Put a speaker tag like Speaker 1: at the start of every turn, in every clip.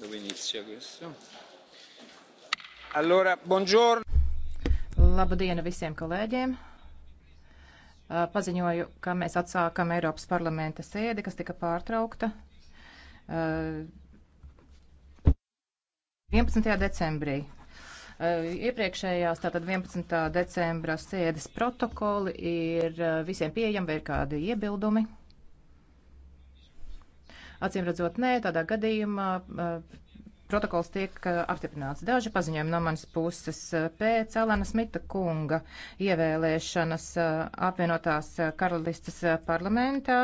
Speaker 1: Dove inizia questo? Allora, buongiorno.
Speaker 2: Labdien visiem kolēģiem! Paziņoju, ka mēs atsākam Eiropas parlamenta sēdi, kas tika pārtraukta 11. decembrī. Iepriekšējās tātad 11. decembra sēdes protokoli ir visiem pieejami, vai ir kādi iebildumi? Acīm redzot, nē, tādā gadījumā eh, protokols tiek eh, apstiprināts. Daži paziņojumi no manas puses eh, pēc Alana Smita kunga ievēlēšanas apvienotās karalistas parlamentā.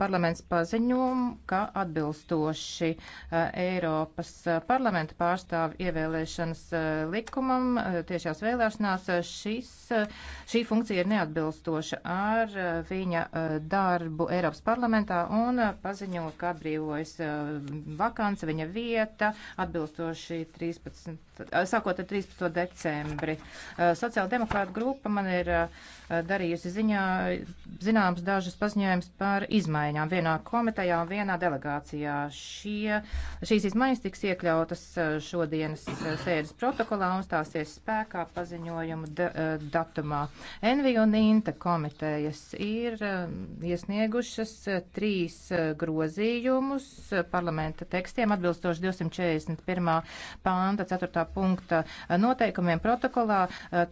Speaker 2: Parlaments paziņojumu, ka atbilstoši eh, Eiropas eh, parlamenta pārstāvu ievēlēšanas eh, likumam tiešās vēlēšanās šis, šī funkcija ir neatbilstoša ar viņa darbu Eiropas parlamentā un paziņo, ka atbrīvojas vakance viņa vieta atbilstoši 13, sākot ar 13. decembri. Sociāldemokrāta grupa man ir darījusi ziņā, zināms dažus paziņojumus par izmaiņām izmaiņām vienā komitejā un vienā delegācijā. Šie, šīs izmaiņas tiks iekļautas eh, šodienas eh, sēdes protokolā un stāsies spēkā paziņojumu eh, datumā. Envi un Inta komitejas ir iesniegušas trīs grozījumus parlamenta tekstiem atbilstoši 241. pānta 4. punkta noteikumiem protokolā.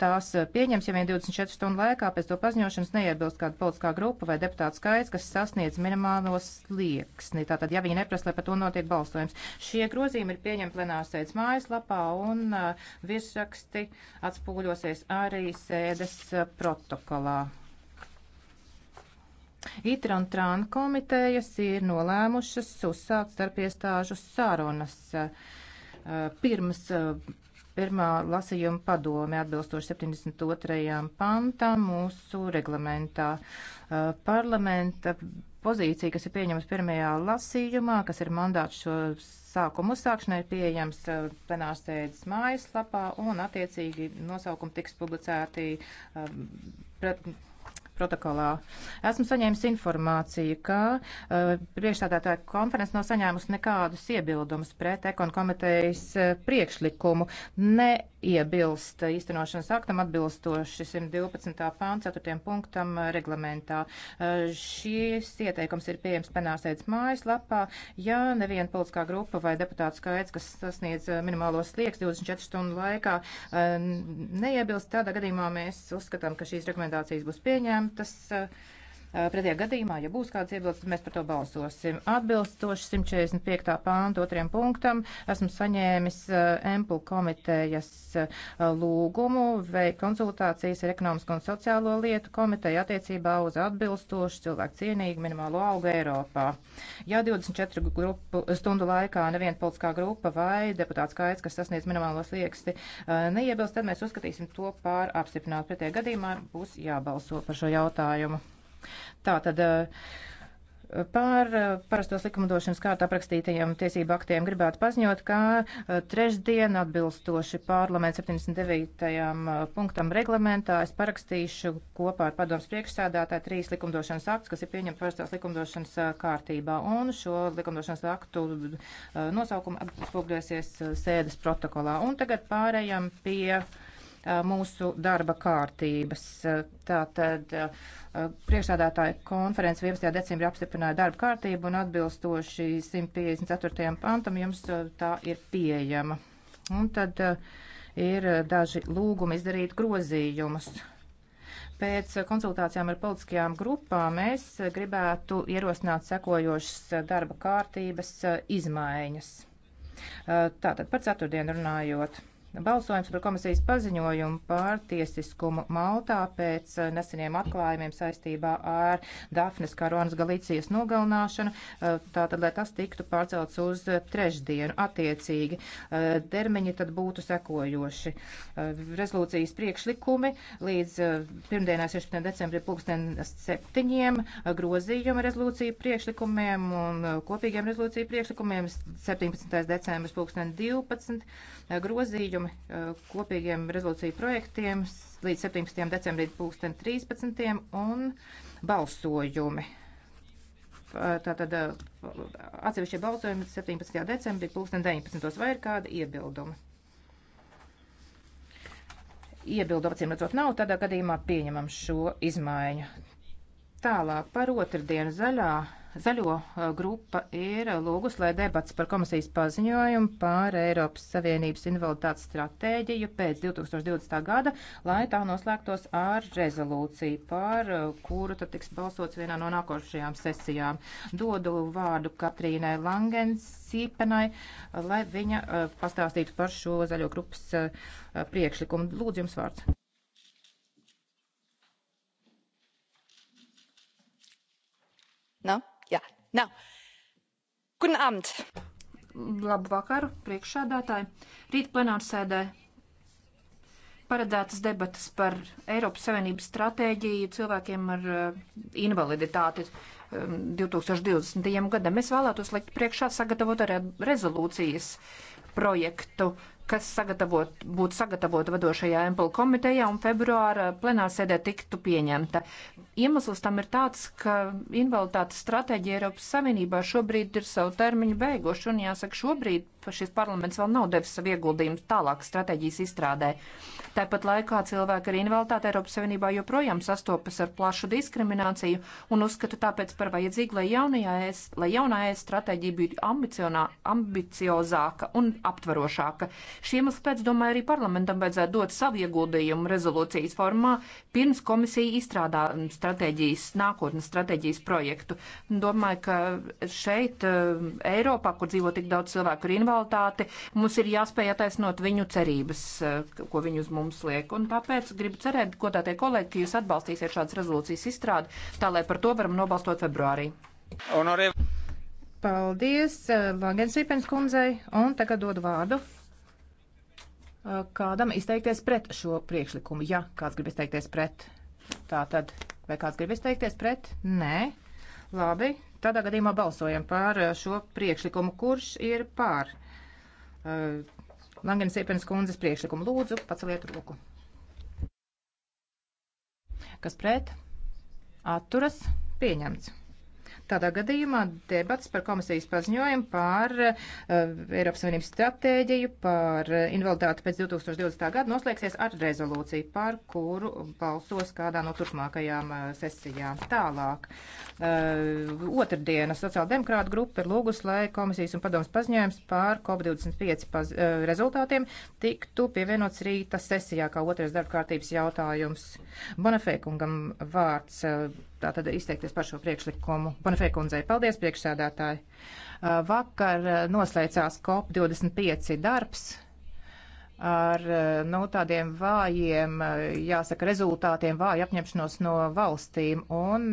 Speaker 2: Tās pieņems, ja vien 24 stundu laikā pēc to paziņošanas neiebilst kāda politiskā grupa vai deputāta skaits, kas sasniedz mērķi minimālo slieksni. Tātad, ja viņi neprasa, lai par to notiek balsojums. Šie grozījumi ir pieņemti plenārsēdes mājaslapā un uh, virsraksti atspūļosies arī sēdes uh, protokolā. ITRA un TRAN komitejas ir nolēmušas uzsākt starpiestāžu sarunas uh, pirms uh, pirmā lasījuma padome atbilstoši 72. pantam mūsu reglamentā. Uh, parlamenta pozīcija, kas ir pieņemta pirmajā lasījumā, kas ir mandāts šo sākumu uzsākšanai, pieejams uh, plenārsēdes mājaslapā un attiecīgi nosaukumi tiks publicēti. Um, pret, protokolā. Esmu saņēmis informāciju, ka uh, priekšstādātāja konferences nav saņēmusi nekādus iebildumus pret ekonu komitejas uh, priekšlikumu. Neiebilst īstenošanas aktam atbilstoši 112. pāns 4. punktam eh, reglamentā. Uh, šis ieteikums ir pieejams plenārsēdes mājaslapā. Ja neviena politiskā grupa vai deputāta skaits, kas sasniedz minimālos slieks 24 stundu laikā, neiebilst, tādā gadījumā mēs uzskatām, ka šīs rekomendācijas būs pieņēmas un tas uh, Uh, pretējā gadījumā, ja būs kāds iebildes, tad mēs par to balsosim. Atbilstoši 145. pānta otriem punktam esmu saņēmis Empul uh, komitejas uh, lūgumu veikt konsultācijas ar ekonomisko un sociālo lietu komiteju attiecībā uz atbilstošu cilvēku cienīgu minimālo algu Eiropā. Ja 24 grupu, stundu laikā neviena politiskā grupa vai deputāts skaits, kas sasniedz minimālos lieksti, neiebilst, tad mēs uzskatīsim to pār apstiprināt. Pretējā gadījumā būs jābalso par šo jautājumu. Tātad eh, pār eh, parastos likumdošanas kārtā aprakstītajiem tiesību aktiem gribētu paziņot, ka eh, trešdien atbilstoši parlamentu 79. punktam reglamentā es parakstīšu kopā ar padoms priekšsēdātāju trīs likumdošanas aktus, kas ir pieņemti parastās likumdošanas kārtībā, un šo likumdošanas aktu nosaukumu atspogļosies sēdes protokolā. Un tagad pārējām pie mūsu darba kārtības. Tātad priekšsādātāja konferences 11. decembrī apstiprināja darba kārtību un atbilstoši 154. pantam jums tā ir pieejama. Un tad ir daži lūgumi izdarīt grozījumus. Pēc konsultācijām ar politiskajām grupām es gribētu ierosināt sekojošas darba kārtības izmaiņas. Tātad par ceturtdienu runājot. Balsojums par komisijas paziņojumu par tiesiskumu Maltā pēc eh, neseniem atklājumiem saistībā ar Dafnes Karonas Galicijas nogalināšanu, eh, tātad, lai tas tiktu pārcelts uz trešdienu attiecīgi. Eh, termiņi tad būtu sekojoši. Rezolūcijas priekšlikumi līdz pirmdienā 16. decembrī pulksten septiņiem grozījuma rezolūciju priekšlikumiem un kopīgiem rezolūciju priekšlikumiem 17. decembris pulksten 12 grozījumu grozījumi eh, kopīgiem rezolūciju projektiem līdz 17. decembrim 2013. un balsojumi. Tātad eh, atsevišķie balsojumi 17. decembrī 2019. vai ir kāda iebilduma? Iebildu acīm redzot nav, tādā gadījumā pieņemam šo izmaiņu. Tālāk par otrdienu zaļā Zaļo uh, grupa ir lūgus, lai debats par komisijas paziņojumu pār Eiropas Savienības invaliditātes stratēģiju pēc 2020. gada, lai tā noslēgtos ar rezolūciju, par uh, kuru tad tiks balsots vienā no nākošajām sesijām. Dodu vārdu Katrīnai Langens Cīpenai, uh, lai viņa pastāstītu par šo zaļo grupas priekšlikumu. Lūdzu, jums vārds.
Speaker 3: No? jā. Nav. Guten Abend. Labu vakaru, priekšsādātāji. Rīt plenārsēdē paredzētas debatas par Eiropas Savienības stratēģiju cilvēkiem ar eh, invaliditāti 2020. Um, gadam. Es vēlētos likt priekšā sagatavot arī rezolūcijas projektu kas sagatavot, būtu sagatavota vadošajā MPL komitejā un februāra plenārsēdē tiktu pieņemta. Iemesls tam ir tāds, ka invaliditātes stratēģija Eiropas Savienībā šobrīd ir savu termiņu beiguši un jāsaka šobrīd šis parlaments vēl nav devis savu ieguldījumu tālāk stratēģijas izstrādē. Tāpat laikā cilvēki ar invaliditāti Eiropas Savienībā joprojām sastopas ar plašu diskrimināciju un uzskatu tāpēc par vajadzīgu, lai jaunajā es, lai jaunā es stratēģija būtu ambiciozāka un aptverošāka. Šiem uzpēc, domāju, arī parlamentam vajadzētu dot savu ieguldījumu rezolūcijas formā, pirms komisija izstrādā stratēģijas, nākotnes stratēģijas projektu. Domāju, ka šeit, eh, Eiropā, kur dzīvo tik daudz cilvēku ar invaliditāti, invaliditāti, mums ir jāspēj attaisnot viņu cerības, eh, ko viņi uz mums liek. Un tāpēc gribu cerēt, ko tā tie kolēģi, ka jūs atbalstīsiet šādas rezolūcijas izstrādi, tā lai par to varam nobalstot februārī.
Speaker 4: Honorē.
Speaker 2: Paldies Langens eh, Vipens kundzei, un tagad dodu vārdu eh, kādam izteikties pret šo priekšlikumu, ja kāds grib izteikties pret. Tā tad, vai kāds grib izteikties pret? Nē. Labi, tādā gadījumā balsojam par eh, šo priekšlikumu. Kurš ir pār? Uh, eh, Langenes iepienas kundzes priekšlikumu. Lūdzu, paceliet roku. Kas pret? Atturas. Pieņemts. Tādā gadījumā debats par komisijas paziņojumu par uh, Eiropas Savienības stratēģiju par eh, invaliditāti pēc 2020. gada noslēgsies ar rezolūciju, par kuru balsos kādā no turpmākajām uh, sesijām. Tālāk. Uh, otrdiena sociāldemokrāta grupa ir lūgus, lai komisijas un padomas paziņojums par COP25 paz, uh, rezultātiem tiktu pievienots rīta sesijā kā otrais darba kārtības jautājums. Bonafē kungam vārds tātad izteikties par šo priekšlikumu. Bonafē Bonafē kundzei. Paldies, priekšsēdētāji! Uh, vakar uh, noslēdzās COP25 darbs ar uh, nu, tādiem vājiem, jāsaka, rezultātiem, vāju apņemšanos no valstīm un,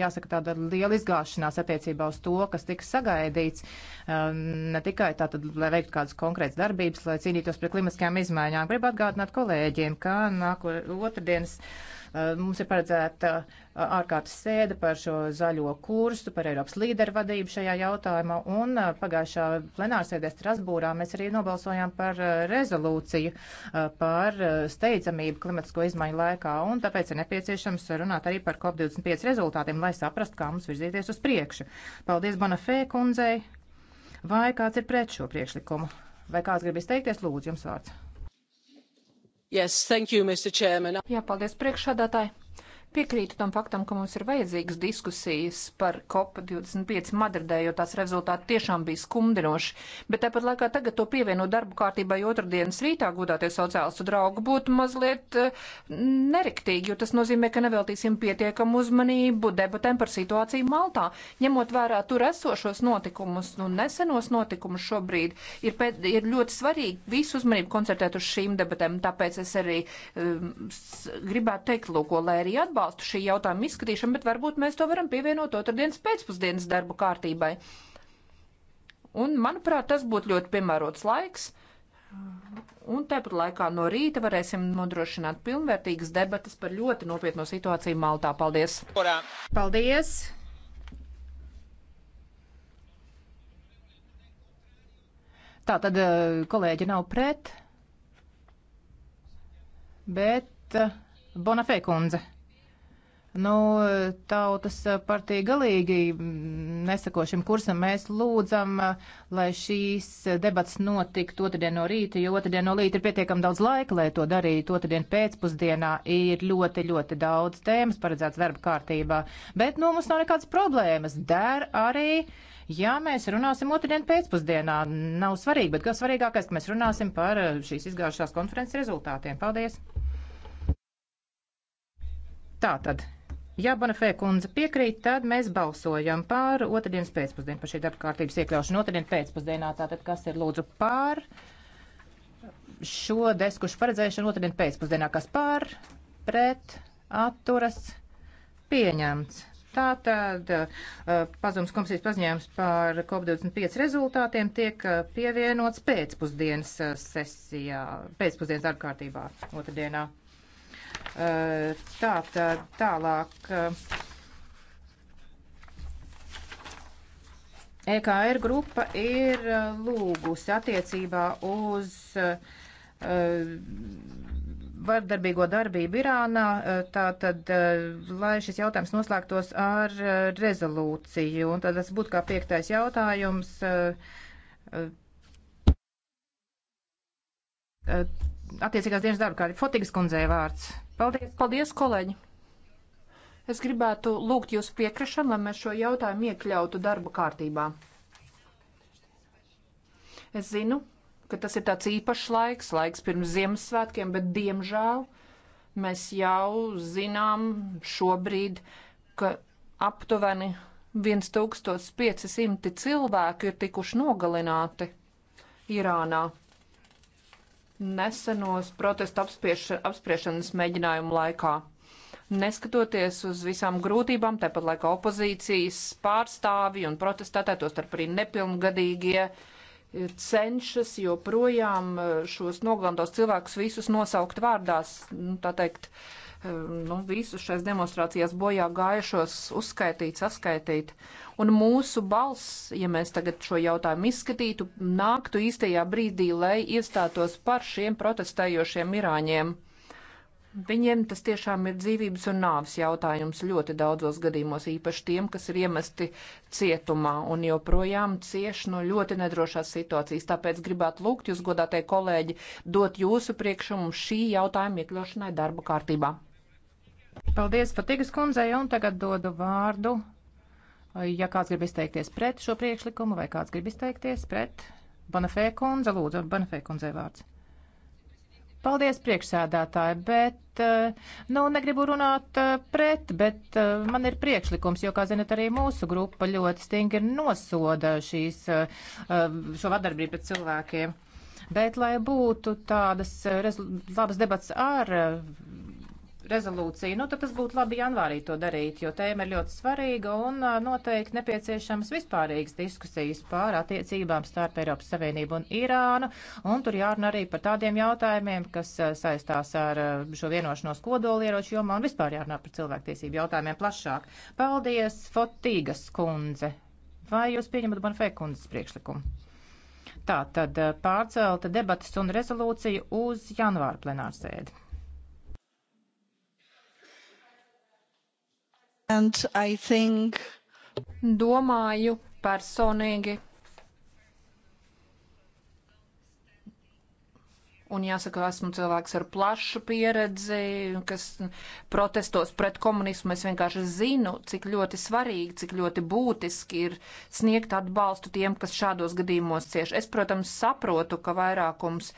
Speaker 2: jāsaka, tāda liela izgāšanās attiecībā uz to, kas tika sagaidīts, ne tikai tātad, lai veiktu kādas konkrētas darbības, lai cīnītos pret klimatiskajām izmaiņām. Gribu atgādināt kolēģiem, ka nāko otrdienas. No Eh, mums ir paredzēta eh, ārkārtas sēde par šo zaļo kursu, par Eiropas līderu vadību šajā jautājumā, un eh, pagājušā plenārsēdē Strasbūrā mēs arī nobalsojām par rezolūciju par steidzamību klimatisko izmaiņu laikā, un tāpēc ir nepieciešams runāt arī par COP25 rezultātiem, lai saprastu, kā mums virzīties uz priekšu. Paldies Bonafē kundzei! Vai kāds ir pret šo priekšlikumu? Vai kāds grib izteikties? Lūdzu, jums vārds.
Speaker 3: Yes, you, Jā, paldies priekšādātāji. Piekrītu tam faktam, ka mums ir vajadzīgas diskusijas par COP25 Madridē, jo tās rezultāti tiešām bija skumdinoši, bet tāpat laikā tagad to pievienot darbu kārtībai otrdienas rītā godātie sociālistu draugi būtu mazliet eh, neriktīgi, jo tas nozīmē, ka neveltīsim pietiekamu uzmanību debatēm par situāciju Maltā. Ņemot vērā tur esošos notikumus un nu, nesenos notikumus šobrīd, ir, pēc, ir ļoti svarīgi visu uzmanību koncentrēt uz šīm debatēm, tāpēc es arī um, gribētu teikt, lūko, lai arī atbalstu atbalstu šī jautājuma izskatīšanu, bet varbūt mēs to varam pievienot otrdienas pēcpusdienas darbu kārtībai. Un, manuprāt, tas būtu ļoti piemērots laiks. Un tāpat laikā no rīta varēsim nodrošināt pilnvērtīgas debatas par ļoti nopietno situāciju Maltā. Paldies! Paldies!
Speaker 2: Tā tad eh, kolēģi nav pret, bet eh, Bonafē kundze. Nu, tautas partija galīgi nesako šim kursam. Mēs lūdzam, lai šīs debats notiktu otrdien no rīta, jo otrdien no rīta ir pietiekami daudz laika, lai to darītu. Otrdien pēcpusdienā ir ļoti, ļoti daudz tēmas paredzēts darba kārtībā. Bet, nu, mums nav nekādas problēmas. Der arī, ja mēs runāsim otrdien pēcpusdienā, nav svarīgi, bet kas svarīgākais, ka mēs runāsim par šīs izgājušās konferences rezultātiem. Paldies! Tātad Ja Bonafē kundze piekrīt, tad mēs balsojam pār otrdienas pēcpusdienu par šī darba kārtības iekļaušanu otrdien pēcpusdienā. Tātad kas ir lūdzu pār šo deskušu paredzēšanu otrdien pēcpusdienā? Kas pār, pret, atturas, pieņemts. Tātad uh, pazemes komisijas paziņojums par COP25 rezultātiem tiek uh, pievienots pēcpusdienas uh, sesijā, pēcpusdienas darbkārtībā otrdienā. Tā tad tālāk. EKR grupa ir lūgusi attiecībā uz vardarbīgo darbību Irānā, tātad, lai šis jautājums noslēgtos ar rezolūciju, un tad tas būtu kā piektais jautājums. Attiecīgās dienas darba kārtība. Fotigas kundzei vārds. Paldies,
Speaker 3: paldies kolēģi! Es gribētu lūgt jūs piekrišanu, lai mēs šo jautājumu iekļautu darba kārtībā. Es zinu, ka tas ir tāds īpašs laiks, laiks pirms Ziemassvētkiem, bet diemžēl mēs jau zinām šobrīd, ka aptuveni 1500 cilvēki ir tikuši nogalināti Irānā nesenos protestu apspriešanas mēģinājumu laikā. Neskatoties uz visām grūtībām, tāpat laikā opozīcijas pārstāvi un protestētāji, tostarp arī nepilngadīgie, cenšas joprojām eh, šos nogalintos cilvēkus visus nosaukt vārdās, nu, tā teikt, eh, nu, visus šais demonstrācijās bojā gājušos uzskaitīt, saskaitīt. Un mūsu balss, ja mēs tagad šo jautājumu izskatītu, nāktu īstajā brīdī, lai iestātos par šiem protestējošiem Irāņiem. Viņiem tas tiešām ir dzīvības un nāves jautājums ļoti daudzos gadījumos, īpaši tiem, kas ir iemesti cietumā un joprojām cieši no ļoti nedrošās situācijas. Tāpēc gribētu lūgt jūs, godātie kolēģi, dot jūsu priekšumu šī jautājuma iekļaušanai darba kārtībā. Paldies, Fatigas
Speaker 2: kundzei, un tagad dodu vārdu Ja kāds grib izteikties pret šo priekšlikumu vai kāds grib izteikties pret Banafē kundze, lūdzu, Banafē kundzei vārds. Paldies priekšsēdētāji, bet, eh, nu, negribu runāt eh, pret, bet eh, man ir priekšlikums, jo, kā zinat, arī mūsu grupa ļoti stingri nosoda šīs, šo vardarbību pret cilvēkiem. Bet, lai būtu tādas labas debats ar rezolūciju, nu tad tas būtu labi janvārī to darīt, jo tēma ir ļoti svarīga un noteikti nepieciešams vispārīgas diskusijas pār attiecībām starp Eiropas Savienību un Irānu, un tur jārunā arī par tādiem jautājumiem, kas saistās ar šo vienošanos kodolieroču jomā un vispār jārunā par cilvēktiesību jautājumiem plašāk. Paldies, Fotīgas kundze! Vai jūs pieņemat Banfē kundzes priekšlikumu? Tā tad pārcelta debatas un rezolūcija uz
Speaker 3: janvāra plenārsēdi. Think... Domāju personīgi. Un jāsaka, esmu cilvēks ar plašu pieredzi, kas protestos pret komunismu. Es vienkārši zinu, cik ļoti svarīgi, cik ļoti būtiski ir sniegt atbalstu tiem, kas šādos gadījumos cieš. Es, protams, saprotu, ka vairākums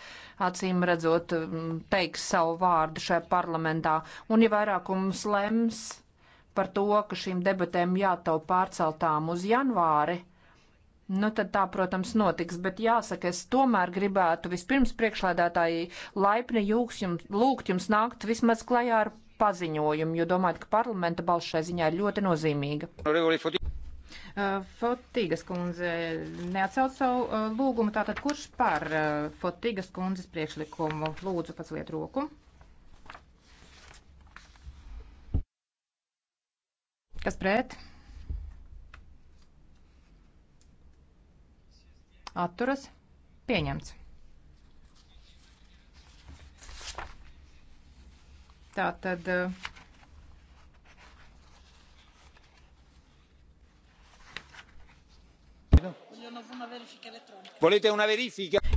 Speaker 3: acīm redzot teiks savu vārdu šajā parlamentā. Un ja vairākums lems par to, ka šīm debatēm jātau pārceltām uz janvāri, nu tad tā, protams, notiks. Bet jāsaka, es tomēr gribētu vispirms priekšlēdētāji laipni jūks jums, lūgt jums nākt vismaz klajā ar paziņojumu, jo domāju, ka parlamenta balss šai ziņā ir ļoti nozīmīga.
Speaker 5: Uh,
Speaker 3: Fotīgas kundze
Speaker 2: neatsauc savu uh, lūgumu, tātad kurš par uh, Fotīgas kundzes priekšlikumu lūdzu paceliet roku? Kas pret? Atturas. Pieņemts. Tā tad. Uh,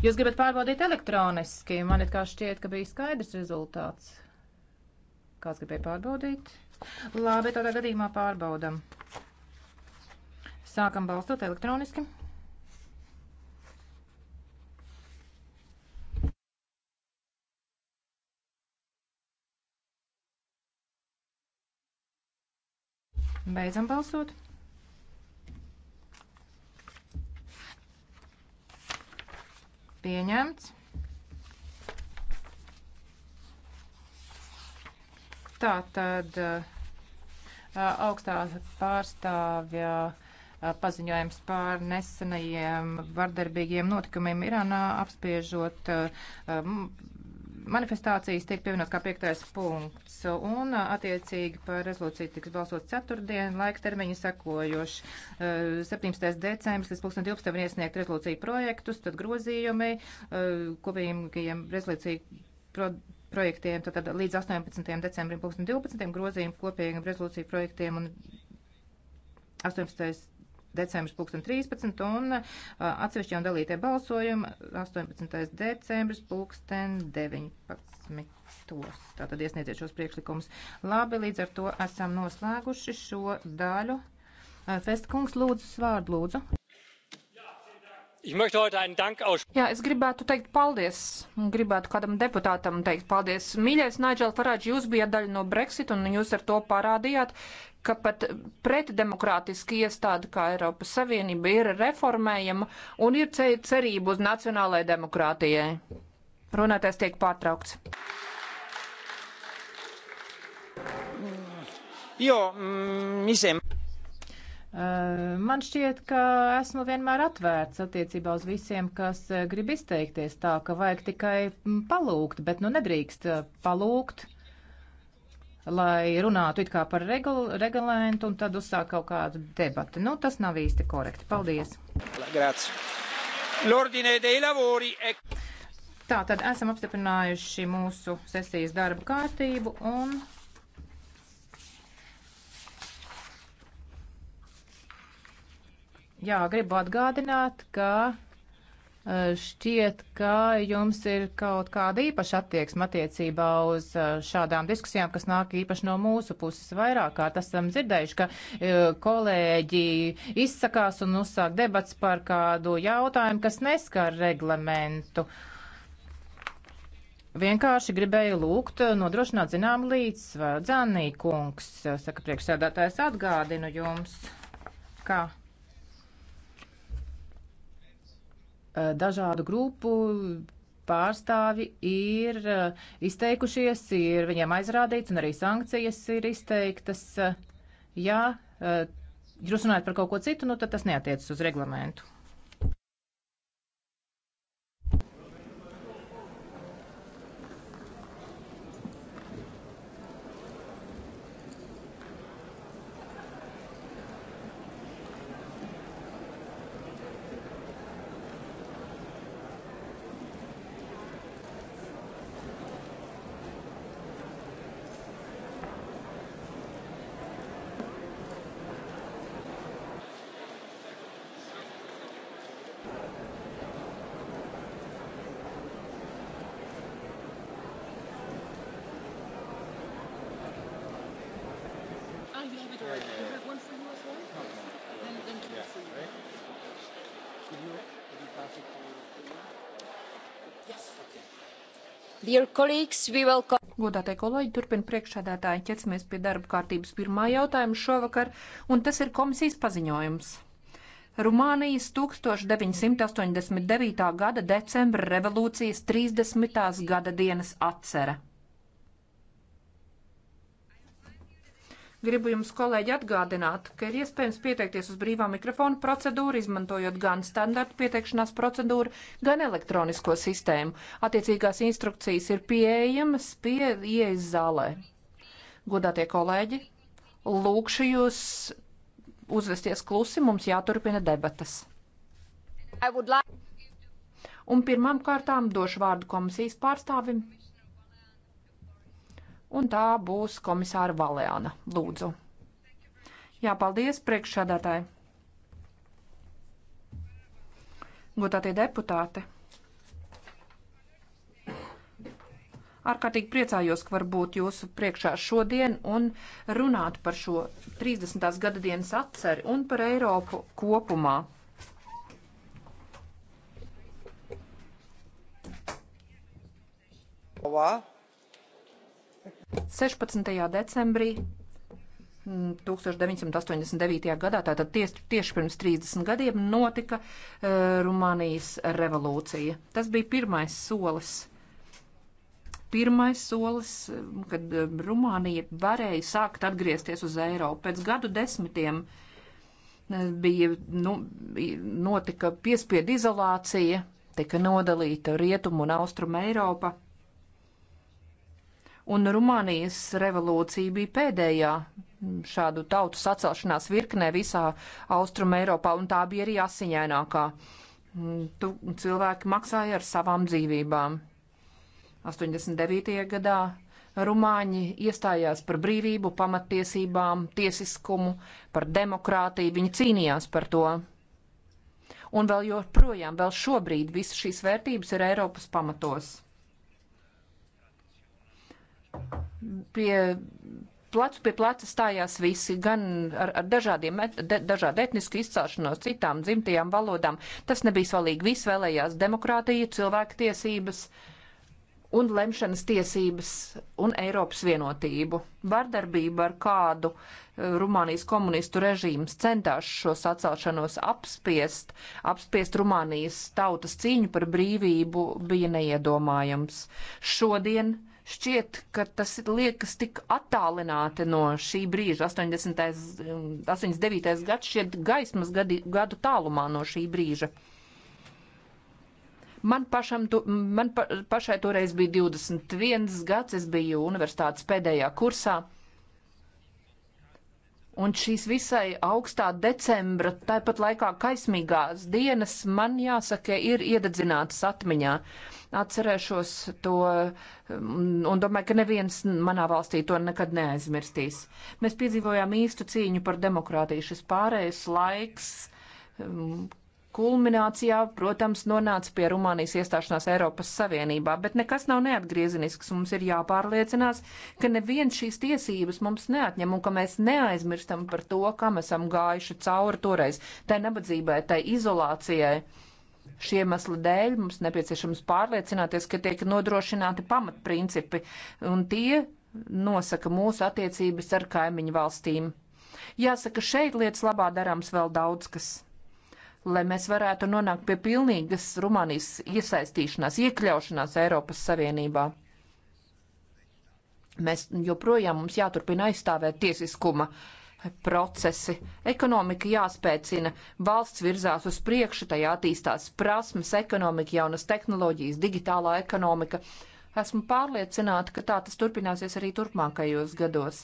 Speaker 2: Jūs gribat pārbaudīt elektroniski? Man it kā šķiet, ka bija skaidrs rezultāts. Kāds gribēja pārbaudīt? Labi, tādā gadījumā pārbaudam. Sākam balstot elektroniski. Beidzam balsot. Pieņemts. Tā tad augstā pārstāvja paziņojums par nesenajiem vardarbīgiem notikumiem Irānā apspiežot manifestācijas tiek pievienots kā piektais punkts, un attiecīgi par rezolūciju tiks balsots ceturtdien, laika termiņi sekojoši. 17. decembris līdz 2012. var iesniegt rezolūciju projektus, tad grozījumi kopīgajiem rezolūciju projektiem projektiem, tad līdz 18. decembrim 2012. grozījumu kopīgiem rezolūciju projektiem un 18 decembris 2013 un uh, atsevišķie un dalītie balsojumi 18. decembris 2019. Tātad iesniedziet šos priekšlikumus. Labi, līdz ar to esam
Speaker 3: noslēguši šo daļu. Uh, Festkungs lūdzu, svārdu lūdzu.
Speaker 4: Jā,
Speaker 3: es gribētu teikt paldies, un gribētu kādam deputātam teikt paldies. Mīļais Naidžel Farāģi, jūs bijat daļa no Brexit, un jūs ar to parādījāt, ka pat pretdemokrātiski iestāde kā Eiropas Savienība ir reformējama un ir cerība uz nacionālajai demokrātijai. Runātais tiek pārtraukts.
Speaker 2: Jo, mm, misiem. Eh, man šķiet, ka esmu vienmēr atvērts attiecībā uz visiem, kas eh, grib izteikties tā, ka vajag tikai mm, palūgt, bet nu nedrīkst eh, palūgt, lai runātu it kā par regul regulēntu un tad uzsāk kaut kādu debati. Nu, tas nav īsti korekti. Paldies.
Speaker 5: Grāts.
Speaker 4: L'ordine dei lavori è...
Speaker 2: Tā tad esam apstiprinājuši mūsu sesijas darba kārtību un Jā, gribu atgādināt, ka e, šķiet, ka jums ir kaut kāda īpaša attieksme attiecībā uz e, šādām diskusijām, kas nāk īpaši no mūsu puses vairāk kārt. Esam dzirdējuši, ka e, kolēģi izsakās un uzsāk debats par kādu jautājumu, kas neskar reglamentu. Vienkārši gribēju lūgt nodrošināt zinām līdzsvaru. Dzanī kungs, saka priekšsēdētājs, atgādinu jums, ka Eh, dažādu grupu pārstāvi ir eh, izteikušies, ir viņiem aizrādīts un arī sankcijas ir izteiktas. Ja eh, jūs runājat par kaut ko citu, nu tad tas neatiecas uz reglamentu.
Speaker 3: Will... Godātie kolēģi, turpina priekšsēdētāji, ķersimies pie darba kārtības pirmā jautājuma šovakar, un tas ir komisijas paziņojums. Rumānijas 1989. gada decembra revolūcijas 30. gada dienas atcera. Gribu jums, kolēģi, atgādināt, ka ir iespējams pieteikties uz brīvā mikrofona procedūru, izmantojot gan standarta pieteikšanās procedūru, gan elektronisko sistēmu. Attiecīgās instrukcijas ir pieejamas pie ieejas zālē. Godātie kolēģi, lūkšu jūs uzvesties klusi, mums jāturpina debatas. Un pirmām kārtām došu vārdu komisijas pārstāvim un tā būs komisāra Valēna. Lūdzu. Jā, paldies, priekšsādātāji. Godātie deputāti. ārkārtīgi priecājos, ka var būt jūsu priekšā šodien un runāt par šo 30. gada dienas atceri un par Eiropu kopumā. Wow. 16. decembrī 1989. Mm, gadā, tātad ties, tieši pirms 30 gadiem, notika uh, Rumānijas revolūcija. Tas bija pirmais solis pirmais solis, mm, kad e, Rumānija varēja sākt atgriezties uz Eiropu. Pēc gadu desmitiem e, bija, nu, notika piespiedu izolācija, tika nodalīta rietumu un austrumu Eiropa un Rumānijas revolūcija bija pēdējā šādu tautu sacelšanās virknē visā Austrum Eiropā, un tā bija arī asiņainākā. Mm, tu cilvēki maksāja ar savām dzīvībām. 89. gadā Rumāņi iestājās par brīvību, pamattiesībām, tiesiskumu, par demokrātiju, viņi cīnījās par to. Un vēl joprojām, vēl šobrīd visas šīs vērtības ir Eiropas pamatos pie plecu pie pleca stājās visi, gan ar, ar dažādiem, de, dažādu etnisku izcelšanos, citām dzimtajām valodām. Tas nebija svalīgi. Visi vēlējās demokrātiju, cilvēku tiesības un lemšanas tiesības un Eiropas vienotību. Vardarbība, ar kādu eh, Rumānijas komunistu režīms centās šo sacelšanos apspiest, apspiest Rumānijas tautas cīņu par brīvību, bija neiedomājams. Šodien šķiet, ka tas liekas tik attālināti no šī brīža. 80. 89. Um, gads šķiet gaismas gadi, gadu tālumā no šī brīža. Man, pašam, tu, man pa, pašai toreiz bija 21 gads, es biju universitātes pēdējā kursā. Un šīs visai augstā decembra, tāpat laikā kaismīgās dienas, man jāsaka, ir iededzinātas atmiņā. Atcerēšos to un domāju, ka neviens manā valstī to nekad neaizmirstīs. Mēs piedzīvojām īstu cīņu par demokrātiju. Šis pārējais laiks, kulminācijā, protams, nonāca pie Rumānijas iestāšanās Eiropas Savienībā, bet nekas nav neatgriezenisks. Mums ir jāpārliecinās, ka neviens šīs tiesības mums neatņem un ka mēs neaizmirstam par to, kam esam gājuši cauri toreiz, tai nabadzībai, tai izolācijai. Šie iemesli dēļ mums nepieciešams pārliecināties, ka tiek nodrošināti pamatprincipi, un tie nosaka mūsu attiecības ar kaimiņu valstīm. Jāsaka, šeit lietas labā darāms vēl daudz kas lai mēs varētu nonākt pie pilnīgas Rumānijas iesaistīšanās, iekļaušanās Eiropas Savienībā. Mēs joprojām mums jāturpina aizstāvēt tiesiskuma procesi. Ekonomika jāspēcina, valsts virzās uz priekšu, tajā attīstās prasmes, ekonomika, jaunas tehnoloģijas, digitālā ekonomika. Esmu pārliecināta, ka tā tas turpināsies arī turpmākajos gados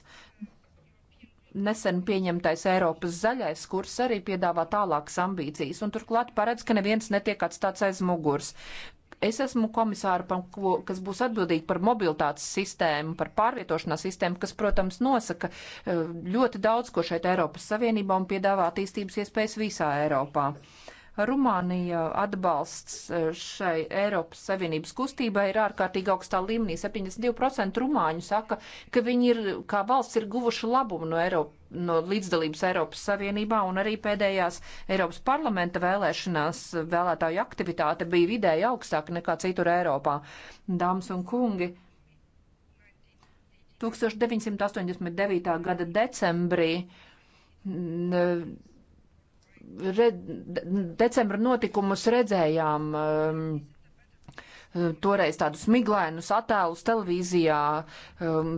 Speaker 3: nesen pieņemtais Eiropas zaļais kurs arī piedāvā tālākas ambīcijas, un turklāt paredz, ka neviens netiek atstāts aiz muguras. Es esmu komisāra, kas būs atbildīga par mobilitātes sistēmu, par pārvietošanās sistēmu, kas, protams, nosaka eh, ļoti daudz ko šeit Eiropas Savienībā un piedāvā attīstības iespējas visā Eiropā. Uh, Rumānija atbalsts eh, šai Eiropas Savienības kustībai ir ārkārtīgi augstā līmenī. 72% rumāņu saka, ka viņi ir, kā valsts, ir guvuši labumu no, Eiropa, no līdzdalības Eiropas Savienībā, un arī pēdējās Eiropas parlamenta vēlēšanās vēlētāju aktivitāte bija vidēji augstāka nekā citur Eiropā. Dāmas un kungi! 1989. gada decembrī red, decembra notikumus redzējām. Um, toreiz tādus miglainus attēlus televīzijā. Um,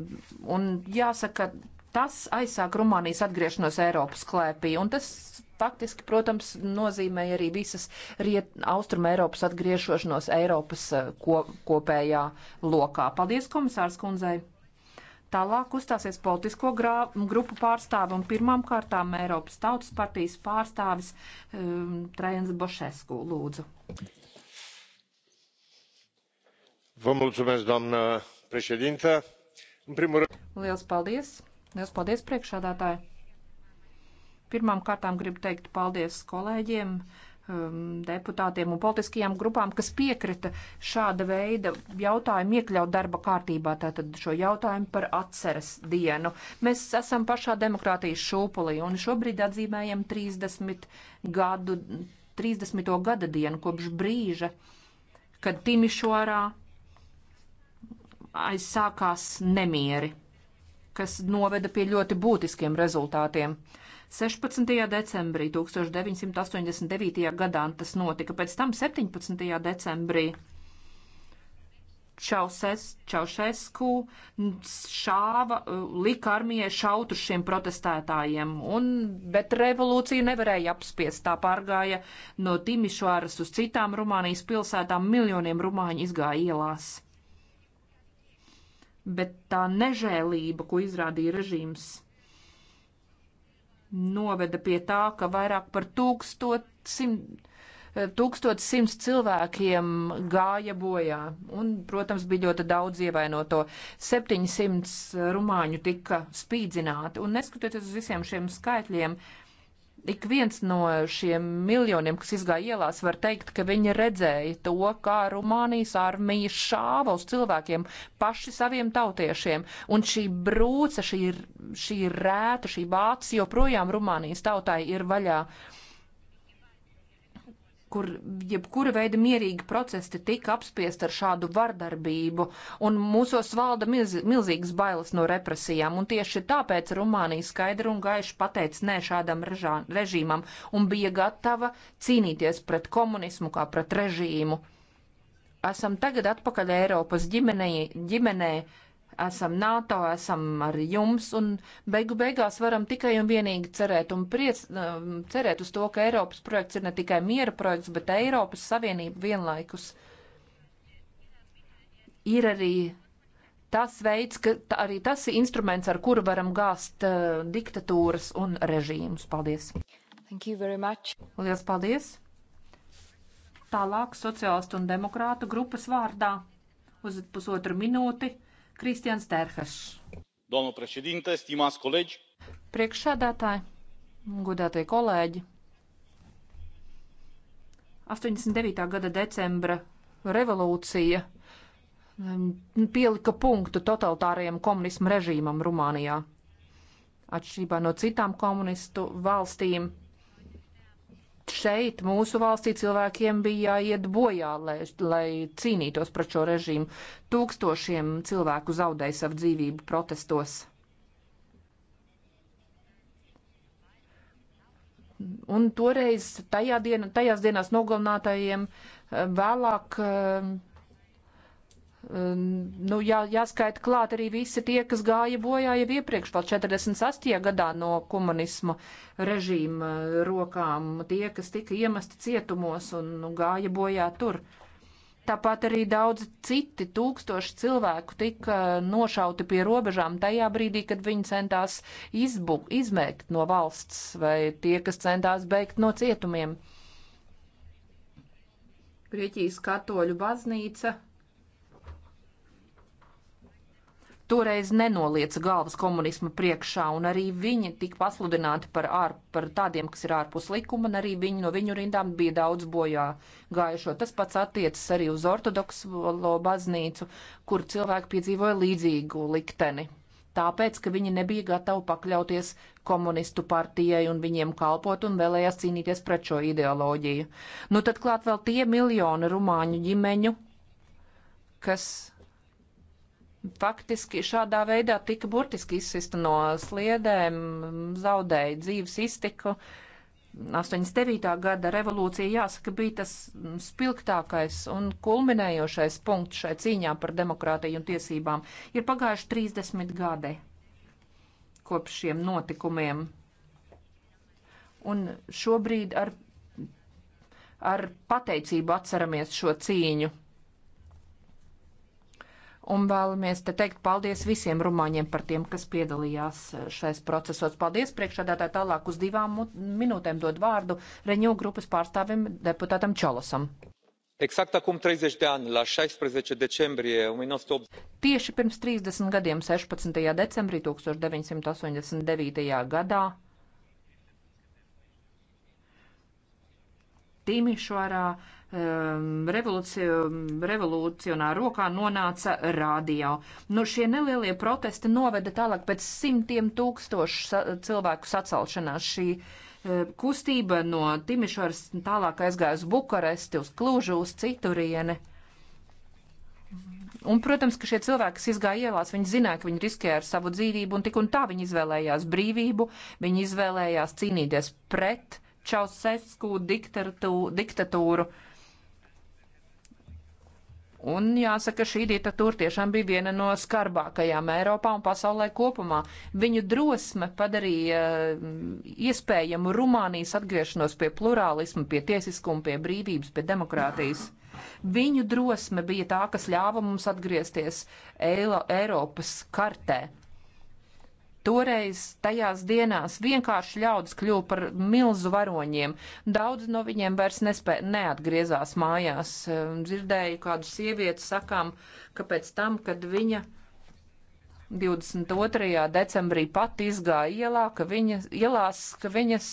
Speaker 3: un jāsaka, tas aizsāk Rumānijas atgriešanos Eiropas klēpī. Un tas faktiski, protams, nozīmēja arī visas riet, austrum Eiropas atgriešanos Eiropas uh, ko, kopējā lokā. Paldies komisārs kundzei! Tālāk uzstāsies politisko grā, grupu pārstāvi un pirmām kārtām Eiropas Tautas partijas pārstāvis um, Trajans Bošesku. Lūdzu.
Speaker 1: Vă mulțumesc, doamnă președintă. În primul rând...
Speaker 3: Liels paldies! Liels paldies, priekšādātāji! Pirmām kārtām gribu teikt paldies kolēģiem, uh, um, deputātiem un politiskajām grupām, kas piekrita šāda veida jautājumu iekļaut darba kārtībā, tātad šo jautājumu par atceres dienu. Mēs esam pašā demokrātijas šūpulī un šobrīd atzīmējam 30 gadu, 30. gada dienu kopš brīža, kad Timišorā aizsākās nemieri kas noveda pie ļoti būtiskiem rezultātiem. 16. decembrī 1989. gadā tas notika, pēc tam 17. decembrī Čauses, Čaušesku šāva, uh, lika armijai šaut uz šiem protestētājiem, un, bet revolūciju nevarēja apspiest. Tā pārgāja no Timišvāras uz citām Rumānijas pilsētām, miljoniem rumāņu izgāja ielās bet tā nežēlība, ko izrādīja režīms noveda pie tā, ka vairāk par 1100 1100 cilvēkiem gāja bojā, un, protams, bija ļoti daudz ievainoto. 700 rumāņu tika spīdzināti, un neskatoties uz visiem šiem skaitļiem, uh, Ik viens no šiem miljoniem, kas izgāja ielās, var teikt, ka viņi redzēja to, kā Rumānijas armija šāva uz cilvēkiem paši saviem tautiešiem. Un šī brūce, šī, šī rēta, šī vācis joprojām Rumānijas tautai ir vaļā. Uh, kur jebkura veida mierīgi procesi tika apspiesti ar šādu vardarbību, un mūsos valda milz, milzīgas bailes no represijām, un tieši tāpēc Rumānija skaidri un gaiši pateica nē šādam režā, režīmam un bija gatava cīnīties pret komunismu kā pret režīmu. Esam tagad atpakaļ Eiropas ģimenei, ģimenei esam NATO, esam ar jums, un beigu beigās varam tikai un vienīgi cerēt un priec, um, cerēt uz to, ka Eiropas projekts ir ne tikai miera projekts, bet Eiropas Savienība vienlaikus ir arī tas veids, ka arī tas ir instruments, ar kuru varam gāzt uh, diktatūras un režīmus. Paldies! Thank you very much! Lielas paldies! Tālāk sociālistu un demokrātu grupas vārdā uz pusotru minūti
Speaker 5: Doamnă președintă, stimați colegi!
Speaker 3: Priekšsēdētāji, godātie kolēģi! 89. gada decembra revolūcija mm, pielika punktu totalitārajam komunismu režīmam Rumānijā. Atšķirībā no citām komunistu valstīm, šeit, mūsu valstī, cilvēkiem bija jāiet bojā, lai, lai cīnītos pret šo režīmu. Tūkstošiem cilvēku zaudēja savu dzīvību protestos. Un toreiz tajā diena, tajās dienās nogalinātajiem eh, vēlāk eh, nu, jā, jāskaita klāt arī visi tie, kas gāja bojā jau iepriekš, vēl 48. gadā no komunisma režīma rokām, tie, kas tika iemesti cietumos un nu, gāja bojā tur. Tāpat arī daudz citi tūkstoši cilvēku tika nošauti pie robežām tajā brīdī, kad viņi centās izbuk, izmēgt no valsts vai tie, kas centās beigt no cietumiem. Grieķijas katoļu baznīca toreiz nenolieca galvas komunisma priekšā, un arī viņi tika pasludināti par, ār, par tādiem, kas ir ārpus likuma, un arī viņi no viņu rindām bija daudz bojā gājušo. Tas pats attiecas arī uz ortodokso baznīcu, kur cilvēki piedzīvoja līdzīgu likteni. Tāpēc, ka viņi nebija gatavi pakļauties komunistu partijai un viņiem kalpot un vēlējās cīnīties pret šo ideoloģiju. Nu, tad klāt vēl tie miljoni rumāņu ģimeņu, kas faktiski šādā veidā tika burtiski izsista no sliedēm, zaudēja dzīves iztiku. 89. gada revolūcija, jāsaka, bija tas spilgtākais un kulminējošais punkts šai cīņā par demokrātiju un tiesībām. Ir pagājuši 30 gadi kopš šiem notikumiem. Un šobrīd ar, ar pateicību atceramies šo cīņu un vēlamies te teikt paldies visiem rumāņiem par tiem, kas piedalījās eh, šais procesos. Paldies priekšādātāji tālāk uz divām minūtēm dod vārdu Reņū grupas pārstāvim deputātam Čolosam.
Speaker 1: Exact acum 30 de ani, la 16 decembrie 1980.
Speaker 3: Tieši pirms 30 gadiem, 16. decembrī 1989. gadā, Timišvarā uh, Um, revolucionāru rokā nonāca radio. Nu, šie nelielie protesti noveda tālāk pēc simtiem tūkstošu sa cilvēku sacelšanās. Šī uh, kustība no Timišvaras tālāk aizgāja uz Bukaresti, uz Klužu, uz citurieni. Un, protams, ka šie cilvēki, kas izgāja ielās, viņi zināja, ka viņi riskēja ar savu dzīvību, un tik un tā viņi izvēlējās brīvību, viņi izvēlējās cīnīties pret Čausesku diktatūru. diktatūru. Un jāsaka, šī diktatūra tiešām bija viena no skarbākajām Eiropā un pasaulē kopumā. Viņu drosme padarīja mm, iespējamu Rumānijas atgriešanos pie plurālismu, pie tiesiskuma, pie brīvības, pie demokrātijas. Viņu drosme bija tā, kas ļāva mums atgriezties Eila, Eiropas kartē. Toreiz tajās dienās vienkārši ļaudis kļuva par milzu varoņiem. Daudz no viņiem vairs nespē, neatgriezās mājās. Dzirdēju kādu sievieti sakām, ka pēc tam, kad viņa 22. decembrī pat izgāja ielā, ka viņa, ielās, ka viņas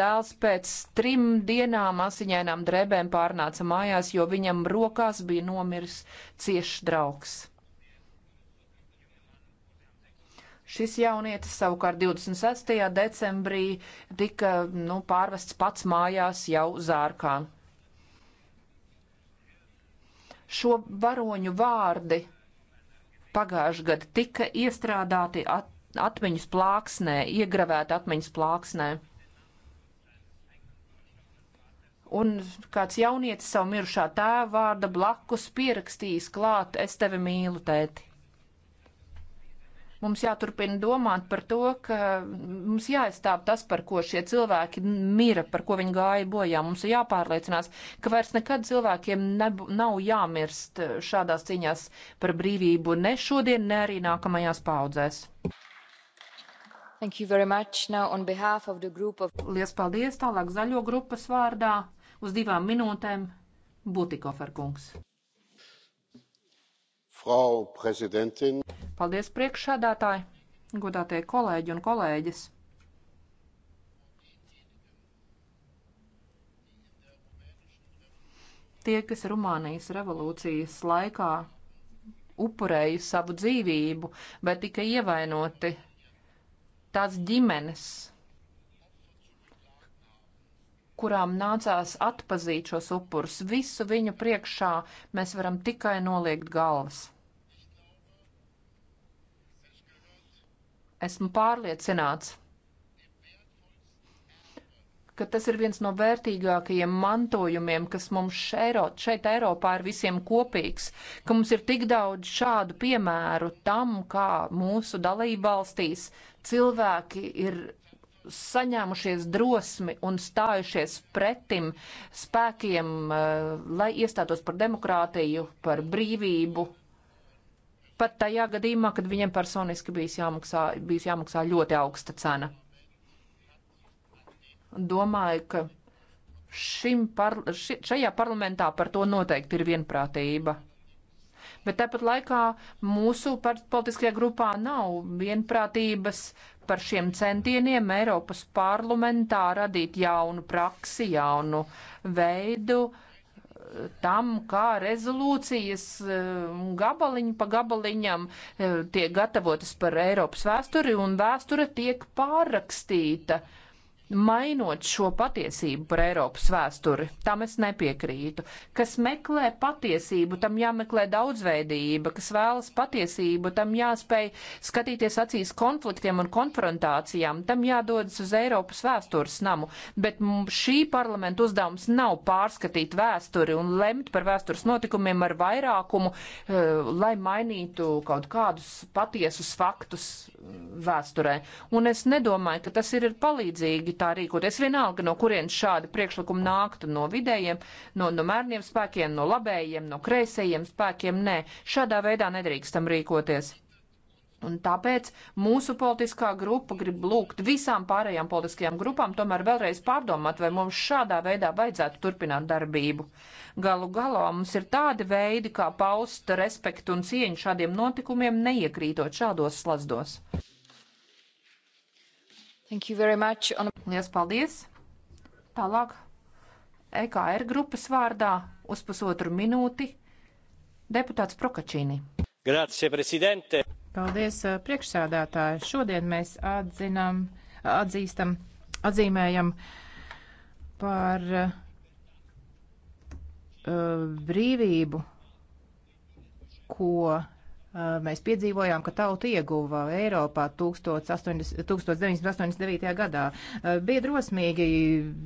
Speaker 3: Dēls pēc trim dienām asiņainām drēbēm pārnāca mājās, jo viņam rokās bija nomiris ciešs draugs. Šis jaunietis savukārt 26. decembrī tika nu, pārvests pats mājās jau zārkā. Šo varoņu vārdi pagājušajā gadā tika iestrādāti at, atmiņas plāksnē, iegravēti atmiņas plāksnē. Un kāds jaunietis savu mirušā tēva vārda blakus pierakstījis klāt, es tevi mīlu, tēti. Mums jāturpina domāt par to, ka mums jāizstāv tas, par ko šie cilvēki mira, par ko viņi gāja bojā. Mums ir jāpārliecinās, ka vairs nekad cilvēkiem nav jāmirst šādās ciņās par brīvību ne šodien, ne arī nākamajās paudzēs. Of... Lielas paldies tālāk zaļo grupas vārdā uz divām minūtēm Butikofer kungs.
Speaker 1: Frau Präsidentin!
Speaker 3: Paldies, priekšsēdētāji, godātie kolēģi un kolēģis! Tie, kas Rumānijas revolūcijas laikā upurēja savu dzīvību, bet tika ievainoti tās ģimenes, kurām nācās atpazīt šos upurus. Visu viņu priekšā mēs varam tikai noliegt galvas. Esmu pārliecināts, ka tas ir viens no vērtīgākajiem mantojumiem, kas mums šeit, šeit Eiropā ir visiem kopīgs, ka mums ir tik daudz šādu piemēru tam, kā mūsu dalībvalstīs cilvēki ir saņēmušies drosmi un stājušies pretim spēkiem, eh, lai iestātos par demokrātiju, par brīvību, pat tajā gadījumā, kad viņiem personiski bijis jāmaksā, bijis jāmaksā ļoti augsta cena. Domāju, ka šim par, ši, šajā parlamentā par to noteikti ir vienprātība. Bet tāpat laikā mūsu politiskajā grupā nav vienprātības par šiem centieniem Eiropas parlamentā radīt jaunu praksi, jaunu veidu, uh, tam, kā rezolūcijas um, gabaliņu pa gabaliņam um, tiek gatavotas par Eiropas vēsturi un vēsture tiek pārrakstīta. Uh, mainot šo patiesību par Eiropas vēsturi. Tam es nepiekrītu. Kas meklē patiesību, tam jāmeklē daudzveidība, kas vēlas patiesību, tam jāspēj skatīties acīs konfliktiem un konfrontācijām, tam jādodas uz Eiropas vēstures namu. Bet šī parlamenta uzdevums nav pārskatīt vēsturi un lemt par vēstures notikumiem ar vairākumu, eh, lai mainītu kaut kādus patiesus faktus eh, vēsturē. Un es nedomāju, ka tas ir palīdzīgi tā rīkoties. Vienalga, no kurienes šādi priekšlikumi nāktu no vidējiem, no, no mērniem spēkiem, no labējiem, no kreisējiem spēkiem, nē, šādā veidā nedrīkstam rīkoties. Un tāpēc mūsu politiskā grupa grib lūgt visām pārējām politiskajām grupām tomēr vēlreiz pārdomāt, vai mums šādā veidā vajadzētu turpināt darbību. Galu galā mums ir tādi veidi, kā paust respektu un cieņu šādiem notikumiem, neiekrītot šādos slazdos. On... Lielas paldies! Tālāk EKR grupas vārdā uz pusotru minūti deputāts Prokačīni.
Speaker 5: Grazie, prezidente!
Speaker 2: Paldies, eh, priekšsēdētāji! Šodien mēs atzinam, atzīstam, atzīmējam par uh, brīvību, ko Eh, mēs piedzīvojām, ka tauta ieguva Eiropā 1989. gadā. Eh, bija drosmīgi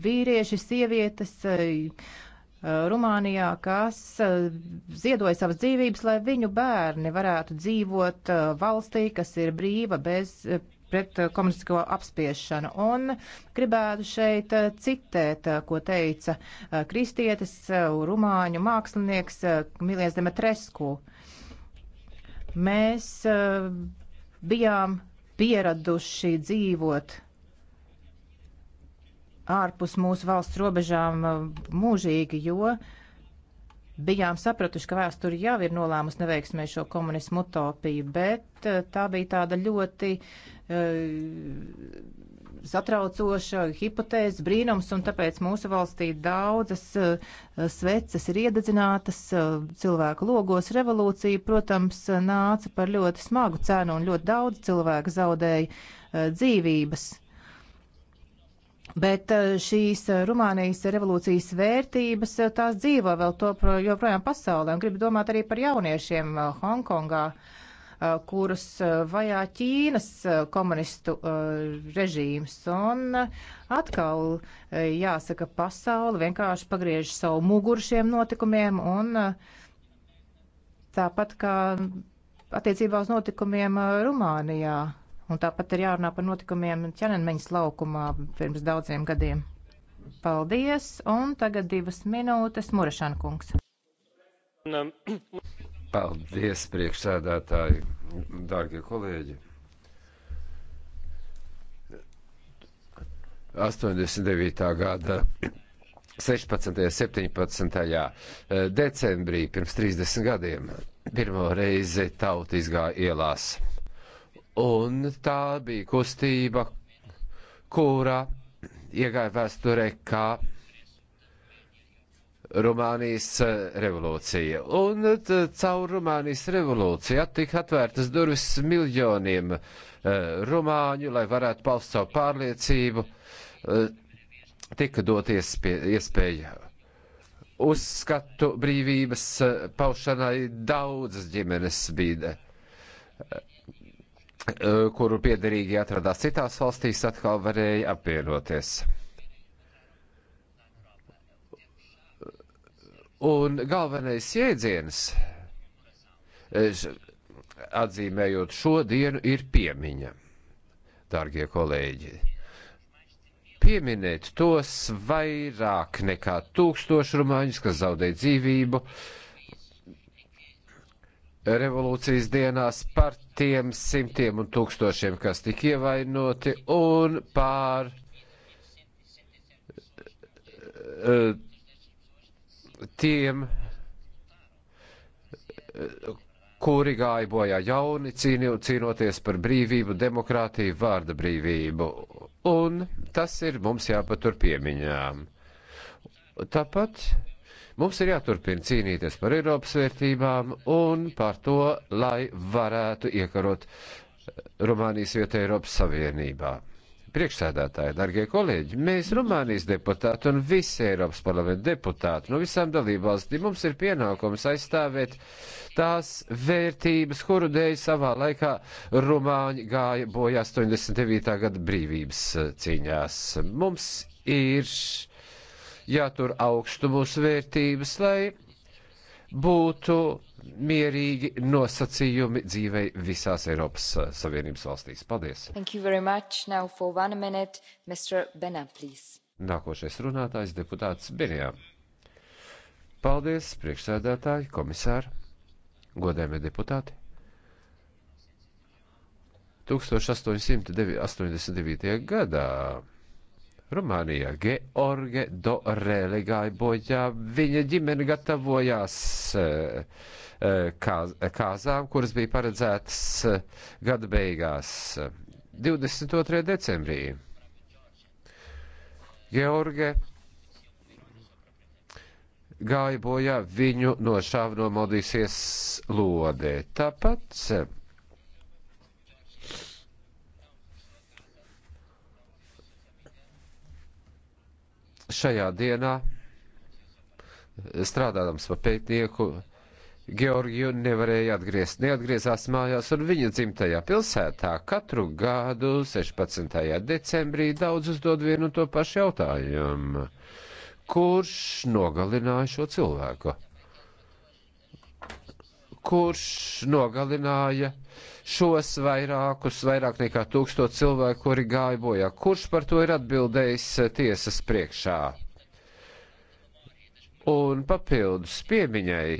Speaker 2: vīrieši, sievietes. Eh, Rumānijā, kas ziedoja savas dzīvības, lai viņu bērni varētu dzīvot valstī, kas ir brīva bez pret komunistisko apspiešanu. Un gribētu šeit citēt, ko teica kristietis, rumāņu mākslinieks Milies Demetresku. Uh, Mēs uh, bijām pieraduši dzīvot ārpus mūsu valsts robežām eh, mūžīgi, jo bijām sapratuši, ka vēsture jau ir nolēmusi neveiksmē šo komunismu utopiju, bet eh, tā bija tāda ļoti. Uh, satraucoša hipotēze, brīnums, un tāpēc mūsu valstī daudzas eh, sveces ir iededzinātas eh, cilvēku logos. Revolūcija, protams, nāca par ļoti smagu cenu, un ļoti daudz cilvēku zaudēja eh, dzīvības. Bet šīs Rumānijas revolūcijas vērtības, tās dzīvo vēl to joprojām pasaulē, un gribu domāt arī par jauniešiem Hongkongā. Uh, Uh, kurus uh, vajā Ķīnas uh, komunistu režīms. Un atkal jāsaka, pasauli vienkārši pagriež savu muguru šiem notikumiem un tāpat kā attiecībā uz notikumiem Rumānijā. Un tāpat ir jārunā par notikumiem ķenenmeņas laukumā pirms daudziem gadiem. Paldies, un tagad divas minūtes Murašana kungs. Um,
Speaker 1: Paldies, priekšsēdētāji, dārgie kolēģi! 89. gada 16. un 17. decembrī pirms 30 gadiem pirmo reizi tauta izgāja ielās. Un tā bija kustība, kurā iegāja vēsturē kā Rumānijas eh, revolūcija. Un eh, caur Rumānijas revolūciju tika atvērtas durvis miljoniem uh, rumāņu, lai varētu paust savu pārliecību. Uh, tika dot iespē, iespēja uzskatu brīvības uh, paušanai daudzas ģimenes bija, kuru piederīgi atradās citās valstīs, atkal varēja apvienoties. Un galvenais jēdziens, e, atzīmējot šo dienu, ir piemiņa, dārgie kolēģi. Pieminēt tos vairāk nekā tūkstoši rumāņus, kas zaudēja dzīvību revolūcijas dienās par tiem simtiem un tūkstošiem, kas tika ievainoti, un pār uh, e, tiem, kuri gāja bojā jauni, cīni, cīnoties par brīvību, demokrātiju, vārda brīvību. Un tas ir mums jāpatur piemiņām. Tāpat mums ir jāturpina cīnīties par Eiropas vērtībām un par to, lai varētu iekarot Rumānijas vietu Eiropas Savienībā. Priekšsēdētāji, dargie kolēģi, mēs Rumānijas deputāti un visi Eiropas parlamenta deputāti no visām dalībvalstīm mums ir pienākums aizstāvēt tās vērtības, kuru dēļ savā laikā Rumāņi gāja bojā 89. gada brīvības cīņās. Mums ir jātur augstu mūsu vērtības, lai būtu mierīgi nosacījumi dzīvei visās Eiropas eh, Savienības valstīs. Paldies!
Speaker 2: Minute, Benā,
Speaker 1: Nākošais runātājs deputāts Benjā. Paldies, priekšsēdētāji, komisāri, godējumie deputāti. 1889. gadā Rumānijā George Dorele gāja bojā. Viņa ģimene gatavojās eh, eh, kāz, eh, kāzām, kuras bija paredzētas gada beigās 22. decembrī. George gāja bojā, viņu nošāva no Modīsies lodē. Tāpat šajā dienā, strādādams par pētnieku, Georgiju nevarēja atgriezt, neatgriezās mājās un viņa dzimtajā pilsētā katru gadu 16. decembrī daudz uzdod vienu un to pašu jautājumu. Kurš nogalināja šo cilvēku? kurš nogalināja šos vairākus, vairāk nekā tūkstot cilvēku, kuri gāja bojā. Kurš par to ir atbildējis eh, tiesas priekšā? Un papildus piemiņai.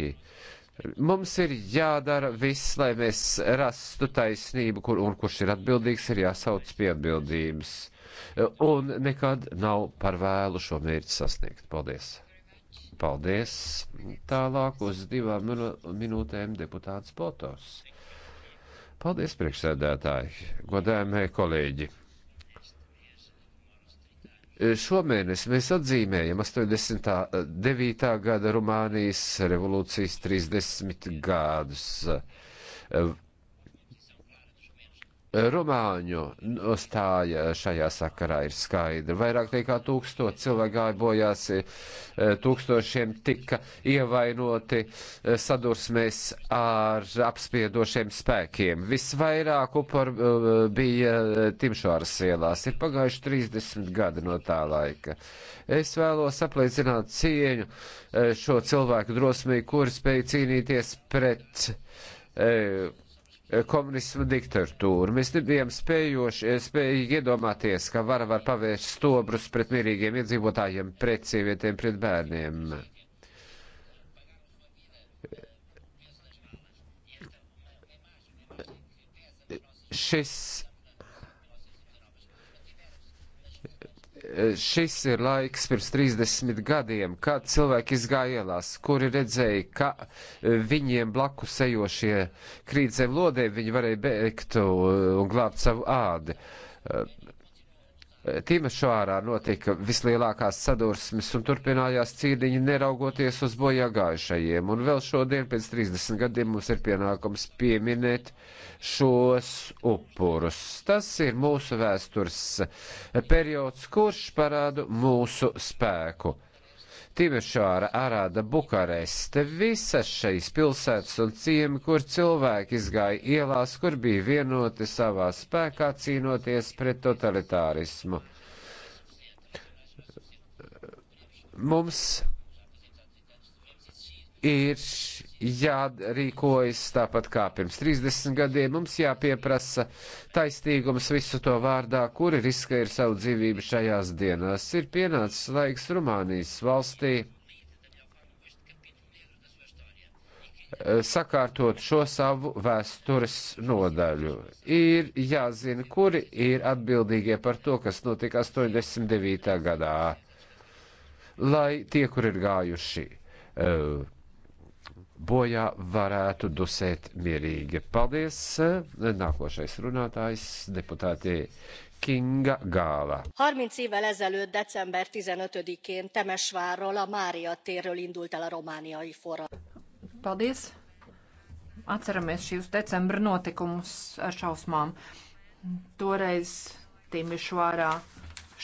Speaker 1: Mums ir jādara viss, lai mēs rastu taisnību, kur un kurš ir atbildīgs, ir jāsauc pie atbildības. Un nekad nav par vēlu šo mērķi sasniegt. Paldies! Paldies! Tālāk uz divām minūtēm deputāts Potos. Paldies, priekšsēdētāji, godējumie kolēģi! Šomēnes mēs atzīmējam 89. gada Rumānijas revolūcijas 30 gadus Rumāņu nostāja šajā sakarā ir skaidra. Vairāk nekā tūkstoši cilvēki gāja bojās, e, tūkstošiem tika ievainoti e, sadursmēs ar apspiedošiem spēkiem. Visvairāk upur e, bija Timšāras ielās. Ir pagājuši 30 gadi no tā laika. Es vēlos apliecināt cieņu šo cilvēku drosmī, kuri spēja cīnīties pret. E, komunismu diktatūru. Mēs nebijām spējoši, eh, spējīgi iedomāties, ka vara var pavērst stobrus pret mierīgiem iedzīvotājiem, pret sievietēm, pret bērniem. Šis Šis ir laiks pirms 30 gadiem, kad cilvēki izgāja ielās, kuri redzēja, ka viņiem blakus ejošie krīt zem lodēm, viņi varēja bēgt un glābt savu ādi. Tīmešārā notika vislielākās sadursmes un turpinājās cīniņi neraugoties uz bojā gājušajiem. Un vēl šodien, pēc 30 gadiem, mums ir pienākums pieminēt šos upurus. Tas ir mūsu vēstures periods, kurš parāda mūsu spēku. Timišāra, Arāda, Bukareste, visas šīs pilsētas un ciemi, kur cilvēki izgāja ielās, kur bija vienoti savā spēkā cīnoties pret totalitārismu. Mums ir jārīkojas tāpat kā pirms 30 gadiem. Mums jāpieprasa taisnīgums visu to vārdā, kuri riskē ir savu dzīvību šajās dienās. Ir pienācis laiks Rumānijas valstī eh, sakārtot šo savu vēstures nodaļu. Ir jāzina, kuri ir atbildīgie par to, kas notika 89. gadā, lai tie, kur ir gājuši. Uh, bojā varētu dusēt mierīgi. Paldies! Nākošais runātājs deputātie Kinga Gála.
Speaker 5: 30 évvel ezelőtt, december 15-én Temesvárról, a Mária térről indult el a
Speaker 3: romániai forradalom. Paldies! Atceramies šīs decembra notikumus ar šausmām. Toreiz Timišvārā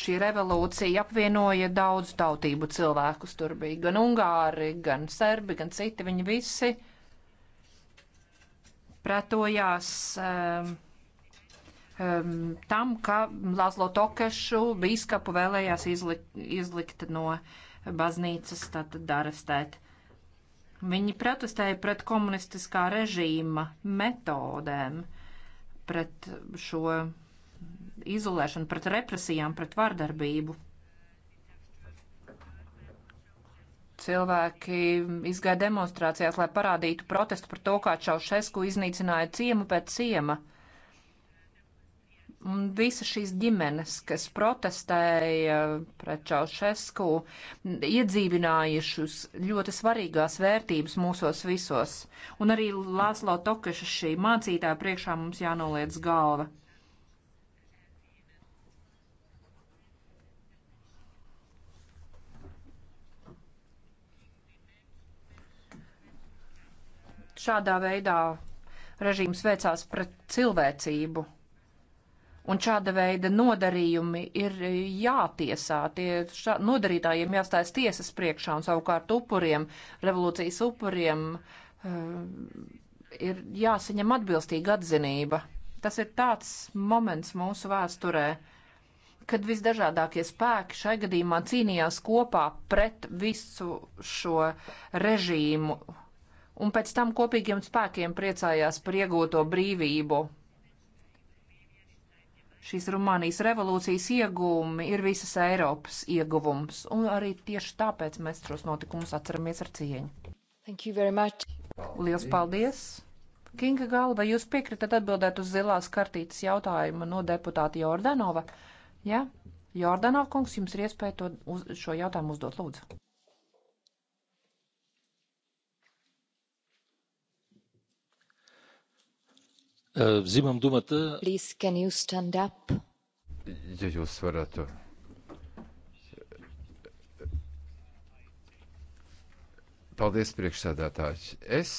Speaker 3: Šī revolūcija apvienoja daudz tautību cilvēkus. Tur bija gan ungāri, gan serbi, gan citi. Viņi visi pretojās um, um, tam, ka Lazlo Tokešu biskupu vēlējās izlikt, izlikt no baznīcas, tātad arestēt. Viņi protestēja pret komunistiskā režīma metodēm, pret šo izolēšanu, pret represijām, pret vardarbību. Cilvēki izgāja demonstrācijās, lai parādītu protestu par to, kā Čaušesku iznīcināja ciemu pēc ciema. Un visas šīs ģimenes, kas protestēja pret Čaušesku, iedzīvinājušas ļoti svarīgās vērtības mūsos visos. Un arī Lāslo Tokeša šī mācītāja priekšā mums jānoliec galva. Šādā veidā režīms vēcās pret cilvēcību. Un šāda veida nodarījumi ir jātiesā, tie šā, nodarītājiem jāstājas tiesas priekšā un savukārt upuriem, revolūcijas upuriem uh, ir jāsaņem atbilstīga atzinība. Tas ir tāds moments mūsu vēsturē, kad visdažādākie spēki šai gadījumā cīnījās kopā pret visu šo režīmu un pēc tam kopīgiem spēkiem priecājās par iegūto brīvību. Šīs Rumānijas revolūcijas iegūmi ir visas Eiropas ieguvums, un arī tieši tāpēc mēs šos notikumus atceramies ar cieņu. Thank you very much. Lielas paldies! Kinga Gala, vai jūs piekritat atbildēt uz zilās kartītes jautājumu no deputāta Jordanova? Jā, ja? Jordanova kungs, jums ir iespēja to uz, šo jautājumu uzdot, lūdzu.
Speaker 1: Взимам думата.
Speaker 3: Please, can you stand up?
Speaker 1: Ja jūs varētu. Paldies, priekšsēdētājs. Es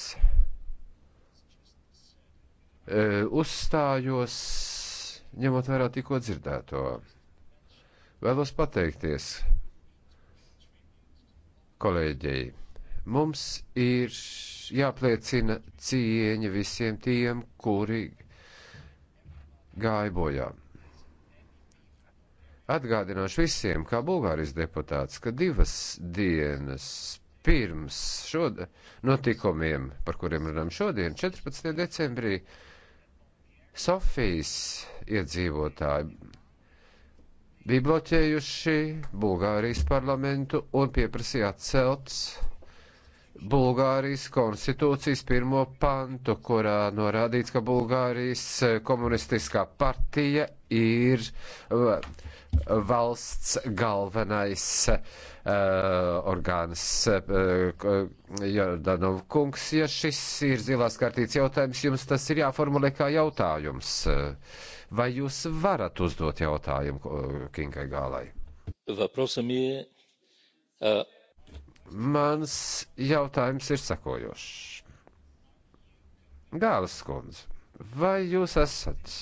Speaker 1: e, uzstājos, ņemot vērā tikko dzirdēto. Vēlos pateikties kolēģei Mums ir jāpliecina cieņa visiem tiem, kuri gāja bojā. Atgādināšu visiem, kā Bulgārijas deputāts, ka divas dienas pirms šod... notikumiem, par kuriem runājam šodien, 14. decembrī, Sofijas iedzīvotāji bija bloķējuši Bulgārijas parlamentu un pieprasīja atcelts Bulgārijas konstitūcijas pirmo pantu, kurā norādīts, ka Bulgārijas eh, komunistiskā partija ir eh, valsts galvenais uh, orgāns. Uh, Jordanov kungs, ja šis ir zilās kartīts jautājums, jums tas ir jāformulē kā jautājums. Vai jūs varat uzdot jautājumu Kingai Gālai? Vaprosam je, uh, Mans jautājums ir sakojošs. Gāles kundze, vai jūs esat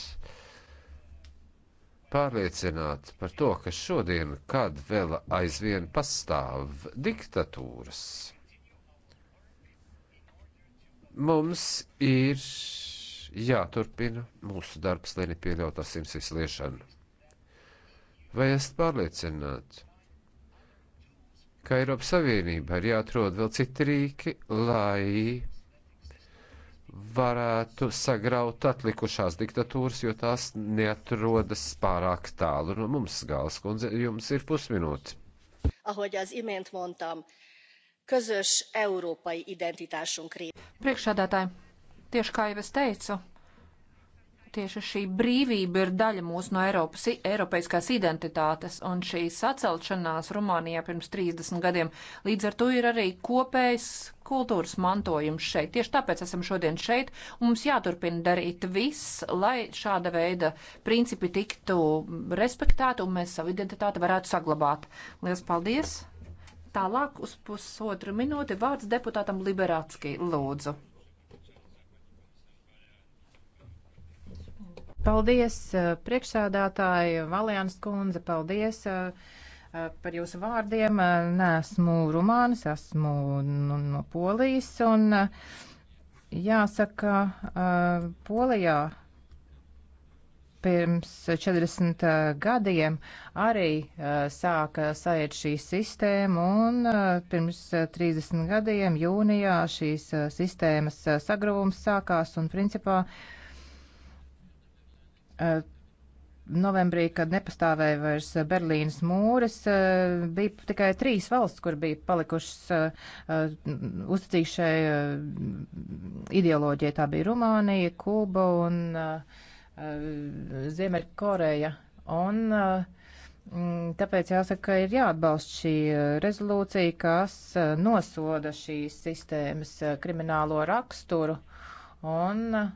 Speaker 1: pārliecināti par to, ka šodien, kad vēl aizvien pastāv diktatūras, mums ir jāturpina mūsu darbs, lai nepieļautu asinsvis liešanu? Vai esat pārliecināti? ka Eiropas Savienībai ir jāatrod vēl citi rīki, lai varētu sagraut atlikušās diktatūras, jo tās neatrodas pārāk tālu no mums, Gāles kundze, jums ir pusminūte.
Speaker 5: Ahogy az imént mondtam, közös európai identitásunk rīt.
Speaker 3: Priekšādātāji, tieši kā jau es teicu, tieši šī brīvība ir daļa mūsu no Eiropas, Eiropaiskās identitātes, un šī sacelšanās Rumānijā pirms 30 gadiem līdz ar to ir arī kopējs kultūras mantojums šeit. Tieši tāpēc esam šodien šeit, un mums jāturpina darīt viss, lai šāda veida principi tiktu respektēti, un mēs savu identitāti varētu saglabāt. Lielas paldies! Tālāk uz pusotru minūti vārds deputātam Liberācki lūdzu.
Speaker 2: Paldies, priekšsēdētāji Valjāns kundze, paldies par jūsu vārdiem. Nesmu Rumānis, esmu no, nu, no Polijas un jāsaka, Polijā pirms 40 gadiem arī sāka saiet šī sistēma un pirms 30 gadiem jūnijā šīs sistēmas sagruvums sākās un principā Eh, novembrī, kad nepastāvēja vairs Berlīnas mūris, eh, bija tikai trīs valsts, kur bija palikušas eh, uzticīgi šai ideoloģijai. Tā bija Rumānija, Kuba un Ziemeļkoreja. Un tāpēc jāsaka, ka ir jāatbalsta šī rezolūcija, kas nosoda šīs sistēmas kriminālo raksturu. Un uh,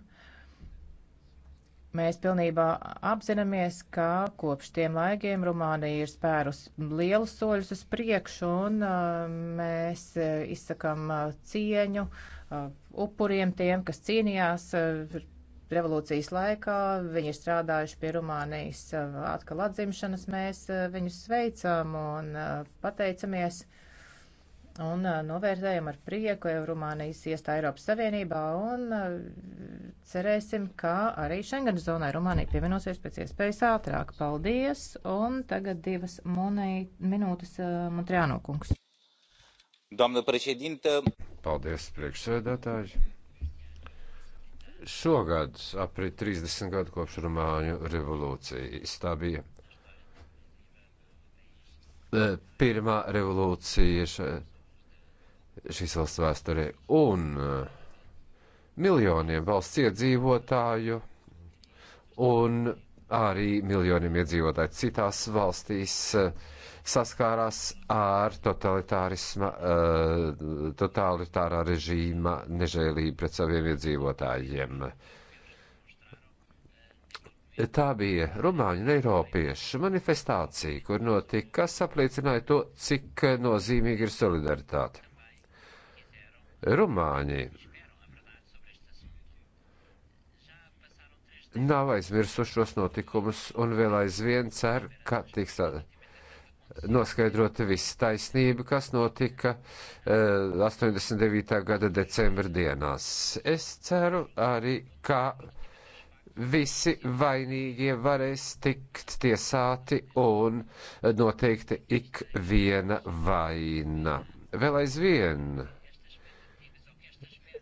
Speaker 2: Mēs pilnībā apzināmies, ka kopš tiem laikiem Rumānija ir spērus lielus soļus uz priekšu, un uh, mēs uh, izsakam uh, cieņu upuriem tiem, kas cīnījās revolūcijas laikā viņi ir strādājuši pie Rumānijas atkal atzimšanas. Mēs viņus sveicam un pateicamies un novērtējam ar prieku Rumānijas iestāju Eiropas Savienībā un cerēsim, ka arī Schengen zonai Rumānija pievienosies pēc iespējas ātrāk. Paldies! Un tagad divas monei, minūtes Montriāno kungs.
Speaker 1: Doamna președintă! Paldies, priekšsēdētāji! Šogad aprit 30 gadu kopš Rumāņu revolūcijas. Tā bija pirmā revolūcija šeit šīs valsts vēsturē, un eh, miljoniem valsts iedzīvotāju, un arī miljoniem iedzīvotāju citās valstīs eh, saskārās ar totalitārisma, eh, totalitārā režīma nežēlību pret saviem iedzīvotājiem. Tā bija Rumāņu un Eiropiešu manifestācija, kur notika, kas apliecināja to, cik nozīmīga ir solidaritāte. Rumāņi nav aizmirsušos notikumus un vēl aizvien cer, ka tiks uh, noskaidrota viss taisnība, kas notika uh, 89. gada decembra dienās. Es ceru arī, ka visi vainīgie varēs tikt tiesāti un noteikti ik viena vaina. Vēl aizvien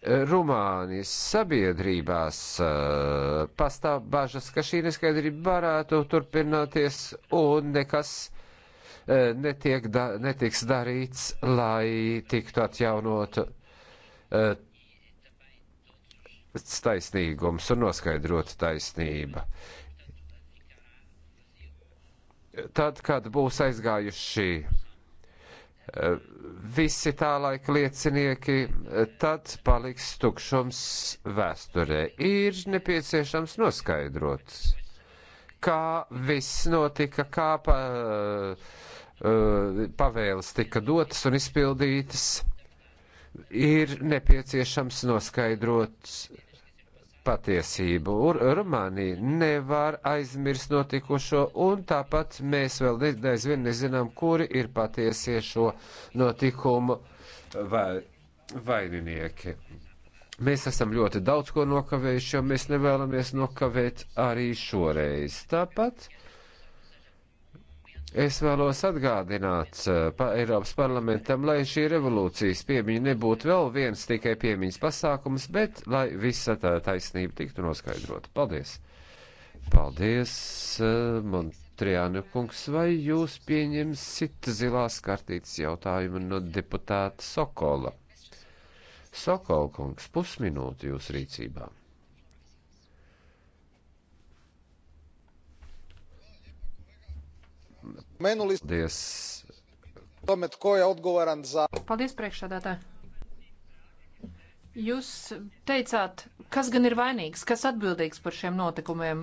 Speaker 1: Rumānijas sabiedrībās uh, pastāv bažas, ka šī neskaidrība varētu turpināties un nekas uh, netiek da netiks darīts, lai tiktu atjaunot uh, taisnīgums un noskaidrot taisnība. Tad, kad būs aizgājuši visi tā laika liecinieki, tad paliks tukšums vēsturē. Ir nepieciešams noskaidrot, kā viss notika, kā pa, eh, eh, pavēles tika dotas un izpildītas. Ir nepieciešams noskaidrot patiesību. Ur Rumānija nevar aizmirst notikušo, un tāpat mēs vēl ne, aizvien nezinām, kuri ir patiesie šo notikumu vai, vaininieki. Mēs esam ļoti daudz ko nokavējuši, jo mēs nevēlamies nokavēt arī šoreiz. Tāpat Es vēlos atgādināt eh, pa Eiropas parlamentam, lai šī revolūcijas piemiņa nebūtu vēl viens tikai piemiņas pasākums, bet lai visa tā taisnība tiktu noskaidrota. Paldies! Paldies, eh, Montriāna kungs, vai jūs pieņemsit zilās kartītes jautājumu no deputāta Sokola? Sokola kungs, pusminūte jūs rīcībā. Menuli. Paldies.
Speaker 3: Tomet, ko jau odgovaram za. Paldies, priekšsādātāji. Jūs teicāt, kas gan ir vainīgs, kas atbildīgs par šiem notikumiem,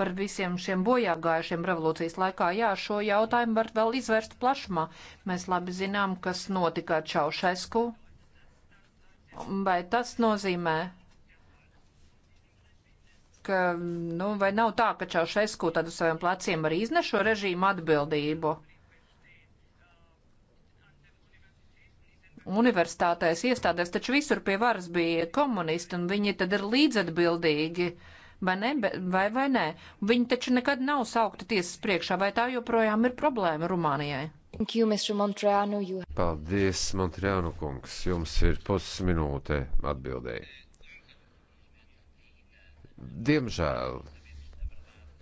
Speaker 3: par visiem šiem bojāgājušiem revolūcijas laikā. Jā, šo jautājumu var vēl izvērst plašumā. Mēs labi zinām, kas notika Čaušesku. Vai tas nozīmē, ka, nu, vai nav tā, ka Čaušesku tad uz saviem pleciem arī iznes šo režīmu atbildību? Universitātēs iestādēs taču visur pie varas bija komunisti, un viņi tad ir līdzatbildīgi, vai ne, vai, vai nē? Viņi taču nekad nav saukti tiesas priekšā, vai tā joprojām ir problēma Rumānijai? You, Montreanu, you...
Speaker 1: Paldies, Montreānu kungs, jums ir pusminūte atbildēji. Diemžēl.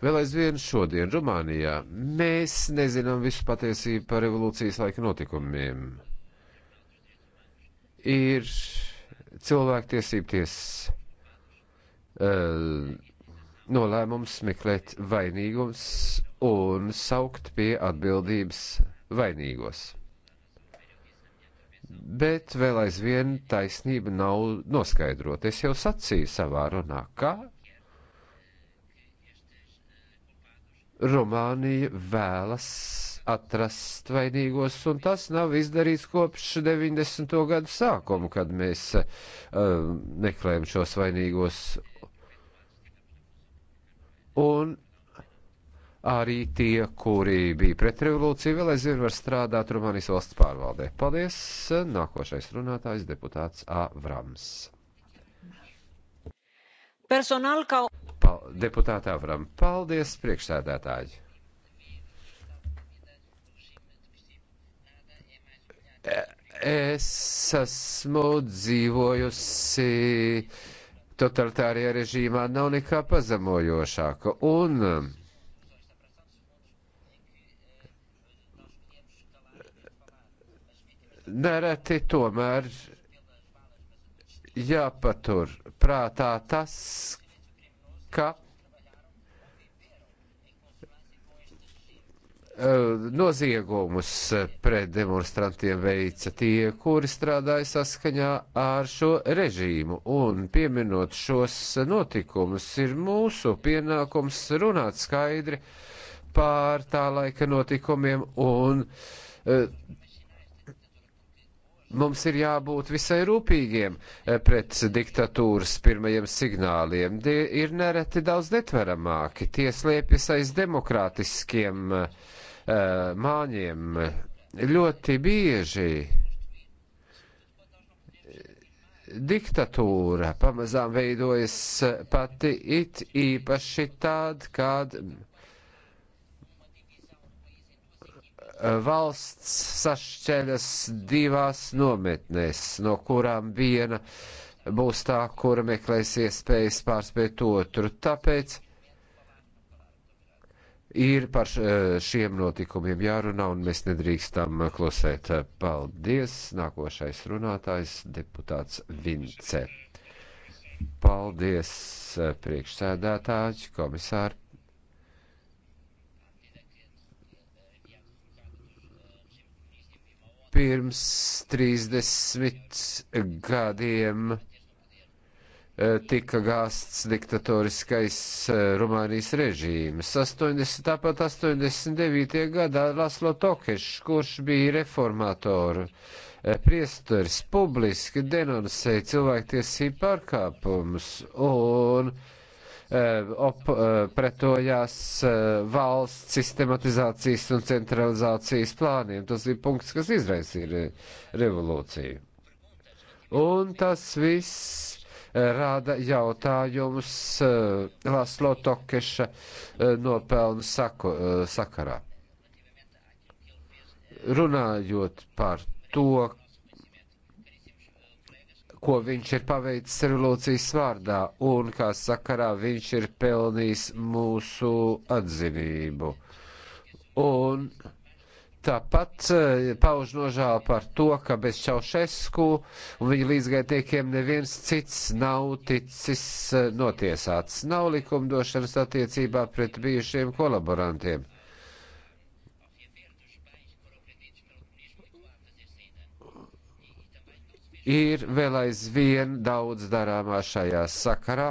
Speaker 1: Vēl aizvien šodien Rumānijā mēs nezinām visu patiesību par revolūcijas laika notikumiem. Ir cilvēktiesība tiesas uh, eh, nolēmums meklēt vainīgums un saukt pie atbildības vainīgos. Bet vēl aizvien taisnība nav noskaidrota. Es jau sacīju savā runā, ka Rumānija vēlas atrast vainīgos, un tas nav izdarīts kopš 90. gadu sākuma, kad mēs uh, meklējam šos vainīgos. Un arī tie, kuri bija pret revolūciju, vēl aizvien var strādāt Rumānijas valsts pārvaldē. Paldies! Nākošais runātājs deputāts Avrams
Speaker 6: personāli kā.
Speaker 1: Pal deputāte Avram, paldies priekšsēdētāji! E, es esmu dzīvojusi totalitārijā režīmā, nav nekā pazemojošāka. Un nereti tomēr jāpatur prātā tas, ka e, noziegumus pret demonstrantiem veica tie, kuri strādāja saskaņā ar šo režīmu. Un pieminot šos notikumus, ir mūsu pienākums runāt skaidri pār tā laika notikumiem un e, Mums ir jābūt visai rūpīgiem eh, pret diktatūras pirmajiem signāliem. Die ir nereti daudz netveramāki. Tie slēpjas aiz demokrātiskiem uh, māņiem. Ļoti bieži eh, diktatūra pamazām veidojas pati it īpaši tāda, kāda valsts sašķeļas divās nometnēs, no kurām viena būs tā, kura meklēs iespējas pārspēt otru. Tāpēc ir par šiem notikumiem jārunā, un mēs nedrīkstam klusēt. Paldies! Nākošais runātājs - deputāts Vince. Paldies, priekšsēdētāji, komisāri, pirms 30 gadiem eh, tika gāsts diktatoriskais eh, Rumānijas režīms. 80, tāpat 89. gadā Laslo Tokešs, kurš bija reformātoru eh, priesteris, publiski denonsēja cilvēktiesību pārkāpumus un uh, Eh, op, pretojās eh, valsts sistematizācijas un centralizācijas plāniem. Tas ir punkts, kas izraisīja revolūciju. Un tas viss eh, rāda jautājumus Laslo Tokeša nopelnu saku, sakarā. Runājot par to, ko viņš ir paveicis revolūcijas vārdā, un kā sakarā viņš ir pelnījis mūsu atzinību. Un tāpat e, pauž nožēlu par to, ka bez Čaušesku un viņa līdzgaitiekiem neviens cits nav ticis e, notiesāts. Nav likumdošanas attiecībā pret bijušiem kolaborantiem. ir vēl aizvien daudz darāmā šajā sakarā.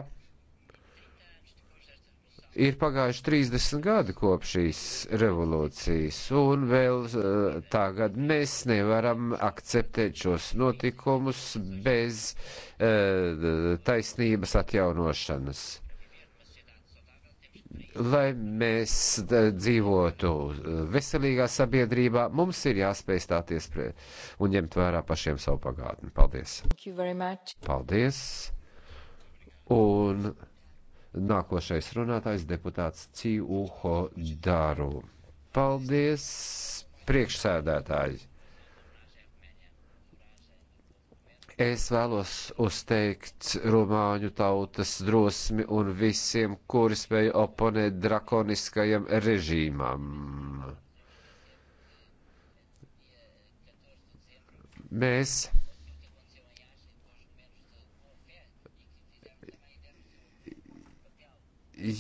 Speaker 1: Ir pagājuši 30 gadi kopš šīs revolūcijas, un vēl uh, tagad mēs nevaram akceptēt šos notikumus bez uh, taisnības atjaunošanas lai mēs eh, dzīvotu eh, veselīgā sabiedrībā, mums ir jāspēj stāties pret un ņemt vērā pašiem savu pagātni. Paldies! Paldies! Un nākošais runātājs deputāts Cīuho Daru. Paldies, priekšsēdētāji! Es vēlos uzteikt Rumāņu tautas drosmi un visiem, kuri spēja oponēt drakoniskajam režīmam. Mēs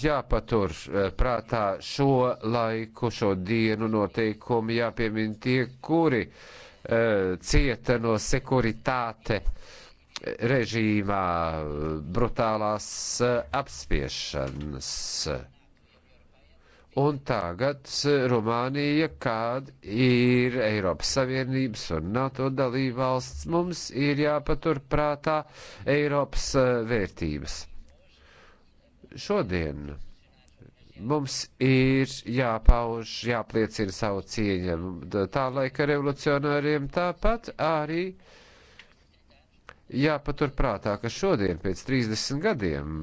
Speaker 1: jāpatur eh, prātā šo laiku, šo dienu noteikumi, jāpiemin tie, kuri E, cieta no sekuritāte režīmā, brutālās e, apspiešanas. Un tagad Rumānija, kāda ir Eiropas Savienības un NATO dalībvalsts, mums ir jāpaturprātā Eiropas e, vērtības. Šodien Mums ir jāpauž, jāpliecina savu cieņu. Tā laika revolucionāriem tāpat arī jāpaturprātā, ka šodien pēc 30 gadiem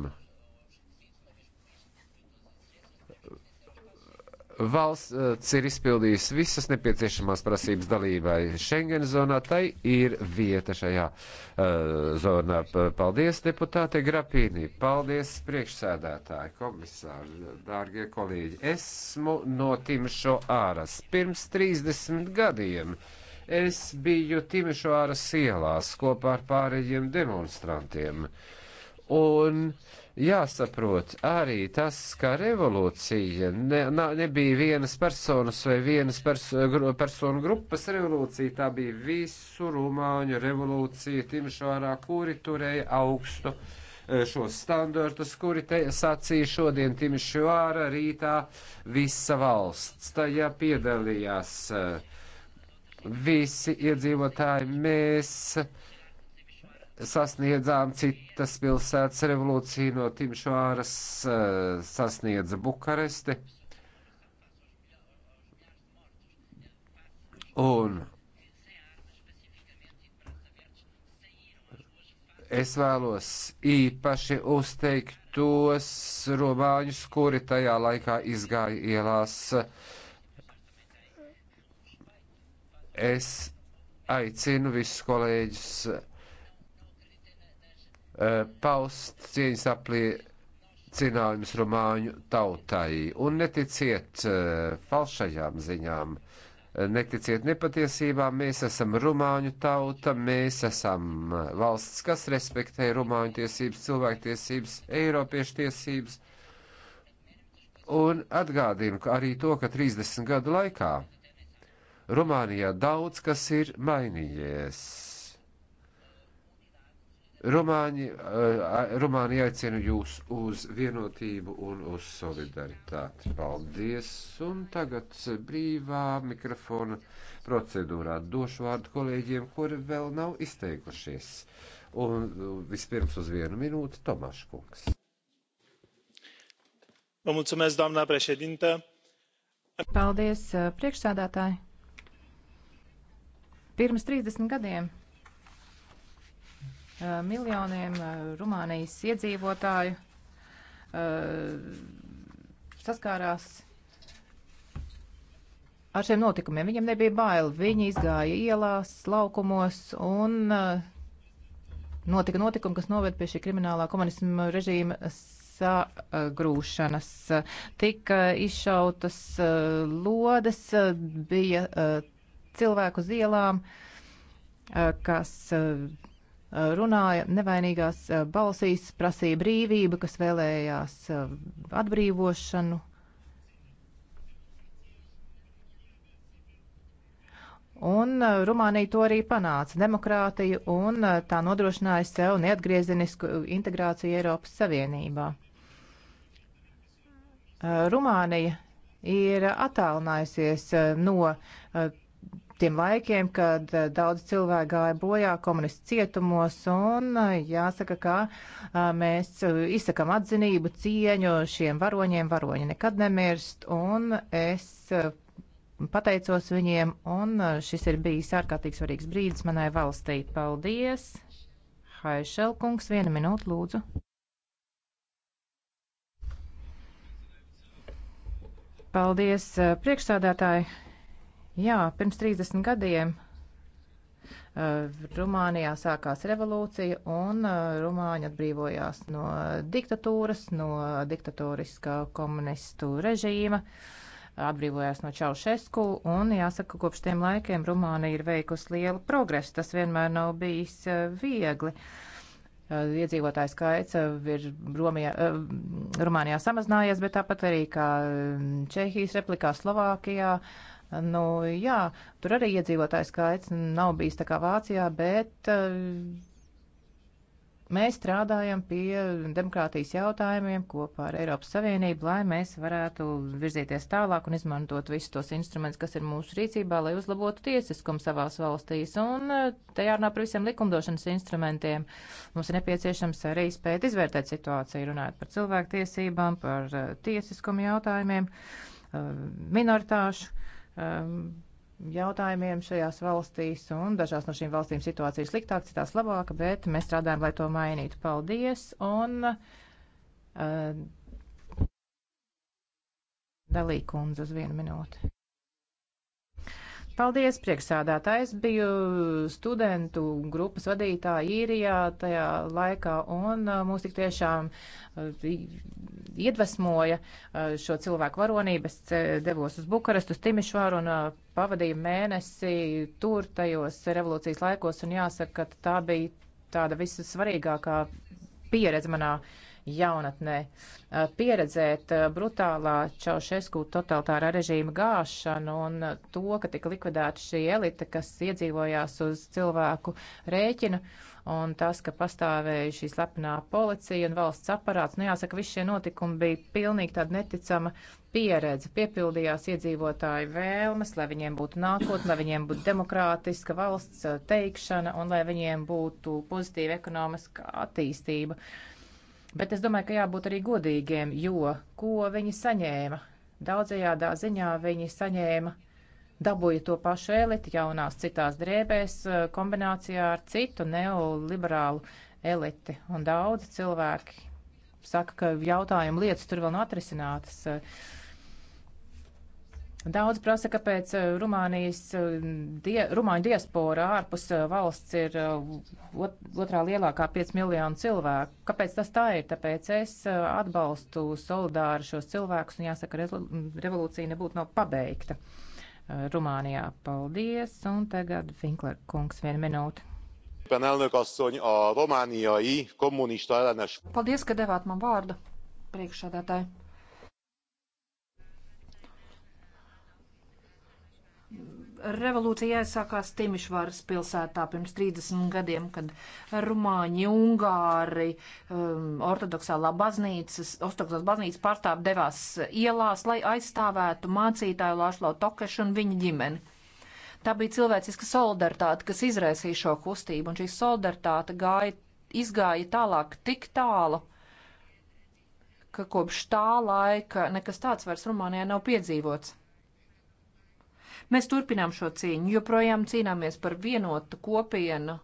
Speaker 1: Valsts eh, ir izpildījusi visas nepieciešamās prasības dalībai Schengen zonā, tai ir vieta šajā uh, zonā. Paldies, deputāte Grapīnī, paldies, priekšsēdētāji, komisāri, dārgie kolēģi. Esmu no Timšo āras. Pirms 30 gadiem es biju Timšo āras ielās kopā ar pārējiem demonstrantiem. Un uh, jāsaprot arī tas, ka revolūcija ne, ne, nebija vienas personas vai vienas perso, gru, personu grupas revolūcija, tā bija visu rumāņu revolūcija Timšvārā, kuri turēja augstu e, šos standartus, kuri te sacīja šodien Timšvāra rītā visa valsts. Tajā piedalījās e, visi iedzīvotāji. Mēs sasniedzām citas pilsētas revolūciju, no Timšvāras eh, sasniedza Bukaresti. Un es vēlos īpaši uzteikt tos romāņus, kuri tajā laikā izgāja ielās. Es aicinu visus kolēģus Eh, paust cieņas apliecinājumus Rumāņu tautai. Un neticiet eh, falšajām ziņām, eh, neticiet nepatiesībām, mēs esam Rumāņu tauta, mēs esam valsts, kas respektē Rumāņu tiesības, cilvēktiesības, Eiropiešu tiesības. Un atgādinu arī to, ka 30 gadu laikā Rumānijā daudz kas ir mainījies Romāņi, eh, Romāni aicina jūs uz vienotību un uz solidaritāti. Paldies! Un tagad brīvā mikrofona procedūrā došu vārdu kolēģiem, kuri vēl nav izteikušies. Un eh, vispirms uz vienu minūti Tomaškungs.
Speaker 7: Mulțumesc, doamna președintă!
Speaker 2: Paldies, eh, priekšsādātāji! Pirms 30 gadiem Eh, miljoniem eh, Rumānijas iedzīvotāju eh, saskārās ar šiem notikumiem. Viņiem nebija bail, viņi izgāja ielās, laukumos un notika notikumi, kas noved pie šī kriminālā komunisma režīma sagrūšanas. Tika izšautas lodes, bija cilvēku zielām, kas runāja nevainīgās balsīs, prasīja brīvību, kas vēlējās atbrīvošanu. Un Rumānija to arī panāca - demokrātija, un tā nodrošināja sev neatgriezenisku integrāciju Eiropas Savienībā. Rumānija ir attālinājusies no tiem laikiem, kad eh, daudz cilvēku gāja bojā komunistu cietumos, un eh, jāsaka, ka eh, mēs izsakam atzinību, cieņu šiem varoņiem, varoņi nekad nemirst, un es pateicos viņiem, un šis ir bijis ārkārtīgi svarīgs brīdis manai valstī. Paldies! Haišelkungs, viena minūte lūdzu. Paldies, priekšsādātāji! Jā, pirms 30 gadiem eh, Rumānijā sākās revolūcija un eh, Rumāņi atbrīvojās no diktatūras, no diktatoriskā komunistu režīma, atbrīvojās no Čaušesku un jāsaka, kopš tiem laikiem Rumānija ir veikusi lielu progresu. Tas vienmēr nav bijis eh, viegli. Iedzīvotāju skaits ir Romijā, Rumānijā samazinājies, bet tāpat arī kā mm, Čehijas replikā, Slovākijā. Uh, Nu, jā, tur arī iedzīvotājs skaits nav bijis tā kā Vācijā, bet eh, mēs strādājam pie demokrātijas jautājumiem kopā ar Eiropas Savienību, lai mēs varētu virzīties tālāk un izmantot visus tos instrumentus, kas ir mūsu rīcībā, lai uzlabotu tiesiskumu savās valstīs. Un eh, te jārunā par visiem likumdošanas instrumentiem. Mums ir nepieciešams arī spēt izvērtēt situāciju, runājot par cilvēktiesībām, par eh, tiesiskumu jautājumiem, minoritāšu Um, jautājumiem šajās valstīs, un dažās no šīm valstīm situācija ir sliktāka, citās labāka, bet mēs strādājam, lai to mainītu. Paldies! Un uh, Dalī kundze uz vienu minūti. Paldies, priekšsādātājs. Biju studentu grupas vadītāja īrijā tajā laikā, un uh, mūs tik tiešām uh, iedvesmoja uh, šo cilvēku varonību. Es devos uz Bukarestu, uz Timišvāru un pavadīju mēnesi tur tajos revolūcijas laikos, un jāsaka, ka tā bija tāda vissvarīgākā pieredze manā uh, jaunatnē. Pieredzēt brutālā Čaušesku totalitārā režīma gāšanu un to, ka tika likvidēta šī elite, kas iedzīvojās uz cilvēku rēķina, un tas, ka pastāvēja šī slepenā policija un valsts aparāts, nu jāsaka, visi šie notikumi bija pilnīgi tāda neticama pieredze. Piepildījās iedzīvotāju vēlmes, lai viņiem būtu nākotne, lai viņiem būtu demokrātiska valsts teikšana un lai viņiem būtu pozitīva ekonomiska attīstība. Uh, Bet es domāju, ka jābūt arī godīgiem, jo ko viņi saņēma? Daudzajādā ziņā viņi saņēma, dabūja to pašu elitu jaunās citās drēbēs eh, kombinācijā ar citu neoliberālu eliti. Un daudzi cilvēki saka, ka jautājumu lietas tur vēl nav atrisinātas. Eh, Daudz prasa, kāpēc eh, Rumānijas eh, die, Rumāņu diaspora ārpus eh, valsts ir ot, otrā lielākā 5 miljonu cilvēku. Kāpēc tas tā ir? Tāpēc es atbalstu solidāri šos cilvēkus un jāsaka, revolūcija nebūtu nav pabeigta Rumānijā. Paldies, un tagad Finkler kungs vienu minūti.
Speaker 3: Paldies, ka devāt man vārdu priekšādātāji. revolūcija aizsākās Timišvaras pilsētā pirms 30 gadiem, kad rumāņi, ungāri, um, ortodoksālā baznīcas, ortodoksālās baznīcas pārstāv devās ielās, lai aizstāvētu mācītāju Lāšlau Tokešu un viņa ģimeni. Tā bija cilvēciska solidaritāte, kas izraisīja šo kustību, un šī solidaritāte gāja, izgāja tālāk tik tālu, ka kopš tā laika nekas tāds vairs Rumānijā nav piedzīvots. Mēs turpinām šo cīņu, joprojām cīnāmies par vienotu kopienu,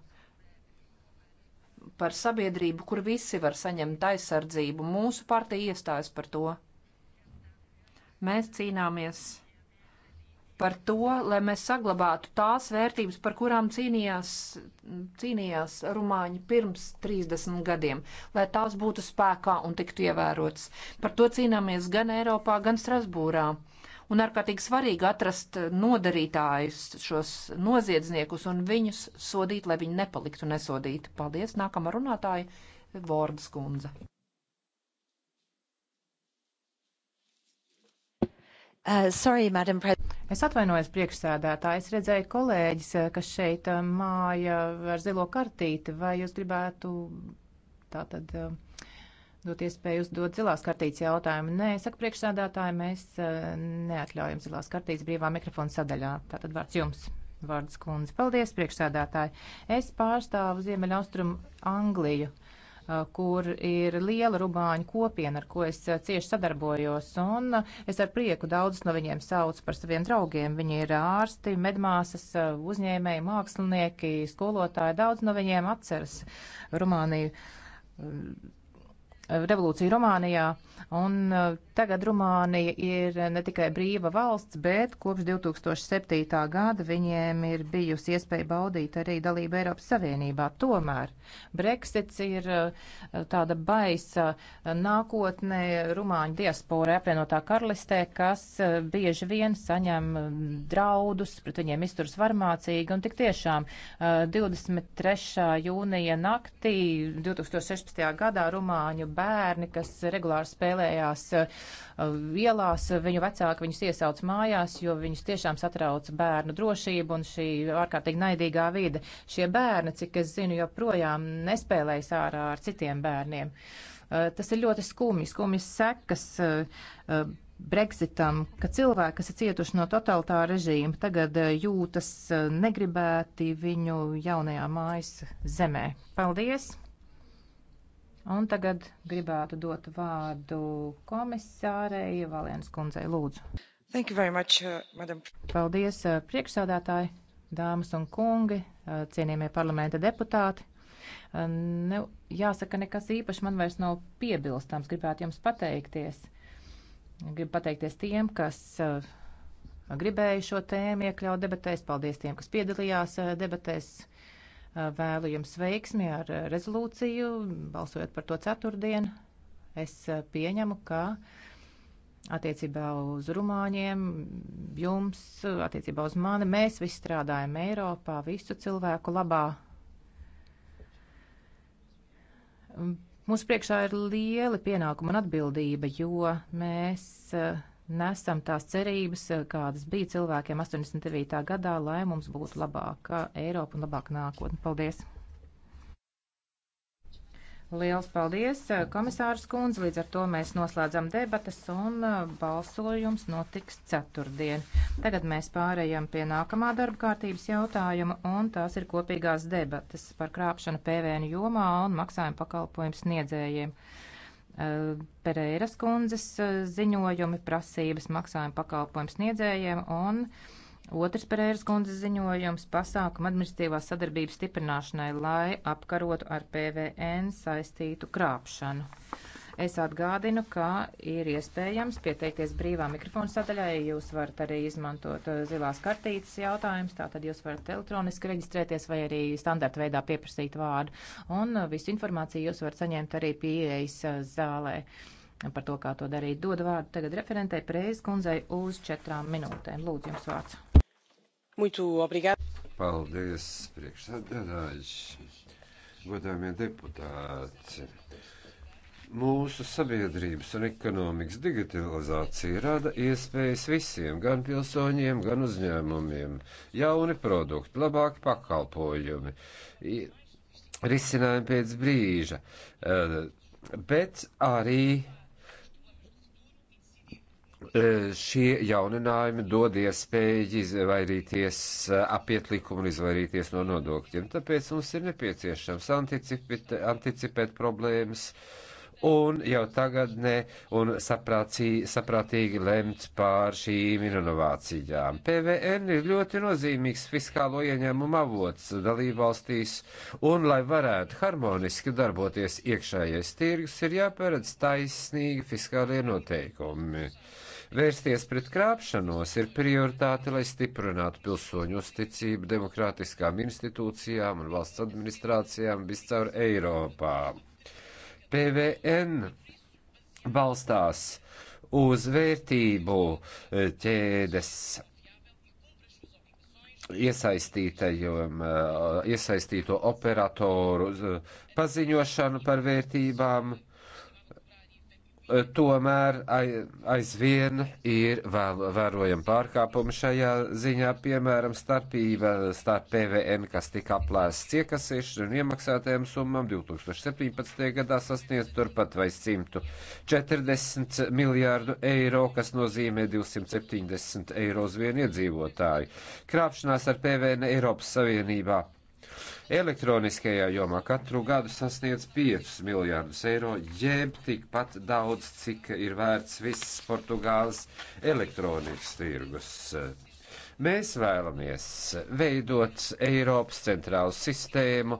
Speaker 3: par sabiedrību, kur visi var saņemt aizsardzību. Mūsu partija iestājas par to. Mēs cīnāmies par to, lai mēs saglabātu tās vērtības, par kurām cīnījās, cīnījās rumāņi pirms 30 gadiem, lai tās būtu spēkā un tiktu ievērotas. Par to cīnāmies gan Eiropā, gan Strasbūrā un ārkārtīgi svarīgi atrast nodarītājus, šos noziedzniekus un viņus sodīt, lai viņi nepaliktu nesodīti. Paldies, nākamā runātāja Vordas kundze.
Speaker 2: Uh, sorry, Madam President. Es atvainojos priekšsēdētāji. Es redzēju kolēģis, uh, kas šeit uh, māja ar zilo kartīti. Vai jūs gribētu tātad. Uh, dot iespēju uzdot zilās kartītes jautājumu. Nē, saka priekšsādātāji, mēs eh, neatļaujam zilās kartītes brīvā mikrofona sadaļā. Tātad vārds jums, vārds kundze. Paldies, priekšsādātāji. Es pārstāvu Ziemeļaustrumu Angliju eh, kur ir liela rubāņu kopiena, ar ko es eh, cieši sadarbojos, un es ar prieku daudzus no viņiem saucu par saviem draugiem. Viņi ir ārsti, medmāsas, uzņēmēji, mākslinieki, skolotāji. Daudz no viņiem atceras Rumāniju revolūciju Rumānijā, un e, tagad Rumānija ir ne tikai brīva valsts, bet kopš 2007. gada viņiem ir bijusi iespēja baudīt arī dalību Eiropas Savienībā. Tomēr Brexits ir e, tāda baisa nākotne Rumāņu diaspora apvienotā karalistē, kas e, bieži vien saņem draudus, pret viņiem izturs varmācīgi, un tik tiešām 23. jūnija naktī 2016. gadā Rumāņu bērni, kas regulāri spēlējās vielās, uh, viņu vecāki viņus iesauc mājās, jo viņus tiešām satrauc bērnu drošība un šī ārkārtīgi naidīgā vide. Šie bērni, cik es zinu, joprojām nespēlējas ārā ar citiem bērniem. Uh, tas ir ļoti skumji, skumji sekas. Uh, Brexitam, ka cilvēki, kas ir cietuši no totalitāra režīma, tagad jūtas negribēti viņu jaunajā mājas zemē. Paldies! Un tagad gribētu dot vārdu komisārei Valienas kundzei lūdzu. Thank you very much, uh, madam. Paldies, uh, priekšsādātāji, dāmas un kungi, uh, cienījamie parlamenta deputāti. Uh, ne, jāsaka, nekas īpaši man vairs nav piebilstams. Gribētu jums pateikties. Gribu pateikties tiem, kas uh, gribēja šo tēmu iekļaut debatēs. Paldies tiem, kas piedalījās uh, debatēs. Vēlu jums veiksmi ar eh, rezolūciju, balsojot par to ceturtdien. Es eh, pieņemu, ka attiecībā uz rumāņiem, jums, attiecībā uz mani, mēs visi strādājam Eiropā, visu cilvēku labā. Mums priekšā ir lieli pienākumi un atbildība, jo mēs uh, nesam tās cerības, eh, kādas bija cilvēkiem 89. gadā, lai mums būtu labāka Eiropa un labāka nākotne. Paldies! Liels paldies, eh, komisārs kundze. Līdz ar to mēs noslēdzam debatas un eh, balsojums notiks ceturtdien. Tagad mēs pārējām pie nākamā darba kārtības jautājuma, un tās ir kopīgās debatas par krāpšanu PVN jomā un maksājumu pakalpojumu sniedzējiem. Eh, Pereiras kundzes eh, ziņojumi, prasības maksājuma pakalpojumu sniedzējiem un otrs Pereiras kundzes ziņojums pasākuma administratīvās sadarbības stiprināšanai, lai apkarotu ar PVN saistītu krāpšanu. Es atgādinu, ka ir iespējams pieteikties brīvā mikrofona sadaļā, ja jūs varat arī izmantot uh, zilās kartītes jautājumus, tātad jūs varat elektroniski reģistrēties vai arī standarta veidā pieprasīt vārdu. Un uh, visu informāciju jūs varat saņemt arī pieejas uh, zālē par to, kā to darīt. Dodu vārdu tagad referentei Prēzes kundzei uz četrām minūtēm. Lūdzu, jums vārds. Muito obrigado.
Speaker 1: Paldies, priekšsādātājs, godāmie deputāti. Mūsu sabiedrības un ekonomikas digitalizācija rada iespējas visiem, gan pilsoņiem, gan uzņēmumiem. Jauni produkti, labāki pakalpojumi, risinājumi pēc brīža, eh, bet arī eh, šie jauninājumi dod iespēju izvairīties, eh, apiet likumu un izvairīties no nodokļiem. Tāpēc mums ir nepieciešams anticipēt, anticipēt problēmas, uh, un jau tagadnē un saprācī, saprātīgi lemt pār šīm inovācijām. PVN ir ļoti nozīmīgs fiskālo ieņēmumu avots dalībvalstīs, un, lai varētu harmoniski darboties iekšējais tirgus, ir jāparedz taisnīgi fiskālie noteikumi. Vērsties pret krāpšanos ir prioritāte, lai stiprinātu pilsoņu uzticību demokrātiskām institūcijām un valsts administrācijām viscaur Eiropā. PVN balstās uz vērtību eh, ķēdes iesaistītajiem, eh, iesaistīto operatoru eh, paziņošanu par vērtībām tomēr aizvien ir vērojama pārkāpuma šajā ziņā, piemēram, starpība starp PVN, kas tika aplēsts iekasēšanu un iemaksātajām summām 2017. gadā sasniedz turpat vai 140 miljārdu eiro, kas nozīmē 270 eiro uz vienu iedzīvotāju. Krāpšanās ar PVN Eiropas Savienībā elektroniskajā jomā katru gadu sasniedz 5 miljārdus eiro, jeb tikpat daudz, cik ir vērts viss Portugāles elektronikas tirgus. Mēs vēlamies veidot Eiropas centrālu sistēmu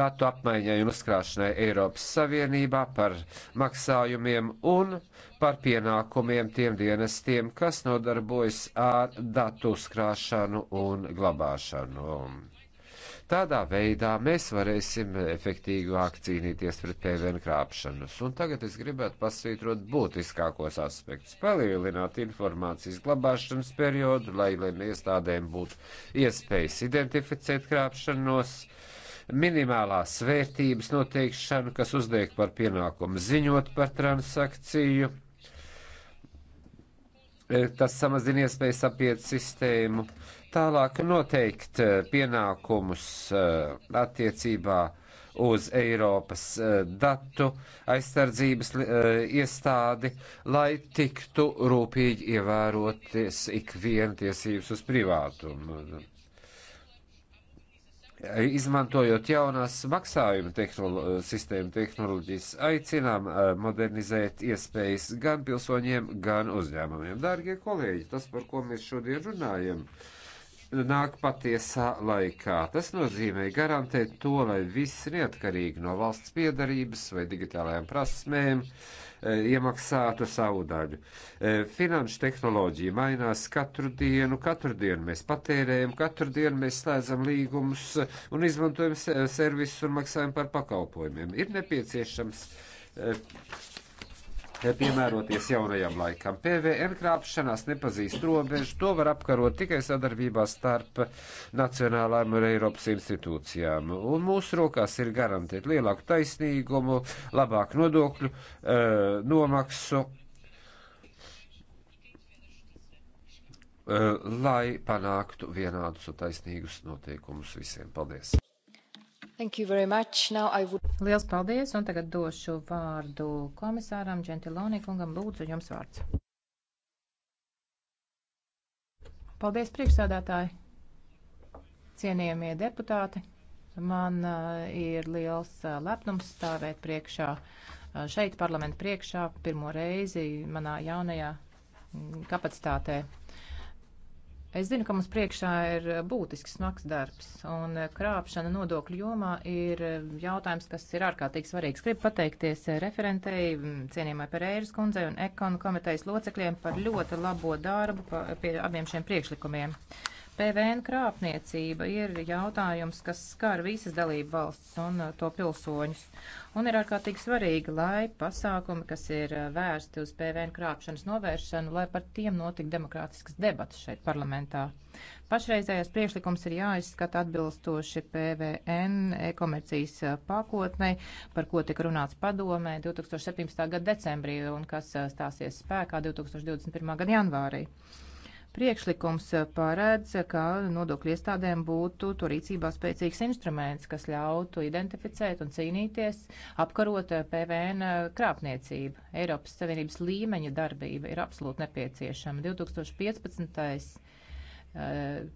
Speaker 1: datu apmaiņai un uzkrāšanai Eiropas Savienībā par maksājumiem un par pienākumiem tiem dienestiem, kas nodarbojas ar datu uzkrāšanu un glabāšanu. Tādā veidā mēs varēsim efektīvāk cīnīties pret PVN krāpšanas. Un tagad es gribētu pasvītrot būtiskākos aspektus. Palielināt informācijas glabāšanas periodu, lai, lai iestādēm būtu iespējas identificēt krāpšanos minimālās vērtības noteikšanu, kas uzliek par pienākumu ziņot par transakciju. Tas samazina iespējas apiet sistēmu, Tālāk noteikt eh, pienākumus eh, attiecībā uz Eiropas eh, datu aizsardzības iestādi, lai tiktu rūpīgi ievēroties ikviena tiesības uz privātumu. Izmantojot jaunās maksājuma tehnolo sistēmu tehnoloģijas, aicinām modernizēt iespējas gan pilsoņiem, gan uzņēmumiem. Dārgie kolēģi, tas, par ko mēs šodien runājam, ir nāk patiesā laikā. Tas nozīmē garantēt to, lai viss neatkarīgi no valsts piedarības vai digitālajām prasmēm e, iemaksātu savu daļu. E, finanšu tehnoloģija mainās katru dienu, katru dienu mēs patērējam, katru dienu mēs slēdzam līgumus un izmantojam servisus un maksājam par pakalpojumiem. Ir nepieciešams e, piemēroties jaunajam laikam. PVN krāpšanās nepazīst robežu, to var apkarot tikai sadarbībā starp nacionālām un Eiropas institūcijām. Un mūsu rokās ir garantēt lielāku taisnīgumu, labāku nodokļu eh, nomaksu. Eh, lai panāktu vienādus un taisnīgus noteikumus visiem. Paldies!
Speaker 2: Would... Liels paldies, un tagad došu vārdu komisāram Džentilonī kungam. Lūdzu, jums vārds. Paldies, priekšsēdētāji, cienījamie deputāti. Man uh, ir liels uh, lepnums stāvēt priekšā, uh, šeit parlamenta priekšā pirmo reizi manā jaunajā mm, kapacitātē. Es zinu, ka mums priekšā ir eh, būtisks smags darbs, un eh, krāpšana nodokļu jomā ir eh, jautājums, kas ir ārkārtīgi svarīgs. Gribu pateikties referentei, mm, cienījumai Pereiras kundzei un ekonu komitejas locekļiem par ļoti labo darbu pie abiem šiem priekšlikumiem. Uh, PVN krāpniecība ir jautājums, kas skar visas dalību valsts un uh, to pilsoņus. Un ir ārkārtīgi svarīgi, lai pasākumi, kas ir uh, vērsti uz PVN krāpšanas novēršanu, lai par tiem notika demokrātiskas debatas šeit parlamentā. Pašreizējais priešlikums ir jāizskata atbilstoši PVN e-komercijas uh, pakotnei, par ko tika runāts padomē 2017. gada decembrī un kas stāsies spēkā 2021. gada janvārī. Priekšlikums eh, pārēdz, eh, ka nodokļu iestādēm būtu to rīcībā spēcīgs instruments, kas ļautu identificēt un cīnīties, apkarot eh, PVN krāpniecību. Eiropas Savienības līmeņa darbība ir absolūti nepieciešama. 2015.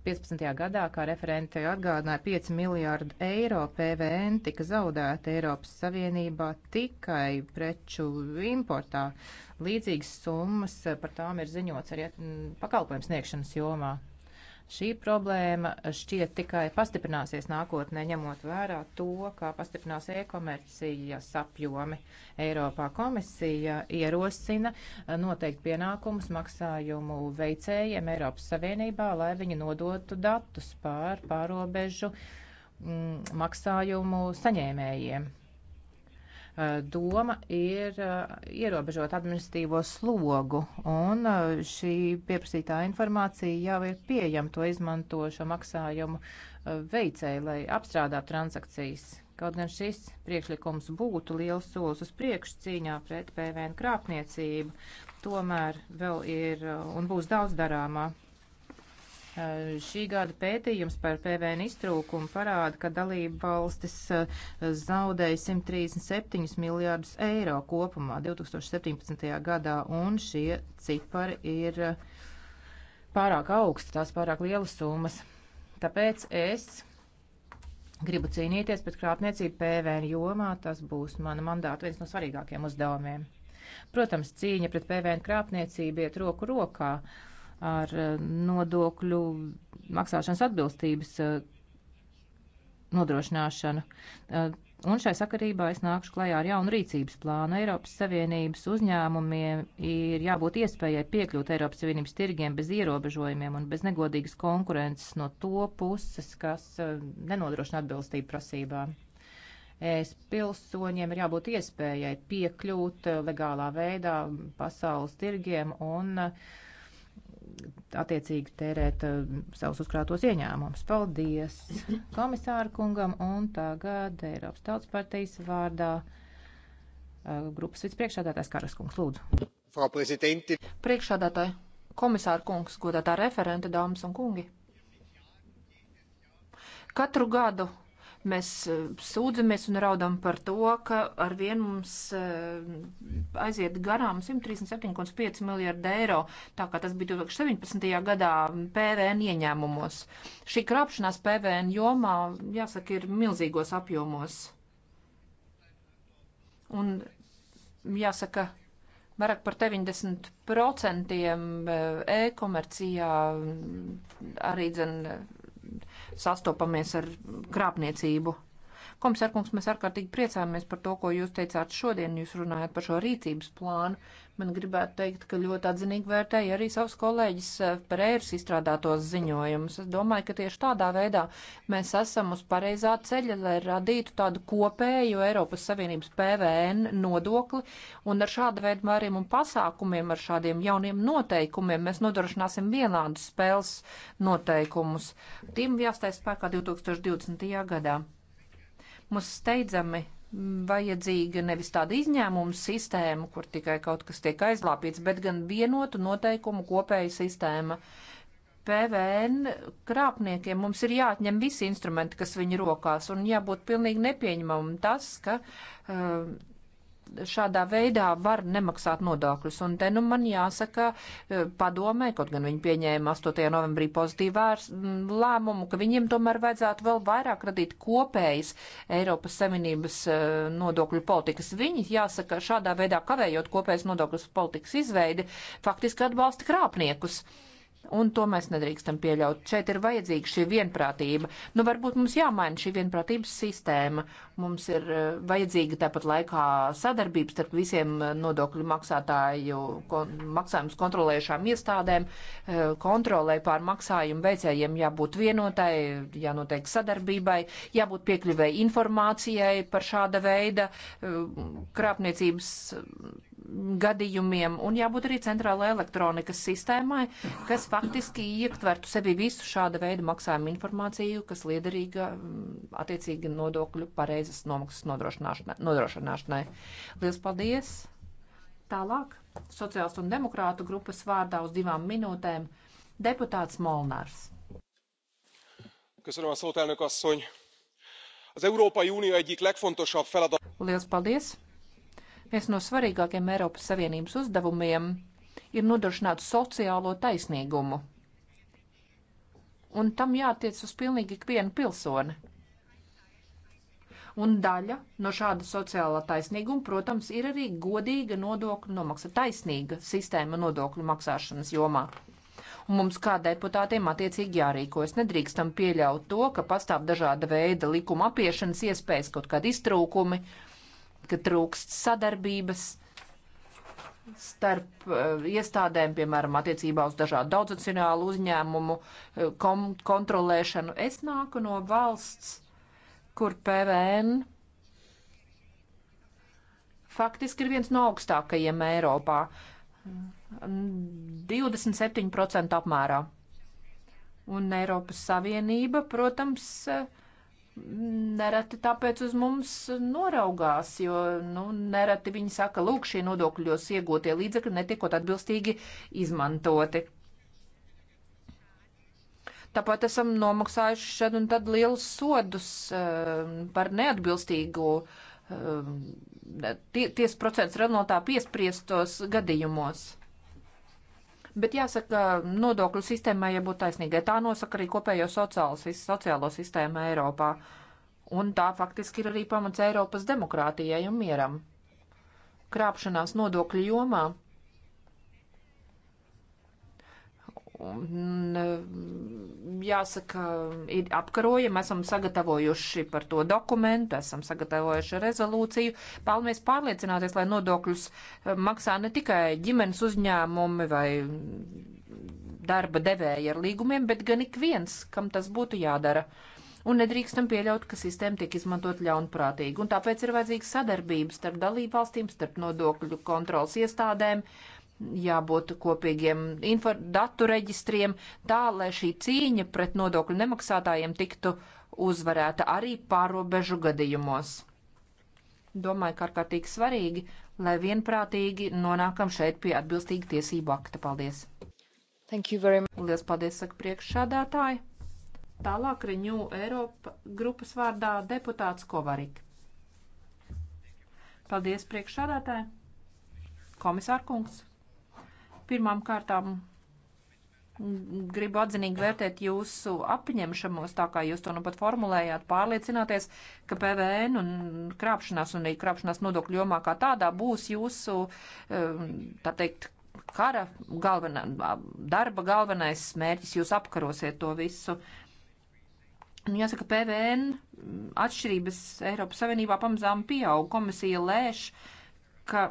Speaker 2: 15. gadā, kā referente atgādināja, 5 miljārdu eiro PVN tika zaudēta Eiropas Savienībā tikai preču importā. Uh, Līdzīgas summas eh, par tām ir ziņots arī mm, pakalpojums sniegšanas jomā. Šī problēma šķiet tikai pastiprināsies nākotnē, ņemot vērā to, kā pastiprinās e-komercijas apjomi. Eiropā komisija ierosina eh, noteikt pienākumus maksājumu veicējiem Eiropas Savienībā, lai viņi nodotu datus pār pārobežu mm, maksājumu saņēmējiem. Eh, doma ir eh, ierobežot administratīvo slogu, un eh, šī pieprasītā informācija jau ir pieejama to izmantošo maksājumu veicēji, lai apstrādātu transakcijas. Kaut gan šis priekšlikums būtu liels solis uz priekšu cīņā pret PVN krāpniecību, tomēr vēl ir un būs daudz darāmā. Eh, šī gada pētījums par PVN iztrūkumu parāda, ka dalība valstis eh, zaudēja 137 miljārdus eiro kopumā 2017. gadā, un šie cipari ir eh, pārāk augsti, tās pārāk lielas summas. Tāpēc es gribu cīnīties pret krāpniecību PVN jomā, tas būs mana mandāta viens no svarīgākiem uzdevumiem. Protams, cīņa pret PVN krāpniecību iet roku rokā. Uh, ar eh, nodokļu maksāšanas atbilstības eh, nodrošināšanu. Eh, un šai sakarībā es nākušu klajā ar jaunu rīcības plānu. Eiropas Savienības uzņēmumiem ir jābūt iespējai piekļūt Eiropas Savienības tirgiem bez ierobežojumiem un bez negodīgas konkurences no to puses, kas nenodrošina atbilstību prasībām. Es pilsoņiem ir jābūt iespējai piekļūt legālā veidā pasaules tirgiem un uh, attiecīgi tērēt uh, savus uzkrātos ieņēmumus. Paldies komisāru kungam un tagad Eiropas tautas
Speaker 3: partijas vārdā uh, grupas vicepriekšādātājs Karas kungs. Lūdzu.
Speaker 1: Frau prezidenti.
Speaker 3: Priekšādātāji, komisāru kungs, godātā referente, dāmas un kungi. Katru gadu Mēs eh, sūdzamies un raudam par to, ka ar vienu mums eh, aiziet garām 137,5 miljārdu eiro, tā kā tas bija 2017. gadā PVN ieņēmumos. Šī krāpšanās PVN jomā, jāsaka, ir milzīgos apjomos. Un jāsaka, vairāk par 90% eh, e-komercijā arī dzen sastopamies ar krāpniecību Komisārkungs, mēs ārkārtīgi priecāmies par to, ko jūs teicāt šodien. Jūs runājat par šo rīcības plānu. Man gribētu teikt, ka ļoti atzinīgi vērtēja arī savus kolēģis eh, par ēras izstrādātos ziņojumus. Es domāju, ka tieši tādā veidā mēs esam uz pareizā ceļa, lai radītu tādu kopēju Eiropas Savienības PVN nodokli. Un ar šādu veidu mēriem un pasākumiem, ar šādiem jauniem noteikumiem mēs nodrošināsim vienādus spēles noteikumus. Tiem jāstājas spēkā 2020. gadā. Mums steidzami vajadzīga nevis tāda izņēmuma sistēma, kur tikai kaut kas tiek aizlāpīts, bet gan vienotu noteikumu kopēja sistēma. PVN krāpniekiem mums ir jāatņem visi instrumenti, kas viņu rokās, un jābūt pilnīgi nepieņemamam tas, ka uh, šādā veidā var nemaksāt nodokļus. Un te nu man jāsaka e, padomē, kaut gan viņi pieņēma 8. novembrī pozitīvārs lēmumu, ka viņiem tomēr vajadzētu vēl vairāk radīt kopējas Eiropas Savienības e, nodokļu politikas. Viņi, jāsaka, šādā veidā kavējot kopējas nodokļu politikas izveidi, faktiski atbalsta krāpniekus un to mēs nedrīkstam pieļaut. Šeit ir vajadzīga šī vienprātība. Nu, varbūt mums jāmaina šī vienprātības sistēma. Mums ir eh, vajadzīga tāpat laikā sadarbības starp visiem eh, nodokļu maksātāju, kon, maksājumus kontrolējušām iestādēm, eh, kontrolē pār maksājumu veicējiem jābūt vienotai, jānotiek sadarbībai, jābūt piekļuvēji informācijai par šāda veida krāpniecības gadījumiem, un jābūt arī centrālajai elektronikas sistēmai, kas faktiski ietvertu sevi visu šāda veida maksājumu informāciju, kas liederīga mm, attiecīgi nodokļu pareizas nomaksas nodrošināšanai. Lielas paldies! Tālāk, sociālistu un demokrātu grupas vārdā uz divām minūtēm, deputāts Molnārs.
Speaker 7: Köszönöm a szót, elnök asszony! Az Európai Unió egyik legfontosabb feladat...
Speaker 3: Lielas paldies! Viens no svarīgākiem Eiropas Savienības uzdevumiem ir nodrošināt sociālo taisnīgumu. Un tam jātiec uz pilnīgi ikvienu pilsoni. Un daļa no šāda sociālā taisnīguma, protams, ir arī godīga nodokļu nomaksa, taisnīga sistēma nodokļu maksāšanas jomā. Un mums kā deputātiem attiecīgi jārīkojas. Nedrīkstam pieļaut to, ka pastāv dažāda veida likuma apiešanas iespējas, kaut kādi iztrūkumi. Uh, ka trūkst sadarbības starp uh, iestādēm, piemēram, attiecībā uz dažādu daudzacionālu uzņēmumu eh, kom, kontrolēšanu. Es nāku no valsts, kur PVN faktiski ir viens no augstākajiem Eiropā. 27% apmērā. Un Eiropas Savienība, protams, uh, nereti tāpēc uz mums noraugās, jo nu, nereti viņi saka, lūk, šie nodokļos iegūtie līdzekļi netikot atbilstīgi izmantoti. Tāpat esam nomaksājuši šad un tad lielus sodus uh, par neatbilstīgu uh, tie, tiesu procesu renotā piespriestos gadījumos. Bet jāsaka, nodokļu sistēmai jābūt taisnīgai. Tā nosaka arī kopējo sociālo, sociālo sistēmu Eiropā. Un tā faktiski ir arī pamats Eiropas demokrātijai un mieram. Krāpšanās nodokļu jomā Un, mm, jāsaka, ir apkarojami, esam sagatavojuši par to dokumentu, esam sagatavojuši rezolūciju. Palmies pārliecināties, lai nodokļus eh, maksā ne tikai ģimenes uzņēmumi vai mm, darba devēja ar līgumiem, bet gan ik viens, kam tas būtu jādara. Un nedrīkstam pieļaut, ka sistēma tiek izmantot ļaunprātīgi. Un tāpēc ir vajadzīga sadarbība starp dalībvalstīm, starp nodokļu kontrolas iestādēm. Uh, jābūt kopīgiem datu reģistriem, tā lai šī cīņa pret nodokļu nemaksātājiem tiktu uzvarēta arī pārobežu gadījumos. Domāju, ka ārkārtīgi svarīgi, lai vienprātīgi nonākam šeit pie atbilstīga tiesību akta. Paldies! Thank you very much. Lielas paldies, saka priekšsādātāji. Tālāk Reņū Eiropa grupas vārdā deputāts Kovarik. Paldies priekšsādātāji. Komisārkungs. Pirmām kārtām gribu atzinīgi vērtēt jūsu apņemšamos, tā kā jūs to nu pat formulējāt, pārliecināties, ka PVN un krāpšanās un krāpšanās nodokļu jomā kā tādā būs jūsu, um, tā teikt, kara galvenā, darba galvenais smērķis, jūs apkarosiet to visu. Nu, jāsaka, PVN atšķirības Eiropas Savienībā pamazām pieaug. Komisija lēš, ka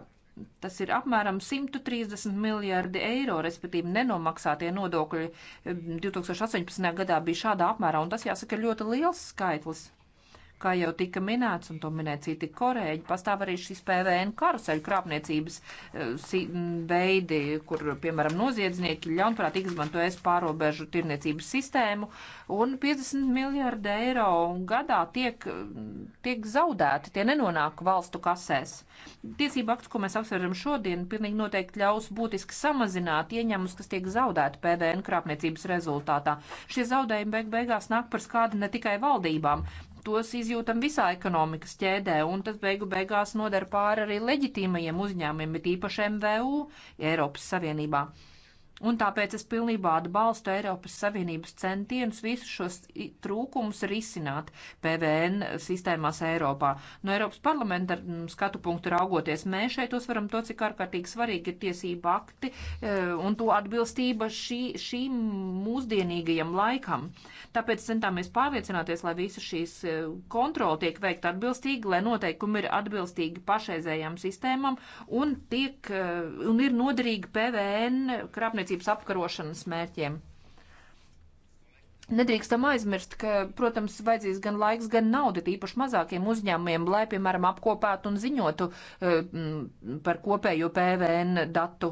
Speaker 3: Tas ir apmēram 130 miljardi eiro, respektīvi nenomaksātie nodokļi 2018. gadā bija šādā apmērā, un tas jāsaka ir ļoti liels skaitlis. Kā jau tika minēts, un to minēja citi korēģi, pastāv arī šis PVN karuseļu krāpniecības eh, veidi, kur, piemēram, noziedznieki ļaunprātīgi izmantojas pārobežu tirniecības sistēmu, un 50 miljārdi eiro gadā tiek, tiek zaudēti, tie nenonāk valstu kasēs. Tiesība akts, ko mēs apsveram šodien, pilnīgi noteikti ļaus būtiski samazināt ieņemumus, kas tiek zaudēti PVN krāpniecības rezultātā. Šie zaudējumi beig beigās nāk par skādu ne tikai valdībām, tos izjūtam visā ekonomikas ķēdē, un tas beigu beigās nodara pāri arī leģitīmajiem uzņēmumiem, bet īpaši MVU Eiropas Savienībā. Un tāpēc es pilnībā atbalstu Eiropas Savienības centienus visus šos trūkumus risināt PVN sistēmās Eiropā. No Eiropas parlamenta mm, skatu punktu raugoties, mēs šeit uzsveram to, cik ārkārtīgi svarīgi ir tiesība akti e, un to atbilstība šī, šīm mūsdienīgajam laikam. Tāpēc centāmies pārliecināties, lai visas šīs e, kontroli tiek veikt atbilstīgi, lai noteikumi ir atbilstīgi pašreizējām sistēmām un, tiek, e, un ir noderīgi PVN krāpniecības noziedzības apkarošanas mērķiem. Nedrīkstam aizmirst, ka, protams, vajadzīs gan laiks, gan nauda tīpaši mazākiem uzņēmumiem, lai, piemēram, apkopētu un ziņotu eh, par kopējo PVN datu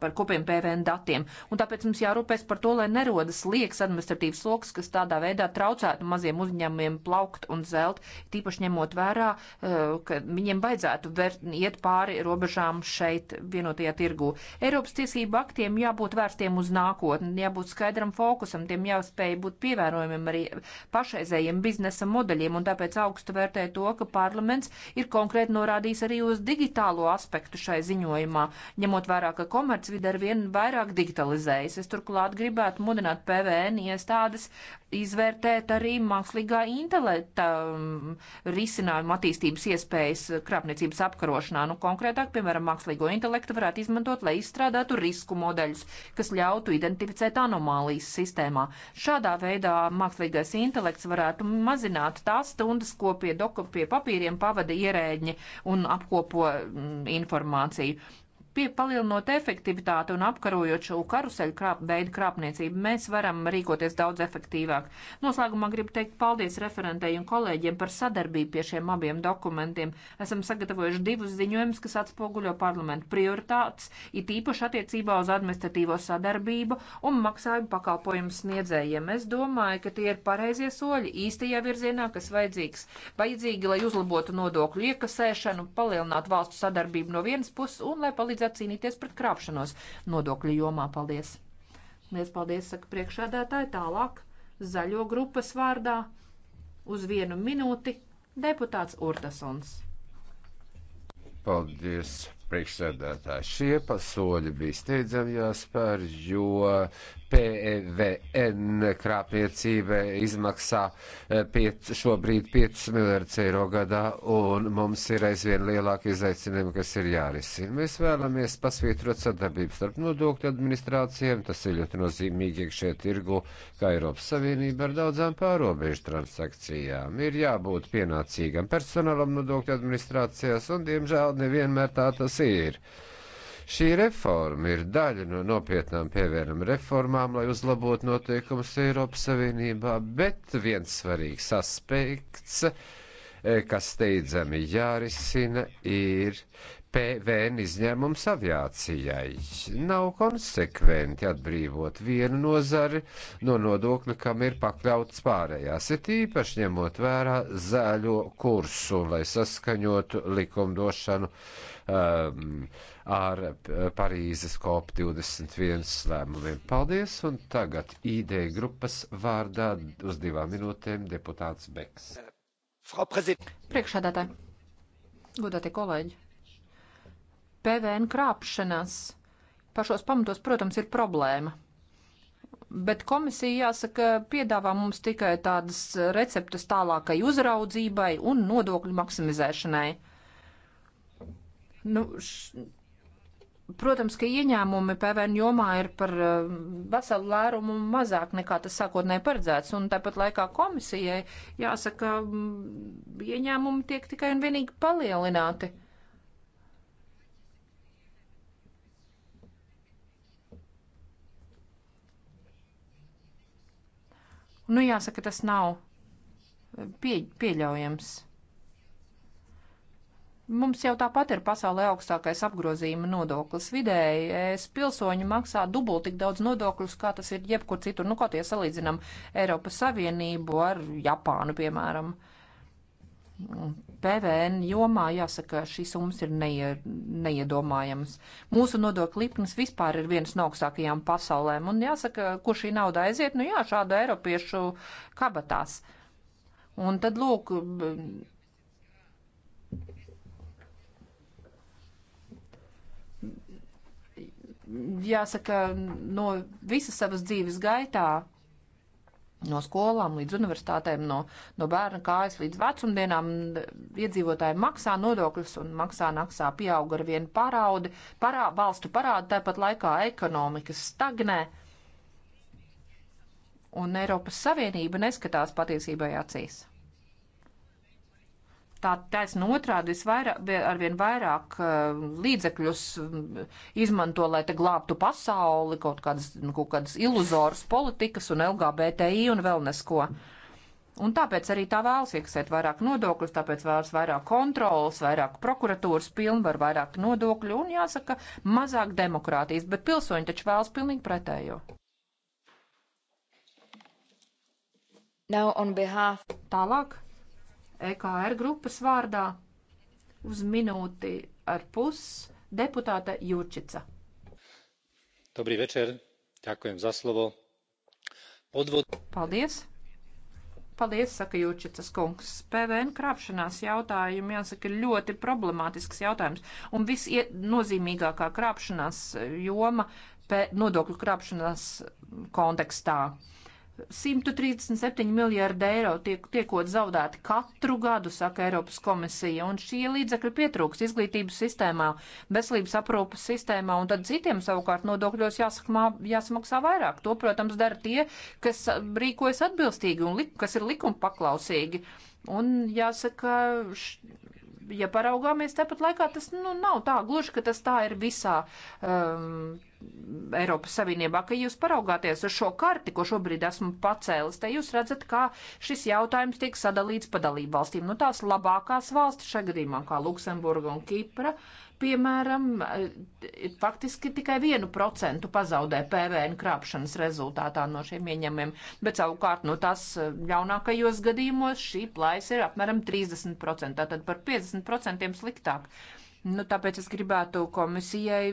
Speaker 3: par kopiem PVN datiem. Un tāpēc mums jārūpēs par to, lai nerodas liekas administratīvas sloks, kas tādā veidā traucētu maziem uzņēmumiem plaukt un zelt, tīpaši ņemot vērā, eh, ka viņiem vajadzētu ver, iet pāri robežām šeit vienotajā tirgu. Eiropas tiesību aktiem jābūt vērstiem uz nākotni, jābūt skaidram fokusam, tiem jāspēj būt pievērojumiem arī pašreizējiem biznesa modeļiem, un tāpēc augstu vērtē to, ka parlaments ir konkrēti norādījis arī uz digitālo aspektu šai ziņojumā, ņemot vērā, ka komerci komercvide ar vien vairāk digitalizējas. Es turklāt gribētu mudināt PVN iestādes izvērtēt arī mākslīgā intelekta um, risinājumu attīstības iespējas krāpniecības apkarošanā. Nu, konkrētāk, piemēram, mākslīgo intelektu varētu izmantot, lai izstrādātu risku modeļus, kas ļautu identificēt anomālijas sistēmā. Šādā veidā mākslīgais intelekts varētu mazināt tās stundas, ko pie, doku, pie papīriem pavada ierēģi un apkopo m, mm, informāciju. Piepalielinot efektivitāti un apkarojot šo karuseļu krāp, veidu krāpniecību, mēs varam rīkoties daudz efektīvāk. Noslēgumā gribu teikt paldies referentei un kolēģiem par sadarbību pie šiem abiem dokumentiem. Esam sagatavojuši divus ziņojumus, kas atspoguļo parlamentu prioritātes, it īpaši attiecībā uz administratīvo sadarbību un maksājumu pakalpojumu sniedzējiem. Es domāju, ka tie ir pareizie soļi īstajā virzienā, kas vajadzīgs, vajadzīgi, lai uzlabotu nodokļu iekasēšanu, palielinātu valstu sadarbību no vienas puses un lai palīdzētu palīdzētu cīnīties pret krāpšanos nodokļu jomā. Paldies! Lies paldies, saka priekšādātāji, tālāk zaļo grupas vārdā uz vienu minūti deputāts Urtasons.
Speaker 1: Paldies! priekšsēdētāji. Šie pasoļi bija steidzami jāspēr, jo PVN e krāpniecība izmaksā eh, piec, šobrīd 5 miljardus eiro gadā, un mums ir aizvien lielāki izaicinājumi, kas ir jārisina. Mēs vēlamies pasvītrot sadarbību starp nodokļu administrācijām, tas ir ļoti nozīmīgi iekšē tirgu, kā Eiropas Savienība ar daudzām pārobežu transakcijām. Ir jābūt pienācīgam personālam nodokļu administrācijās, un diemžēl nevienmēr tā tas ir. Šī reforma ir daļa no nopietnām pievienam reformām, lai uzlabotu noteikumus Eiropas Savienībā, bet viens svarīgs aspekts, e, kas steidzami jārisina, ir PVN izņēmums aviācijai. Nav konsekventi atbrīvot vienu nozari no nodokļa, kam ir pakļauts pārējās, ir īpaši ņemot vērā zaļo kursu, lai saskaņotu likumdošanu um, ar Parīzes COP21 lēmumiem. Paldies, un tagad ID grupas vārdā uz divām minūtēm deputāts Beks.
Speaker 3: Uh, Priekšādātāji, godātie kolēģi, PVN krāpšanās pašos pamatos, protams, ir problēma. Bet komisija, jāsaka, piedāvā mums tikai tādas receptes tālākai uzraudzībai un nodokļu maksimizēšanai. Nu, š... Protams, ka ieņēmumi PVN jomā ir par eh, veselu lērumu mazāk nekā tas sākotnēji paredzēts, un tāpat laikā komisijai jāsaka, ieņēmumi tiek tikai un vienīgi palielināti. Nu, jāsaka, tas nav pie, pieļaujams. Mums jau tāpat ir pasaulē augstākais apgrozījuma nodoklis. Vidēji es pilsoņu maksā dubult tik daudz nodokļus, kā tas ir jebkur citur. Nu, kaut ja salīdzinam Eiropas Savienību ar Japānu, piemēram. PVN jomā jāsaka, šīs summas ir neie, neiedomājamas. Mūsu nodokļu likmes vispār ir viens no augstākajām pasaulēm, un jāsaka, kur šī nauda aiziet, nu jā, šādu eiropiešu kabatās. Un tad, lūk, jāsaka, no visas savas dzīves gaitā, no skolām līdz universitātēm, no, no bērna kājas līdz vecumdienām iedzīvotāji maksā nodokļus un maksā naksā pieauga ar vienu paraudi, parā, valstu parādu, tāpat laikā ekonomikas stagnē. Un Eiropas Savienība neskatās patiesībai acīs tā taisna otrādi visvairāk, arvien vairāk uh, līdzekļus um, izmanto, lai te glābtu pasauli, kaut kādas, kaut kādas iluzoras politikas un LGBTI un vēl nesko. Un tāpēc arī tā vēlas iekasēt vairāk nodokļus, tāpēc vēlas vairāk kontrolas, vairāk prokuratūras pilnvaru, vairāk nodokļu un, jāsaka, mazāk demokrātijas, bet pilsoņi taču vēlas pilnīgi pretējo. Now on behalf. Tālāk EKR grupas vārdā uz minūti ar pus deputāta Jurčica.
Speaker 5: Dobrý večer, ďakujem za slovo. Podvod...
Speaker 3: Paldies. Paldies, saka Jūčicas kungs. PVN krāpšanās jautājumi, jāsaka, ir ļoti problemātisks jautājums. Un visnozīmīgākā krāpšanās joma nodokļu krāpšanās kontekstā. 137 miljārdi eiro tiek, tiekot zaudēti katru gadu, saka Eiropas komisija, un šie līdzekļi pietrūks izglītības sistēmā, veselības aprūpas sistēmā, un tad citiem savukārt nodokļos jāsakmā, jāsmaksā vairāk. To, protams, dara tie, kas rīkojas atbilstīgi un lik, kas ir likuma paklausīgi. Un jāsaka, š, ja paraugāmies tepat laikā, tas nu, nav tā gluži, ka tas tā ir visā. Um, Eiropas Savienībā, ka jūs paraugāties uz šo karti, ko šobrīd esmu pacēlis, te jūs redzat, kā šis jautājums tiek sadalīts pa dalību valstīm. Nu, tās labākās valstis šajā gadījumā, kā Luksemburga un Kipra, piemēram, eh, faktiski tikai vienu procentu pazaudē PVN krāpšanas rezultātā no šiem ieņemiem, bet savukārt no nu, tās eh, ļaunākajos gadījumos šī plājas ir apmēram 30%, tātad par 50% sliktāk. Uh, Nu, tāpēc es gribētu komisijai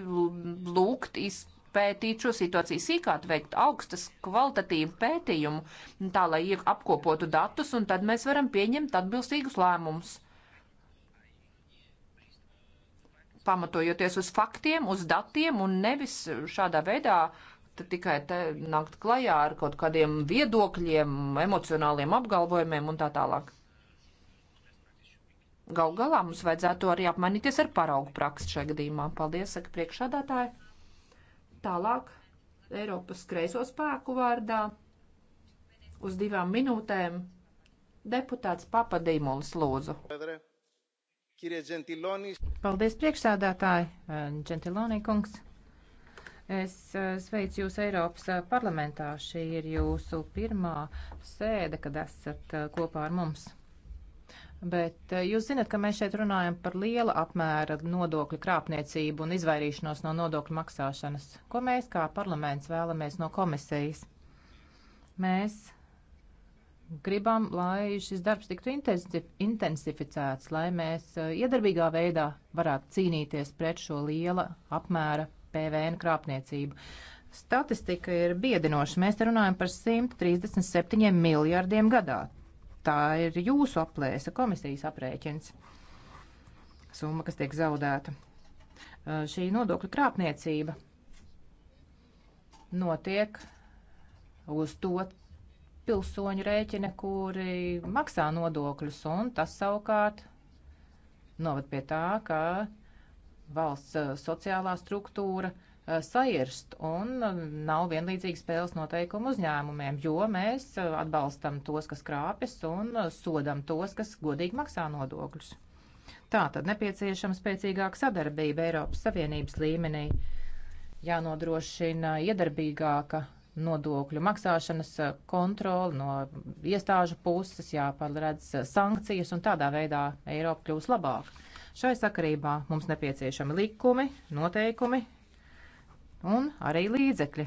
Speaker 3: lūgt iz, pētīt šo situāciju sīkāk, veikt augstas kvalitatīvu pētījumu, tā lai apkopotu datus, un tad mēs varam pieņemt atbilstīgus lēmumus. Pamatojoties uz faktiem, uz datiem, un nevis šādā veidā tikai te nākt klajā ar kaut kādiem viedokļiem, emocionāliem apgalvojumiem un tā tālāk. Gal galā mums vajadzētu arī apmainīties ar paraugu praksi šajā gadījumā. Paldies, saka priekšādātāji. Tālāk Eiropas kreiso spēku vārdā uz divām minūtēm deputāts Papadīmulis lūdzu.
Speaker 2: Paldies, priekšsādātāji, Gentiloni kungs. Es eh, sveicu jūs Eiropas eh, parlamentā. Šī ir jūsu pirmā sēde, kad esat eh, kopā ar mums. Bet eh, jūs zinat, ka mēs šeit runājam par liela apmēra nodokļu krāpniecību un izvairīšanos no nodokļu maksāšanas. Ko mēs kā parlaments vēlamies no komisijas? Mēs gribam, lai šis darbs tiktu intensificēts, lai mēs eh, iedarbīgā veidā varētu cīnīties pret šo liela apmēra PVN krāpniecību. Statistika ir biedinoša. Mēs te runājam par 137 miljārdiem gadā tā ir jūsu aplēse, komisijas aprēķins, summa, kas tiek zaudēta. Uh, šī nodokļu krāpniecība notiek uz to pilsoņu rēķina, kuri maksā nodokļus, un tas savukārt novad pie tā, ka valsts uh, sociālā struktūra uh, Eh, sairst un eh, nav vienlīdzīgi spēles noteikumu uzņēmumiem, jo mēs eh, atbalstam tos, kas krāpjas un sodam tos, kas godīgi maksā nodokļus. Tā tad nepieciešama spēcīgāka sadarbība Eiropas Savienības līmenī, jānodrošina iedarbīgāka nodokļu maksāšanas kontroli no iestāžu puses, jāparedz sankcijas un tādā veidā Eiropa kļūs labāk. Šai sakarībā mums nepieciešami likumi, noteikumi, un arī līdzekļi.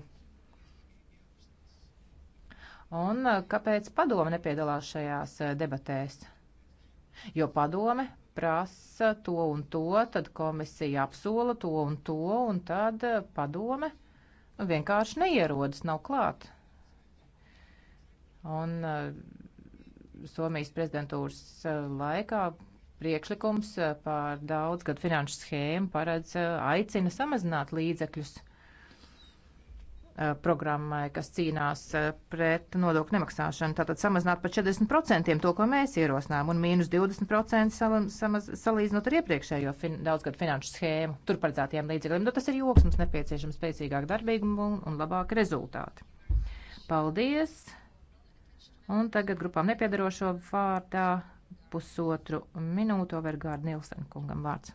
Speaker 2: Un eh, kāpēc padome nepiedalās šajās eh, debatēs? Jo padome prasa to un to, tad komisija apsola to un to, un tad eh, padome vienkārši neierodas, nav klāt. Un Somijas prezidentūras laikā priekšlikums par daudzgadu finanšu schēmu paredz aicina samazināt līdzekļus. Eh, programmai, kas cīnās eh, pret nodokļu nemaksāšanu. Tātad samazināt par 40% to, ko mēs ierosinām, un mīnus 20% salam, samaz, salīdzinot ar iepriekšējo fin, daudzgadu finanšu schēmu, tur paredzētajiem līdzekļiem. Nu, tas ir joks, mums nepieciešams spēcīgāk darbīgumu un, un labāki rezultāti. Paldies! Un tagad grupām nepiedarošo vārdā pusotru minūto Vergārdu Nilsen kungam vārds.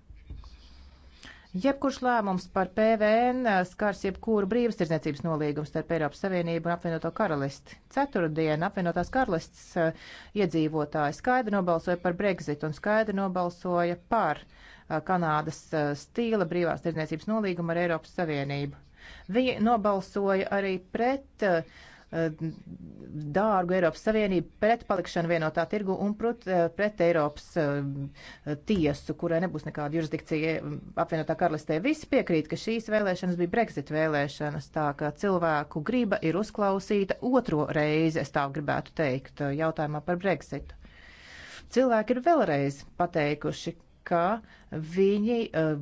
Speaker 2: Jebkurš lēmums par PVN eh, skars jebkuru brīvstirdzniecības nolīgumu starp Eiropas Savienību un apvienoto karalisti. Ceturtdien apvienotās karalists uh, iedzīvotāji skaidri nobalsoja par Brexit un skaidri nobalsoja par uh, Kanādas uh, stīla brīvās tirdzniecības nolīgumu ar Eiropas Savienību. Viņi nobalsoja arī pret uh, dārgu Eiropas Savienību pret palikšanu vienotā tirgu un pret, eh, pret Eiropas eh, tiesu, kurai nebūs nekāda jurisdikcija eh, apvienotā karalistē. Visi piekrīt, ka šīs vēlēšanas bija Brexit vēlēšanas, tā ka cilvēku griba ir uzklausīta otro reizi, es tā gribētu teikt, jautājumā par Brexitu. Cilvēki ir vēlreiz pateikuši, ka viņi uh,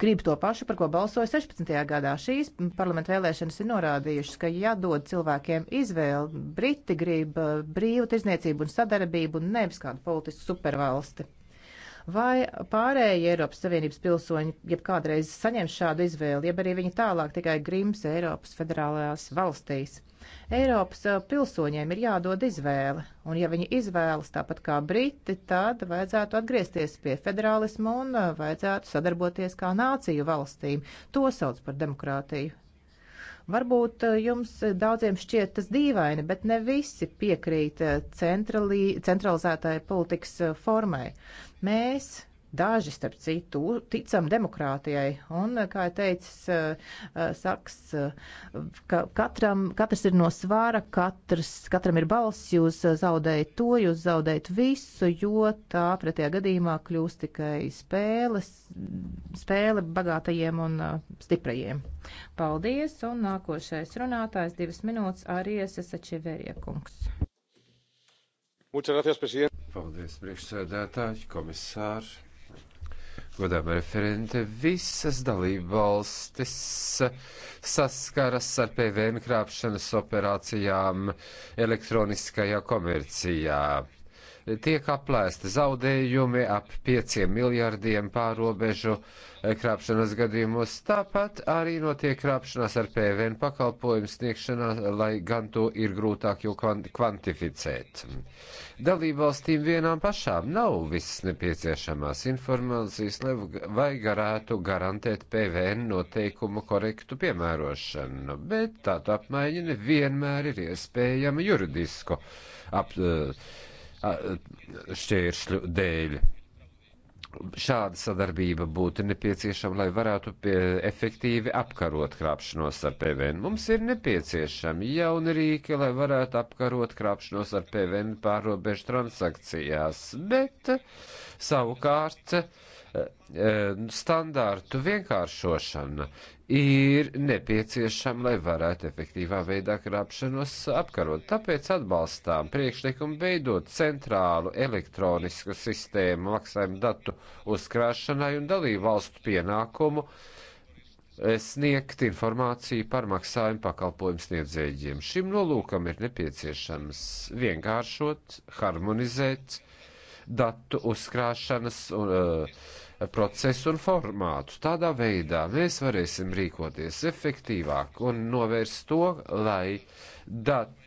Speaker 2: grib to pašu, par ko balsoja 16. gadā. Šīs parlamenta vēlēšanas ir norādījušas, ka jādod cilvēkiem izvēle. Briti grib uh, brīvu tirzniecību un sadarbību un nevis kādu politisku supervalsti. Vai pārējie Eiropas Savienības pilsoņi jebkādreiz saņem šādu izvēli, jeb arī viņi tālāk tikai grims Eiropas federālajās valstīs? Eiropas pilsoņiem ir jādod izvēle, un ja viņi izvēlas tāpat kā Briti, tad vajadzētu atgriezties pie federālismu un vajadzētu sadarboties kā nāciju valstīm. To sauc par demokrātiju. Varbūt jums daudziem šķiet tas dīvaini, bet ne visi piekrīt centralizētāja politikas formai. Mēs Daži, starp citu, ticam demokrātijai. Un, kā jau teicis eh, eh, Saks, eh, ka katram, katrs ir no svāra, katrs, katram ir balss, jūs zaudējat to, jūs zaudējat visu, jo tā pretējā gadījumā kļūst tikai spēles, spēle bagātajiem un stiprajiem. Paldies, un nākošais runātājs divas minūtes arī Esesa Čeveriekungs.
Speaker 1: Paldies, priekšsēdētāji, komisāri. Godām referente, visas dalībvalstis saskaras ar PVN krāpšanas operācijām elektroniskajā komercijā tiek aplēsti zaudējumi ap 5 miljardiem pārobežu eh, krāpšanas gadījumos. Tāpat arī notiek krāpšanās ar PVN pakalpojumu sniegšanā, lai gan to ir grūtāk jau kvantificēt. Dalībvalstīm vienām pašām nav visas nepieciešamās informācijas, lai garētu garantēt PVN noteikumu korektu piemērošanu, bet tāda apmaiņa nevienmēr ir iespējama juridisku apmaiņu eh, šķēršļu dēļ. Šāda sadarbība būtu nepieciešama, lai varētu pie, efektīvi apkarot krāpšanos ar PVN. Mums ir nepieciešami jauni rīki, lai varētu apkarot krāpšanos ar PVN pārobežu transakcijās, bet savukārt eh, standārtu vienkāršošana ir nepieciešama, lai varētu efektīvā veidā krāpšanos apkarot. Tāpēc atbalstām priekšlikumu veidot centrālu elektronisku sistēmu maksājumu datu uzkrāšanai un dalību valstu pienākumu eh, sniegt informāciju par maksājumu pakalpojumu sniedzējiem. Šim nolūkam ir nepieciešams vienkāršot, harmonizēt datu uzkrāšanas un uh, procesu un formātu. Tādā veidā mēs varēsim rīkoties efektīvāk un novērst to, lai dati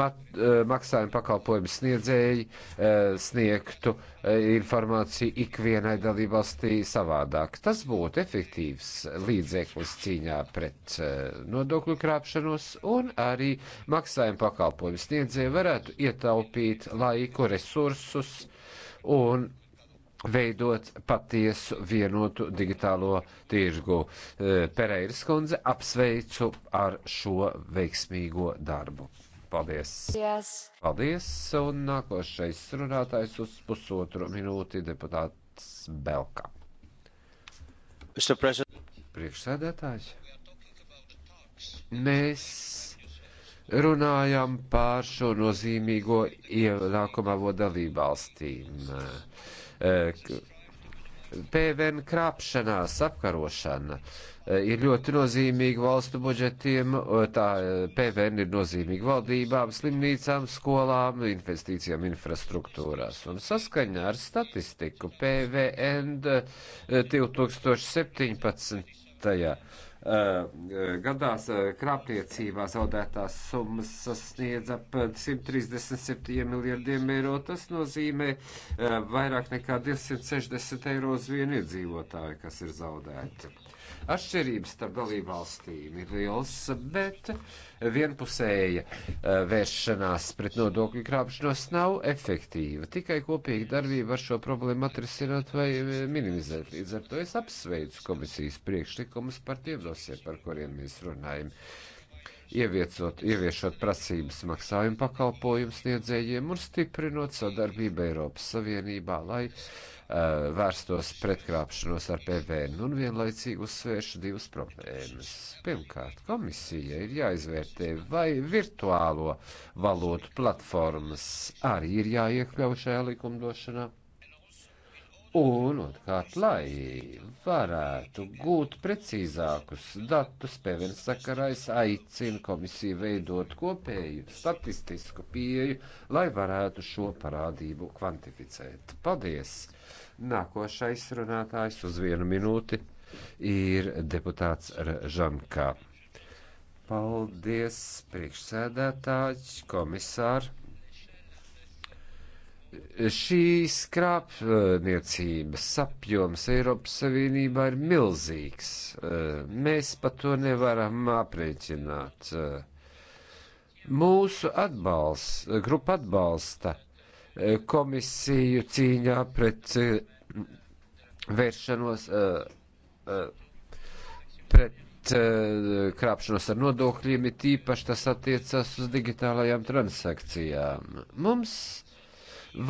Speaker 1: mat, eh, maksājuma pakalpojumu sniedzēji eh, sniegtu eh, informāciju ikvienai dalībvalstī savādāk. Tas būtu efektīvs līdzeklis cīņā pret nodokļu krāpšanos, un arī maksājuma pakalpojumu sniedzēji varētu ietaupīt laiku, resursus un veidot patiesu vienotu digitālo tirgu. E, Pereiras kundze apsveicu ar šo veiksmīgo darbu. Paldies! Yes. Paldies! Un nākošais runātājs uz pusotru minūti deputāts Belka. Priekšsēdētājs. Mēs runājam par šo nozīmīgo ienākumu avotu dalību valstīm. Uh, Eh, PVN krāpšanās, apkarošana eh, ir ļoti nozīmīga valstu budžetiem, eh, tā PVN ir nozīmīga valdībām, slimnīcām, skolām, investīcijām, infrastruktūrās. Un saskaņā ar statistiku PVN 2017 gadās eh, krāpniecībā zaudētās summas sasniedz ap 137 miljardiem eiro. Tas nozīmē eh, vairāk nekā 260 eiro uz vienu iedzīvotāju, kas ir zaudēti. Atšķirības starp dalībvalstīm ir liels, bet vienpusēja eh, vēršanās pret nodokļu krāpšanos nav efektīva. Tikai kopīga darbība var šo problēmu atrisināt vai eh, minimizēt. Līdz ar to es apsveicu komisijas priekšlikumus par tiem dosiem, par kuriem mēs runājam ieviecot, ieviešot prasības maksājumu pakalpojumu sniedzējiem un stiprinot sadarbību Eiropas Savienībā, lai uh, Eh, vērstos pretkrāpšanos ar PVN un vienlaicīgi uzsvēršu divas problēmas. Pirmkārt, komisija ir jāizvērtē, vai virtuālo valotu platformas arī ir jāiekļauj šajā likumdošanā. Un otrkārt, lai varētu gūt precīzākus datus PVN sakarā, es aicinu komisiju veidot kopēju statistisku pieju, lai varētu šo parādību kvantificēt. Paldies! Nākošais runātājs uz vienu minūti ir deputāts Žankā. Paldies, priekšsēdētāji, komisāri. Šī skrāpniecības apjoms Eiropas Savienībā ir milzīgs. Mēs pat to nevaram aprēķināt. Mūsu atbalsts, grupa atbalsta komisiju cīņā pret eh, vēršanos eh, eh, pret krāpšanos ar nodokļiem, it īpaši tas attiecas uz digitālajām transakcijām. Mums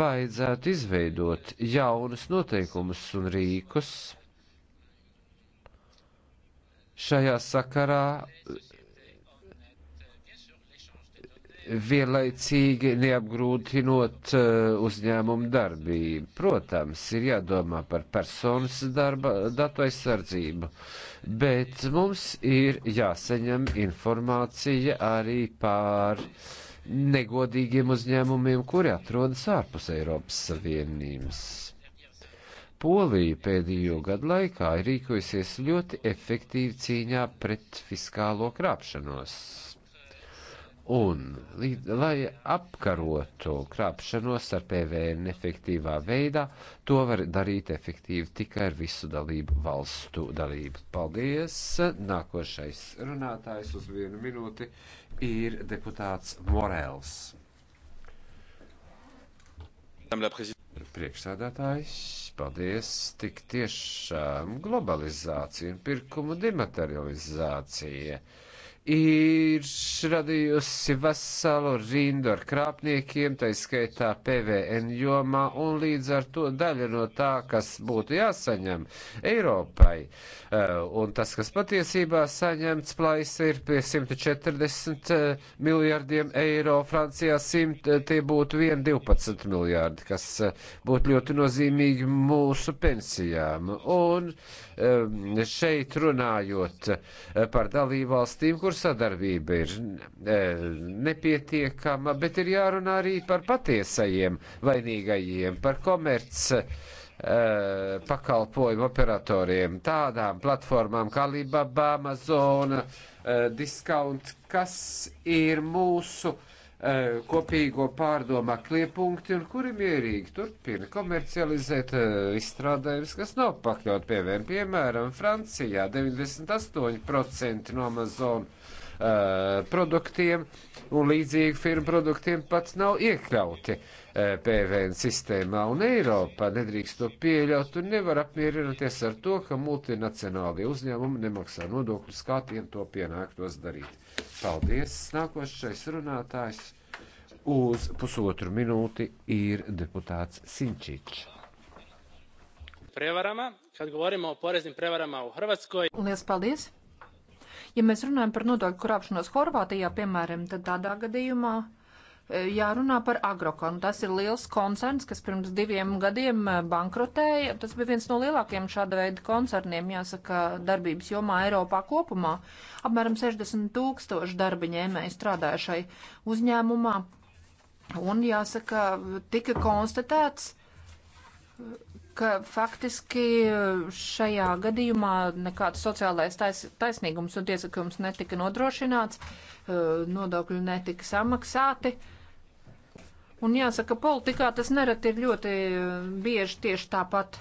Speaker 1: vajadzētu izveidot jaunus noteikumus un rīkus šajā sakarā vienlaicīgi neapgrūtinot eh, uzņēmumu darbību. Protams, ir jādomā par personas darba datu aizsardzību, bet mums ir jāsaņem informācija arī par negodīgiem uzņēmumiem, kuri atrodas ārpus Eiropas Savienības. Polija pēdējo gadu laikā ir rīkojusies ļoti efektīvi cīņā pret fiskālo krāpšanos Un, lai apkarotu krāpšanos ar PVN efektīvā veidā, to var darīt efektīvi tikai ar visu dalību valstu dalību. Paldies! Nākošais runātājs uz vienu minūti ir deputāts Morels. Priekšsēdētājs, paldies! Tik tiešām globalizācija un pirkumu dematerializācija. Uh, ir radījusi veselu rindu ar krāpniekiem, tā skaitā PVN jomā, un līdz ar to daļa no tā, kas būtu jāsaņem Eiropai, eh, un tas, kas patiesībā saņemts plaisa, ir pie 140 eh, miljārdiem eiro, Francijā 100, eh, tie būtu 1,12 miljārdi, kas būtu ļoti nozīmīgi mūsu pensijām. Un, uh, šeit runājot eh, par dalībvalstīm, kur sadarbība ir eh, nepietiekama, bet ir jārunā arī par patiesajiem vainīgajiem, par komerc eh, pakalpojumu operatoriem, tādām platformām kā Alibaba, Amazon, Discount, kas ir mūsu uh, Eh, kopīgo pārdomu akliepunkti un kuri mierīgi turpina komercializēt eh, izstrādājumus, kas nav pakļaut PVN. Piemēram, Francijā 98% no Amazon uh, produktiem uh, un līdzīgi firmu produktiem pats nav iekļauti e, PVN sistēmā, un Eiropā nedrīkst to pieļaut un nevar apmierināties ar to, ka multinacionālie uzņēmumi nemaksā nodokļus, kā tiem to pienāktos darīt. Paldies! Nākošais runātājs uz pusotru minūti ir deputāts Sinčičs
Speaker 4: prevarama kad govorimo o poreznim prevarama u hrvatskoj.
Speaker 3: liels paldies! Ja mēs runājam par nodokļu krāpšanos Horvātijā, piemēram, tad tādā gadījumā e, jārunā par Agrokonu. Tas ir liels koncerns, kas pirms diviem gadiem e, bankrotēja. Tas bija viens no lielākajiem šāda veida koncerniem, jāsaka, darbības jomā Eiropā kopumā. Apmēram 60 tūkstoši darba ņēmēji strādāja šai uzņēmumā. Un jāsaka, tika konstatēts, ka faktiski eh, šajā gadījumā nekāds sociālais tais, taisnīgums un tiesakums netika nodrošināts, eh, nodokļi netika samaksāti. Un jāsaka, politikā tas nereti ir ļoti eh, bieži tieši tāpat.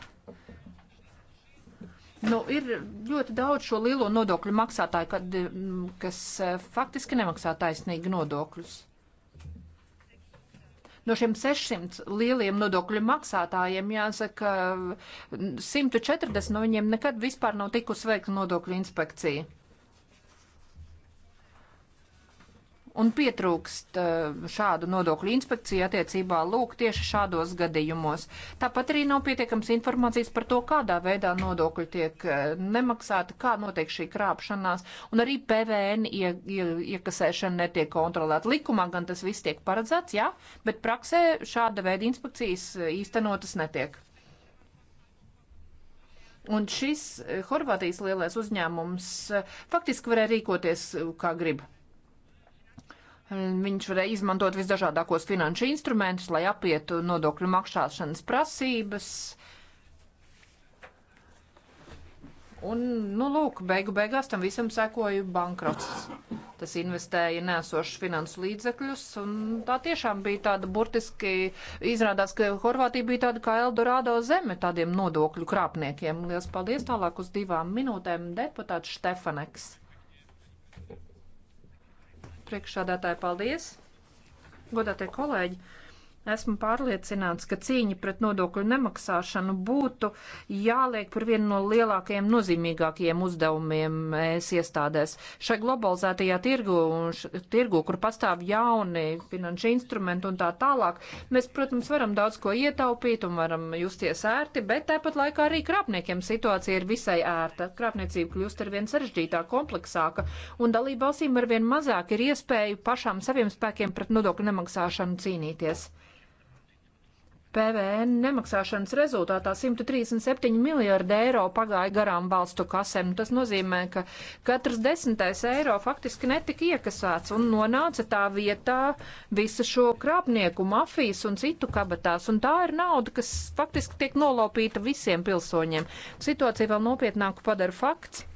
Speaker 3: Nu, ir ļoti daudz šo lielo nodokļu maksātāju, kad, mm, kas faktiski nemaksā taisnīgi nodokļus. No šiem 600 lieliem nodokļu maksātājiem jāsaka, 140 no viņiem nekad vispār nav tikus veikta nodokļu inspekcija. un pietrūkst eh, šādu nodokļu inspekciju attiecībā lūk tieši šādos gadījumos. Tāpat arī nav pietiekams informācijas par to, kādā veidā nodokļi tiek eh, nemaksāti, kā notiek šī krāpšanās, un arī PVN ie, ie, iekasēšana netiek kontrolēta. Likumā gan tas viss tiek paredzēts, jā, bet praksē šāda veida inspekcijas eh, īstenotas netiek. Un šis Horvātijas lielais uzņēmums faktiski varēja rīkoties, kā grib. Viņš varēja izmantot visdažādākos finanšu instrumentus, lai apietu nodokļu maksāšanas prasības. Un, nu, lūk, beigu beigās tam visam sekoja bankrots. Tas investēja nesošus finansu līdzekļus, un tā tiešām bija tāda burtiski, izrādās, ka Horvātija bija tāda kā Eldorado zeme tādiem nodokļu krāpniekiem. Lielas paldies tālāk uz divām minūtēm deputāts Štefaneks. Priekšādātāji, paldies! Godātie kolēģi! Esmu pārliecināts, ka cīņa pret nodokļu nemaksāšanu būtu jāliek par vienu no lielākajiem, nozīmīgākajiem uzdevumiem es iestādēs. Šai globalizētajā tirgu, tirgu, kur pastāv jauni finanšu instrumenti un tā tālāk, mēs, protams, varam daudz ko ietaupīt un varam justies ērti, bet tāpat laikā arī krāpniekiem situācija ir visai ērta. Krāpniecība kļūst arvien sarežģītāka, kompleksāka, un dalībvalstīm arvien mazāk ir iespēju pašām saviem spēkiem pret nodokļu nemaksāšanu cīnīties. PVN nemaksāšanas rezultātā 137 miljārdi eiro pagāja garām valstu kasēm. Tas nozīmē, ka katrs desmitais eiro faktiski netika iekasēts un nonāca tā vietā visa šo krāpnieku, mafijas un citu kabatās. Un tā ir nauda, kas faktiski tiek nolopīta visiem pilsoņiem. Situācija vēl nopietnāku padara fakts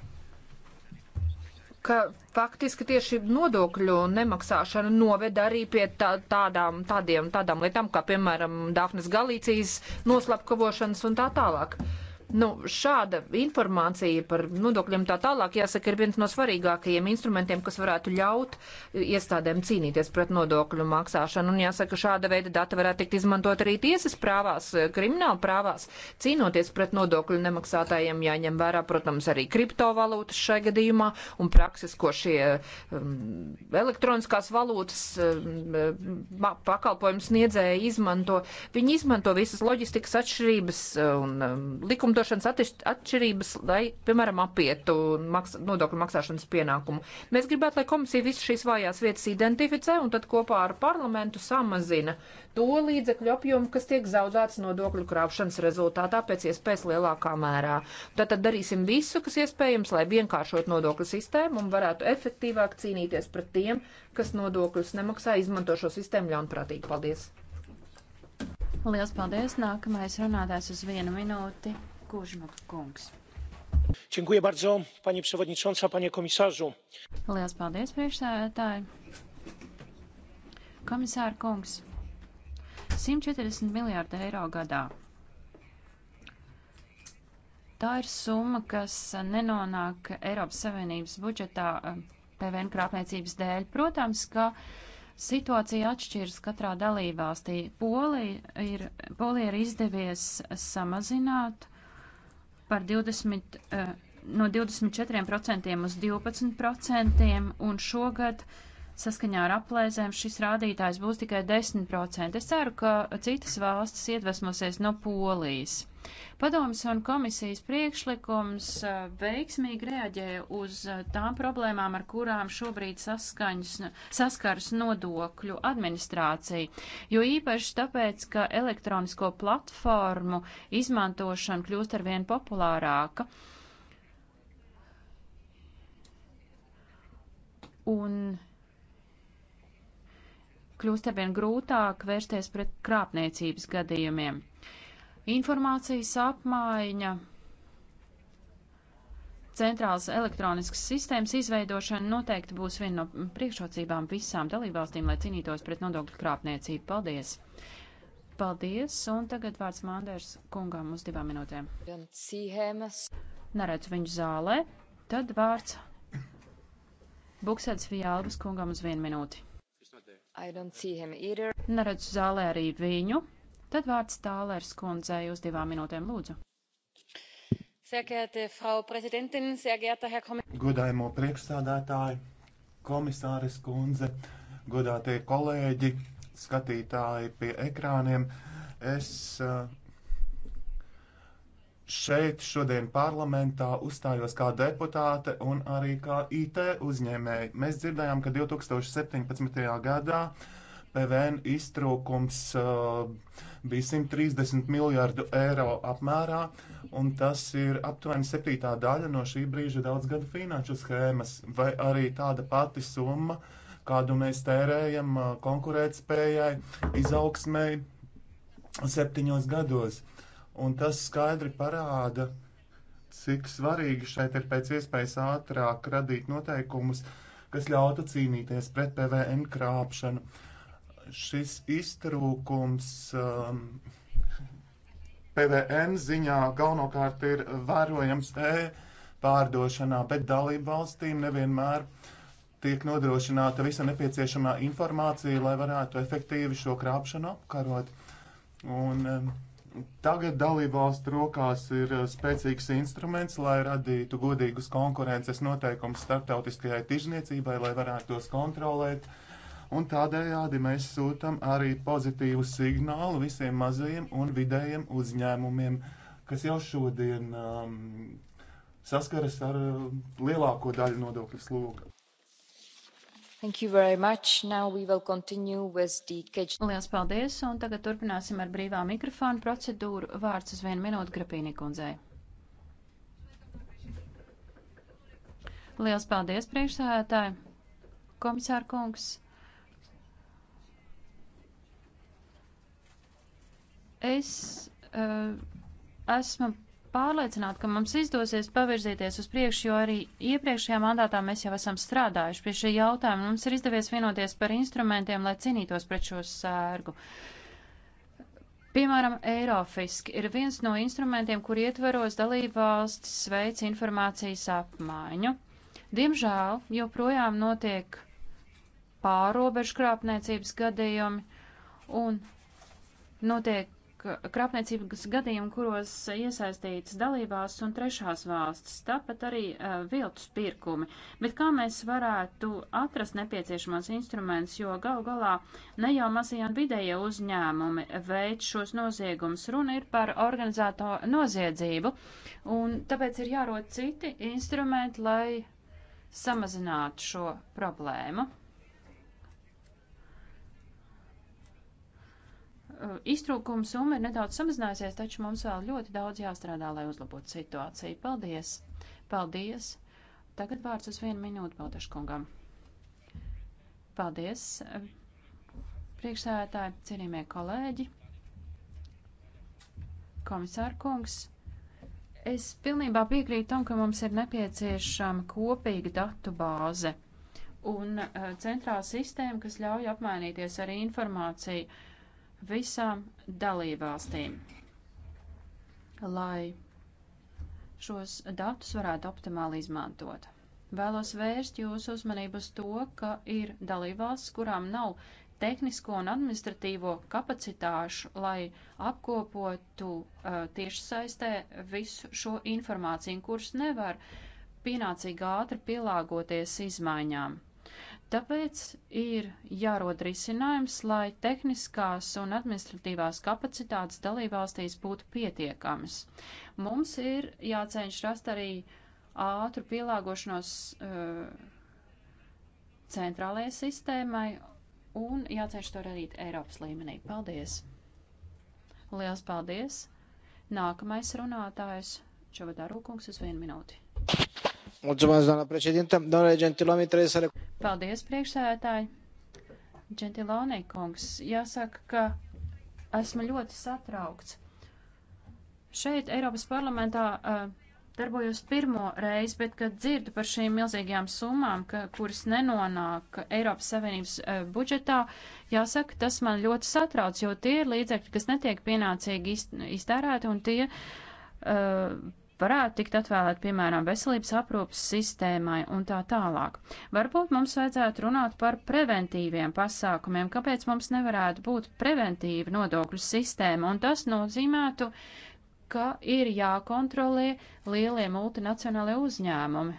Speaker 3: ka faktiski tieši nodokļu nemaksāšana noved arī pie tā, tādām, tādiem, tādām lietām, kā piemēram Dāfnes Galīcijas noslapkavošanas un tā tālāk. Uh, Nu, šāda informācija par nodokļiem tā tālāk, jāsaka, ir viens no svarīgākajiem instrumentiem, kas varētu ļaut iestādēm cīnīties pret nodokļu maksāšanu. Un jāsaka, šāda veida data varētu tikt izmantot arī tiesas prāvās, krimināla prāvās, cīnoties pret nodokļu nemaksātājiem, jāņem vērā, protams, arī kriptovalūtas šai gadījumā un prakses, ko šie um, elektroniskās valūtas um, pakalpojums sniedzēji izmanto. Viņi izmanto visas loģistikas atšķirības uh, un um, likumdošanas likumdošanas atšķirības, lai, piemēram, apietu maks nodokļu maksāšanas pienākumu. Mēs gribētu, lai komisija visas šīs vājās vietas identificē un tad kopā ar parlamentu samazina to līdzekļu apjomu, kas tiek zaudēts nodokļu krāpšanas rezultātā pēc iespējas lielākā mērā. Tātad darīsim visu, kas iespējams, lai vienkāršot nodokļu sistēmu un varētu efektīvāk cīnīties pret tiem, kas nodokļus nemaksā, izmanto šo sistēmu ļaunprātīgi. Paldies!
Speaker 8: Lielas paldies! Nākamais runātājs uz vienu minūti
Speaker 3: Kožmuk kungs. Činkuja bardzo, paņi prevodničonca, paņi
Speaker 1: komisāžu.
Speaker 8: Lielas paldies, priekšsēdētāji. Komisāra kungs, 140 miljārdi eiro gadā. Tā ir summa, kas nenonāk Eiropas Savienības budžetā eh, PVN krāpniecības dēļ. Protams, ka situācija atšķiras katrā dalībvalstī. Polija ir, Polija ir izdevies samazināt uh, par 20, eh, no 24% uz 12%, un šogad saskaņā ar aplēsēm šis rādītājs būs tikai 10%. Es ceru, ka citas valstis iedvesmosies no Polijas. Padomas un komisijas priekšlikums eh, veiksmīgi reaģē uz eh, tām problēmām, ar kurām šobrīd saskaņas, saskars nodokļu administrācija, jo īpaši tāpēc, ka elektronisko platformu izmantošana kļūst arvien populārāka. un kļūst arvien grūtāk vērsties pret krāpniecības gadījumiem. Informācijas apmaiņa, centrāls elektroniskas sistēmas izveidošana noteikti būs viena no priekšrocībām visām dalībvalstīm, lai cīnītos pret nodokļu krāpniecību. Paldies! Paldies! Un tagad vārds Manders kungam uz divām minūtēm. Neredzu viņu zālē. Tad vārds Buksēds Fijālbas kungam uz vienu minūti. Neredzu zālē arī viņu. Tad vārds Tālērs kundzei uz divām minūtēm lūdzu.
Speaker 7: Godājumo priekšstādātāji, komisāres kundze, godātie kolēģi, skatītāji pie ekrāniem. Es eh, šeit šodien parlamentā uzstājos kā deputāte un arī kā IT uzņēmēji. Mēs dzirdējām, ka 2017. gadā PVN iztrūkums uh, bija 130 miljārdu eiro apmērā, un tas ir aptuveni septītā daļa no šī brīža daudzgada finanšu schēmas, vai arī tāda pati summa, kādu mēs tērējam uh, konkurētspējai, izaugsmēji septiņos gados. Un tas skaidri parāda, cik svarīgi šeit ir pēc iespējas ātrāk radīt noteikumus, kas ļautu cīnīties pret PVN krāpšanu. Uh, šis iztrūkums um, PVN ziņā galvenokārt ir vērojams e pārdošanā, bet dalību valstīm nevienmēr tiek nodrošināta visa nepieciešamā informācija, lai varētu efektīvi šo krāpšanu apkarot. Un, um, Tagad dalībvalstu rokās ir uh, spēcīgs instruments, lai radītu godīgus konkurences noteikumus starptautiskajai tirzniecībai, lai varētu tos kontrolēt, uh, Un tādējādi mēs sūtam arī pozitīvu signālu visiem mazajiem un vidējiem uzņēmumiem, kas jau šodien um, saskaras ar uh, lielāko daļu nodokļu sloga.
Speaker 8: Lielas paldies, un tagad turpināsim ar brīvā mikrofona procedūru. Vārds uz vienu minūtu Grapīnī kundzei. Lielas paldies, priekšsēdētāji! Komisāra kungs! Es uh, esmu pārliecināta, ka mums izdosies pavirzīties uz priekšu, jo arī iepriekšējā mandātā mēs jau esam strādājuši pie šī jautājuma. Mums ir izdevies vienoties par instrumentiem, lai cīnītos pret šo sērgu. Piemēram, Eirofisk ir viens no instrumentiem, kur ietveros dalībvalstis veic informācijas apmaiņu. Diemžēl joprojām notiek pārobežu krāpniecības gadījumi un notiek krāpniecības gadījumu, kuros iesaistītas dalībās un trešās valstis, tāpat arī uh, viltus pirkumi. Bet kā mēs varētu atrast nepieciešamos instrumentus, jo gal galā ne jau mazie un vidējie uzņēmumi veic šos noziegumus, runa ir par organizēto noziedzību, un tāpēc ir jārod citi instrumenti, lai samazinātu šo problēmu. Eh, iztrūkums summa ir nedaudz samazinājusies, taču mums vēl ļoti daudz jāstrādā, lai uzlabotu situāciju. Paldies! Paldies! Tagad vārds uz vienu minūtu Baltaškungam. Paldies! Eh, priekšsēdētāji, cienījamie kolēģi, komisārkungs. Es pilnībā piekrītu tam, ka mums ir nepieciešama kopīga datu bāze un eh, centrāla sistēma, kas ļauj apmainīties ar informāciju visām dalībvalstīm, lai šos datus varētu optimāli izmantot. Vēlos vērst jūsu uzmanību uz to, ka ir dalībvalsts, kurām nav tehnisko un administratīvo kapacitāšu, lai apkopotu uh, tieši saistē visu šo informāciju, kuras nevar pienācīgi ātri pielāgoties izmaiņām. Tāpēc ir jārod risinājums, lai tehniskās un administratīvās kapacitātes dalībvalstīs būtu pietiekamas. Mums ir jāceņš rast arī ātru pielāgošanos uh, centrālajai sistēmai un jāceņš to radīt Eiropas līmenī. Paldies! Liels paldies! Nākamais runātājs Čovadārūkungs uz vienu minūti
Speaker 2: doamnă președintă domnule gentiloni trebuie să recunosc.
Speaker 8: paldies priekšsēdētāji gentiloni kungs jāsaka ka esmu ļoti satraukts šeit eiropas parlamentā uh, darbojos pirmo reizi, bet, kad dzirdu par šīm milzīgajām summām, ka, kuras nenonāk Eiropas Savienības uh, budžetā, jāsaka, tas man ļoti satrauc, jo tie ir līdzekļi, kas netiek pienācīgi iztērēti un tie uh, varētu tikt atvēlēt, piemēram, veselības aprūpas sistēmai un tā tālāk. Varbūt mums vajadzētu runāt par preventīviem pasākumiem, kāpēc mums nevarētu būt preventīva nodokļu sistēma, un tas nozīmētu, ka ir jākontrolē lielie multinacionālie uzņēmumi.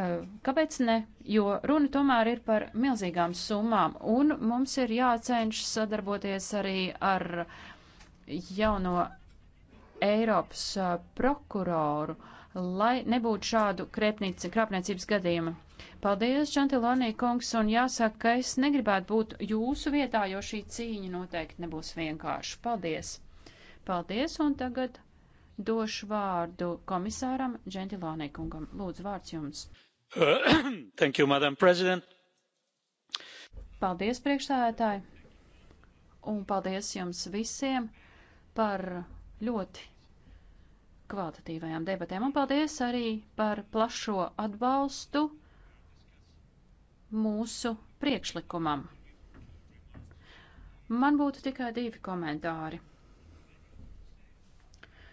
Speaker 8: Eh, kāpēc ne? Jo runa tomēr ir par milzīgām summām, un mums ir jācenšas sadarboties arī ar jauno Eiropas uh, prokuroru, lai nebūtu šādu krāpniecības gadījumu. Paldies, Čantilonī kungs, un jāsaka, ka es negribētu būt jūsu vietā, jo šī cīņa noteikti nebūs vienkārša. Paldies! Paldies, un tagad došu vārdu komisāram Džentilonī kungam. Lūdzu, vārds jums.
Speaker 5: Thank you, Madam President.
Speaker 8: Paldies, priekšstādātāji, un paldies jums visiem par ļoti kvalitatīvajām debatēm. Un paldies arī par plašo atbalstu mūsu priekšlikumam. Man būtu tikai divi komentāri.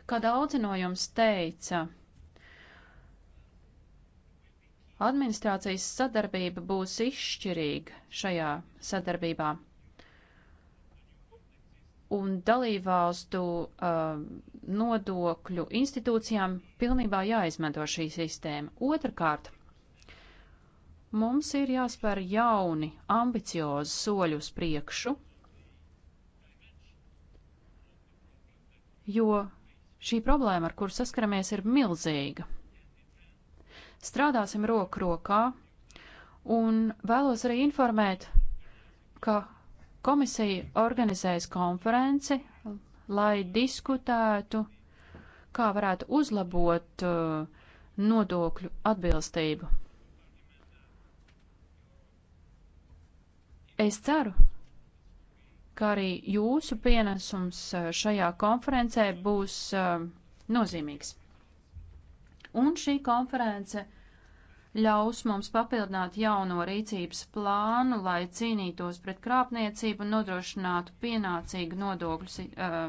Speaker 8: Kā daudzi no jums teica, administrācijas sadarbība būs izšķirīga šajā sadarbībā un dalībvalstu uh, nodokļu institūcijām pilnībā jāizmanto šī sistēma. Otrakārt, mums ir jāspēr jauni, ambiciozi soļi uz priekšu, jo šī problēma, ar kur saskaramies, ir milzīga. Strādāsim roku rokā un vēlos arī informēt, ka Komisija organizēs konferenci, lai diskutētu, kā varētu uzlabot uh, nodokļu atbilstību. Es ceru, ka arī jūsu pienesums uh, šajā konferencē būs uh, nozīmīgs. Un šī konference ļaus mums papildināt jauno rīcības plānu, lai cīnītos pret krāpniecību un nodrošinātu pienācīgu nodokļu uh,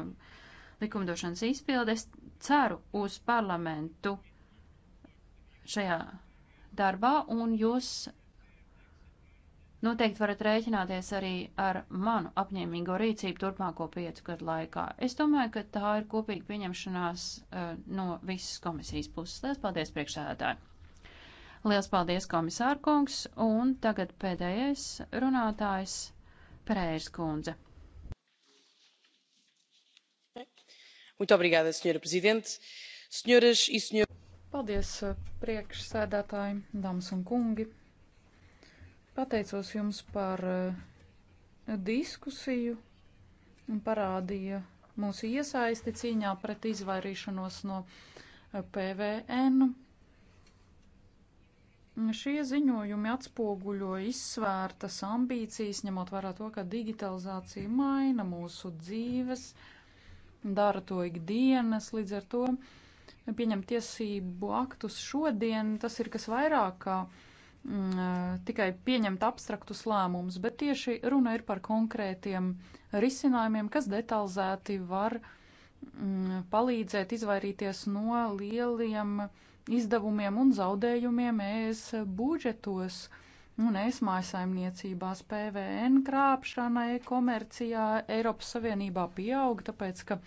Speaker 8: likumdošanas izpildi. Es ceru uz parlamentu šajā darbā, un jūs noteikti varat rēķināties arī ar manu apņēmīgo rīcību turpmāko piecu gadu laikā. Es domāju, ka tā ir kopīga pieņemšanās uh, no visas komisijas puses. Lielas paldies priekšsēdētāji! Liels paldies, komisārkungs, un tagad pēdējais runātājs Pērērs kundze.
Speaker 9: Muito obrigada, senhora presidente. Senhoras e senhores. Paldies eh, priekšsēdētāji, dāmas un kungi. Pateicos jums par eh, diskusiju un parādīja mūsu iesaisti cīņā pret izvairīšanos no eh, PVN. Šie ziņojumi atspoguļo izsvērtas ambīcijas, ņemot vērā to, ka digitalizācija maina mūsu dzīves, dara to ikdienas, līdz ar to pieņem tiesību aktus šodien, tas ir kas vairāk kā mm, tikai pieņemt abstraktus lēmumus, bet tieši runa ir par konkrētiem risinājumiem, kas detalizēti var mm, palīdzēt izvairīties no lieliem uh, izdevumiem un zaudējumiem ES budžetos un es mājasaimniecībās PVN krāpšanai komercijā Eiropas Savienībā pieaug, tāpēc ka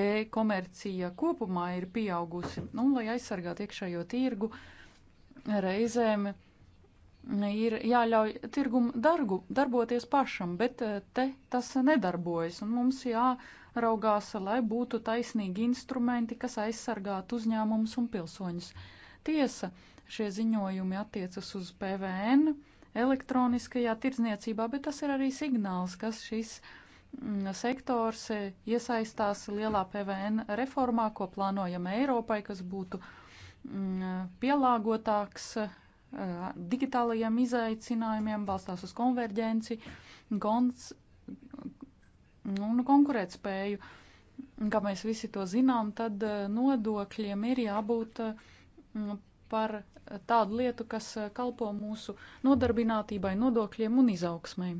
Speaker 9: e komercija kopumā ir pieaugusi. Nu, un, lai aizsargātu iekšējo tirgu, reizēm ir jāļauj tirgumu dargu, darboties pašam, bet eh, te tas nedarbojas, un mums jā. Ja jāraugās, lai būtu taisnīgi instrumenti, kas aizsargātu uzņēmumus un pilsoņus. Tiesa, šie ziņojumi attiecas uz PVN elektroniskajā tirdzniecībā, bet tas ir arī signāls, kas šis mm, sektors eh, iesaistās lielā PVN reformā, ko plānojam Eiropai, kas būtu mm, pielāgotāks eh, digitālajiem izaicinājumiem, balstās uz konverģenci, gons, un nu, nu, konkurētspēju. Kā mēs visi to zinām, tad eh, nodokļiem ir jābūt eh, par tādu lietu, kas eh, kalpo mūsu nodarbinātībai, nodokļiem un izaugsmai.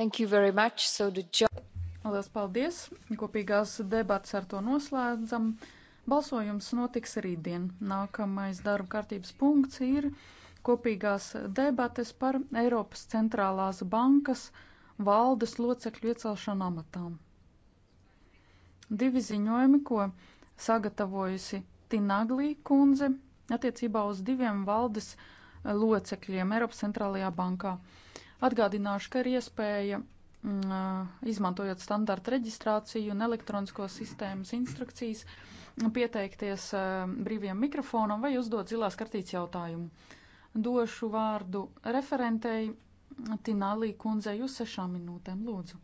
Speaker 9: Thank you very much. So the job... Lielas paldies! Kopīgās debats ar to noslēdzam. Balsojums notiks rītdien. Nākamais darba kārtības punkts ir kopīgās debates par Eiropas centrālās bankas valdes locekļu iecelšanu amatām. Divi ziņojumi, ko sagatavojusi Tinaglī kundze attiecībā uz diviem valdes eh, locekļiem Eiropas centrālajā bankā. Atgādināšu, ka ir iespēja, mm, eh, izmantojot standarta reģistrāciju un elektronisko sistēmas instrukcijas, pieteikties eh, brīviem mikrofonam vai uzdot zilās kartītes jautājumu. Došu vārdu referentei Tinālī kundzei uz sešām minūtēm, lūdzu.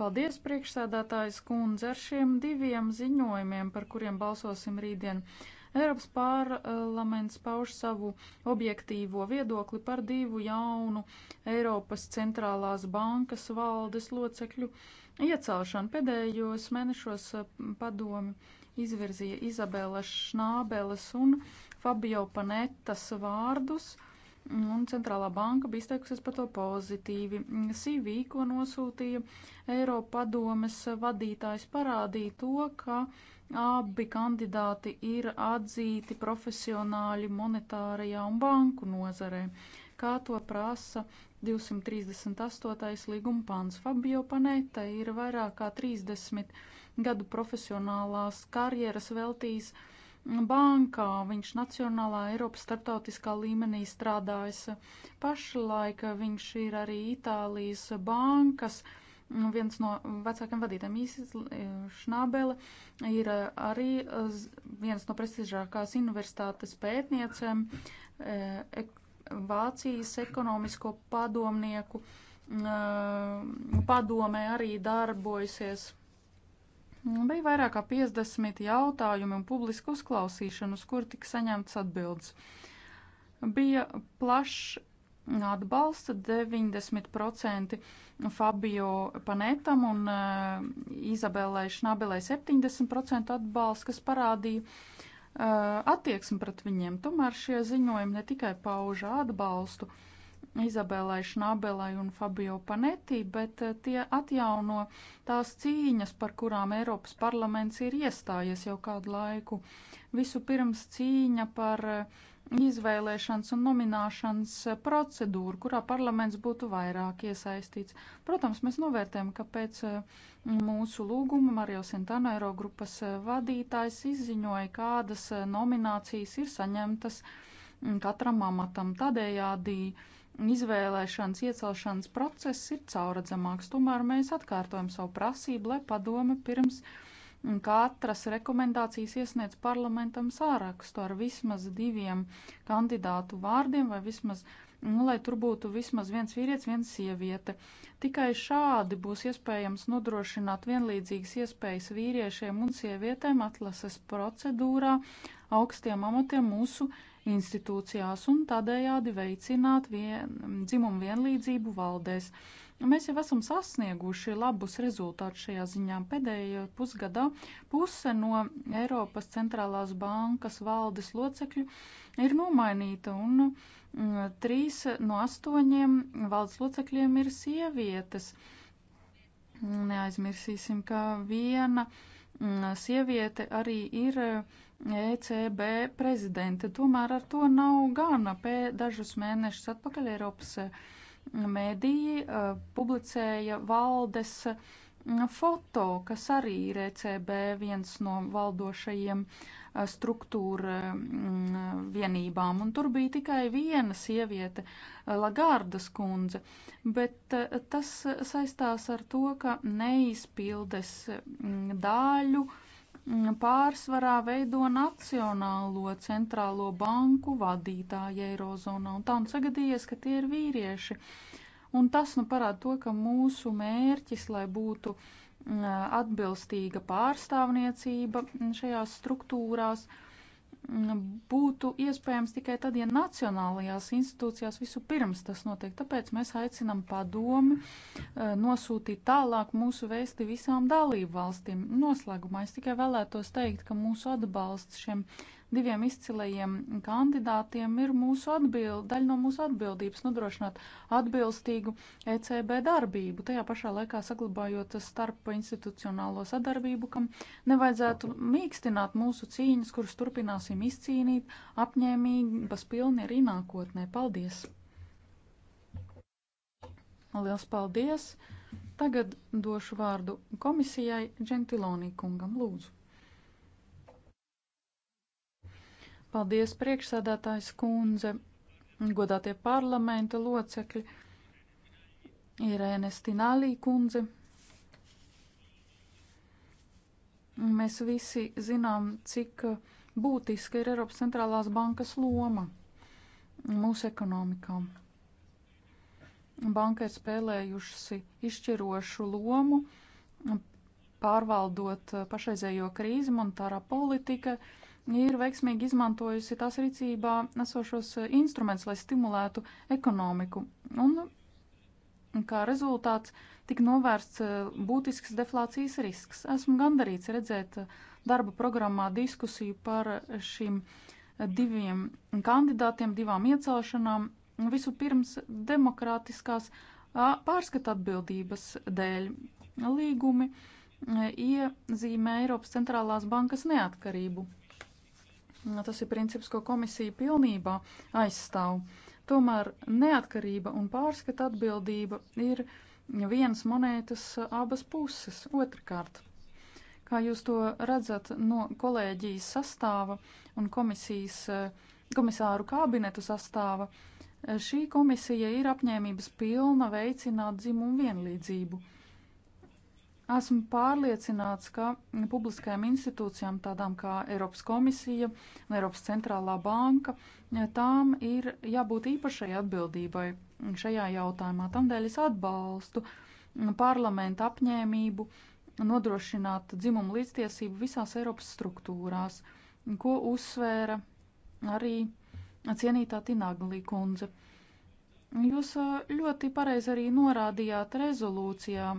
Speaker 9: Paldies, priekšsēdētājs kundze, ar šiem diviem ziņojumiem, par kuriem balsosim rītdien. Eiropas parlaments pauž savu objektīvo viedokli par divu jaunu Eiropas centrālās bankas valdes locekļu iecelšanu. Pēdējos mēnešos eh, padomi izvirzīja Izabela Šnābeles un Fabio Panettas vārdus, un centrālā banka bija izteikusies par to pozitīvi. CV, ko nosūtīja Eiropa padomes vadītājs, parādīja to, ka abi kandidāti ir atzīti profesionāļi monetārajā un banku nozarē, kā to prasa 238. līguma pants. Fabio Panetta ir vairāk kā 30 gadu profesionālās karjeras veltījis bankā. Viņš nacionālā, Eiropas starptautiskā līmenī strādājas. Pašlaik viņš ir arī Itālijas bankas. Viens no vecākiem vadītājiem, Īsis Šnabele, ir arī viens no prestižākās universitātes pētniecēm, e, Vācijas ekonomisko padomnieku e, padomē arī darbojusies Mm, bija vairāk kā 50 jautājumi un publisku uzklausīšanu, uz kur tika saņemts atbildes. Bija plašs atbalsta 90% Fabio Panetam un uh, Izabelē Šnabelē 70% atbalsts, kas parādīja uh, attieksmi pret viņiem. Tomēr šie ziņojumi ne tikai pauža atbalstu, uh, Izabelai Šnabelai un Fabio Panetti, bet eh, tie atjauno tās cīņas, par kurām Eiropas parlaments ir iestājies jau kādu laiku. Vispirms cīņa par eh, izvēlēšanas un nomināšanas eh, procedūru, kurā parlaments būtu vairāk iesaistīts. Protams, mēs novērtējam, ka pēc mūsu lūguma Mario Sentano Eirogrupas vadītājs izziņoja, kādas nominācijas ir saņemtas mm, katram amatam. Tādējādi izvēlēšanas, iecelšanas process ir cauradzamāks. Tomēr mēs atkārtojam savu prasību, lai padome pirms katras rekomendācijas iesniedz parlamentam sārakstu ar vismaz diviem kandidātu vārdiem vai vismaz, nu, lai tur būtu vismaz viens vīrietis, viens sieviete. Tikai šādi būs iespējams nodrošināt vienlīdzīgas iespējas vīriešiem un sievietēm atlases procedūrā augstiem amatiem mūsu institūcijās un tādējādi veicināt vien, dzimumu vienlīdzību valdēs. Mēs jau esam sasnieguši labus rezultātus šajā ziņā. Pēdējā pusgadā puse no Eiropas centrālās bankas valdes locekļu ir nomainīta un mm, trīs no astoņiem valdes locekļiem ir sievietes. Neaizmirsīsim, ka viena mm, sieviete arī ir ECB prezidenta. Tomēr ar to nav gana. Pēc dažus mēnešus atpakaļ Eiropas mēdīji mm, e, publicēja valdes mm, foto, kas arī ir ECB viens no valdošajiem e, struktūra mm, vienībām, un tur bija tikai viena sieviete, e, Lagardas kundze, bet tas saistās ar to, ka neizpildes dāļu uh, pārsvarā veido Nacionālo centrālo banku vadītāji Eirozonā, un tā un nu sagadījies, ka tie ir vīrieši. Un tas nu parāda to, ka mūsu mērķis, lai būtu mm, atbilstīga pārstāvniecība šajās struktūrās, uh, būtu iespējams tikai tad, ja nacionālajās institūcijās visu pirms tas notiek. Tāpēc mēs aicinam padomi eh, nosūtīt tālāk mūsu vēsti visām dalību valstīm. Noslēgumā es tikai vēlētos teikt, ka mūsu atbalsts šiem diviem izcilajiem kandidātiem ir mūsu atbild, daļa no mūsu atbildības nodrošināt atbilstīgu ECB darbību, tajā pašā laikā saglabājot starp institucionālo sadarbību, kam nevajadzētu mīkstināt mūsu cīņas, kuras turpināsim izcīnīt, apņēmības pilni arī nākotnē. Paldies! Liels paldies! Tagad došu vārdu komisijai Džentilonī kungam lūdzu. Paldies, priekšsādātājs kundze, godātie parlamenta locekļi, Irēne Stinālī kundze. Mēs visi zinām, cik būtiska ir Eiropas centrālās bankas loma mūsu ekonomikā. Banka ir spēlējusi izšķirošu lomu, pārvaldot pašreizējo krīzi, monetārā politika, uh, ir veiksmīgi izmantojusi tās rīcībā esošos eh, instrumentus, lai stimulētu ekonomiku. Un kā rezultāts tika novērsts eh, būtisks deflācijas risks. Esmu gandarīts redzēt eh, darba programmā diskusiju par šīm diviem kandidātiem, divām iecelšanām. Vispirms demokrātiskās pārskata atbildības dēļ līgumi iezīmē Eiropas centrālās bankas neatkarību Mm, tas ir princips, ko komisija pilnībā aizstāv. Tomēr neatkarība un pārskata atbildība ir vienas monētas abas puses. Otrakārt, kā jūs to redzat no kolēģijas sastāva un komisijas komisāru kabinetu sastāva, šī komisija ir apņēmības pilna veicināt dzimumu vienlīdzību. Esmu pārliecināts, ka publiskajām institūcijām, tādām kā Eiropas komisija un Eiropas centrālā banka, tām ir jābūt īpašai atbildībai šajā jautājumā. Tādēļ es atbalstu parlamentu apņēmību nodrošināt dzimumu līdztiesību visās Eiropas struktūrās, ko uzsvēra arī cienītā Tināglī kundze. Jūs ļoti pareizi arī norādījāt rezolūcijā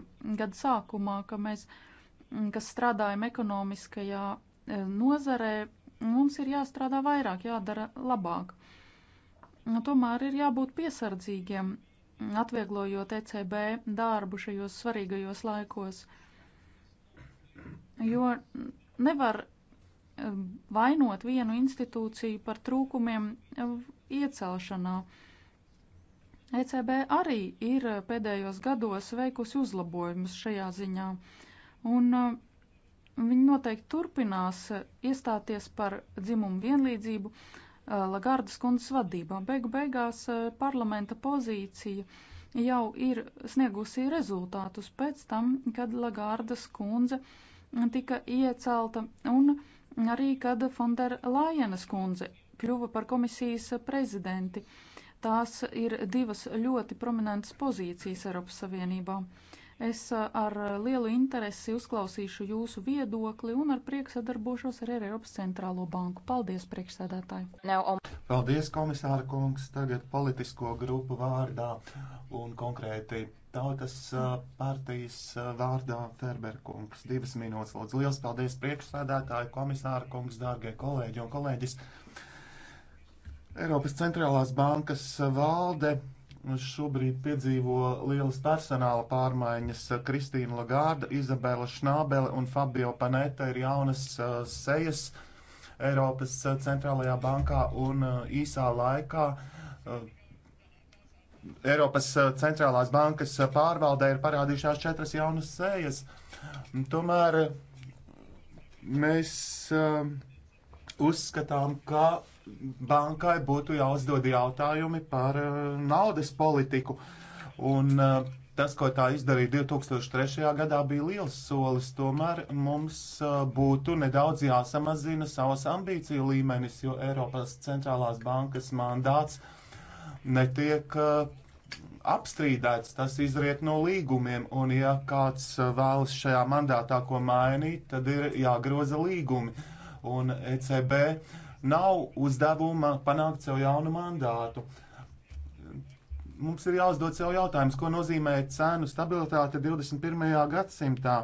Speaker 9: gada sākumā, ka mēs, mm, kas strādājam ekonomiskajā nozarē, mums ir jāstrādā vairāk, jādara labāk. Tomēr ir jābūt piesardzīgiem, atvieglojot ECB darbu šajos svarīgajos laikos, jo nevar vainot vienu institūciju par trūkumiem iecelšanā. ECB arī ir eh, pēdējos gados veikusi uzlabojumus šajā ziņā, un eh, viņi noteikti turpinās eh, iestāties par dzimumu vienlīdzību Lagardas kundzes vadībā. Beigu beigās parlamenta pozīcija jau ir sniegusi rezultātus pēc tam, kad Lagardas kundze tika iecelta un arī, kad Fondera Lajenas kundze kļuva par komisijas prezidenti. Uh, Tās ir divas ļoti prominentas pozīcijas Eiropas Savienībā. Es ar lielu interesi uzklausīšu jūsu viedokli un ar prieku sadarbošos ar Eiropas centrālo banku. Paldies, priekšsēdētāji! Um,
Speaker 7: paldies, komisāra kungs! Tagad politisko grupu vārdā un konkrēti tautas uh, partijas uh, vārdā Ferber kungs. Divas minūtes, lūdzu. Liels paldies, priekšsēdētāji, komisāra kungs, dārgie kolēģi un kolēģis! Eiropas centrālās bankas valde šobrīd piedzīvo lielas personāla pārmaiņas. Kristīna Lagarda, Izabela Šnābele un Fabio Paneta ir jaunas uh, sejas Eiropas uh, centrālajā bankā un uh, īsā laikā. Uh, Eiropas uh, centrālās bankas pārvaldē ir parādījušās četras jaunas sējas. Tomēr mēs uh, uzskatām, ka bankai būtu jāuzdod jautājumi par eh, naudas politiku. Un eh, tas, ko tā izdarīja 2003. gadā, bija liels solis. Tomēr mums eh, būtu nedaudz jāsamazina savas ambīciju līmenis, jo Eiropas centrālās bankas mandāts netiek apstrīdēts, tas izriet no līgumiem, un ja kāds vēlas šajā mandātā ko mainīt, tad ir jāgroza līgumi. Un ECB uh, nav uzdevuma panākt sev jaunu mandātu. Mums ir jāuzdod sev jautājums, ko nozīmē cēnu stabilitāte 21. gadsimtā.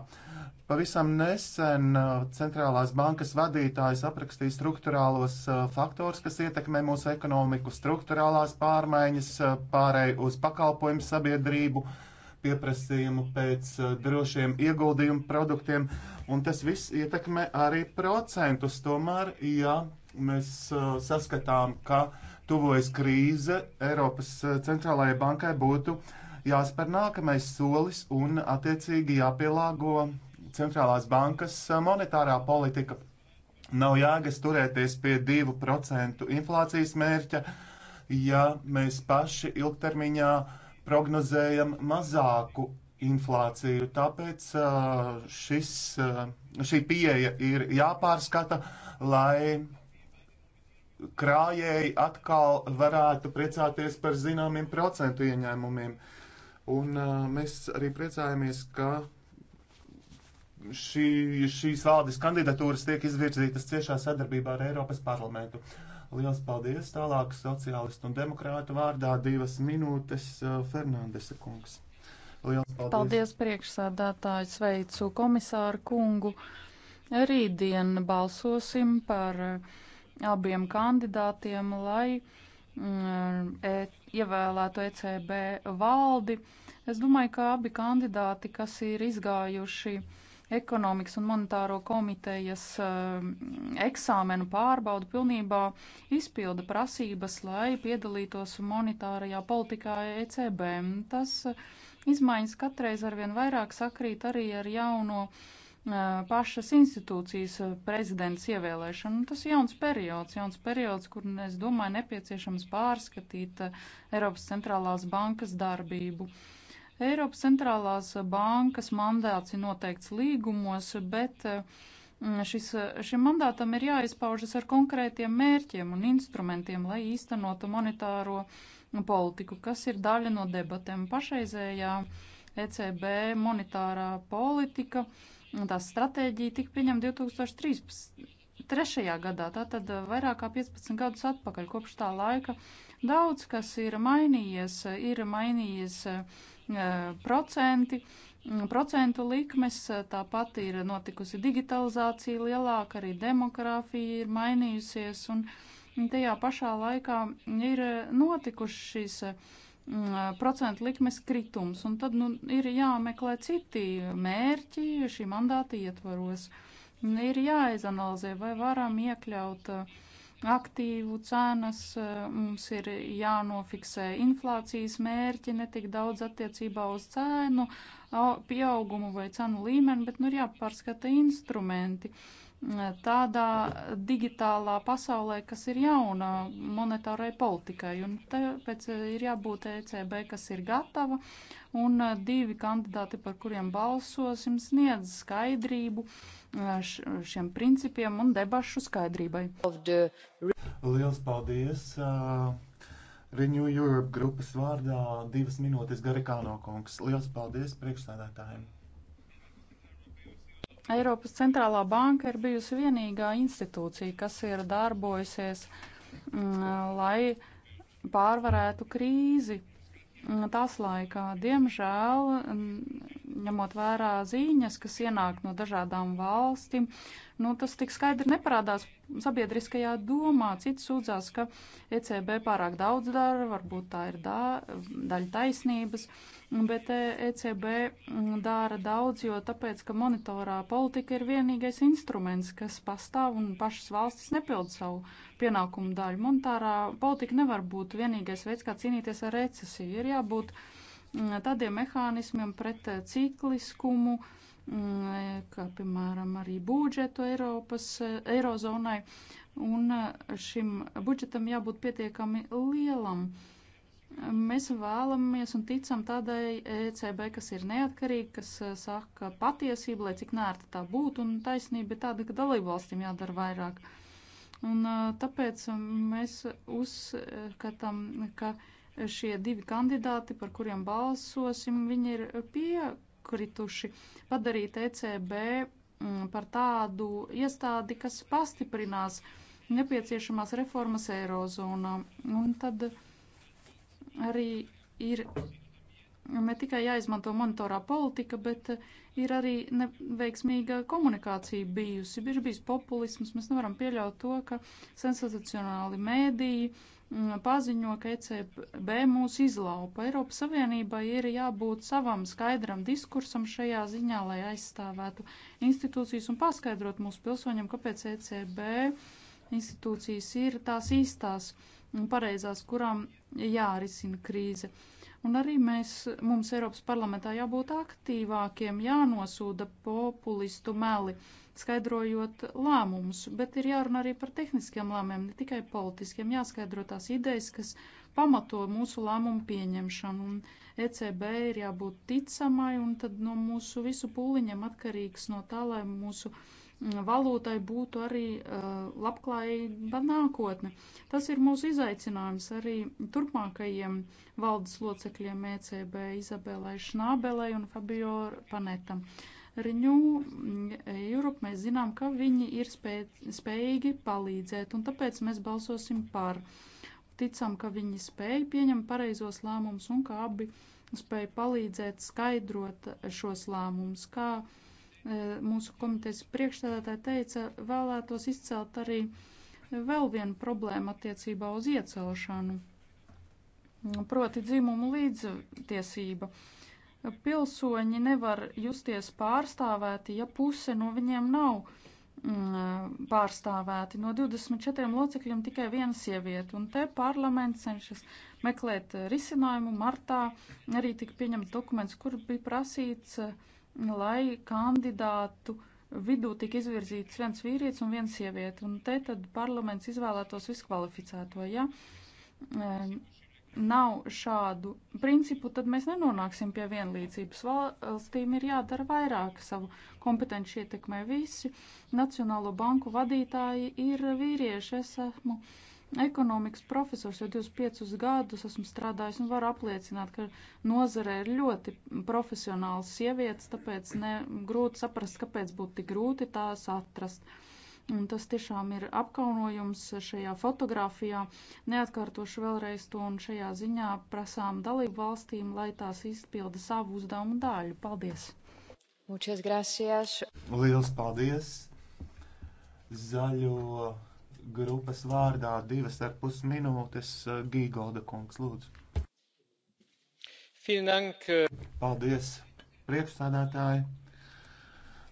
Speaker 7: Pavisam nesen uh, centrālās bankas vadītājs aprakstīja struktūrālos uh, faktors, kas ietekmē mūsu ekonomiku, struktūrālās pārmaiņas, uh, pārēju uz pakalpojumu sabiedrību, pieprasījumu pēc drošiem ieguldījumu produktiem, un tas viss ietekmē arī procentus. Tomēr, ja mēs uh, saskatām, ka tuvojas krīze, Eiropas uh, centrālajai bankai būtu jāspēr nākamais solis un attiecīgi jāpielāgo centrālās bankas uh, monetārā politika. Nav jēgas turēties pie 2% inflācijas mērķa, ja mēs paši ilgtermiņā prognozējam mazāku inflāciju. Tāpēc uh, šis, šī pieeja ir jāpārskata, lai krājēji atkal varētu priecāties par zināmiem procentu ieņēmumiem. Un uh, mēs arī priecājamies, ka šī, šīs valdes kandidatūras tiek izvirzītas ciešā sadarbībā ar Eiropas parlamentu. Liels paldies! Tālāk sociālistu un demokrātu vārdā divas minūtes uh, Fernandesa kungs. Liels paldies! Paldies
Speaker 9: priekšsādātāju, sveicu komisāru kungu. Rītdien balsosim par uh, abiem kandidātiem, lai mm, e, ievēlētu ECB valdi. Es domāju, ka abi kandidāti, kas ir izgājuši ekonomikas un monetāro komitejas mm, eksāmenu pārbaudu, pilnībā izpilda prasības, lai piedalītos monetārajā politikā ECB. Tas e, izmaiņas katreiz arvien vairāk sakrīt arī ar jauno uh, pašas institūcijas prezidents ievēlēšanu. Nu, tas ir jauns periods, jauns periods, kur, nu, es domāju, nepieciešams pārskatīt Eiropas centrālās bankas darbību. Eiropas centrālās bankas mandāts ir noteikts līgumos, bet šis, šim mandātam ir jāizpaužas ar konkrētiem mērķiem un instrumentiem, lai īstenotu monetāro politiku, kas ir daļa no debatēm pašreizējā ECB monetārā politika. Uh, Tās stratēģija tika pieņemta 2003. gadā, tātad vairāk kā 15 gadus atpakaļ. Kopš tā laika daudz kas ir mainījies, ir mainījies procenti, procentu likmes, tāpat ir notikusi digitalizācija lielāka, arī demogrāfija ir mainījusies, un tajā pašā laikā ir notikušas šīs Mm, procentu likmes kritums, un tad nu, ir jāmeklē citi mērķi šī mandāta ietvaros. Ir jāizanalizē, vai varam iekļaut eh, aktīvu cenas, eh, mums ir jānofiksē inflācijas mērķi ne tik daudz attiecībā uz cēnu pieaugumu vai cenu līmeni, bet nu ir jāpārskata instrumenti. Uh, tādā digitālā pasaulē, kas ir jauna monetārai politikai. Un tāpēc eh, ir jābūt ECB, kas ir gatava, un eh, divi kandidāti, par kuriem balsosim, sniedz skaidrību eh, šiem principiem un debašu skaidrībai.
Speaker 7: Liels paldies! Renew Europe grupas vārdā divas minūtes Garikāno kungs. Liels paldies priekšstādātājiem!
Speaker 9: Eiropas centrālā banka ir bijusi vienīgā institūcija, kas ir darbojusies, m, mm, lai pārvarētu krīzi Mm, tās laikā. Diemžēl, mm, ņemot vērā ziņas, kas ienāk no dažādām valstīm, nu, tas tik skaidri neparādās sabiedriskajā domā. Cits sūdzās, ka ECB pārāk daudz dara, varbūt tā ir dā, daļa taisnības, bet ECB e mm, dara daudz, jo tāpēc, ka monitorā politika ir vienīgais instruments, kas pastāv un pašas valstis nepild savu pienākumu daļu. Monetārā politika nevar būt vienīgais veids, kā cīnīties ar recesiju. Ir jābūt mm, tādiem mehānismiem pret eh, cikliskumu, mm, kā piemēram arī budžetu Eiropas, eh, Eirozonai, un eh, šim budžetam jābūt pietiekami lielam. Mēs vēlamies un ticam tādai ECB, kas ir neatkarīga, kas saka patiesību, lai cik nērta tā būtu, un taisnība ir tāda, ka dalībvalstīm jādara vairāk. Uh, Un tāpēc um, mēs uzskatām, ka šie divi kandidāti, par kuriem balsosim, viņi ir piekrituši padarīt ECB mm, par tādu iestādi, kas pastiprinās nepieciešamās reformas Eirozonā. Un tad arī ir ne tikai jāizmanto monitorā politika, bet eh, ir arī neveiksmīga komunikācija bijusi. Ir bijis populisms, mēs nevaram pieļaut to, ka sensacionāli mēdīji mm, paziņo, ka ECB mūs izlaupa. Eiropas Savienībai ir jābūt savam skaidram diskursam šajā ziņā, lai aizstāvētu institūcijas un paskaidrot mūsu pilsoņiem, kāpēc ECB institūcijas ir tās īstās un pareizās, kurām jārisina krīze. Uh, Un arī mēs, mums Eiropas parlamentā jābūt aktīvākiem, jānosūda populistu meli, skaidrojot lēmumus, bet ir jārunā arī par tehniskiem lēmumiem, ne tikai politiskiem, jāskaidro tās idejas, kas pamato mūsu lēmumu pieņemšanu. Un ECB ir jābūt ticamai, un tad no mūsu visu pūliņiem atkarīgs no tā, lai mūsu uh, valūtai būtu arī eh, labklājība nākotne. Tas ir mūsu izaicinājums arī turpmākajiem valdes locekļiem ECB Izabelai Šnābelei un Fabio Panetam. Riņu Eiropu mēs zinām, ka viņi ir spēj, spējīgi palīdzēt, un tāpēc mēs balsosim par. Ticam, ka viņi spēj pieņemt pareizos lēmumus un ka abi spēj palīdzēt skaidrot šos lēmumus, kā E, mūsu komitejas priekšstādātāja teica, vēlētos izcelt arī vēl vienu problēmu attiecībā uz iecelšanu, proti dzimumu līdztiesība. Pilsoņi nevar justies pārstāvēti, ja puse no viņiem nav mm, pārstāvēti. No 24 locekļiem tikai viena sieviete, un te parlaments cenšas meklēt risinājumu. Martā arī tika pieņemts dokuments, kur bija prasīts uh, lai kandidātu vidū tika izvirzīts viens vīrietis un viena sieviete. Un te tad parlaments izvēlētos viskvalificēto. Ja nav šādu principu, tad mēs nenonāksim pie vienlīdzības. Valstīm ir jādara vairāk savu kompetenci ietekmē. Visi nacionālo banku vadītāji ir vīrieši. Es esmu. Uh, ekonomikas profesors jau 25 gadus esmu strādājis un varu apliecināt, ka nozare ir ļoti profesionāls sievietes, tāpēc ne grūti saprast, kāpēc būtu tik grūti tās atrast. Un tas tiešām ir apkaunojums šajā fotografijā. Neatkārtošu vēlreiz to un šajā ziņā prasām dalību valstīm, lai tās izpilda savu uzdevumu daļu. Paldies! Muchas gracias!
Speaker 7: Liels paldies! Zaļo grupas vārdā divas ar pus minūtes eh, Gīgolda kungs, lūdzu.
Speaker 1: Finank. Eh.
Speaker 7: Paldies, priekšstādātāji.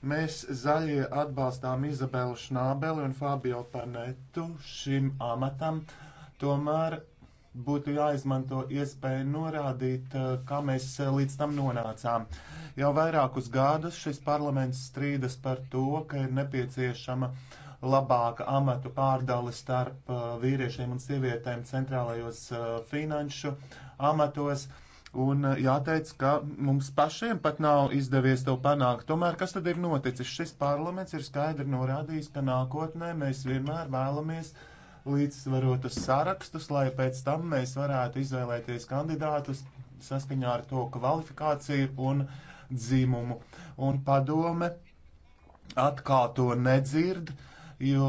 Speaker 7: Mēs zaļie atbalstām Izabelu Šnābeli un Fabio Panetu šim amatam, tomēr būtu jāizmanto iespēja norādīt, eh, kā mēs līdz tam nonācām. Jau vairākus gadus šis parlaments strīdas par to, ka ir nepieciešama uh, labāka amatu pārdale starp uh, vīriešiem un sievietēm centrālajos uh, finanšu amatos. Un uh, jāteic, ka mums pašiem pat nav izdevies to panākt. Tomēr kas tad ir noticis? Šis parlaments ir skaidri norādījis, ka nākotnē mēs vienmēr vēlamies līdzsvarotus sarakstus, lai pēc tam mēs varētu izvēlēties kandidātus saskaņā ar to kvalifikāciju un dzimumu. Un padome atkal to nedzird, jo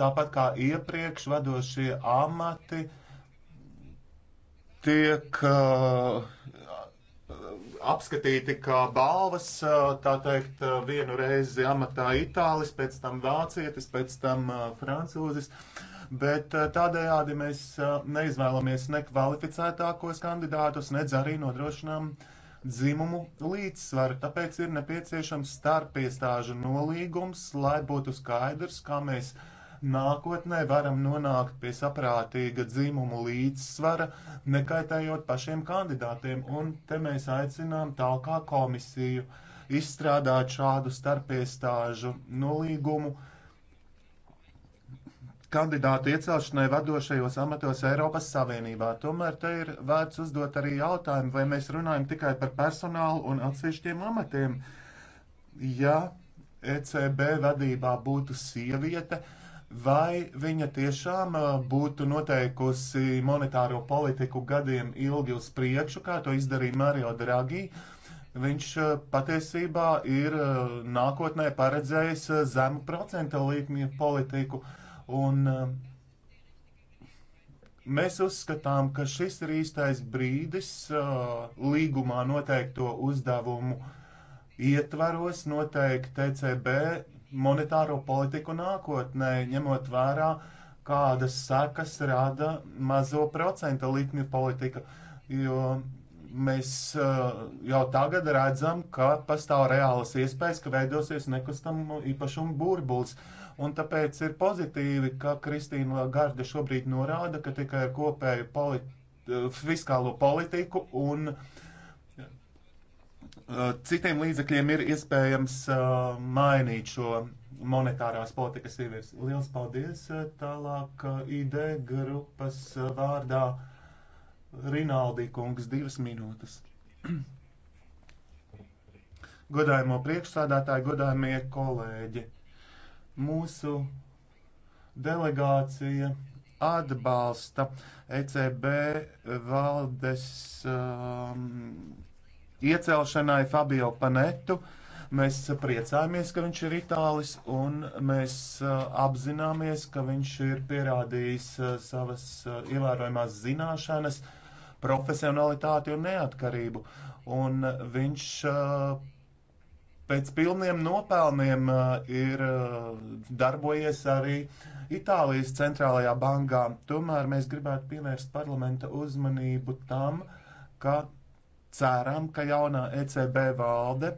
Speaker 7: tāpat kā iepriekš vadošie amati tiek uh, apskatīti kā balvas, uh, tā teikt, uh, vienu reizi amatā itālis, pēc tam vācietis, pēc tam uh, francūzis. Bet uh, tādējādi mēs uh, neizvēlamies nekvalificētākos kandidātus, nedz arī nodrošinām uh, dzimumu līdzsvaru, tāpēc ir nepieciešams starpiestāžu nolīgums, lai būtu skaidrs, kā mēs nākotnē varam nonākt pie saprātīga dzimumu līdzsvara, nekaitējot pašiem kandidātiem, un te mēs aicinām tālākā komisiju izstrādāt šādu starpiestāžu nolīgumu. No kandidātu iecelšanai vadošajos amatos Eiropas Savienībā. Tomēr te ir vērts uzdot arī jautājumu, vai mēs runājam tikai par personālu un atsevišķiem amatiem. Ja ECB vadībā būtu sieviete, vai viņa tiešām uh, būtu noteikusi monetāro politiku gadiem ilgi uz priekšu, kā to izdarīja Mario Draghi, viņš uh, patiesībā ir uh, nākotnē paredzējis zemu procentu līkmju politiku. Uh, Un um, mēs uzskatām, ka šis ir īstais brīdis uh, līgumā noteikto uzdevumu ietvaros noteikt ECB monetāro politiku nākotnē, ņemot vērā, kādas sekas rada mazo procenta likmju politika. Jo mēs uh, jau tagad redzam, ka pastāv reālas iespējas, ka veidosies nekustamo īpašumu burbulis. Uh, Un tāpēc ir pozitīvi, ka Kristīna Garde šobrīd norāda, ka tikai ar kopēju polit eh, fiskālo politiku un eh, citiem līdzekļiem ir iespējams eh, mainīt šo monetārās politikas ievies. Liels paldies! Tālāk ID grupas vārdā Rinaldī kungs divas minūtes. Godājumo priekšsādātāji, godājumie kolēģi! Mūsu delegācija atbalsta ECB valdes um, iecelšanai Fabio Panetu. Mēs priecājamies, ka viņš ir itālis, un mēs uh, apzināmies, ka viņš ir pierādījis uh, savas uh, ievērojamās zināšanas, profesionalitāti un neatkarību. Un viņš uh, pēc pilniem nopelniem eh, ir eh, darbojies arī Itālijas centrālajā bankā. Tomēr mēs gribētu pievērst parlamenta uzmanību tam, ka ceram, ka jaunā ECB valde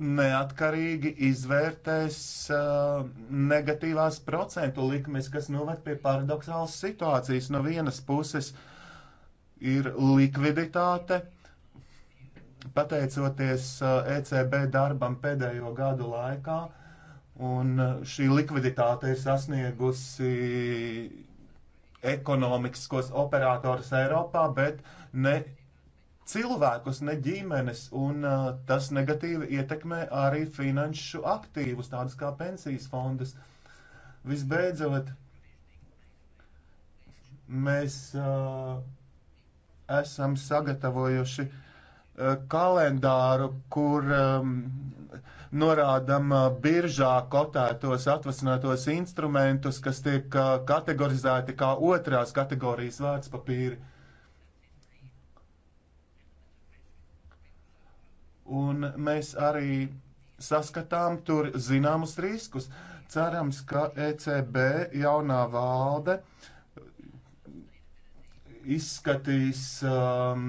Speaker 7: neatkarīgi izvērtēs uh, negatīvās procentu likmes, kas noved pie paradoxālas situācijas. No vienas puses uh, ir likviditāte. Pateicoties uh, ECB darbam pēdējo gadu laikā, un uh, šī likviditāte ir sasniegusi ekonomiskos operators Eiropā, bet ne cilvēkus, ne ģimenes, un uh, tas negatīvi ietekmē arī finanšu aktīvus, tādus kā pensijas fondus. Visbeidzot, mēs uh, esam sagatavojuši eh, kalendāru, kur um, norādam eh, biržā kotētos atvasinātos instrumentus, kas tiek eh, kategorizēti kā otrās kategorijas vērtspapīri. Un mēs arī saskatām tur zināmus riskus. Cerams, ka ECB jaunā valde uh, izskatīs um,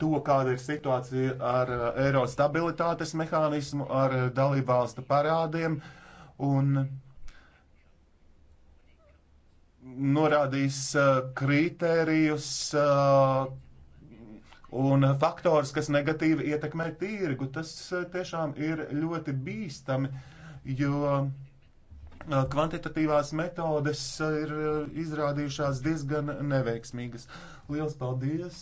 Speaker 7: to, kāda ir situācija ar uh, eiro stabilitātes mehānismu, ar uh, dalībvalstu parādiem un norādīs uh, kritērijus uh, un faktors, kas negatīvi ietekmē tirgu. Tas uh, tiešām ir ļoti bīstami, jo uh, kvantitatīvās metodes ir izrādījušās diezgan neveiksmīgas. Lielas paldies!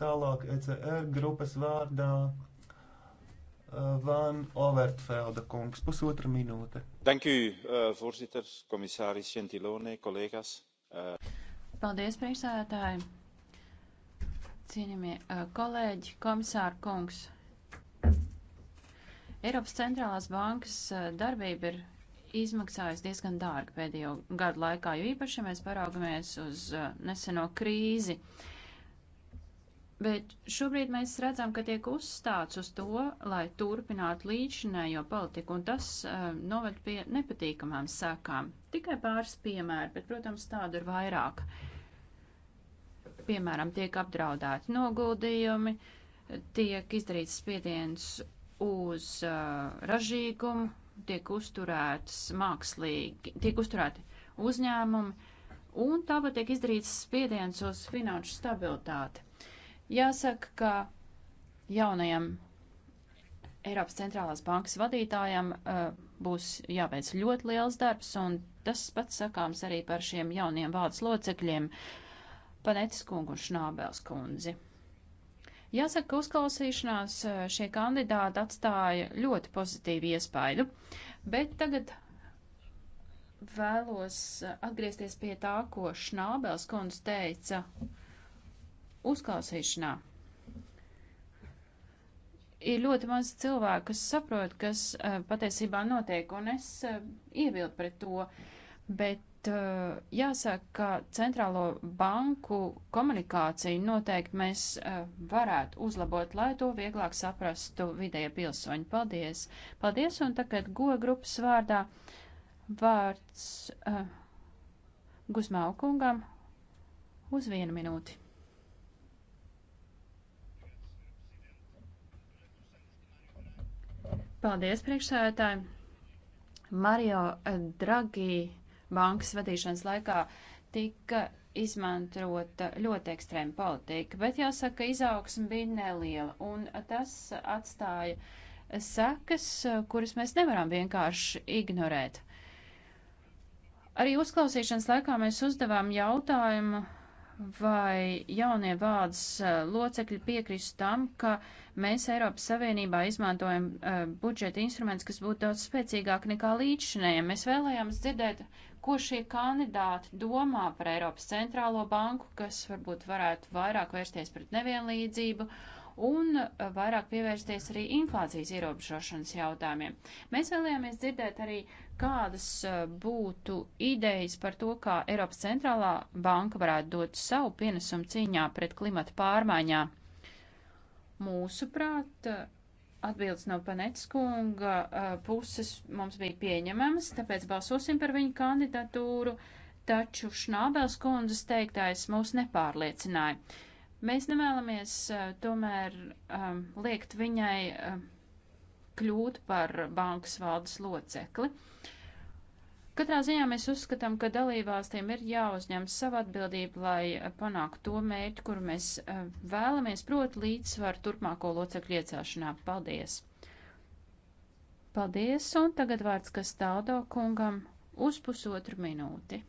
Speaker 7: Tālāk ECR grupas vārdā Van Overtvelda kungs, pusotra minūte.
Speaker 1: Dank u, voorzitter, commissaris Gentilone,
Speaker 7: collega's.
Speaker 8: Paldies, priekšsēdētāji! Cienījamie kolēģi, komisāra kungs! Eiropas centrālās bankas darbība ir izmaksājas diezgan dārgi pēdējo gadu laikā, jo īpaši, ja mēs paraugamies uz uh, neseno krīzi. Bet šobrīd mēs redzam, ka tiek uzstāts uz to, lai turpinātu līdzinējo politiku, un tas uh, noved pie nepatīkamām sākām. Tikai pāris piemēri, bet, protams, tādu ir vairāk. Piemēram, tiek apdraudēti noguldījumi, tiek izdarīts spiediens uz uh, ražīgumu, tiek uzturētas mākslīgi, tiek uzturēti uzņēmumi, un tāpat tiek izdarīts spiediens uz finanšu stabilitāti. Jāsaka, ka jaunajam Eiropas centrālās bankas vadītājam uh, būs jāveic ļoti liels darbs, un tas pats sakāms arī par šiem jauniem valdes locekļiem - Panetis kungu un Šnābels kundzi. Jāsaka, ka uzklausīšanās e, šie kandidāti atstāja ļoti pozitīvu iespaidu, bet tagad vēlos e, atgriezties pie tā, ko Šnābels kundze teica uzklausīšanā. Ir ļoti maz cilvēku, kas saprot, kas e, patiesībā notiek, un es iebildu pret to, bet Bet eh, jāsaka, ka centrālo banku komunikāciju noteikti mēs eh, varētu uzlabot, lai to vieglāk saprastu vidēja pilsoņi. Paldies! Paldies! Un tagad goja grupas vārdā vārds uh, Guzmau kungam uz vienu minūti. Paldies, priekšsēdētāji! Mario Draghi bankas vadīšanas laikā tika izmantota ļoti ekstrēma politika, bet jāsaka, izaugsme bija neliela, un tas atstāja sekas, kuras mēs nevaram vienkārši ignorēt. Arī uzklausīšanas laikā mēs uzdevām jautājumu vai jaunie valdes eh, locekļi piekrist tam, ka mēs Eiropas Savienībā izmantojam uh, budžeta instruments, kas būtu daudz spēcīgāk nekā līdzšinējiem. Mēs vēlējāmies dzirdēt, ko šie kandidāti domā par Eiropas centrālo banku, kas varbūt varētu vairāk vērsties pret nevienlīdzību. Uh, un eh, vairāk pievērsties arī inflācijas ierobežošanas jautājumiem. Mēs vēlējāmies dzirdēt arī, kādas eh, būtu idejas par to, kā Eiropas centrālā banka varētu dot savu pienesumu cīņā pret klimata pārmaiņām. Mūsuprāt, eh, atbildes no Panetskunga puses mums bija pieņemamas, tāpēc balsosim par viņu kandidatūru, taču Šnābels kundzes teiktais mūs nepārliecināja. Mēs nevēlamies tomēr um, liekt viņai um, kļūt par bankas valdes locekli. Katrā ziņā mēs uzskatām, ka dalībvalstīm ir jāuzņem savu atbildību, lai panāktu to mērķi, kuru mēs vēlamies, proti līdzsvaru turpmāko locekļu iecelšanā. Paldies! Paldies, un tagad vārds Kastaldo kungam uz pusotru minūti.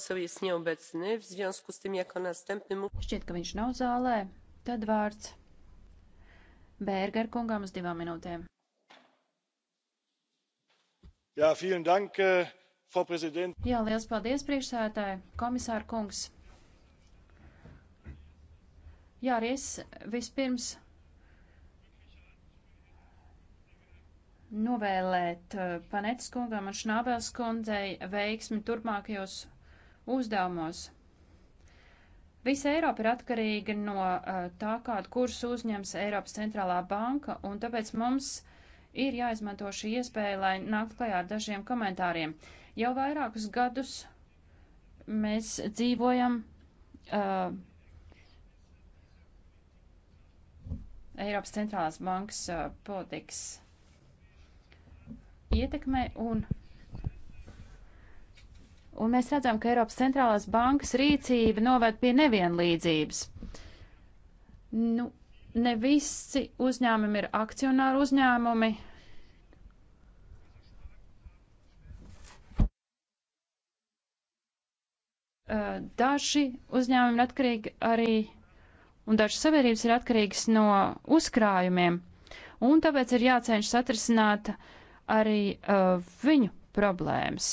Speaker 9: Šķiet,
Speaker 8: ka viņš nav zālē. Tad vārds Bērger kungam uz divām minūtēm.
Speaker 7: Jā, dank, eh, Frau Jā,
Speaker 8: liels paldies, priekšsētāji, komisāra kungs. Jā, arī es vispirms novēlēt eh, Panets kungam un Šnābels kundzei veiksmi turpmākajos uzdevumos. Visa Eiropa ir atkarīga no uh, tā, kādu kursu uzņems Eiropas centrālā banka, un tāpēc mums ir jāizmanto šī iespēja, lai nākt klajā ar dažiem komentāriem. Jau vairākus gadus mēs dzīvojam uh, Eiropas centrālās bankas uh, politikas ietekmē un Un mēs redzam, ka Eiropas centrālās bankas rīcība noved pie nevienlīdzības. Nu, ne visi uzņēmumi ir akcionāru uzņēmumi. Daži uzņēmumi ir atkarīgi arī, un dažas sabiedrības ir atkarīgas no uzkrājumiem, un tāpēc ir jācenšas atrisināt arī uh, viņu problēmas.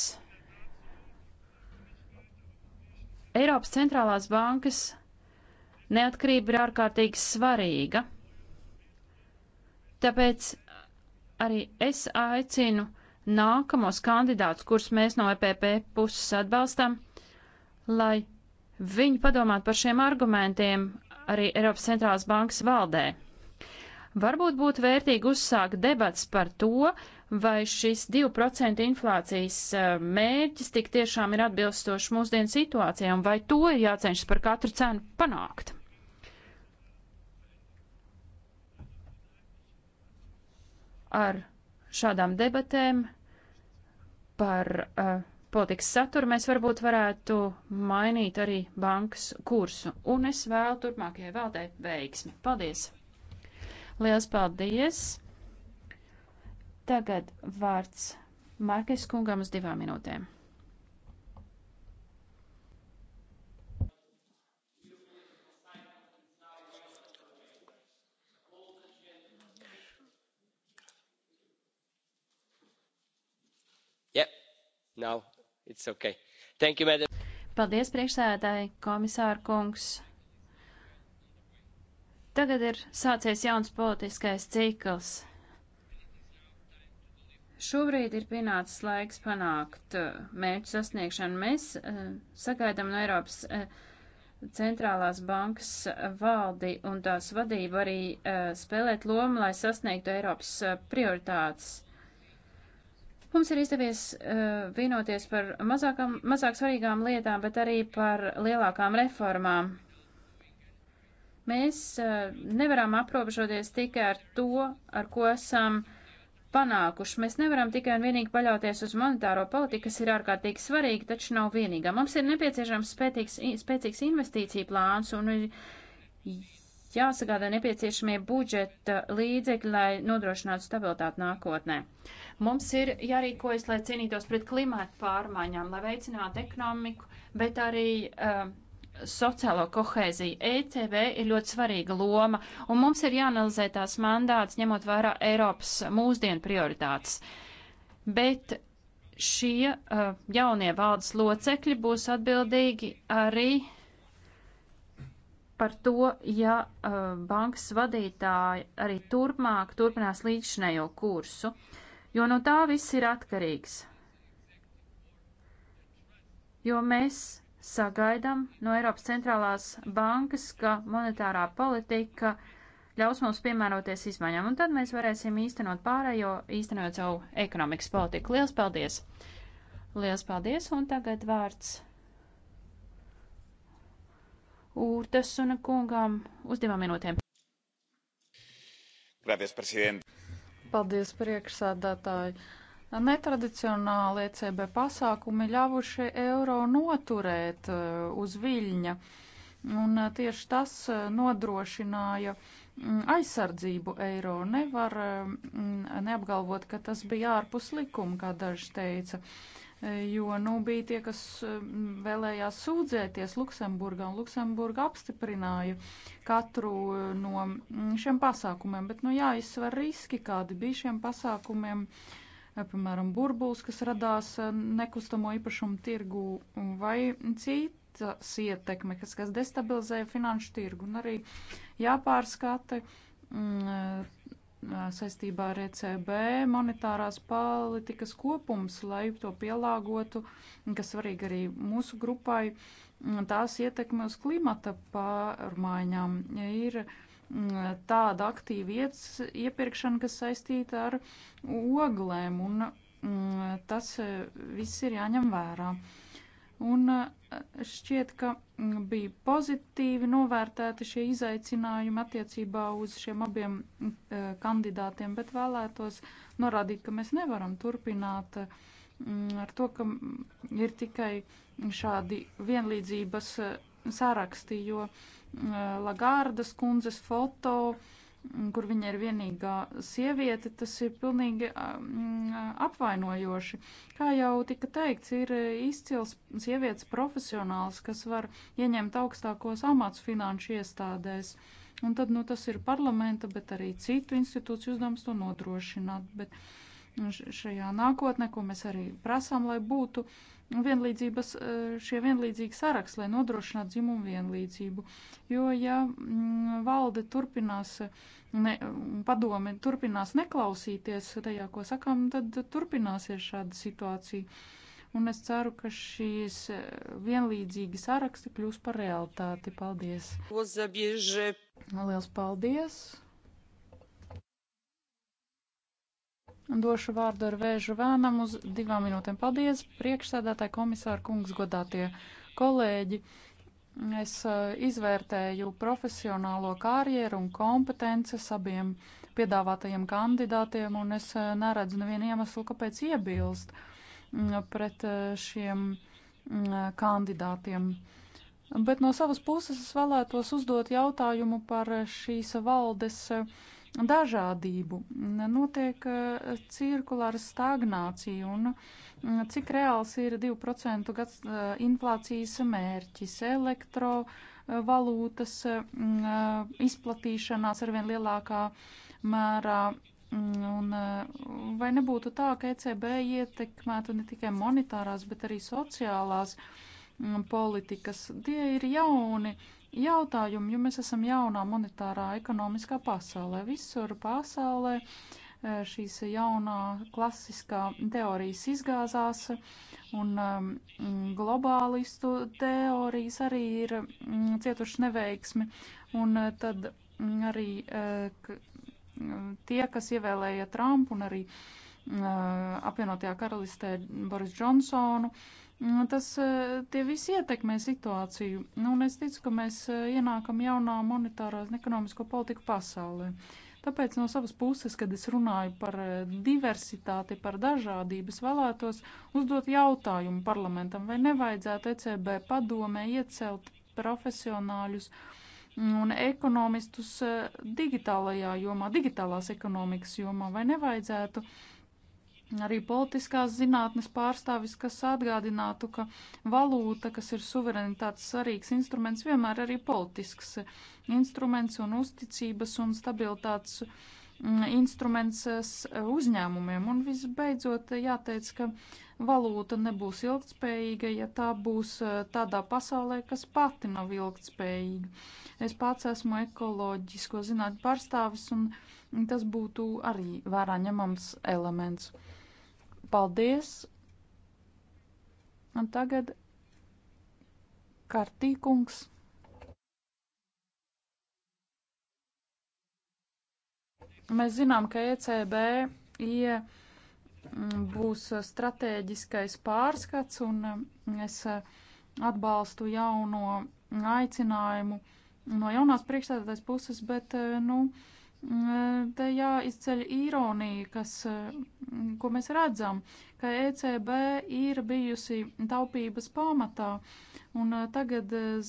Speaker 8: Eiropas centrālās bankas neatkarība ir ārkārtīgi svarīga. Tāpēc arī es aicinu nākamos kandidātus, kurus mēs no EPP puses atbalstam, lai viņi padomātu par šiem argumentiem arī Eiropas centrālās bankas valdē. Varbūt būtu vērtīgi uzsākt debats par to, vai šis 2% inflācijas e, mērķis tik tiešām ir atbilstošs mūsdienu situācijai, un vai to ir jācenšas par katru cenu panākt. Ar šādām debatēm par uh, politikas saturu mēs varbūt varētu mainīt arī bankas kursu, un es vēlu turpmākajai valdē veiksmi. Paldies! Liels paldies! Tagad vārds Markes kungam uz divām minūtēm.
Speaker 4: Yep. Now it's okay. Thank
Speaker 10: you, madam.
Speaker 8: Paldies, priekšsēdētāji, komisāra kungs. Tagad ir sācies jauns politiskais cikls. Šobrīd ir pienācis laiks panākt uh, mērķu sasniegšanu. Mēs uh, sagaidām no Eiropas uh, centrālās bankas valdi un tās vadību arī spēlēt lomu, lai sasniegtu Eiropas prioritātes. Mums ir izdevies vienoties par mazākam, mazāk svarīgām lietām, bet arī par lielākām reformām. Mēs nevaram aprobežoties tikai ar to, ar ko esam panākuši. Mēs nevaram tikai un vienīgi paļauties uz monetāro politiku, kas ir ārkārtīgi svarīga, taču nav vienīgā. Mums ir nepieciešams spētīgs, spēcīgs investīcija plāns un ir jāsagādā nepieciešamie budžeta līdzekļi, lai nodrošinātu stabilitāti nākotnē. Mums ir jārīkojas, lai cīnītos pret klimatu pārmaiņām, lai veicinātu ekonomiku, bet arī uh, sociālo kohēziju. ECB ir ļoti svarīga loma, un mums ir jāanalizē tās mandāts, ņemot vērā Eiropas mūsdienu prioritātes. Bet šie uh, jaunie valdes locekļi būs atbildīgi arī par to, ja uh, bankas vadītāji arī turpmāk turpinās līdzšinējo kursu, jo no tā viss ir atkarīgs. Jo mēs sagaidām no Eiropas centrālās bankas, ka monetārā politika ļaus mums piemēroties izmaiņām, un tad mēs varēsim īstenot pārējo, īstenot savu ekonomikas politiku. Lielas paldies! Lielas paldies, un tagad vārds Ūrtas un kungām uz divām
Speaker 9: minūtēm.
Speaker 5: Gracias, prezident.
Speaker 9: Paldies, priekšsādātāji. Netradicionāli ECB pasākumi ļāvuši eiro noturēt eh, uz viļņa, un eh, tieši tas eh, nodrošināja mm, aizsardzību eiro. Nevar mm, neapgalvot, ka tas bija ārpus likuma, kā daži teica jo nu, bija tie, kas mm, vēlējās sūdzēties Luksemburgā, un Luksemburga apstiprināja katru no šiem pasākumiem. Bet nu, jāizsver riski, kādi bija šiem pasākumiem. Uh, piemēram, burbulis, kas radās eh, nekustamo īpašumu tirgu vai citas ietekme, kas, kas destabilizēja finanšu tirgu. Un arī jāpārskata mm, eh, saistībā ar ECB monetārās politikas kopums, lai to pielāgotu, kas svarīgi arī mūsu grupai, mm, tās ietekme uz klimata pārmaiņām ir. Ja tāda aktīva ietas iepirkšana, kas saistīta ar oglēm, un mm, tas e, viss ir jāņem vērā. Un e, šķiet, ka mm, bija pozitīvi novērtēti šie izaicinājumi attiecībā uz šiem abiem mm, e, kandidātiem, bet vēlētos norādīt, ka mēs nevaram turpināt ar to, ka ir tikai šādi vienlīdzības saraksti, jo Eh, Lagārdas kundzes foto, mm, kur viņa ir vienīgā sieviete, tas ir pilnīgi mm, apvainojoši. Kā jau tika teikts, ir izcils sievietes profesionāls, kas var ieņemt augstākos amats finanšu iestādēs. Un tad, nu, tas ir parlamenta, bet arī citu institūciju uzdevums to nodrošināt. Bet mm, šajā nākotnē, ko mēs arī prasām, lai būtu uh, Nu, vienlīdzības, e, šie vienlīdzīgi saraksti, lai nodrošinātu dzimumu vienlīdzību. Jo, ja mm, valde turpinās, ne, padome turpinās neklausīties tajā, ko sakām, tad turpināsies šāda situācija. Un es ceru, ka šīs e, vienlīdzīgi saraksti kļūs par realitāti. Paldies! Lielas paldies! Došu vārdu ar vēžu vēnam uz divām minūtēm. Paldies, priekšsēdētāji komisāri kungs, godātie kolēģi. Es uh, izvērtēju profesionālo karjeru un kompetences abiem piedāvātajiem kandidātiem, un es uh, neredzu nevienu iemeslu, kāpēc iebilst mm, pret uh, šiem mm, kandidātiem. Bet no savas puses es vēlētos uzdot jautājumu par šīs valdes uh, dažādību, notiek e, cirkulāra stagnācija un cik reāls ir 2% gads e, inflācijas mērķis elektrovalūtas e, izplatīšanās arvien lielākā mērā. Un vai nebūtu tā, ka ECB ietekmētu ne tikai monetārās, bet arī sociālās politikas? Tie ir jauni jautājumu, jo mēs esam jaunā monetārā ekonomiskā pasaulē. Visur pasaulē e, šīs jaunā klasiskā teorijas izgāzās, un globālistu teorijas arī ir cietuši neveiksmi, un e, tad arī e, tie, kas ievēlēja Trumpu un arī apvienotajā karalistē Boris Džonsonu, uh, Nu, tas e, tie visi ietekmē situāciju, nu, un es ticu, ka mēs e, ienākam jaunā monetārās un ekonomisko politiku pasaulē. Tāpēc no savas puses, kad es runāju par e, diversitāti, par dažādību, es vēlētos uzdot jautājumu parlamentam, vai nevajadzētu ECB padomē iecelt profesionāļus un ekonomistus digitālajā jomā, digitālās ekonomikas jomā, vai nevajadzētu uh, arī politiskās zinātnes pārstāvis, kas atgādinātu, ka valūta, kas ir suverenitātes svarīgs instruments, vienmēr arī politisks instruments un uzticības un stabilitātes mm, instruments uzņēmumiem. Un visbeidzot, jāteic, ka valūta nebūs ilgtspējīga, ja tā būs eh, tādā pasaulē, kas pati nav ilgtspējīga. Es pats esmu ekoloģisko zinātņu pārstāvis, un tas būtu arī vērā ņemams elements. Paldies! Un tagad kārtīkungs. Mēs zinām, ka ECB ie mm, būs stratēģiskais pārskats, un mm, es mm, atbalstu jauno aicinājumu no jaunās priekšstādātais puses, bet, nu, Mm, te jāizceļ īronija, kas, mm, ko mēs redzam, ka ECB ir bijusi taupības pamatā, un eh, tagad eh,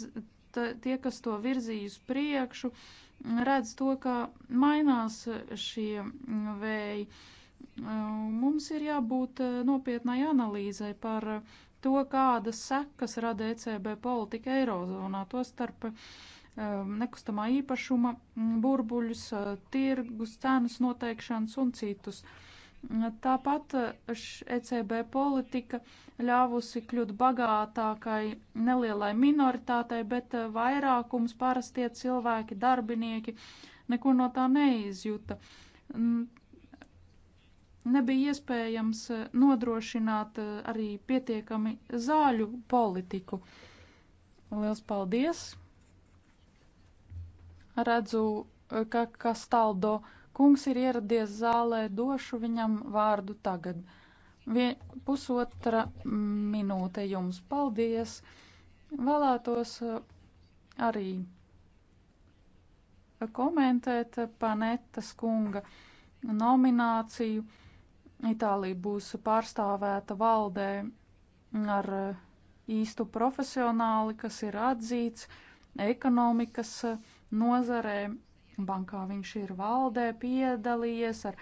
Speaker 9: tie, kas to virzīja uz priekšu, mm, redz to, ka mainās šie vēji. Mums ir jābūt eh, nopietnai analīzai par to, kādas sekas rada ECB politika Eirozonā, to starp uh, Um, nekustamā īpašuma mm, burbuļus, uh, tirgus cenas noteikšanas un citus. Tāpat uh, ECB politika ļāvusi kļūt bagātākai nelielai minoritātei, bet uh, vairākums parastie cilvēki, darbinieki neko no tā neizjuta. Nebija iespējams nodrošināt arī pietiekami zāļu politiku. Liels paldies! redzu, eh, ka Kastaldo kungs ir ieradies zālē, došu viņam vārdu tagad. Vien, pusotra mm, minūte jums paldies. Vēlētos eh, arī komentēt Panetas kunga nomināciju. Itālija būs pārstāvēta valdē ar eh, īstu profesionāli, kas ir atzīts ekonomikas uh, nozarē. Bankā viņš ir valdē piedalījies ar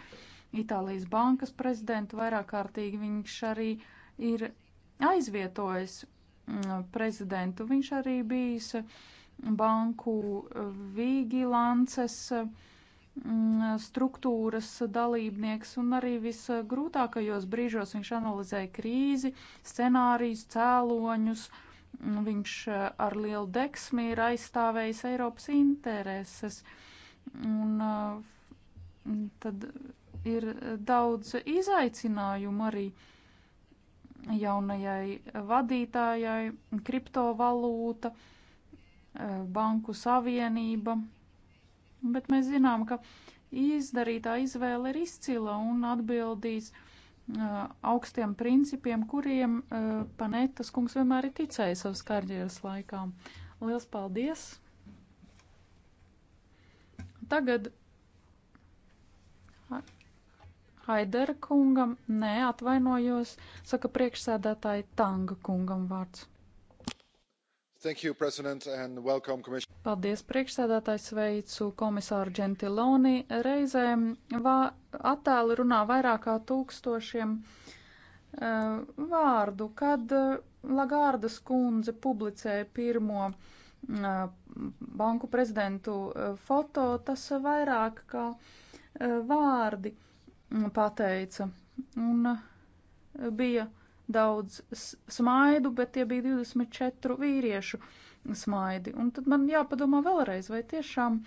Speaker 9: Itālijas bankas prezidentu vairāk kārtīgi. Viņš arī ir aizvietojis mm, prezidentu. Viņš arī bijis banku vigilances mm, struktūras dalībnieks un arī visgrūtākajos brīžos viņš analizēja krīzi, scenārijus, cēloņus, uh, Nu, viņš eh, ar lielu deksmi ir aizstāvējis Eiropas intereses. Eh, un tad ir daudz izaicinājumu arī jaunajai vadītājai, kriptovalūta, eh, banku savienība. Bet mēs zinām, ka izdarītā izvēle ir izcila un atbildīs uh, augstiem principiem, kuriem Panetas kungs vienmēr ir ticējis savas karjeras laikā. Liels paldies! Tagad Haidera kungam, nē, atvainojos, saka priekšsēdētāji Tanga kungam vārds. Paldies priekšsēdētājs sveicu komisāru Gentiloni. Reizēm attēli runā vairāk kā tūkstošiem uh, vārdu, kad uh, eh, Lagārdas kundze publicēja pirmo uh, banku prezidentu uh, foto, tas vairāk kā uh, vārdi mm, pateica un uh, bija. Uh, daudz smaidu, bet tie bija 24 vīriešu smaidi. Un tad man jāpadomā vēlreiz, vai tiešām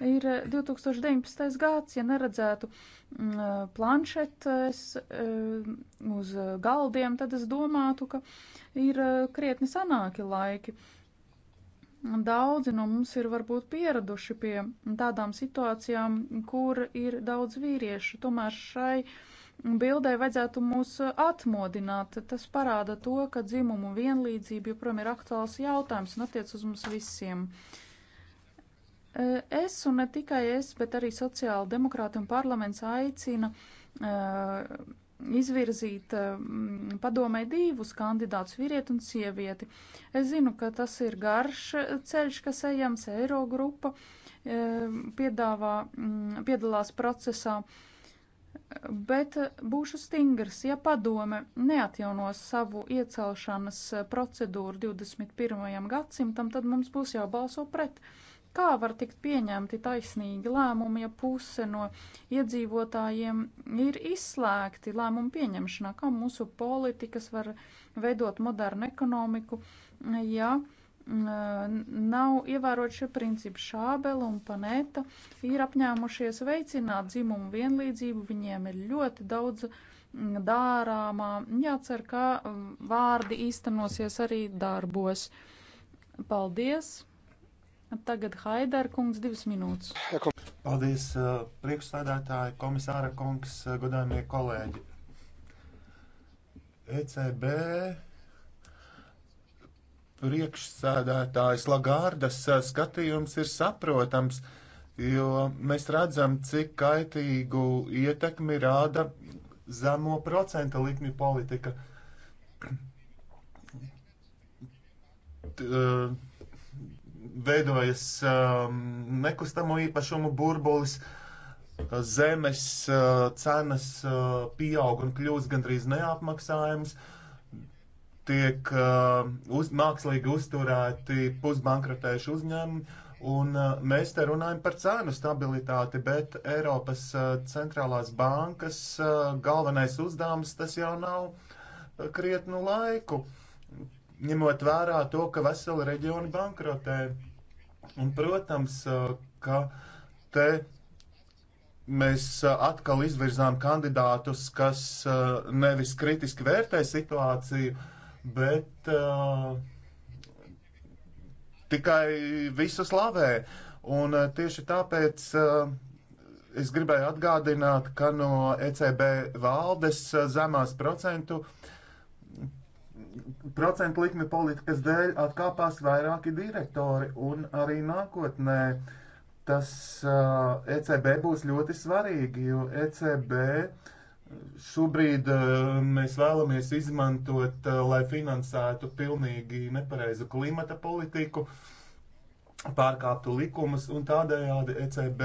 Speaker 9: ir 2019. Eh, gads, ja neredzētu mm, eh, planšetes eh, uz galdiem, tad es domātu, ka ir krietni sanāki laiki. Daudzi no mums ir varbūt pieraduši pie tādām situācijām, kur ir daudz vīriešu. Tomēr šai uh, Bildē vajadzētu mūs atmodināt. Tas parāda to, ka dzimumu vienlīdzība joprojām ir aktuāls jautājums un attiec uz mums visiem. E, es un ne tikai es, bet arī sociāla demokrāta un parlaments aicina uh, izvirzīt uh, padomē divus kandidātus, vīrieti un sievieti. Es zinu, ka tas ir garš ceļš, kas ejams, Eirogrupa uh, piedāvā, um, piedalās procesā. Uh, bet būšu stingrs, ja padome neatjaunos savu iecelšanas procedūru 21. gadsimtam, tad mums būs jābalso pret. Kā var tikt pieņemti taisnīgi lēmumi, ja puse no iedzīvotājiem ir izslēgti lēmumu pieņemšanā? Kā mūsu politikas var veidot modernu ekonomiku, ja nav ievērot šie principi. Šābela un Panēta ir apņēmušies veicināt dzimumu vienlīdzību, viņiem ir ļoti daudz dārāmā. Jācer, ka vārdi īstenosies arī darbos. Paldies! Tagad Haidara kungs divas minūtes.
Speaker 7: Paldies, priekšstādātāji, komisāra kungs, godājumie kolēģi. ECB priekšsēdētājas Lagārdas eh, skatījums ir saprotams, jo mēs redzam, cik kaitīgu ietekmi rāda zemo procenta likmi politika. T, eh, veidojas um, nekustamo īpašumu burbulis, zemes uh, cenas uh, pieaug un kļūst gandrīz neapmaksājums. Uh, tiek uh, uz, mākslīgi uzturēti pusbankrotējuši uzņēmumi. Un uh, mēs te runājam par cēnu stabilitāti, bet Eiropas uh, centrālās bankas uh, galvenais uzdevums tas jau nav uh, krietnu laiku, ņemot vērā to, ka veseli reģioni bankrotē. Un, protams, uh, ka te mēs uh, atkal izvirzām kandidātus, kas uh, nevis kritiski vērtē situāciju, bet uh, tikai visu slavē. Un uh, tieši tāpēc. Uh, es gribēju atgādināt, ka no ECB valdes zemās procentu, procentu likmi politikas dēļ atkāpās vairāki direktori un arī nākotnē. Tas uh, ECB būs ļoti svarīgi, jo ECB Šobrīd eh, mēs vēlamies izmantot, eh, lai finansētu pilnīgi nepareizu klimata politiku, pārkāptu likumus un tādējādi ECB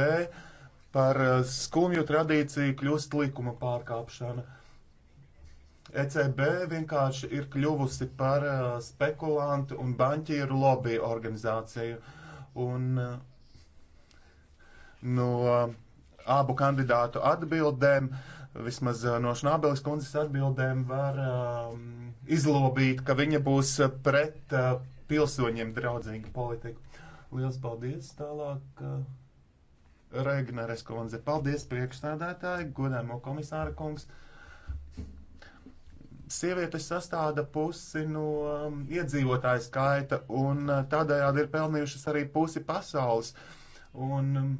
Speaker 7: par eh, skumju tradīciju kļūst likuma pārkāpšana. ECB vienkārši ir kļuvusi par spekulantu un banķieru lobby organizāciju. Un no abu kandidātu atbildēm uh, Vismaz eh, no Šnabeles kundzes atbildēm var um, izlobīt, ka viņa būs eh, pret uh, pilsoņiem draudzīga politika. Lielas paldies! Tālāk uh, Regneres kundze. Paldies priekšstādētāji, godāmo komisāra kungs. Sievietes sastāda pusi no um, iedzīvotāju skaita un uh, tādējādi ir pelnījušas arī pusi pasaules. Un, um,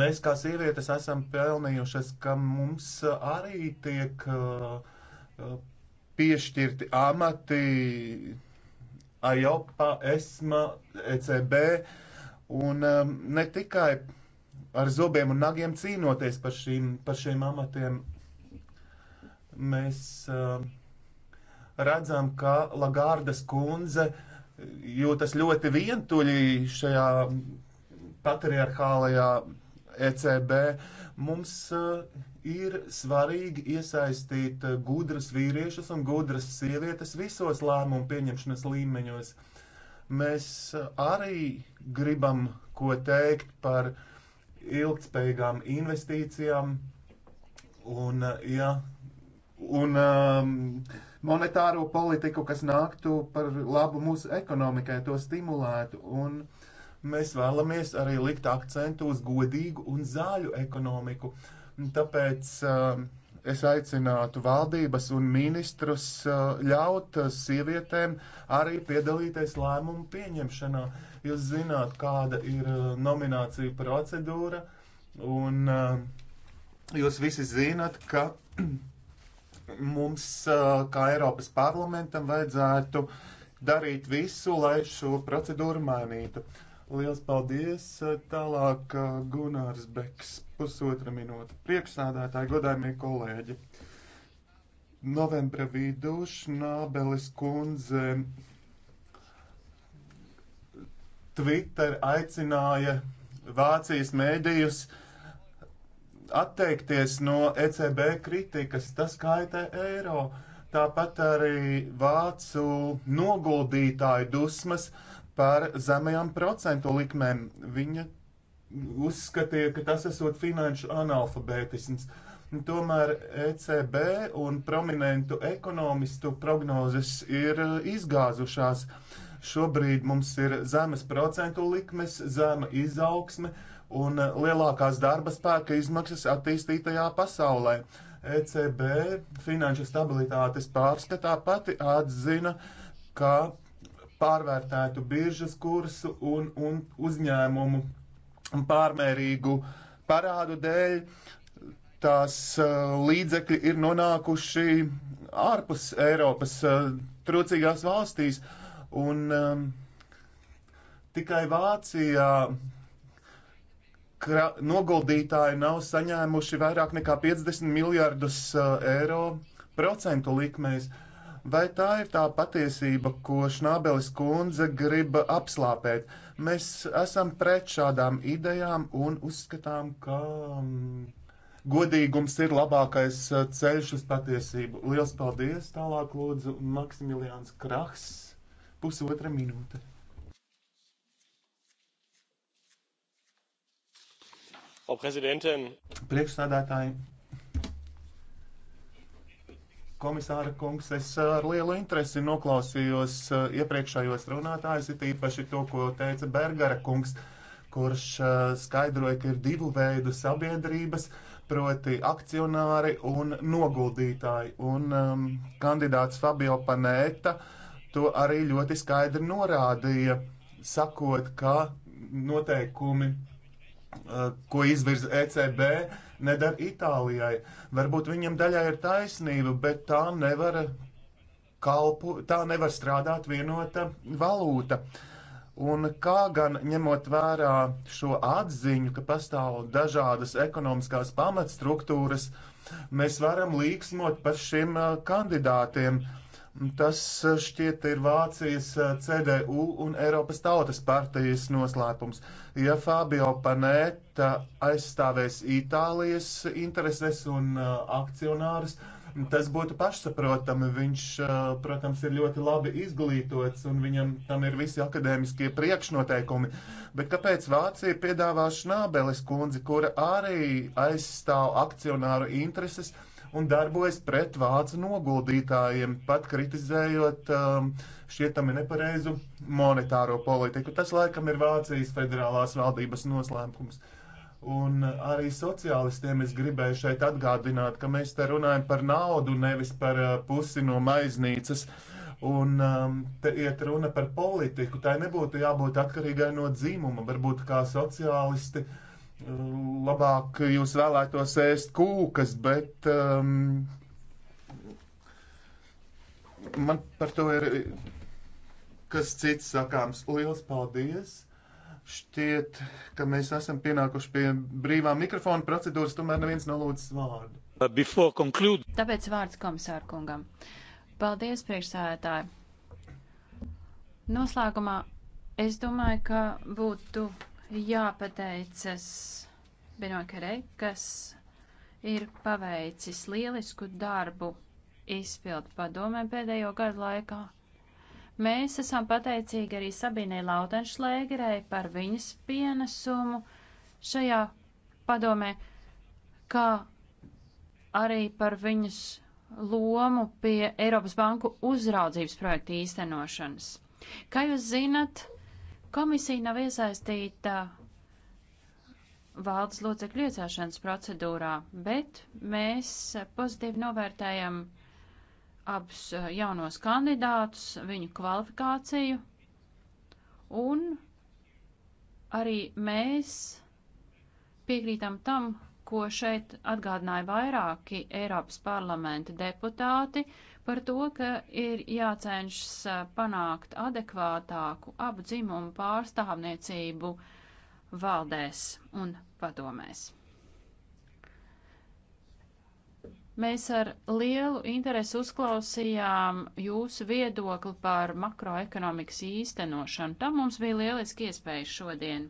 Speaker 7: mēs kā sievietes esam pelnījušas, ka mums arī tiek uh, uh, piešķirti amati AJOPA, ESMA, ECB, un um, ne tikai ar zobiem un nagiem cīnoties par, šīm, par šiem amatiem, mēs um, redzam, ka Lagārdas kundze jūtas ļoti vientuļi šajā patriarchālajā ECB, mums eh, ir svarīgi iesaistīt eh, gudras vīriešus un gudras sievietes visos lēmumu pieņemšanas līmeņos. Mēs eh, arī gribam ko teikt par ilgspējīgām investīcijām un, ja, un um, monetāro politiku, kas nāktu par labu mūsu ekonomikai, to stimulētu. Un, uh, Mēs vēlamies arī likt akcentu uz godīgu un zaļu ekonomiku. Tāpēc uh, es aicinātu valdības un ministrus uh, ļaut uh, sievietēm arī piedalīties lēmumu pieņemšanā. Jūs zināt, kāda ir uh, nominācija procedūra, un jūs visi zināt, ka mums, kā Eiropas parlamentam, vajadzētu darīt visu, lai šo procedūru mainītu. Liels paldies! Tālāk uh, Gunārs Beks, pusotra minūte. Priekšsādātāji, godājumie kolēģi! Novembra vidū Šnabelis kundze Twitter aicināja Vācijas mēdījus atteikties no ECB kritikas, tas kaitē eiro. Tāpat arī vācu noguldītāju dusmas uh, par zemajām procentu likmēm. Viņa uzskatīja, ka tas esot finanšu analfabētisms. Tomēr ECB un prominentu ekonomistu prognozes ir izgāzušās. Šobrīd mums ir zemes procentu likmes, zema izaugsme un lielākās darba spēka izmaksas attīstītajā pasaulē. ECB finanšu stabilitātes pārskatā pati atzina, ka pārvērtētu biržas kursu un, un uzņēmumu pārmērīgu parādu dēļ tās uh, līdzekļi ir nonākuši ārpus Eiropas uh, trūcīgās valstīs. Un um, tikai Vācijā noguldītāji nav saņēmuši vairāk nekā 50 miljardus uh, eiro procentu likmēs. Uh, Vai tā ir tā patiesība, ko Šnabelis kundze grib apslāpēt? Mēs esam pret šādām idejām un uzskatām, ka mm, godīgums ir labākais uh, ceļš uz patiesību. Lielas paldies! Tālāk lūdzu Maksimiljāns Krahs, pusotra minūte.
Speaker 3: Frau Präsidentin!
Speaker 7: Priekšsēdētāji! Komisāra kungs, es eh, ar lielu interesi noklausījos eh, iepriekšējos runātājus, it īpaši to, ko teica Bergara kungs, kurš eh, skaidroja, ka ir divu veidu sabiedrības, proti akcionāri un noguldītāji. Un um, kandidāts Fabio Panēta to arī ļoti skaidri norādīja, sakot, ka noteikumi Eh, ko izvirza ECB, nedara Itālijai. Varbūt viņam daļai ir taisnība, bet tā nevar, kalpu, tā nevar strādāt vienota valūta. Un kā gan ņemot vērā šo atziņu, ka pastāv dažādas ekonomiskās pamatstruktūras, mēs varam līksmot par šiem eh, kandidātiem. Uh, Tas e, šķiet ir Vācijas e, CDU un Eiropas Tautas partijas noslēpums. Ja Fabio Panēta aizstāvēs Itālijas intereses un uh, e, akcionārus, tas būtu pašsaprotami. Viņš, uh, protams, ir ļoti labi izglītots un viņam tam ir visi akadēmiskie priekšnoteikumi. Bet kāpēc Vācija piedāvā Šnabeles kundzi, kura arī aizstāv akcionāru intereses? Uh, un darbojas pret vācu noguldītājiem, pat kritizējot um, šķietami nepareizu monetāro politiku. Tas laikam ir Vācijas federālās valdības noslēpums. Un arī sociālistiem es gribēju šeit atgādināt, ka mēs te runājam par naudu, nevis par uh, pusi no maiznīcas. Un um, te iet runa par politiku. Tai nebūtu jābūt atkarīgai no dzimuma. Varbūt kā sociālisti uh, labāk jūs vēlētos ēst kūkas, bet um, man par to ir kas cits sakāms. Liels paldies! Šķiet, ka mēs esam pienākuši pie brīvā mikrofona procedūras, tomēr neviens nelūdzas vārdu. Tāpēc vārds
Speaker 8: komisāra kungam. Paldies, priekšsēdētāji! Noslēgumā es domāju, ka būtu jāpateicas Benokarei, kas ir paveicis lielisku darbu izpildu padomē pēdējo gadu laikā. Mēs esam pateicīgi arī Sabīnai Lautenšlēgerei par viņas pienesumu šajā padomē, kā arī par viņas lomu pie Eiropas Banku uzraudzības projekta īstenošanas. Kā jūs zinat, Komisija nav iesaistīta valdes locekļu iecēšanas procedūrā, bet mēs pozitīvi novērtējam abus eh, jaunos kandidātus, viņu kvalifikāciju, un arī mēs piekrītam tam, ko šeit atgādināja vairāki Eiropas parlamenta deputāti, uh, par to, ka ir jācenšas panākt adekvātāku abu dzimumu pārstāvniecību valdēs un padomēs. Mēs ar lielu interesi uzklausījām jūsu viedokli par makroekonomikas īstenošanu. Tam mums bija lieliski iespēja šodien.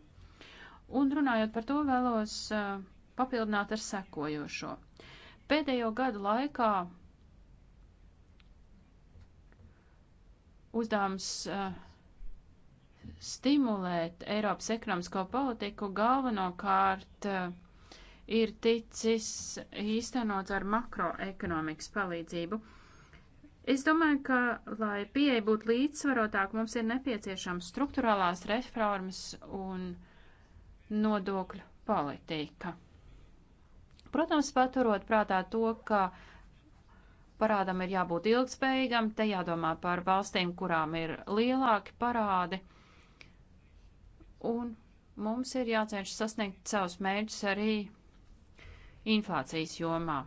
Speaker 8: Un runājot par to, vēlos uh, papildināt ar sekojošo. Pēdējo gadu laikā uzdevums uh, stimulēt Eiropas ekonomisko politiku galvenokārt uh, ir ticis īstenots ar makroekonomikas palīdzību. Es domāju, ka, lai pieeja būtu līdzsvarotāk, mums ir nepieciešams struktūrālās reformas un nodokļu politika. Protams, paturot prātā to, ka uh, parādam ir jābūt ilgspējīgam, te jādomā par valstīm, kurām ir lielāki parādi, un mums ir jācenšas sasniegt savus mērķus arī inflācijas jomā.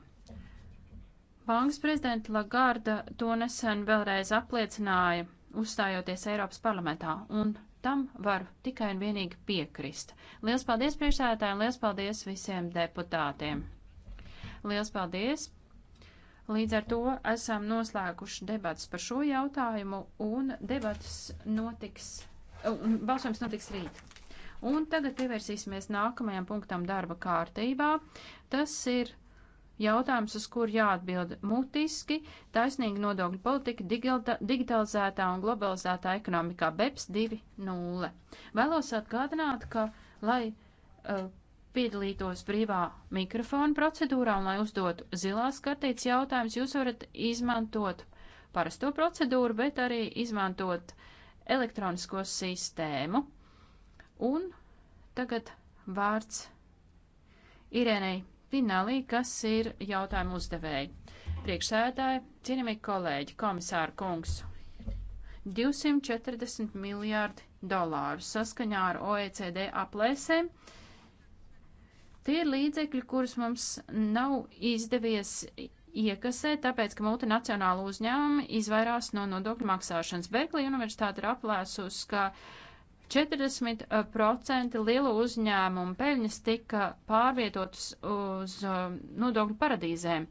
Speaker 8: Bankas prezidenta Lagarda to nesen vēlreiz apliecināja, uzstājoties Eiropas parlamentā, un tam var tikai un vienīgi piekrist. Lielas paldies priekšsēdētājiem, lielas paldies visiem deputātiem! Lielas paldies! Līdz ar to esam noslēguši debats par šo jautājumu, un debats notiks, un balsojums notiks rīt. Un tagad pievērsīsimies nākamajam punktam darba kārtībā. Tas ir jautājums, uz kur jāatbild mutiski - taisnīga nodokļu politika digitalizētā un globalizētā ekonomikā BEPS 2.0. Vēlos atgādināt, ka, lai uh, piedalītos brīvā mikrofona procedūrā un, lai uzdotu zilās kartītes jautājumus, jūs varat izmantot parasto procedūru, bet arī izmantot elektronisko sistēmu. Un tagad vārds Irēnei Vinalī, kas ir jautājumu uzdevēji. Priekšsēdētāji, cienījamie kolēģi, komisāra kungs. 240 miljārdi dolāru saskaņā ar OECD aplēsēm Tie ir līdzekļi, kurus mums nav izdevies iekasēt, tāpēc, ka multinacionāla uzņēmuma izvairās no nodokļu maksāšanas. Berklī universitāte ir aplēsus, ka 40% lielu uzņēmumu peļņas tika pārvietotas uz um, nodokļu paradīzēm.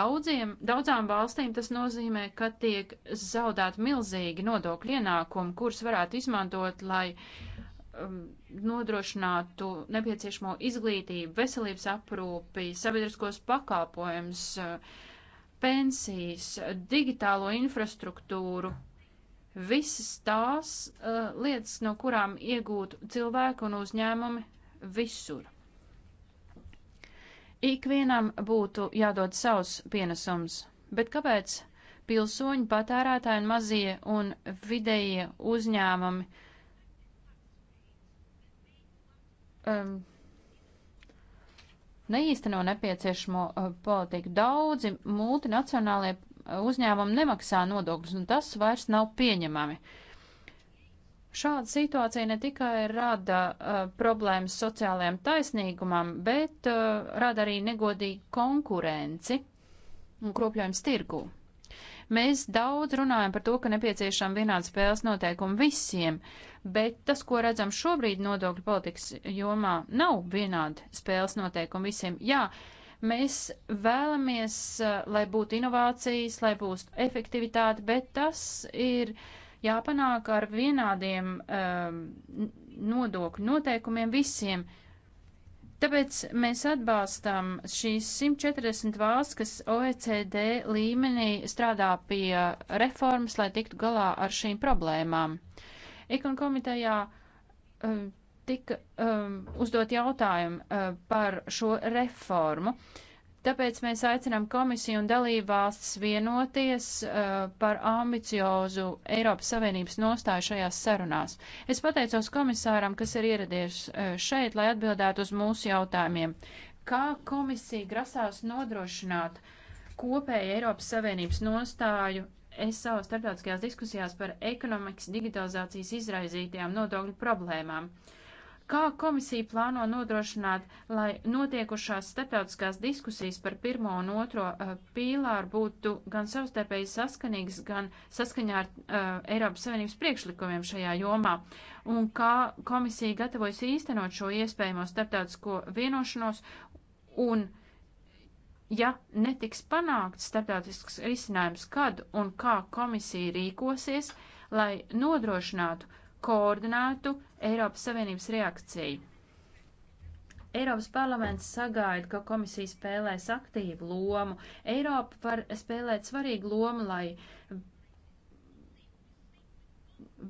Speaker 8: Daudziem, daudzām valstīm tas nozīmē, ka tiek zaudēt milzīgi nodokļu ienākumi, kurus varētu izmantot, lai uh, Um, nodrošinātu nepieciešamo izglītību, veselības aprūpi, sabiedriskos pakāpojumus, uh, pensijas, digitālo infrastruktūru, visas tās uh, lietas, no kurām iegūtu cilvēku un uzņēmumi visur. Ikvienam būtu jādod savs pienesums, bet kāpēc pilsoņi, patērētāji un mazie un vidējie uzņēmumi um, neīsteno nepieciešamo uh, politiku. Daudzi multinacionālie uh, uzņēmumi nemaksā nodokļus, un tas vairs nav pieņemami. Šāda situācija ne tikai rada uh, problēmas sociālajam taisnīgumam, bet uh, rada arī negodīgu konkurenci un kropļojums tirgū. Mēs daudz runājam par to, ka nepieciešama vienāda spēles noteikuma visiem, uh, bet tas, ko redzam šobrīd nodokļu politikas jomā, nav vienādi spēles noteikumi visiem. Jā, mēs vēlamies, eh, lai būtu inovācijas, lai būtu efektivitāte, bet tas ir jāpanāk ar vienādiem um, nodokļu noteikumiem visiem. Tāpēc mēs atbalstam šīs 140 valsts, kas OECD līmenī strādā pie reformas, lai tiktu galā ar šīm problēmām. Uh, Ekon komitejā uh, tika um, uzdot jautājumu uh, par šo reformu. Tāpēc mēs aicinām komisiju un dalībvalstis vienoties uh, par ambiciozu Eiropas Savienības nostāju šajās sarunās. Es pateicos komisāram, kas ir ieradies uh, šeit, lai atbildētu uz mūsu jautājumiem. Kā komisija grasās nodrošināt kopēju Eiropas Savienības nostāju es savas starptautiskajās diskusijās par ekonomikas digitalizācijas izraizītajām nodokļu problēmām. Kā komisija plāno nodrošināt, lai notiekušās starptautiskās diskusijas par pirmo un otro uh, pīlāru būtu gan savstarpēji saskanīgas, gan saskaņā ar uh, Eiropas Savienības priekšlikumiem šajā jomā? Un kā komisija gatavojas īstenot šo iespējamo starptautisko vienošanos un uh, ja netiks panākts starptautisks risinājums, kad un kā komisija rīkosies, lai nodrošinātu koordinētu Eiropas Savienības reakciju. Eiropas parlaments sagaida, ka komisija spēlēs aktīvu lomu. Eiropa var spēlēt svarīgu lomu, lai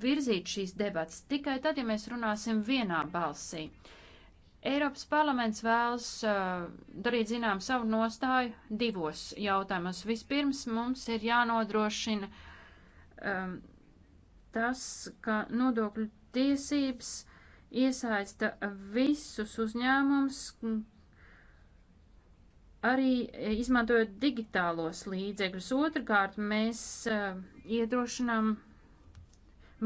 Speaker 8: virzītu šīs debatas tikai tad, ja mēs runāsim vienā balsī. Uh, Eiropas parlaments vēlas uh, darīt zinām savu nostāju divos jautājumos. Vispirms mums ir jānodrošina um, tas, ka nodokļu tiesības iesaista visus uzņēmumus, arī izmantojot digitālos līdzekļus. Otrakārt, mēs uh, iedrošinām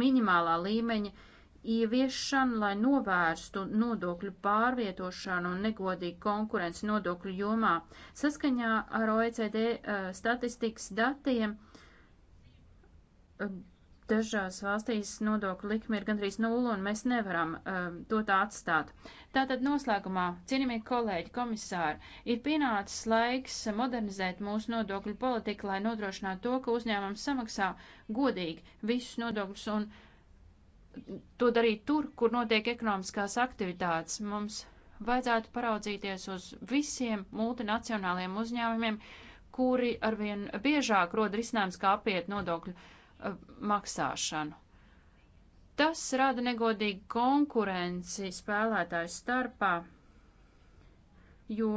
Speaker 8: minimālā līmeņa uh, ieviešanu, lai novērstu nodokļu pārvietošanu un negodīgu konkurenci nodokļu jomā. Saskaņā ar OECD uh, statistikas datiem uh, dažās valstīs nodokļu likme ir gandrīz nula, un mēs nevaram uh, to tā atstāt. Tātad noslēgumā, cienījamie kolēģi, komisāri, ir pienācis laiks modernizēt mūsu nodokļu politiku, lai nodrošinātu to, ka uzņēmums samaksā godīgi visus nodokļus un nodokļus to darīt tur, kur notiek ekonomiskās aktivitātes. Mums vajadzētu paraudzīties uz visiem multinacionāliem uzņēmumiem, kuri arvien biežāk rod risinājums, kā apiet nodokļu uh, maksāšanu. Tas rada negodīgu konkurenci spēlētāju starpā, jo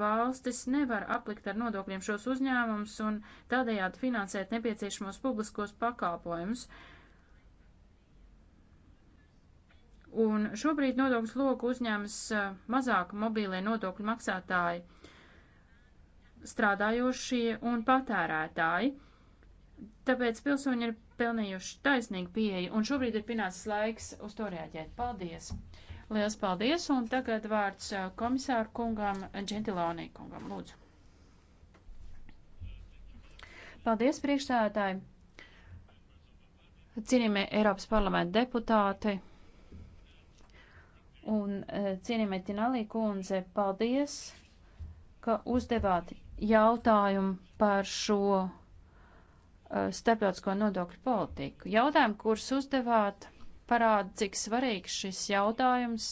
Speaker 8: valstis nevar aplikt ar nodokļiem šos uzņēmumus un tādējādi finansēt nepieciešamos publiskos pakalpojumus. Uh, Un šobrīd nodokļu slogu uzņems mazāk mobīlie nodokļu maksātāji, strādājošie un patērētāji. Tāpēc pilsoņi ir pelnījuši taisnīgu pieeju, un šobrīd ir pienācis laiks uz to reaģēt. Paldies! Liels paldies, un tagad vārds komisāru kungam, Džentilonī kungam, lūdzu. Paldies, priekšstādātāji! Cienījamie Eiropas parlamenta deputāti, Un e, cienījamie Tinālī kundze, paldies, ka uzdevāt jautājumu par šo uh, starptautisko nodokļu politiku. Jautājumu, kurus uzdevāt, parāda, cik svarīgs šis jautājums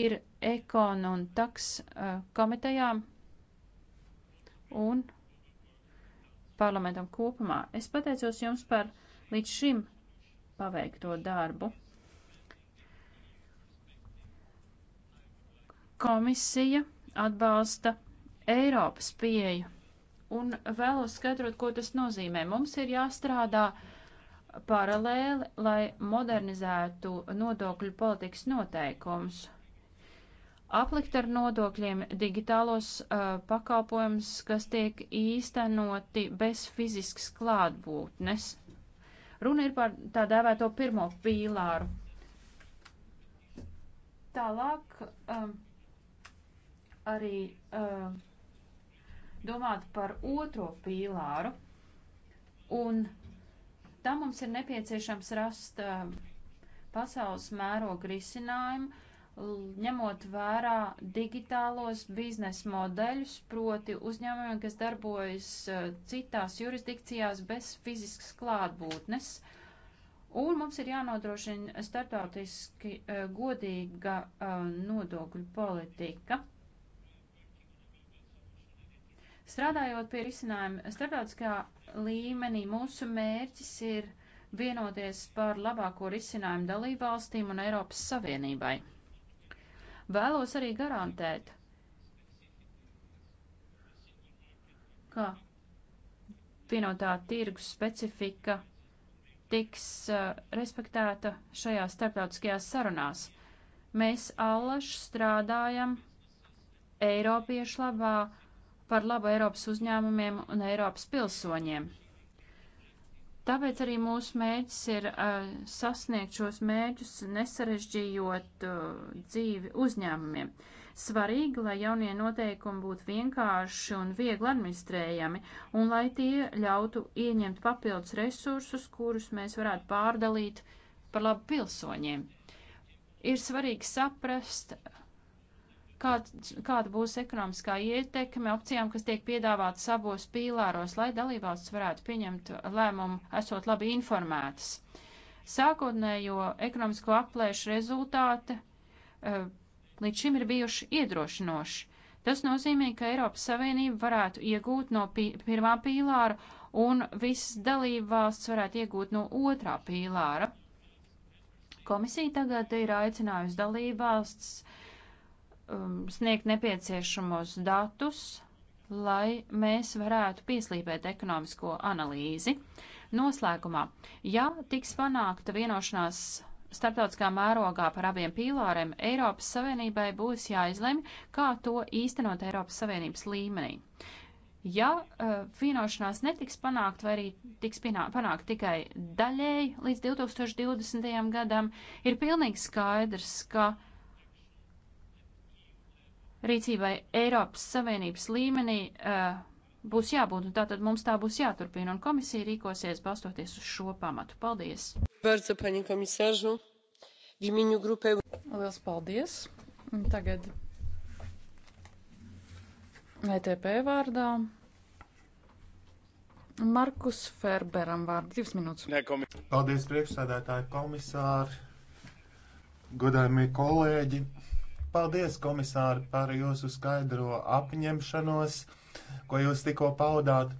Speaker 8: ir ekon un taks uh, komitejām un parlamentam kopumā. Es pateicos jums par līdz šim paveikto darbu. Komisija atbalsta Eiropas pieju un vēlos skaidrot, ko tas nozīmē. Mums ir jāstrādā paralēli, lai modernizētu nodokļu politikas noteikumus. Aplikt ar nodokļiem digitālos uh, pakalpojumus, kas tiek īstenoti bez fiziskas klātbūtnes. Runa ir par tā dēvēto pirmo pīlāru. Tālāk. Um, uh, arī uh, domāt par otro pīlāru, un tam mums ir nepieciešams rast uh, pasaules mēroga risinājumu, ņemot vērā digitālos biznesa modeļus, proti uzņēmumiem, kas darbojas uh, citās jurisdikcijās bez fiziskas klātbūtnes. Un mums ir jānodrošina starptautiski uh, godīga uh, nodokļu politika. Strādājot pie risinājuma starptautiskā līmenī, mūsu mērķis ir vienoties par labāko risinājumu dalībvalstīm un Eiropas Savienībai. Vēlos arī garantēt, ka vienotā tirgus specifika tiks uh, respektēta šajās starptautiskajās sarunās. Mēs allaž strādājam Eiropiešu labā, par labu Eiropas uzņēmumiem un Eiropas pilsoņiem. Tāpēc arī mūsu mērķis ir uh, sasniegt šos mērķus, nesarežģījot uh, dzīvi uzņēmumiem. Svarīgi, lai jaunie noteikumi būtu vienkārši un viegli administrējami, un lai tie ļautu ieņemt papildus resursus, kurus mēs varētu pārdalīt par labu pilsoņiem. Ir svarīgi saprast, kāds, kāda būs ekonomiskā ietekme opcijām, kas tiek piedāvātas abos pīlāros, lai dalībvalsts varētu pieņemt lēmumu, esot labi informētas. Sākotnējo ekonomisko aplēšu rezultāti eh, līdz šim ir bijuši iedrošinoši. Tas nozīmē, ka Eiropas Savienība varētu iegūt no pī pirmā pīlāra un visas dalībvalsts varētu iegūt no otrā pīlāra. Komisija tagad ir aicinājusi dalībvalsts uh, um, sniegt nepieciešamos datus, lai mēs varētu pieslīpēt ekonomisko analīzi. Noslēgumā, ja tiks panākta vienošanās starptautiskā mērogā par abiem pīlāriem, Eiropas Savienībai būs jāizlemj, kā to īstenot Eiropas Savienības līmenī. Ja uh, vienošanās netiks panākt vai arī tiks panākt tikai daļēji līdz 2020. gadam, ir pilnīgi skaidrs, ka uh, rīcībai Eiropas Savienības līmenī uh, būs jābūt, un tātad mums tā būs jāturpina, un komisija rīkosies balstoties uz šo pamatu. Paldies! Bardzo,
Speaker 9: paņi komisāžu, v imieniu grupē. Liels paldies! Un tagad ETP vārdā. Markus Ferberam vārdu divas minūtes.
Speaker 7: Paldies priekšsēdētāji komisāri, godājumie kolēģi. Paldies, komisāri, par jūsu skaidro apņemšanos, ko jūs tikko paudāt.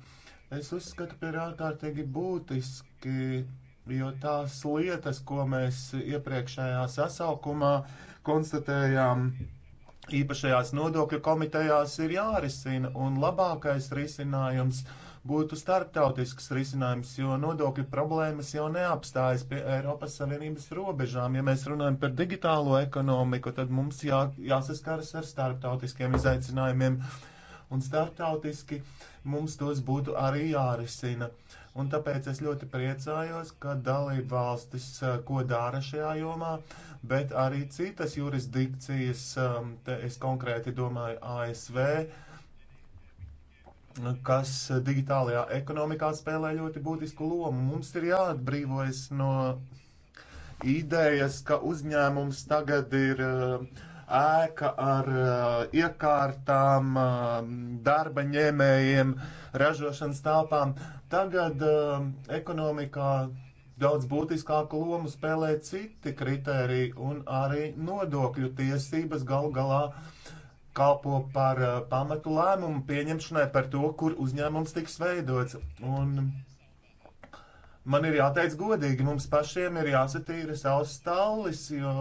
Speaker 7: Es uzskatu, ka ir ārkārtīgi būtiski, jo tās lietas, ko mēs iepriekšējā sasaukumā konstatējām, īpašajās nodokļu komitejās ir jārisina, un labākais risinājums ir būtu startautisks risinājums, jo nodokļu problēmas jau neapstājas pie Eiropas Savienības robežām. Ja mēs runājam par digitālo ekonomiku, tad mums jā, jāsaskaras ar startautiskiem izaicinājumiem, un startautiski mums tos būtu arī jārisina. Un tāpēc es ļoti priecājos, ka dalība valstis eh, ko dara šajā jomā, bet arī citas jurisdikcijas, eh, es konkrēti domāju ASV, kas digitālajā ekonomikā spēlē ļoti būtisku lomu. Mums ir jāatbrīvojas no idejas, ka uzņēmums tagad ir uh, ēka ar uh, iekārtām, um, darba ņēmējiem, ražošanas tāpām. Tagad um, ekonomikā daudz būtiskāku lomu spēlē citi kriteriji un arī nodokļu tiesības galu galā. galā kalpo par uh, pamatu lēmumu pieņemšanai par to, kur uzņēmums tiks veidots. Un man ir jāteic godīgi, mums pašiem ir jāsatīra savs stālis, jo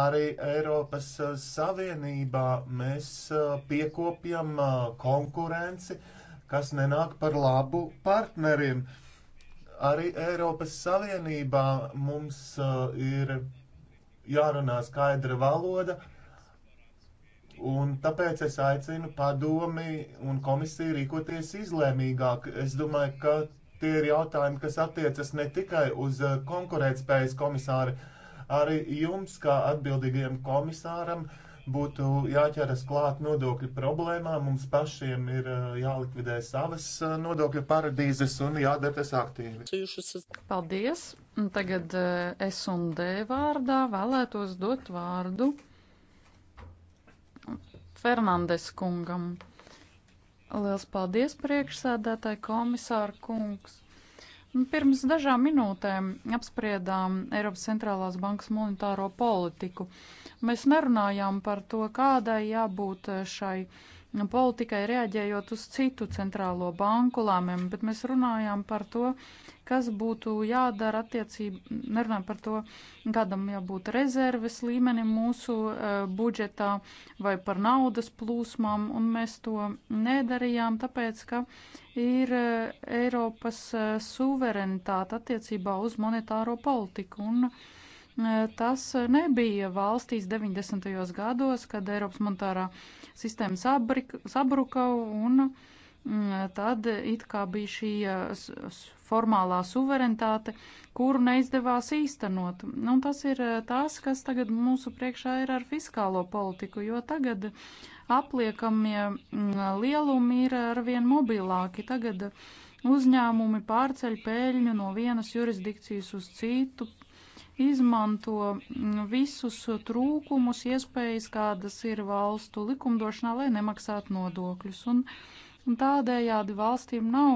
Speaker 7: arī Eiropas uh, Savienībā mēs uh, piekopjam konkurenci, kas nenāk par labu partneriem. Arī Eiropas Savienībā mums ir jārunā skaidra valoda Un tāpēc es aicinu padomi un komisiju rīkoties izlēmīgāk. Es domāju, ka tie ir jautājumi, kas attiecas ne tikai uz eh, konkurētspējas komisāri, arī jums, kā atbildīgajam komisāram, būtu jāķeras klāt nodokļu problēmām. Mums pašiem ir eh, jālikvidē savas eh, nodokļu paradīzes un jādara tas aktīvi.
Speaker 9: Paldies! Tagad es un D vārdā vēlētos dot vārdu Fernandes kungam. Liels paldies, priekšsēdētāji komisāra kungs. Nu, pirms dažām minūtēm apspriedām Eiropas centrālās bankas monetāro politiku. Mēs nerunājām par to, kādai jābūt šai Nu, politikai reaģējot uz citu centrālo banku lēmumiem, bet mēs runājām par to, kas būtu jādara attiecību, nerunājam par to, kādam jābūt rezerves līmenim mūsu uh, budžetā vai par naudas plūsmām, un mēs to nedarījām, tāpēc, ka ir uh, Eiropas uh, suverenitāte attiecībā uz monetāro politiku. Un, uh, Tas nebija valstīs 90. gados, kad Eiropas monetārā uh, sistēma sabrika, sabruka un mm, tad it kā bija šī formālā suverenitāte, kuru neizdevās īstenot. Nu, un tas ir tas, kas tagad mūsu priekšā ir ar fiskālo politiku, jo tagad apliekamie mm, lielumi ir arvien mobilāki. Tagad uzņēmumi pārceļ pēļņu no vienas jurisdikcijas uz citu, izmanto mm, visus trūkumus, iespējas, kādas ir valstu likumdošanā, lai nemaksātu nodokļus. Un, un tādējādi valstīm nav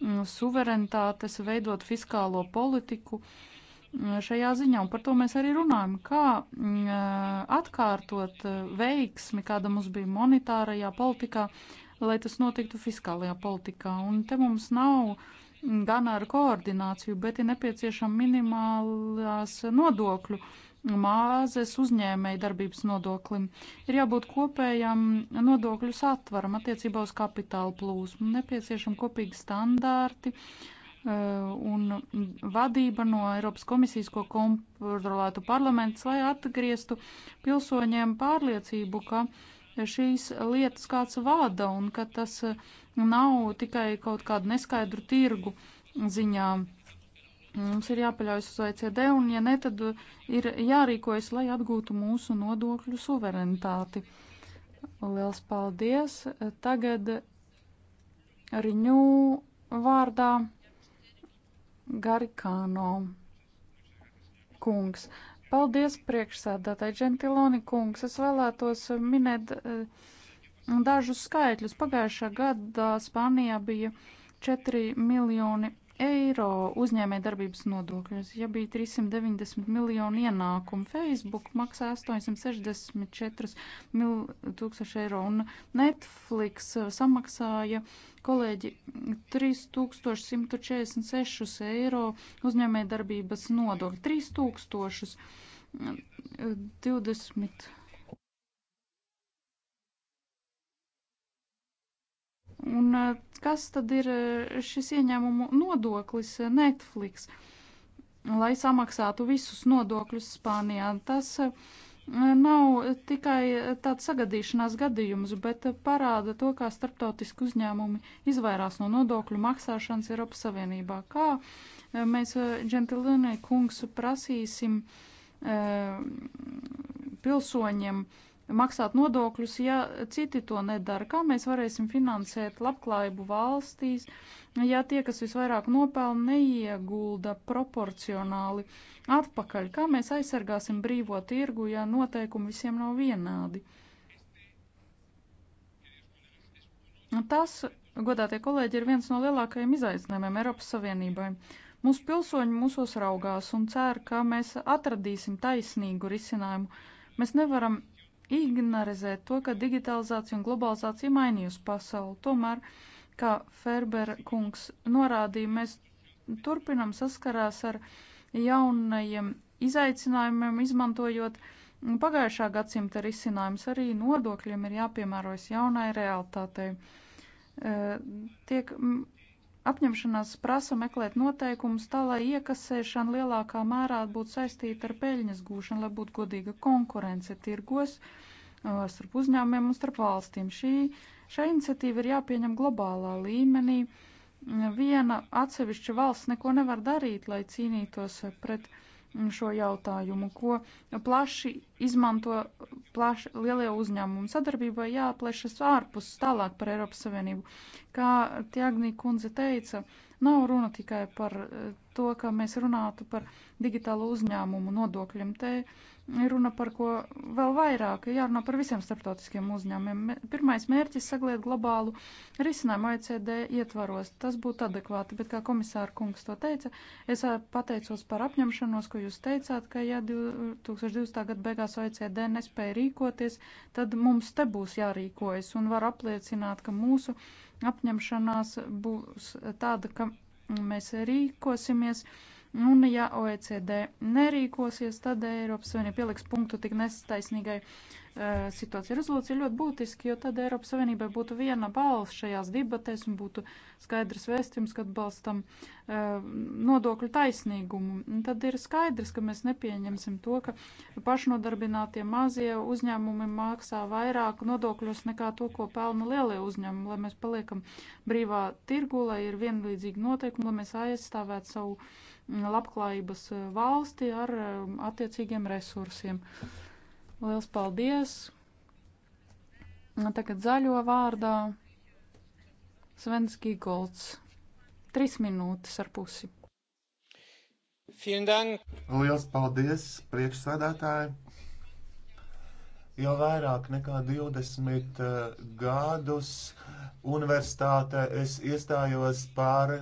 Speaker 9: mm, suverenitātes veidot fiskālo politiku mm, šajā ziņā, un par to mēs arī runājam, kā atkārtot veiksmi, kāda mums bija monetārajā politikā, lai tas notiktu fiskālajā politikā. Un te mums nav uh, gan ar koordināciju, bet ir nepieciešama minimālās nodokļu māzes uzņēmēja darbības nodoklim. Ir jābūt kopējam nodokļu satvaram attiecībā uz kapitāla plūsmu, nepieciešama kopīgi standārti e, un vadība no Eiropas komisijas, ko kontrolētu parlaments, lai atgrieztu pilsoņiem pārliecību, ka šīs lietas kāds vada un ka tas Nu, nav tikai kaut kādu neskaidru tirgu ziņā. Mums ir jāpaļaujas uz OECD, un ja ne, tad ir jārīkojas, lai atgūtu mūsu nodokļu suverenitāti. Liels paldies! Tagad riņū vārdā Garikāno kungs. Paldies priekšsādātāji Džentiloni kungs. Es vēlētos minēt. Uh, dažus skaitļus. Pagājušā gada Spānijā bija 4 miljoni eiro uzņēmēja darbības nodokļos. Ja bija 390 miljoni ienākumu, Facebook maksā 864 tūkstoši eiro un Netflix uh, samaksāja kolēģi 3146 eiro uzņēmēja darbības nodokļu. 3000 20 Un eh, kas tad ir eh, šis ieņēmumu nodoklis eh, Netflix, lai samaksātu visus nodokļus Spānijā? Tas nav tikai tāds sagadīšanās gadījums, bet parāda to, kā starptautiski uzņēmumi izvairās no nodokļu maksāšanas Eiropas Savienībā. Kā mēs, džentilīnē kungs, prasīsim pilsoņiem, uh, maksāt nodokļus, ja citi to nedara? Kā mēs varēsim finansēt labklājību valstīs, ja tie, kas visvairāk nopelna, neiegulda proporcionāli atpakaļ? Kā mēs aizsargāsim brīvo tirgu, ja noteikumi visiem nav vienādi? Tas, godātie kolēģi, ir viens no lielākajiem izaicinājumiem Eiropas Savienībai. Mūsu pilsoņi mūsos raugās un cer, ka mēs atradīsim taisnīgu risinājumu. Mēs nevaram ignorizēt to, ka digitalizācija un globalizācija mainījusi pasauli. Tomēr, kā Ferber kungs norādīja, mēs turpinam saskarās ar jaunajiem izaicinājumiem, izmantojot pagājušā gadsimta risinājums. Arī nodokļiem ir jāpiemērojas jaunai realitātei. Eh, tiek Apņemšanās prasa meklēt noteikumus tā, lai iekasēšana lielākā mērā būtu saistīta ar peļņas gūšanu, lai būtu godīga konkurence tirgos uh, starp uzņēmumiem un starp valstīm. Šī, šā iniciatīva ir jāpieņem globālā līmenī. Viena atsevišķa valsts neko nevar darīt, lai cīnītos pret uh, šo jautājumu, ko plaši izmanto plaši lielie uzņēmumi. Sadarbībai jāplešas ārpus tālāk par Eiropas Savienību. Kā Tjagnī kundze teica, uh, Nav runa tikai par eh, to, ka mēs runātu par digitālo uzņēmumu nodokļiem. Te runa par ko vēl vairāk, jārunā par visiem starptautiskiem uzņēmumiem. Pirmais mērķis sagliet globālu risinājumu OECD ietvaros. Tas būtu adekvāti, bet kā komisāra kungs to teica, es eh, pateicos par apņemšanos, ko jūs teicāt, ka ja 2020. gada beigās OECD nespēja rīkoties, tad mums te būs jārīkojas un var apliecināt, ka mūsu apņemšanās būs tāda, ka mēs rīkosimies. Uh, Un ja OECD nerīkosies, tad Eiropas Savienība pieliks punktu tik nestaisnīgai uh, eh, situācijai. Rezolūcija ļoti būtiski, jo tad Eiropas Savienībai būtu viena balss šajās debatēs un būtu skaidrs vēstījums, kad balstam uh, eh, nodokļu taisnīgumu. Un tad ir skaidrs, ka mēs nepieņemsim to, ka pašnodarbinātie mazie uzņēmumi maksā vairāk nodokļos nekā to, ko pelna lielie uzņēmumi, lai mēs paliekam brīvā tirgu, lai ir vienlīdzīgi noteikumi, lai mēs aizstāvētu savu labklājības eh, valsti ar eh, attiecīgiem resursiem. Liels paldies! Tagad zaļo vārdā Svens Gigolds. Trīs minūtes ar pusi.
Speaker 7: Liels paldies, priekšsēdētāji! Jau vairāk nekā 20 eh, gadus universitāte es iestājos par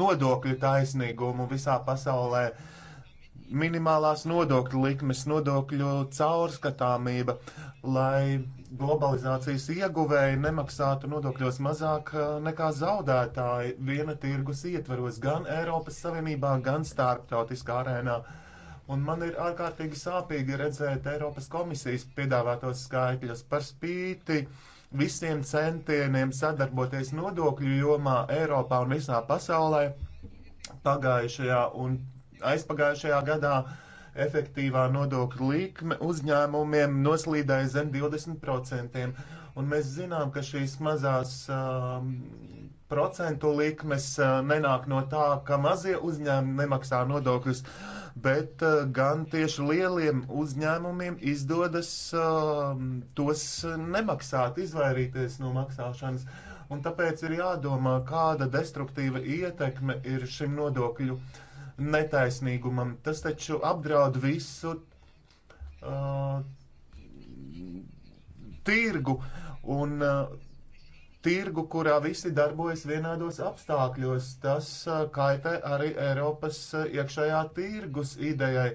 Speaker 7: nodokļu taisnīgumu visā pasaulē, minimālās nodokļu likmes, nodokļu caurskatāmība, lai globalizācijas ieguvēji nemaksātu nodokļos mazāk eh, nekā zaudētāji viena tirgus ietvaros gan Eiropas Savienībā, gan starptautiskā arēnā. Un man ir ārkārtīgi sāpīgi redzēt Eiropas komisijas piedāvātos skaitļus par spīti uh, visiem centieniem sadarboties nodokļu jomā Eiropā un visā pasaulē pagājušajā un aizpagājušajā gadā efektīvā nodokļu likme uzņēmumiem noslīdēja zem 20%. Un mēs zinām, ka šīs mazās um, procentu likmes uh, nenāk no tā, ka mazie uzņēmumi nemaksā nodokļus. Uh, bet eh, gan tieši lieliem uzņēmumiem izdodas ehm, tos nemaksāt, izvairīties no maksāšanas. Un tāpēc ir jādomā, kāda destruktīva ietekme ir šim nodokļu netaisnīgumam. Tas taču apdraud visu uh, tirgu. Un, uh, tirgu, kurā visi darbojas vienādos apstākļos. Tas uh, kaitē arī Eiropas uh, iekšējā tirgus idejai,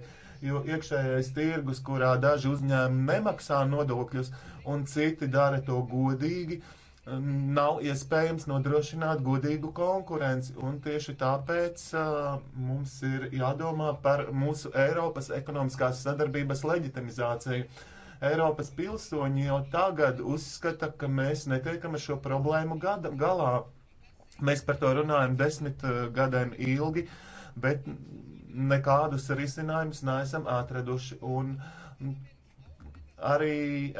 Speaker 7: jo iekšējais tirgus, kurā daži uzņēmumi nemaksā nodokļus un citi dara to godīgi, um, nav iespējams nodrošināt godīgu konkurenci. Un tieši tāpēc uh, mums ir jādomā par mūsu Eiropas ekonomiskās sadarbības leģitimizāciju. Eiropas pilsoņi jau tagad uzskata, ka mēs netiekam ar šo problēmu gada, galā. Mēs par to runājam desmit uh, gadiem ilgi, bet nekādus risinājumus neesam atraduši. Un, arī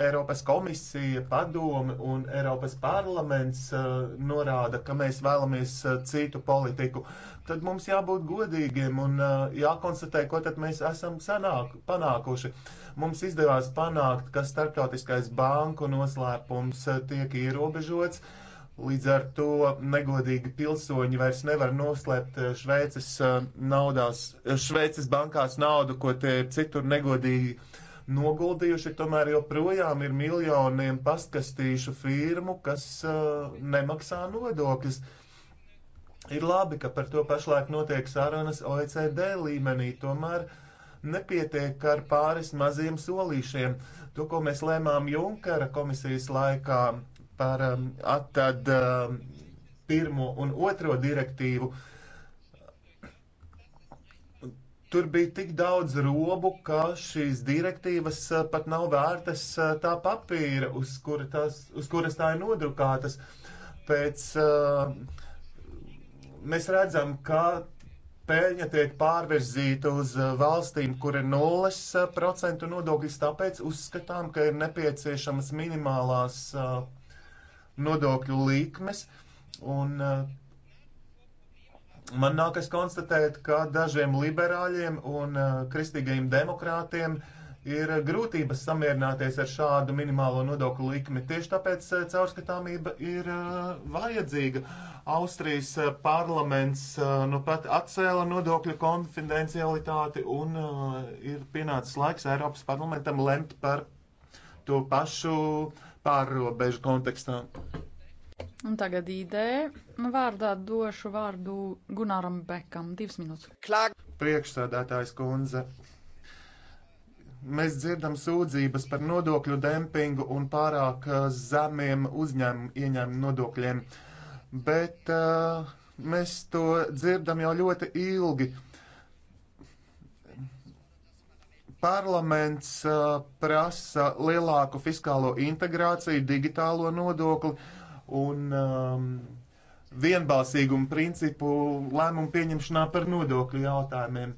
Speaker 7: Eiropas komisija, padome un Eiropas parlaments uh, norāda, ka mēs vēlamies uh, citu politiku, tad mums jābūt godīgiem un uh, jākonstatē, ko tad mēs esam sanāk, panākuši. Uh, Mums izdevās panākt, ka starptautiskais banku noslēpums eh, tiek ierobežots. Līdz ar to negodīgi pilsoņi vairs nevar noslēpt eh, Šveices, eh, naudās, Šveices bankās naudu, ko tie citur negodīgi noguldījuši. Tomēr joprojām ir miljoniem pastkastīšu firmu, kas uh, nemaksā nodokļus. Ir labi, ka par to pašlaik notiek sarunas OECD līmenī. Tomēr uh, nepietiek ar pāris maziem solīšiem. To, ko mēs lēmām Junkara komisijas laikā par um, atad um, pirmo un otro direktīvu, tur bija tik daudz robu, ka šīs direktīvas uh, pat nav vērtas uh, tā papīra, uz, kura tas, uz kuras tā ir nodrukātas. Pēc, uh, mēs redzam, ka peļņa tiek pārvirzīta uz eh, valstīm, kur ir 0% eh, nodoklis, tāpēc uzskatām, ka ir nepieciešamas minimālās eh, nodokļu līkmes. Un, man nākas konstatēt, ka dažiem liberāļiem un kristīgajiem demokrātiem uh, ir grūtības samierināties ar šādu minimālo nodokļu likmi. Tieši tāpēc eh, caurskatāmība ir eh, vajadzīga. Austrijas eh, parlaments nu pat atcēla nodokļu konfidencialitāti un ir pienācis laiks Eiropas parlamentam lemt par to pašu pārrobežu kontekstā.
Speaker 9: Un tagad ideja. Vārdā došu vārdu Gunaram Bekam. Divas minūtes.
Speaker 7: Priekšsēdētājs kundze Mēs dzirdam sūdzības par nodokļu dempingu un pārāk eh, zemiem uzņēmumu ieņēmumu nodokļiem, bet uh, mēs to dzirdam jau ļoti ilgi. Parlaments uh, prasa lielāku fiskālo integrāciju, digitālo nodokli un um, vienbalsīgumu principu lēmumu pieņemšanā par nodokļu jautājumiem.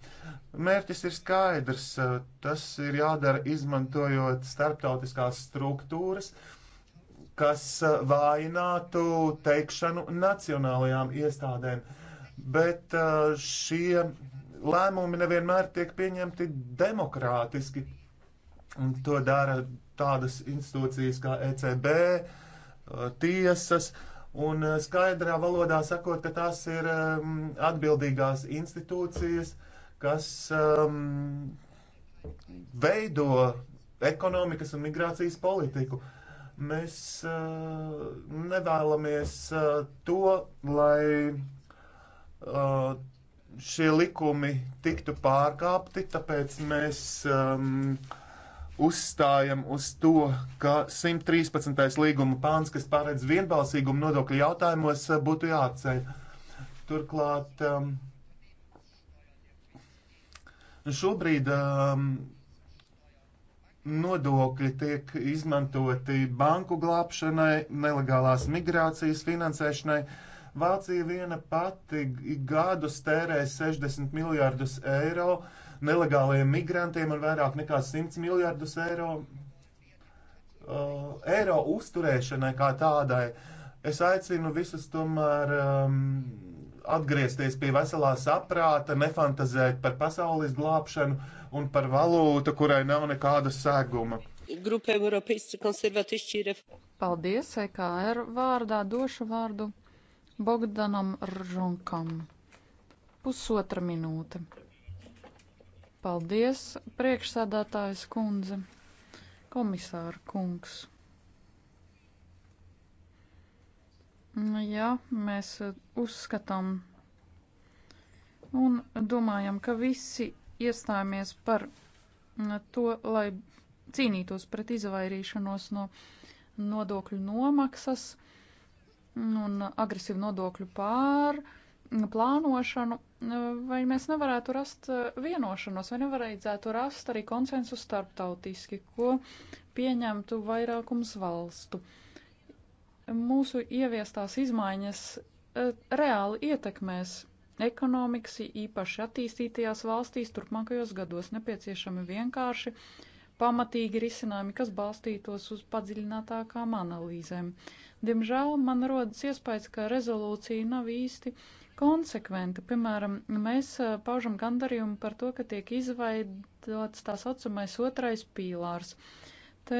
Speaker 7: Mērķis ir skaidrs. Eh, tas ir jādara izmantojot starptautiskās struktūras, kas eh, vājinātu teikšanu nacionālajām iestādēm. Bet eh, šie lēmumi nevienmēr tiek pieņemti demokrātiski. Un to dara tādas institūcijas kā ECB, tiesas, uh, Un eh, skaidrā valodā sakot, ka tās ir um, atbildīgās institūcijas, kas um, veido ekonomikas un migrācijas politiku. Mēs uh, nevēlamies uh, to, lai uh, šie likumi tiktu pārkāpti, tāpēc mēs um, uh, uzstājam uz to, ka 113. līguma pāns, kas paredz vienbalsīgumu nodokļu jautājumos, būtu jāatceļ. Turklāt um, šobrīd um, nodokļi tiek izmantoti banku glābšanai, nelegālās migrācijas finansēšanai. Vācija viena pati gadus tērē 60 miljārdus eiro uh, nelegāliem migrantiem un vairāk nekā 100 miljardus eiro, uh, eiro uzturēšanai kā tādai. Es aicinu visus tomēr um, atgriezties pie veselā saprāta, nefantazēt par pasaules glābšanu un par valūtu, kurai nav nekāda seguma.
Speaker 9: Paldies, EKR vārdā došu vārdu Bogdanam Ržonkam. Pusotra minūte. Paldies, priekšsēdētājs kundze, komisāra kungs. Nu jā, mēs eh, uzskatām un domājam, ka visi iestājāmies par mm, to, lai cīnītos pret izvairīšanos no nodokļu nomaksas un agresīvu nodokļu pār plānošanu, vai mēs nevarētu rast eh, vienošanos, vai nevarētu rast arī konsensu starptautiski, ko pieņemtu vairākums valstu. Mūsu ieviestās izmaiņas eh, reāli ietekmēs ekonomikas īpaši attīstītajās valstīs turpmākajos gados nepieciešami vienkārši pamatīgi risinājumi, kas balstītos uz padziļinātākām analīzēm. Diemžēl man rodas iespējas, ka rezolūcija nav īsti uh, konsekventi. Piemēram, mēs eh, paužam gandarījumu par to, ka tiek izveidots tā saucamais otrais pīlārs. Te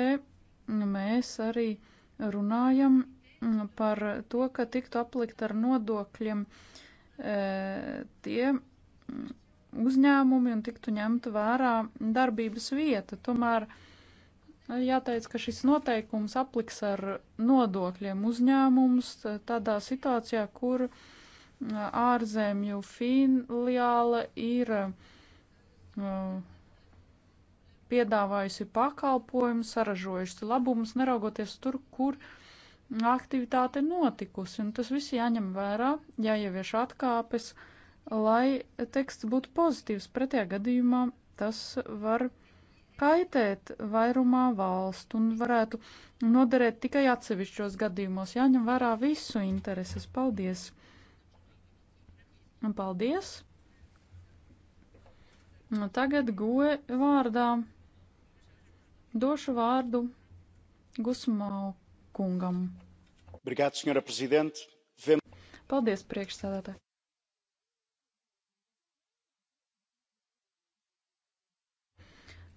Speaker 9: mēs arī runājam mm, par to, ka tiktu aplikt ar nodokļiem eh, tie mm, uzņēmumi un tiktu ņemta vērā darbības vieta. Tomēr eh, jāteic, ka šis noteikums apliks ar nodokļiem uzņēmumus tādā situācijā, kur uh, ārzemju filiāla ir uh, piedāvājusi pakalpojumu, saražojusi labumus, neraugoties tur, kur aktivitāte notikusi. Un tas viss jāņem vērā, jāievieš atkāpes, lai teksts būtu pozitīvs. Pretējā gadījumā tas var kaitēt vairumā valstu un varētu noderēt tikai atsevišķos gadījumos. Jāņem vērā visu intereses. Paldies! Un paldies! Nu, tagad goe vārdā došu vārdu Gusmau kungam. Brigāta, senjora prezident. Vem... Paldies, priekšsēdētāji.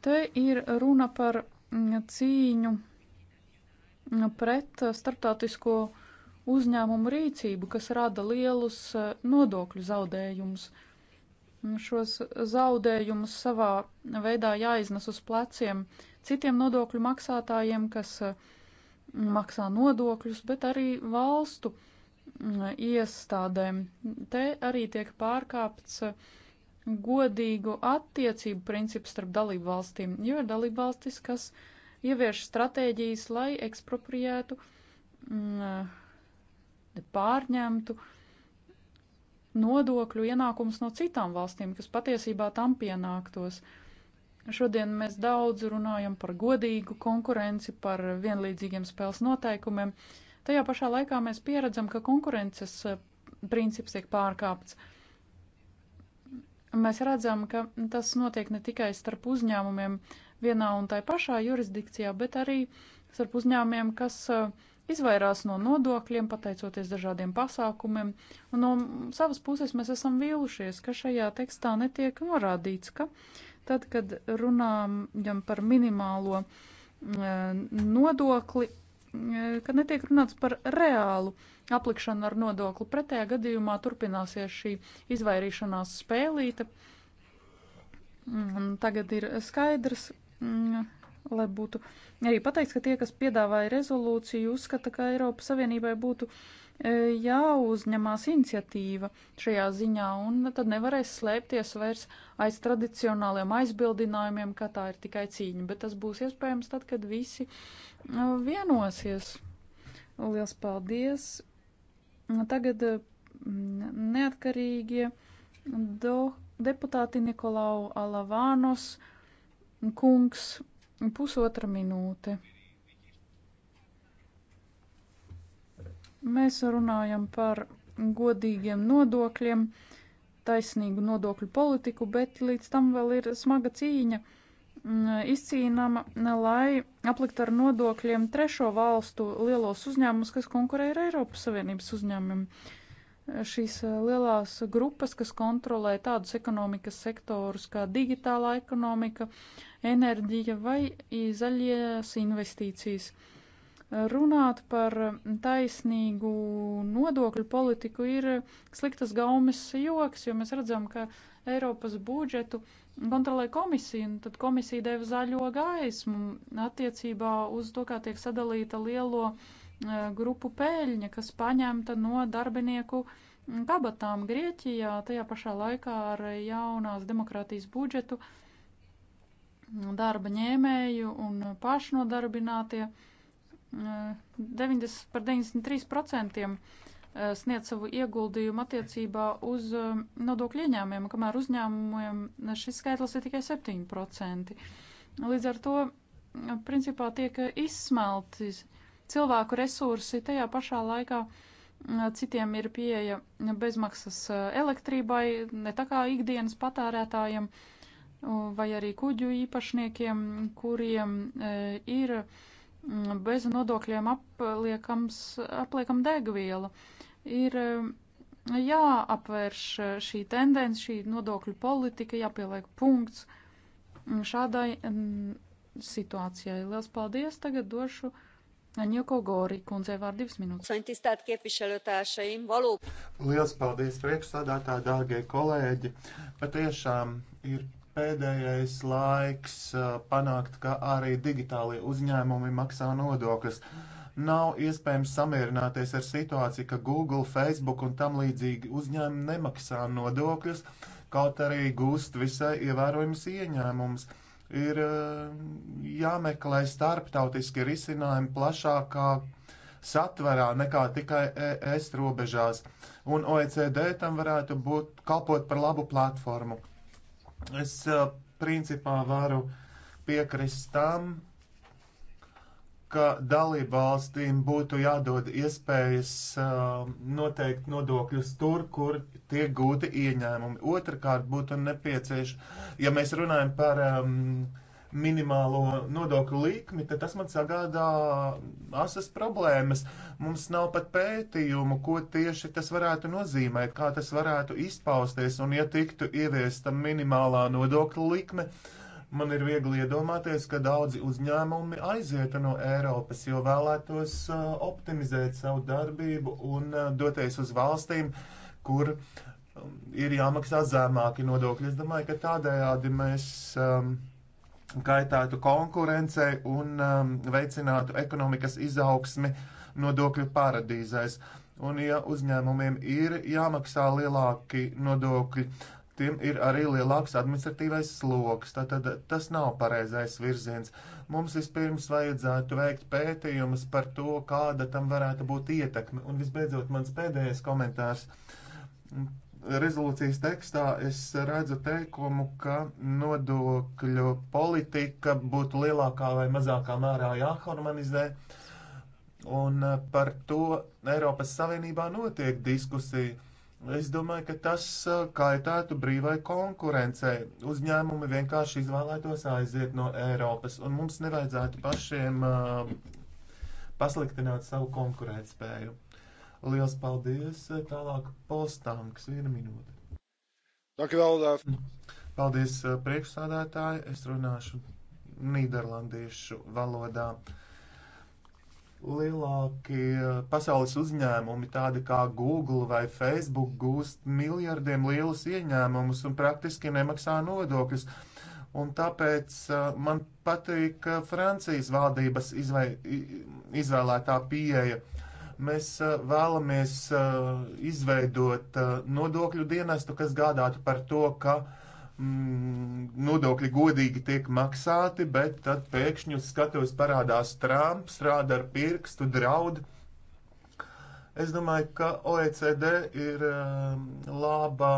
Speaker 9: Te ir runa par mm, cīņu pret starptautisko uh, uzņēmumu rīcību, kas rada lielus eh, nodokļu zaudējumus. Šos zaudējumus savā veidā jāiznes uz pleciem citiem nodokļu maksātājiem, kas eh, maksā nodokļus, bet arī valstu mm, iestādēm. Te arī tiek pārkāpts eh, godīgu attiecību princips starp dalību valstīm, jo ir dalību valstis, kas ievieš stratēģijas, lai ekspropriētu mm, pārņemtu nodokļu ienākumus no citām valstīm, kas patiesībā tam pienāktos. Šodien mēs daudz runājam par godīgu konkurenci, par vienlīdzīgiem spēles noteikumiem. Tajā pašā laikā mēs pieredzam, ka konkurences eh, princips tiek pārkāpts. Mēs redzam, ka tas notiek ne tikai starp uzņēmumiem vienā un tai pašā jurisdikcijā, bet arī starp uzņēmumiem, kas uh, izvairās no nodokļiem, pateicoties dažādiem pasākumiem, un no savas puses mēs esam vīlušies, ka šajā tekstā netiek norādīts, ka tad, kad runājam par minimālo e, nodokli, e, ka netiek runāts par reālu aplikšanu ar nodokli. Pretējā gadījumā turpināsies šī izvairīšanās spēlīte. Un tagad ir skaidrs, mm, lai būtu arī pateikts, ka tie, kas piedāvāja rezolūciju, uzskata, ka Eiropas Savienībai būtu e, jāuzņemās iniciatīva šajā ziņā, un tad nevarēs slēpties vairs aiz tradicionāliem aizbildinājumiem, ka tā ir tikai cīņa, bet tas būs iespējams tad, kad visi e, vienosies. Liels paldies! Tagad e, neatkarīgie do, deputāti Nikolau Alavānos kungs Pusotra minūte. Mēs runājam par godīgiem nodokļiem, taisnīgu nodokļu politiku, bet līdz tam vēl ir smaga cīņa mm, izcīnama, lai aplikt ar nodokļiem trešo valstu lielos uzņēmumus, kas konkurē ar Eiropas Savienības uzņēmumiem. Šīs eh, lielās grupas, kas kontrolē tādus ekonomikas sektorus kā digitālā ekonomika, uh, enerģija vai zaļās investīcijas. Runāt par taisnīgu nodokļu politiku ir sliktas gaumes joks, jo mēs redzam, ka Eiropas budžetu kontrolē komisija, un tad komisija deva zaļo gaismu attiecībā uz to, kā tiek sadalīta lielo e, grupu pēļņa, kas paņemta no darbinieku kabatām Grieķijā, tajā pašā laikā ar jaunās demokrātijas budžetu uh, darba ņēmēju un pašnodarbinātie 90, eh, par 93% eh, sniedz savu ieguldījumu attiecībā uz eh, nodokļu ieņēmumiem, kamēr uzņēmumiem šis skaitlis ir tikai 7%. Līdz ar to principā tiek izsmelti cilvēku resursi tajā pašā laikā. Citiem ir pieeja bezmaksas elektrībai, ne tā kā ikdienas patērētājiem uh, vai arī kuģu īpašniekiem, kuriem e, ir mm, bez nodokļiem apliekams, apliekam degviela. Ir e, jāapvērš šī tendence, šī nodokļu politika, jāpieliek punkts mm, šādai situācijai. Lielas paldies! Tagad došu Aņoko Gori kundzei vārdu divas minūtes.
Speaker 7: Liels paldies priekšsādātā, dārgie kolēģi! Patiešām ir pēdējais laiks panākt, ka arī digitālie uzņēmumi maksā nodokļus. Nav iespējams samierināties ar situāciju, ka Google, Facebook un tam līdzīgi uzņēmumi nemaksā nodokļus, kaut arī gūst visai ievērojams ieņēmums. Ir jāmeklē starptautiski risinājumi plašākā satverā nekā tikai ES robežās, un OECD tam varētu būt kalpot par labu platformu. Es principā varu piekrist tam, ka dalībvalstīm būtu jādod iespējas uh, noteikt nodokļus tur, kur tiek gūti ieņēmumi. Otrakārt, būtu nepieciešams, ja mēs runājam par um, minimālo nodokļu likmi, tad tas man sagādā asas problēmas. Mums nav pat pētījumu, ko tieši tas varētu nozīmēt, kā tas varētu izpausties, un ja tiktu ieviesta minimālā nodokļu likme, man ir viegli iedomāties, ka daudzi uzņēmumi aizieta no Eiropas, jo vēlētos uh, optimizēt savu darbību un uh, doties uz valstīm, kur um, ir jāmaksā zemāki nodokļi. Es domāju, ka tādējādi mēs um, kaitētu konkurencei un um, veicinātu ekonomikas izaugsmi nodokļu paradīzēs. Un, ja uzņēmumiem ir jāmaksā lielāki nodokļi, tiem ir arī lielāks administratīvais sloks. Tātad tas nav pareizais virziens. Mums vispirms vajadzētu veikt pētījumus par to, kāda tam varētu būt ietekme. Un visbeidzot, mans pēdējais komentārs rezolūcijas tekstā es redzu teikumu, ka nodokļu politika būtu lielākā vai mazākā mērā jāharmonizē. Un eh, par to Eiropas Savienībā notiek diskusija. Es domāju, ka tas eh, kaitētu brīvai konkurencei. Uzņēmumi vienkārši izvēlētos aiziet no Eiropas, un mums nevajadzētu pašiem uh, pasliktināt savu konkurētspēju. Liels paldies! Eh, tālāk postānks viena minūte. Dankjewel. Paldies eh, priekšsādātāji. Es runāšu nīderlandiešu valodā. Lielākie eh, pasaules uzņēmumi, tādi kā Google vai Facebook, gūst miljardiem lielus ieņēmumus un praktiski nemaksā nodokļus. Un tāpēc man patīk Francijas valdības izvai, izvēlētā pieeja Mēs vēlamies izveidot nodokļu dienestu, kas gādātu par to, ka mm, nodokļi godīgi tiek maksāti, bet tad pēkšņi uz skatuves parādās Trumps, rāda ar pirkstu, draud. Es domāju, ka OECD ir laba,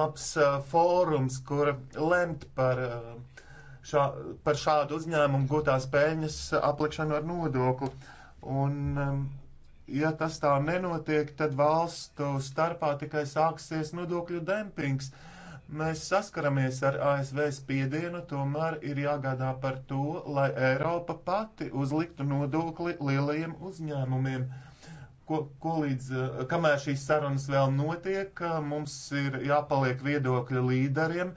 Speaker 7: labs fórums, kur lemt par, šā, par šādu uzņēmumu gūtās peļņas aplikšanu ar nodokli. Un, um, Ja tas tā nenotiek, tad valstu starpā tikai sāksies nodokļu dempings. Mēs saskaramies ar ASV spiedienu, tomēr ir jāgādā par to, lai Eiropa pati uzliktu nodokli lielajiem uzņēmumiem. Ko, ko līdz, kamēr šīs sarunas vēl notiek, mums ir jāpaliek viedokļu līderiem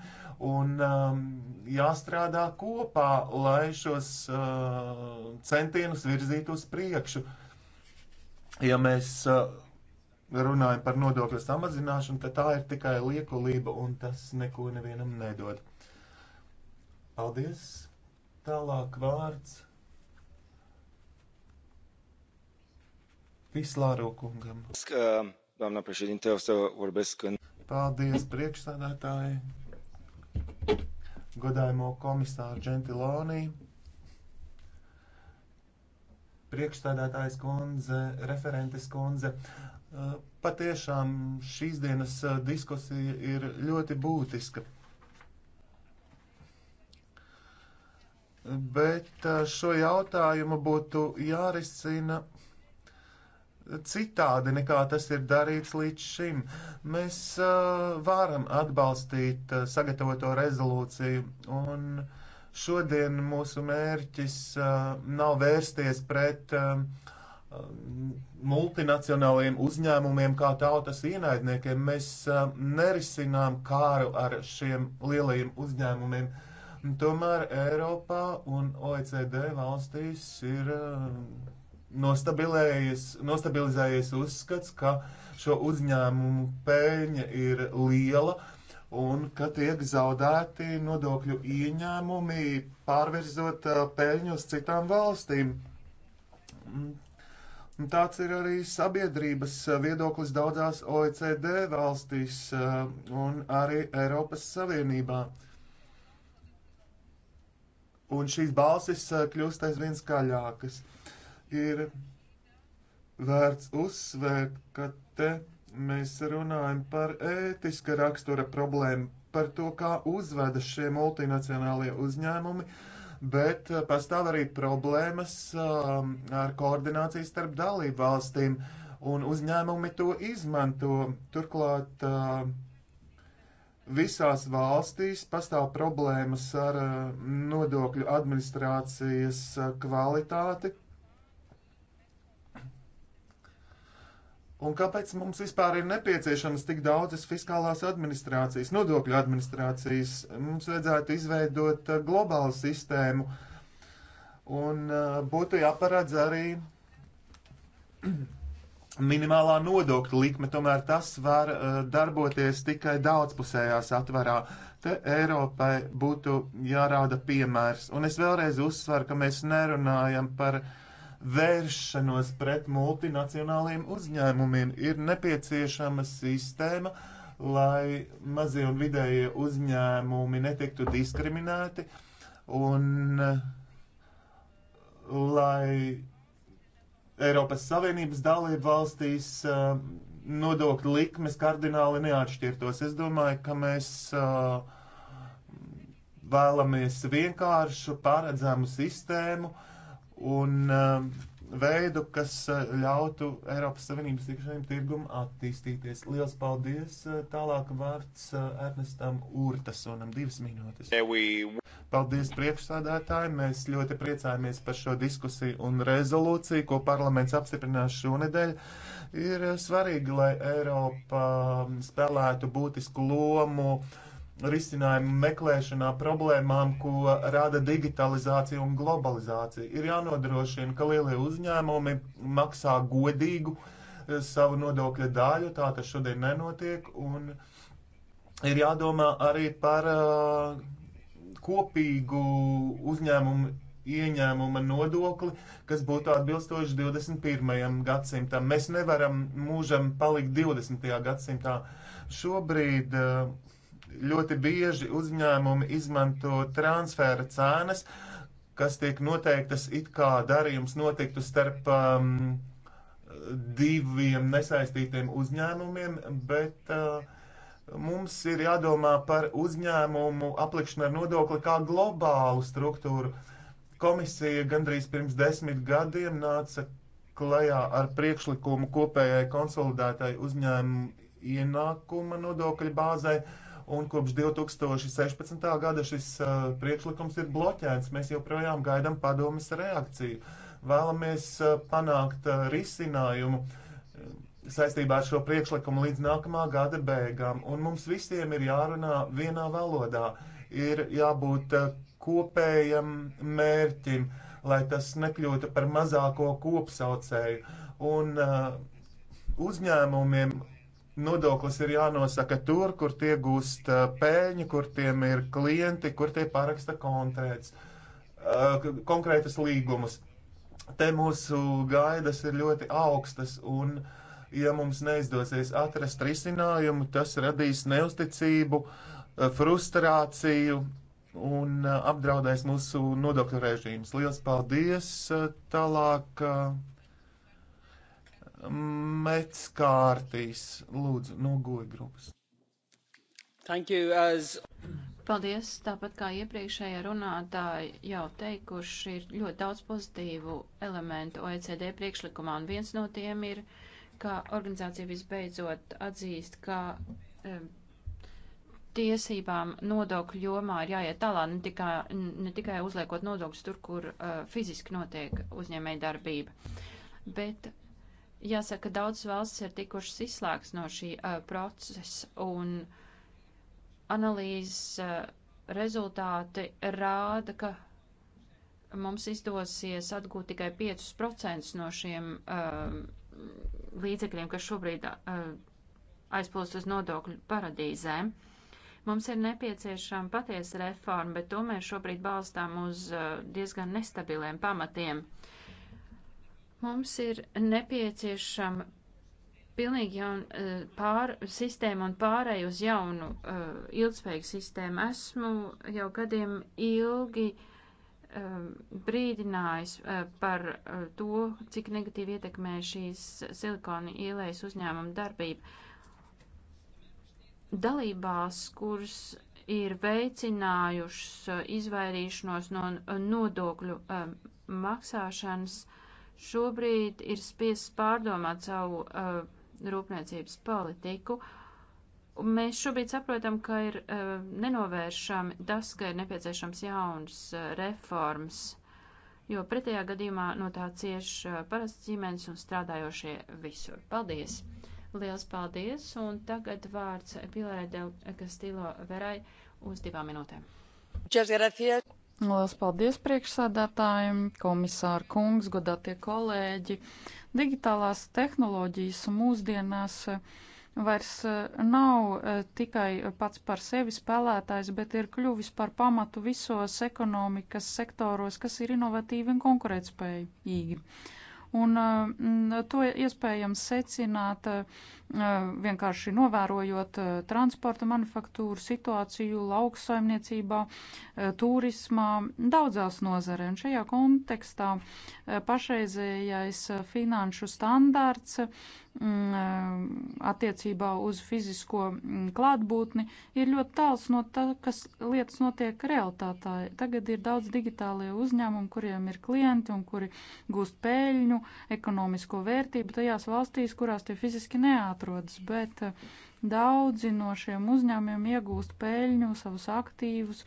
Speaker 7: un um, jāstrādā kopā, lai šos uh, centienus virzītu uz priekšu. Uh, ja mēs eh, runājam par nodokļu samazināšanu, tad tā ir tikai liekulība un tas neko nevienam nedod. Paldies! Tālāk vārds Vislāro kungam.
Speaker 5: Doamna președinte, o să vorbesc în...
Speaker 7: Paldies, priekšsādātāji! Godājumo komisāru Džentiloniju! priekšstādātājs kundze, referentes kundze. Patiešām šīs dienas diskusija ir ļoti būtiska. Bet šo jautājumu būtu jārisina citādi nekā tas ir darīts līdz šim. Mēs varam atbalstīt sagatavoto rezolūciju un uh, Šodien mūsu mērķis nav vērsties pret multinacionāliem uzņēmumiem kā tautas ienaidniekiem. Mēs nerisinām kāru ar šiem lielajiem uzņēmumiem. Tomēr Eiropā un OECD valstīs ir nostabilizējies uzskats, ka šo uzņēmumu pēļņa ir liela un ka tiek zaudēti nodokļu ieņēmumi, pārvirzot peļņu uz citām valstīm. Mm, tāds ir arī sabiedrības viedoklis daudzās OECD valstīs un arī Eiropas Savienībā. Un šīs balsis kļūst aizvien skaļākas. Ir vērts uzsvērt, ka te Mēs runājam par ētiska rakstura problēmu, par to, kā uzvedas šie multinacionālie uzņēmumi, bet eh, pastāv arī problēmas um, ar koordināciju starp dalību valstīm, un uzņēmumi to izmanto. Turklāt uh, visās valstīs pastāv problēmas ar uh, nodokļu administrācijas uh, kvalitāti Un kāpēc mums vispār ir nepieciešamas tik daudzas fiskālās administrācijas, nodokļu administrācijas? Mums vajadzētu izveidot eh, globālu sistēmu un eh, būtu jāparedz arī minimālā nodokļa likme. Tomēr tas var eh, darboties tikai daudzpusējās atvarā. Te Eiropai būtu jārāda piemērs. Un es vēlreiz uzsveru, ka mēs nerunājam par uh, vēršanos pret multinacionāliem uzņēmumiem. Ir nepieciešama sistēma, lai mazie un vidējie uzņēmumi netiktu diskriminēti un lai Eiropas Savienības dalību valstīs uh, nodokļu likmes kardināli neatšķirtos. Es domāju, ka mēs uh, vēlamies vienkāršu, pāredzamu sistēmu, uh, un um, veidu, kas uh, ļautu Eiropas Savienības iekšējiem tirgum attīstīties. Liels paldies! Uh, tālāk vārds uh, Ernestam Urtasonam divas minūtes. Paldies priekšsādātāji! Mēs ļoti priecājamies par šo diskusiju un rezolūciju, ko parlaments apstiprinās šonedēļ. Ir svarīgi, lai Eiropa um, spēlētu būtisku lomu uh, risinājumu meklēšanā problēmām, ko rada digitalizācija un globalizācija. Ir jānodrošina, ka lielie uzņēmumi maksā godīgu eh, savu nodokļa daļu, tā tas šodien nenotiek, un ir jādomā arī par uh, kopīgu uzņēmumu ieņēmuma nodokli, kas būtu atbilstoši 21. gadsimtam. Mēs nevaram mūžam palikt 20. gadsimtā. Šobrīd uh, ļoti bieži uzņēmumi izmanto transfēra cenas, kas tiek noteiktas it kā darījums notiktu starp um, diviem nesaistītiem uzņēmumiem, bet uh, mums ir jādomā par uzņēmumu aplikšanu ar nodokli kā globālu struktūru. Komisija gandrīz pirms desmit gadiem nāca klajā ar priekšlikumu kopējai konsolidētai uzņēmumu ienākuma nodokļa bāzai. Uh, un kopš 2016. gada šis uh, priekšlikums ir bloķēts. Mēs joprojām gaidām padomas reakciju. Vēlamies uh, panākt uh, risinājumu saistībā ar šo priekšlikumu līdz nākamā gada beigām, un mums visiem ir jārunā vienā valodā. Ir jābūt uh, kopējam mērķim, lai tas nekļūtu par mazāko kopsaucēju. Un uh, uzņēmumiem Nodoklis ir jānosaka tur, kur tie gūst uh, pēļņu, kur tiem ir klienti, kur tie paraksta konkrēts, uh, konkrētas līgumus. Te mūsu gaidas ir ļoti augstas un ja mums neizdosies atrast risinājumu, tas radīs neusticību, uh, frustrāciju un apdraudēs mūsu nodokļu režīmus. Lielas paldies! Tālāk Metskārtīs, lūdzu, no goja grupas.
Speaker 9: Thank you, as...
Speaker 8: Paldies, tāpat kā iepriekšējā runātāja jau teikuši, ir ļoti daudz pozitīvu elementu OECD priekšlikumā, un viens no tiem ir, ka organizācija visbeidzot atzīst, ka e, tiesībām nodokļu jomā ir jāiet tālāk, ne tikai, ne tikai uzliekot nodokļus tur, kur uh, fiziski notiek uzņēmēja darbība, bet Jāsaka, daudz valsts ir tikušas izslēgts no šī uh, procesa, un analīzes uh, rezultāti rāda, ka mums izdosies atgūt tikai 5% no šiem uh, līdzekļiem, kas šobrīd uh, aizplūst uz nodokļu paradīzēm. Mums ir nepieciešama patiesa reforma, bet to mēs šobrīd balstām uz uh, diezgan nestabiliem pamatiem. Uh, Mums ir nepieciešama pilnīgi jauna eh, pār, sistēma un pārēj uz jaunu uh, ilgspējīgu sistēmu. Esmu jau gadiem ilgi uh, brīdinājis uh, par uh, to, cik negatīvi ietekmē šīs silikona ielējas uzņēmuma darbība. Dalībās, kuras ir veicinājušas uh, izvairīšanos no uh, nodokļu uh, maksāšanas, uh, šobrīd ir spiests pārdomāt savu uh, rūpniecības politiku. Mēs šobrīd saprotam, ka ir uh, nenovēršami tas, ka ir nepieciešams jauns uh, reformas, jo pretējā gadījumā no tā cieš uh, parasts ģimenes un strādājošie visur. Paldies! Liels paldies! Un tagad vārds Pilēdel Kastilo Verai uz divām minūtēm. Čers,
Speaker 9: Lielas paldies priekšsādātājiem, komisāra kungs, godātie kolēģi. Digitālās tehnoloģijas mūsdienās eh, vairs eh, nav eh, tikai pats par sevi spēlētājs, bet ir kļuvis par pamatu visos ekonomikas sektoros, kas ir inovatīvi un konkurētspējīgi. Un to iespējams secināt uh, vienkārši novērojot transporta manufaktūru situāciju lauksaimniecībā, turismā, daudzās nozare. Un šajā kontekstā pašreizējais finanšu standārts mm, attiecībā uz fizisko mm, klātbūtni ir ļoti tāls no tā, kas lietas notiek realtātā. Tagad ir daudz digitālie uzņēmumi, kuriem ir klienti un kuri gūst pēļņu, ekonomisko vērtību tajās valstīs, kurās tie fiziski neat atrodas, bet eh, daudzi no šiem uzņēmiem iegūst peļņu, savus aktīvus,